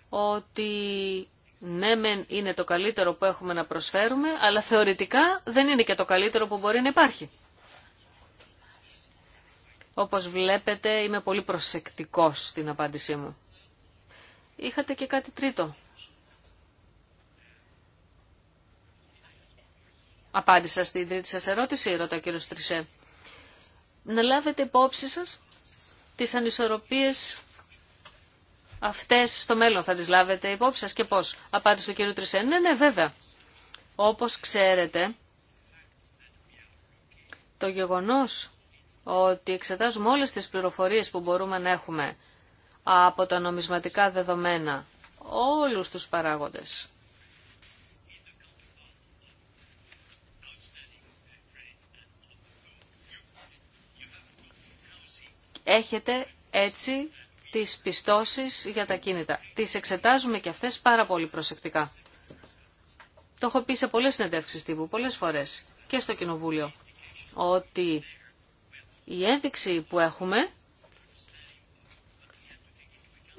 ότι ναι μεν είναι το καλύτερο που έχουμε να προσφέρουμε, αλλά θεωρητικά δεν είναι και το καλύτερο που μπορεί να υπάρχει. Όπως βλέπετε είμαι πολύ προσεκτικός στην απάντησή μου. Είχατε και κάτι τρίτο Απάντησα στην τρίτη σας ερώτηση, ρωτά ο κύριος Τρισέ. Να λάβετε υπόψη σας τις ανισορροπίες αυτές στο μέλλον. Θα τις λάβετε υπόψη σας και πώς. Απάντησε ο κύριος Τρισέ. Ναι, ναι, βέβαια. Όπως ξέρετε, το γεγονός ότι εξετάζουμε όλες τις πληροφορίες που μπορούμε να έχουμε από τα νομισματικά δεδομένα, όλους τους παράγοντες, έχετε έτσι τις πιστώσεις για τα κίνητα. Τις εξετάζουμε και αυτές πάρα πολύ προσεκτικά. Το έχω πει σε πολλές συνεντεύξεις τύπου, πολλές φορές και στο Κοινοβούλιο, ότι η ένδειξη που έχουμε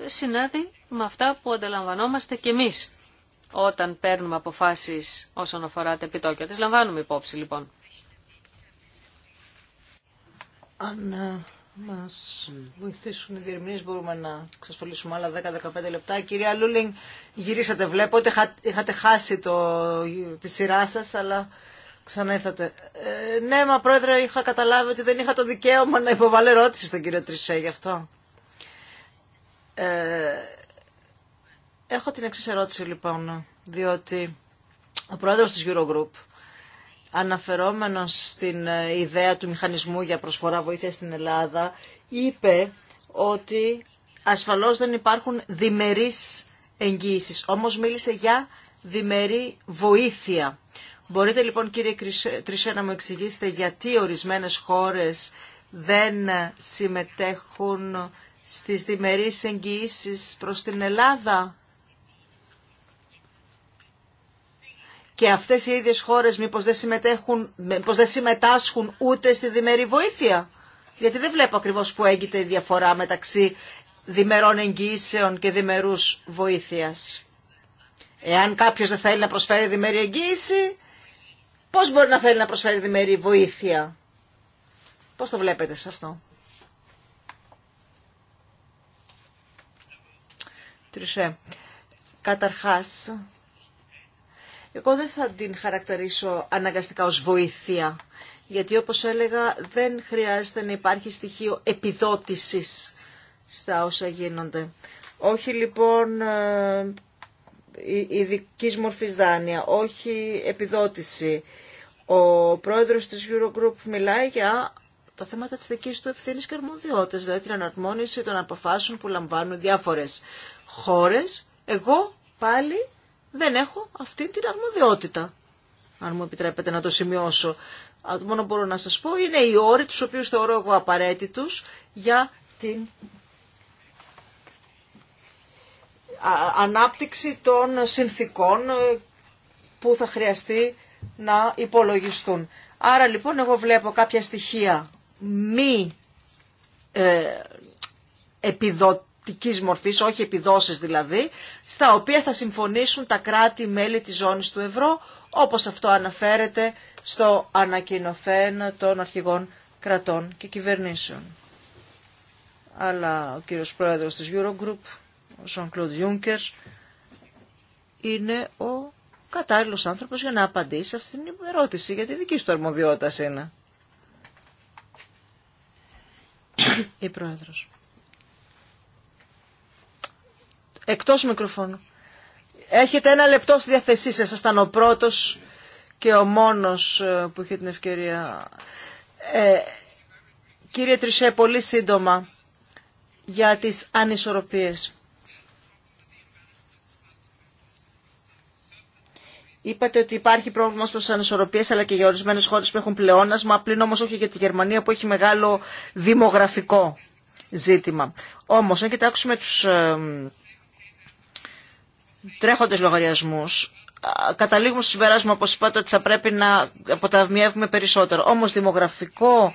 συνάδει με αυτά που αντιλαμβανόμαστε και εμείς όταν παίρνουμε αποφάσεις όσον αφορά τα επιτόκια. Τις λαμβάνουμε υπόψη λοιπόν. Ε, μας βοηθήσουν οι διερμηνείς μπορούμε να εξασφαλίσουμε άλλα 10-15 λεπτά. Κυρία Λούλινγκ, γυρίσατε βλέπω, είχατε χάσει το, τη σειρά σας, αλλά ξανά ήρθατε. Ε, ναι, μα πρόεδρε, είχα καταλάβει ότι δεν είχα το δικαίωμα να υποβάλω ερώτηση στον κύριο Τρισέ γι' αυτό. Ε, έχω την εξή ερώτηση λοιπόν, διότι ο πρόεδρος της Eurogroup αναφερόμενος στην ε, ιδέα του μηχανισμού για προσφορά βοήθεια στην Ελλάδα, είπε ότι ασφαλώς δεν υπάρχουν διμερείς εγγύησεις, όμως μίλησε για διμερή βοήθεια. Μπορείτε λοιπόν κύριε Τρισέ να μου εξηγήσετε γιατί ορισμένες χώρες δεν συμμετέχουν στις διμερείς εγγυήσεις προς την Ελλάδα και αυτές οι ίδιες χώρες μήπως δεν, συμμετέχουν, δεν συμμετάσχουν ούτε στη διμερή βοήθεια. Γιατί δεν βλέπω ακριβώς που έγινε η διαφορά μεταξύ διμερών εγγυήσεων και διμερούς βοήθειας. Εάν κάποιος δεν θέλει να προσφέρει διμερή εγγύηση, πώς μπορεί να θέλει να προσφέρει διμερή βοήθεια. Πώς το βλέπετε σε αυτό. Τρισέ. Καταρχάς, εγώ δεν θα την χαρακτηρίσω αναγκαστικά ως βοήθεια, γιατί όπως έλεγα δεν χρειάζεται να υπάρχει στοιχείο επιδότησης στα όσα γίνονται. Όχι λοιπόν ειδική μορφή δάνεια, όχι επιδότηση. Ο πρόεδρος της Eurogroup μιλάει για τα θέματα της δικής του ευθύνης και αρμοδιότητας, δηλαδή την αναρμόνιση των αποφάσεων που λαμβάνουν διάφορες χώρες. Εγώ πάλι δεν έχω αυτή την αρμοδιότητα, αν μου επιτρέπετε να το σημειώσω. μόνο μπορώ να σας πω είναι οι όροι τους οποίους θεωρώ εγώ απαραίτητους για την ανάπτυξη των συνθήκων ε, που θα χρειαστεί να υπολογιστούν. Άρα λοιπόν εγώ βλέπω κάποια στοιχεία μη ε, μορφής, όχι επιδόσεις δηλαδή, στα οποία θα συμφωνήσουν τα κράτη-μέλη της ζώνης του ευρώ, όπως αυτό αναφέρεται στο ανακοινωθέν των αρχηγών κρατών και κυβερνήσεων. Αλλά ο κύριος πρόεδρος της Eurogroup, ο Jean-Claude Juncker, είναι ο κατάλληλος άνθρωπος για να απαντήσει αυτήν την ερώτηση, γιατί δική του αρμοδιότητα είναι. Η πρόεδρος. Εκτός μικροφώνου. Έχετε ένα λεπτό στη διάθεσή σας. ήταν ο πρώτος και ο μόνος ε, που είχε την ευκαιρία. Ε, κύριε Τρισέ, πολύ σύντομα για τις ανισορροπίες. Είπατε ότι υπάρχει πρόβλημα προ ανισορροπίε αλλά και για ορισμένε χώρε που έχουν πλεόνασμα, πλην όμω όχι για τη Γερμανία που έχει μεγάλο δημογραφικό ζήτημα. Όμω, αν κοιτάξουμε του ε, τρέχοντες λογαριασμούς καταλήγουμε στο συμπεράσμα, όπως είπατε, ότι θα πρέπει να αποταμιεύουμε περισσότερο. Όμως δημογραφικό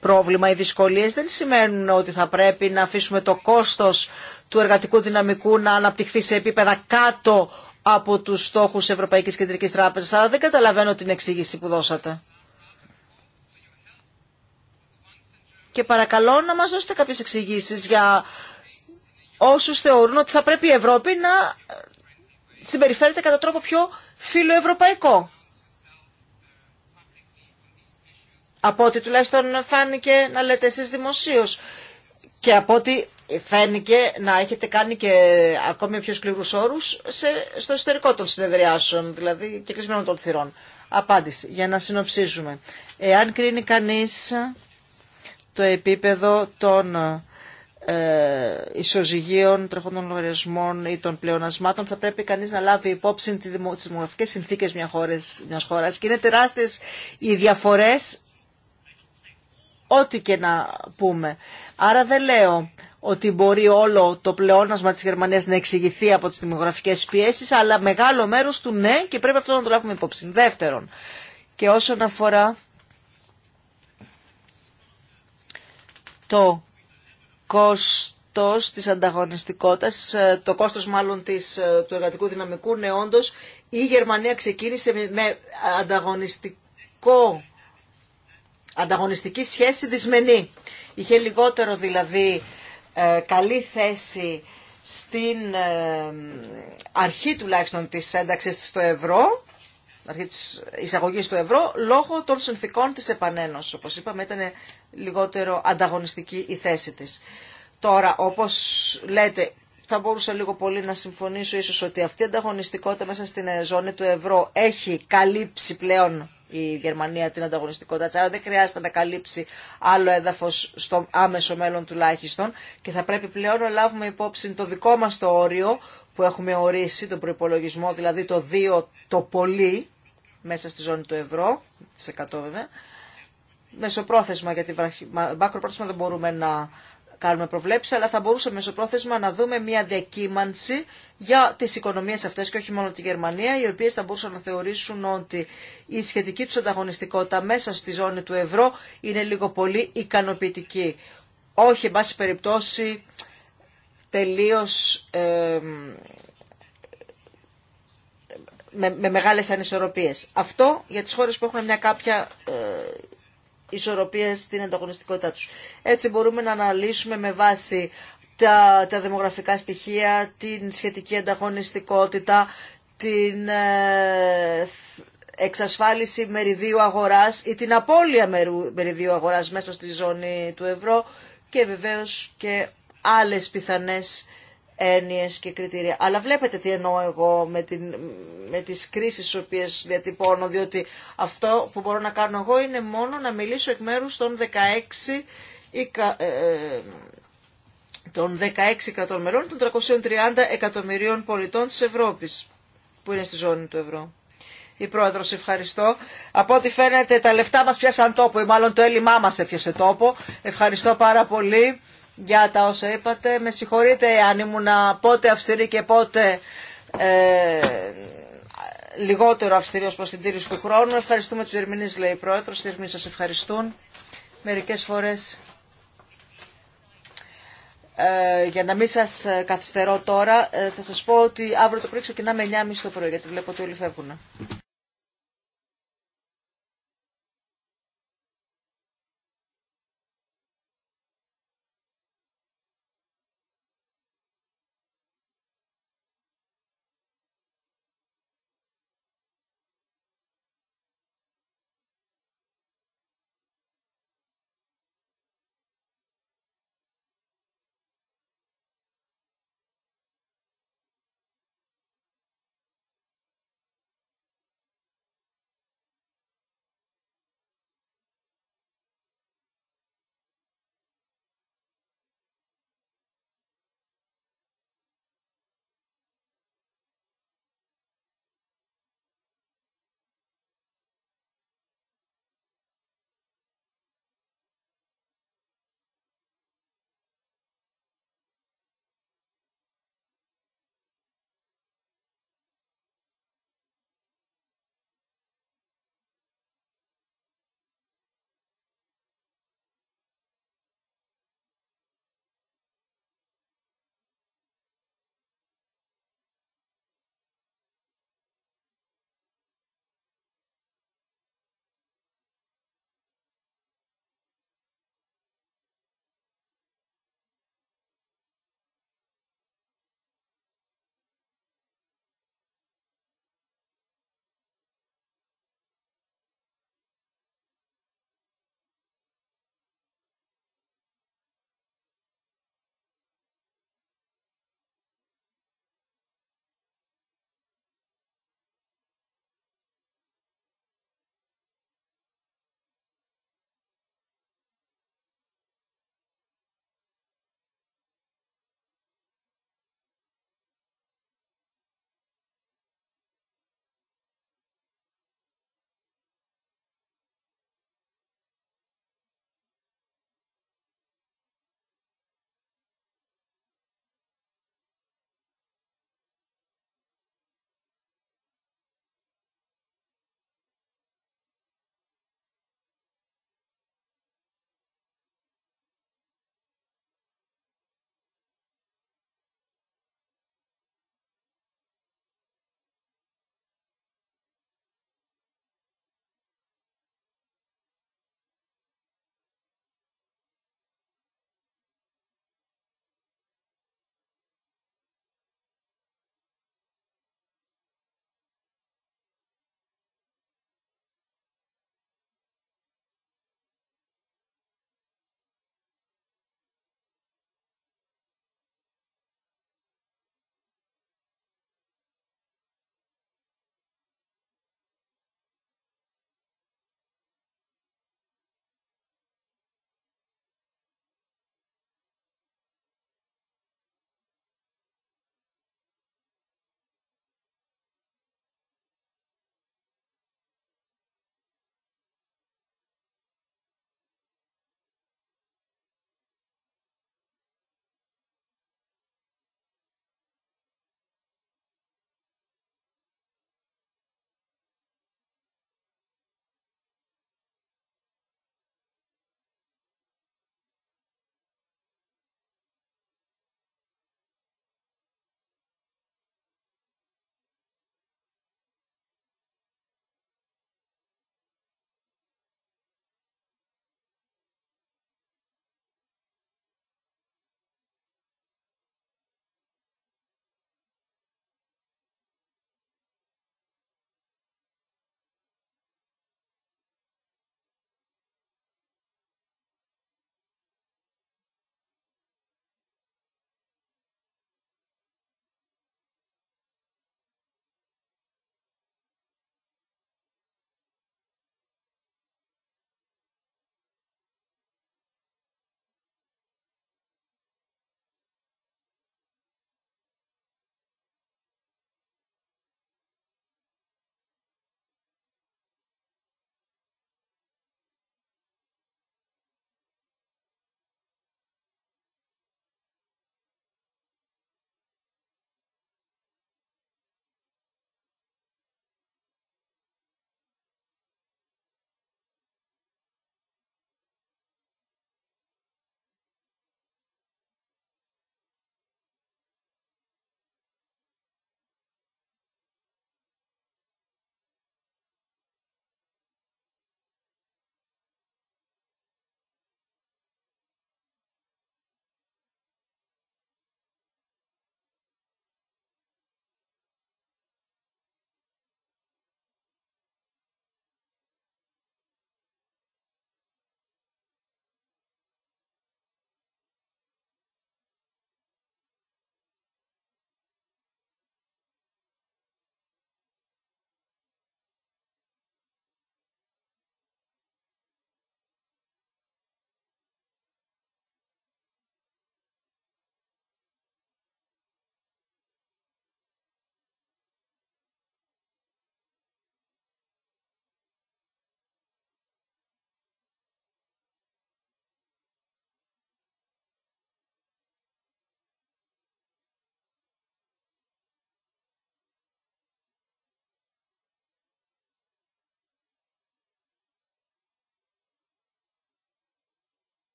πρόβλημα, οι δυσκολίες δεν σημαίνουν ότι θα πρέπει να αφήσουμε το κόστος του εργατικού δυναμικού να αναπτυχθεί σε επίπεδα κάτω από τους στόχους Ευρωπαϊκής Κεντρικής Τράπεζας. Αλλά δεν καταλαβαίνω την εξήγηση που δώσατε. Και παρακαλώ να μας δώσετε κάποιες εξηγήσεις για όσους θεωρούν ότι θα πρέπει η Ευρώπη να συμπεριφέρεται κατά τρόπο πιο φιλοευρωπαϊκό. Από ό,τι τουλάχιστον φάνηκε να λέτε εσείς δημοσίως. Και από ό,τι φαίνηκε να έχετε κάνει και ακόμη πιο σκληρούς όρους σε, στο εσωτερικό των συνεδριάσεων, δηλαδή και κλεισμένων των θυρών. Απάντηση, για να συνοψίζουμε. Εάν κρίνει κανείς το επίπεδο των ε, ισοζυγίων, τρεχόντων λογαριασμών ή των πλεονασμάτων θα πρέπει κανείς να λάβει υπόψη τι δημογραφικές συνθήκες μιας χώρας, χώρας και είναι τεράστιες οι διαφορές ό,τι και να πούμε. Άρα δεν λέω ότι μπορεί όλο το πλεόνασμα της Γερμανίας να εξηγηθεί από τις δημογραφικές πιέσεις, αλλά μεγάλο μέρος του ναι και πρέπει αυτό να το λάβουμε υπόψη. Δεύτερον, και όσον αφορά το κόστος της ανταγωνιστικότητας, ε, το κόστος μάλλον της, ε, του εργατικού δυναμικού, ναι όντως, η Γερμανία ξεκίνησε με ανταγωνιστικό, ανταγωνιστική σχέση δυσμενή. Είχε λιγότερο δηλαδή ε, καλή θέση στην αρχή τουλάχιστον της ένταξης στο ευρώ, αρχή της εισαγωγής στο ευρώ, λόγω των συνθήκων της επανένωσης. Όπως είπαμε ήταν λιγότερο ανταγωνιστική η θέση της. Τώρα, όπως λέτε, θα μπορούσα λίγο πολύ να συμφωνήσω ίσως ότι αυτή η ανταγωνιστικότητα μέσα στην ζώνη του ευρώ έχει καλύψει πλέον η Γερμανία την ανταγωνιστικότητα της, άρα δεν χρειάζεται να καλύψει άλλο έδαφος στο άμεσο μέλλον τουλάχιστον και θα πρέπει πλέον να λάβουμε υπόψη το δικό μας το όριο που έχουμε ορίσει, τον προϋπολογισμό, δηλαδή το 2 το πολύ μέσα στη ζώνη του ευρώ, σε 100 βέβαια, μεσοπρόθεσμα, γιατί μακροπρόθεσμα δεν μπορούμε να κάνουμε προβλέψει, αλλά θα μπορούσαμε μεσοπρόθεσμα να δούμε μια διακύμανση για τις οικονομίες αυτές και όχι μόνο τη Γερμανία, οι οποίε θα μπορούσαν να θεωρήσουν ότι η σχετική του ανταγωνιστικότητα μέσα στη ζώνη του ευρώ είναι λίγο πολύ ικανοποιητική. Όχι, εν πάση περιπτώσει, τελείω με, με μεγάλες ανισορροπίες. Αυτό για τις χώρες που έχουν μια κάποια ε, ισορροπία στην ανταγωνιστικότητά τους. Έτσι μπορούμε να αναλύσουμε με βάση τα, τα δημογραφικά στοιχεία, την σχετική ανταγωνιστικότητα, την ε, εξασφάλιση μεριδίου αγοράς ή την απώλεια μεριδίου αγοράς μέσα στη ζώνη του ευρώ και βεβαίως και άλλες πιθανές έννοιες και κριτήρια. Αλλά βλέπετε τι εννοώ εγώ με, την, με τις κρίσεις τις οποίες διατυπώνω, διότι αυτό που μπορώ να κάνω εγώ είναι μόνο να μιλήσω εκ μέρου των 16 ε, των 16 κρατών των 330 εκατομμυρίων πολιτών της Ευρώπης που είναι στη ζώνη του ευρώ. Η πρόεδρος, ευχαριστώ. Από ό,τι φαίνεται τα λεφτά μας πιάσαν τόπο ή μάλλον το έλλειμμά μας έπιασε τόπο. Ευχαριστώ πάρα πολύ για τα όσα είπατε. Με συγχωρείτε αν ήμουν πότε αυστηρή και πότε ε, λιγότερο αυστηρή ως προς την τήρηση του χρόνου. Ευχαριστούμε τους Ερμηνείς, λέει η Πρόεδρος. Οι Ερμηνείς σας ευχαριστούν. Μερικές φορές, ε, για να μην σας καθυστερώ τώρα, ε, θα σας πω ότι αύριο το πρωί ξεκινάμε 9.30 το πρωί, γιατί βλέπω ότι όλοι φεύγουν.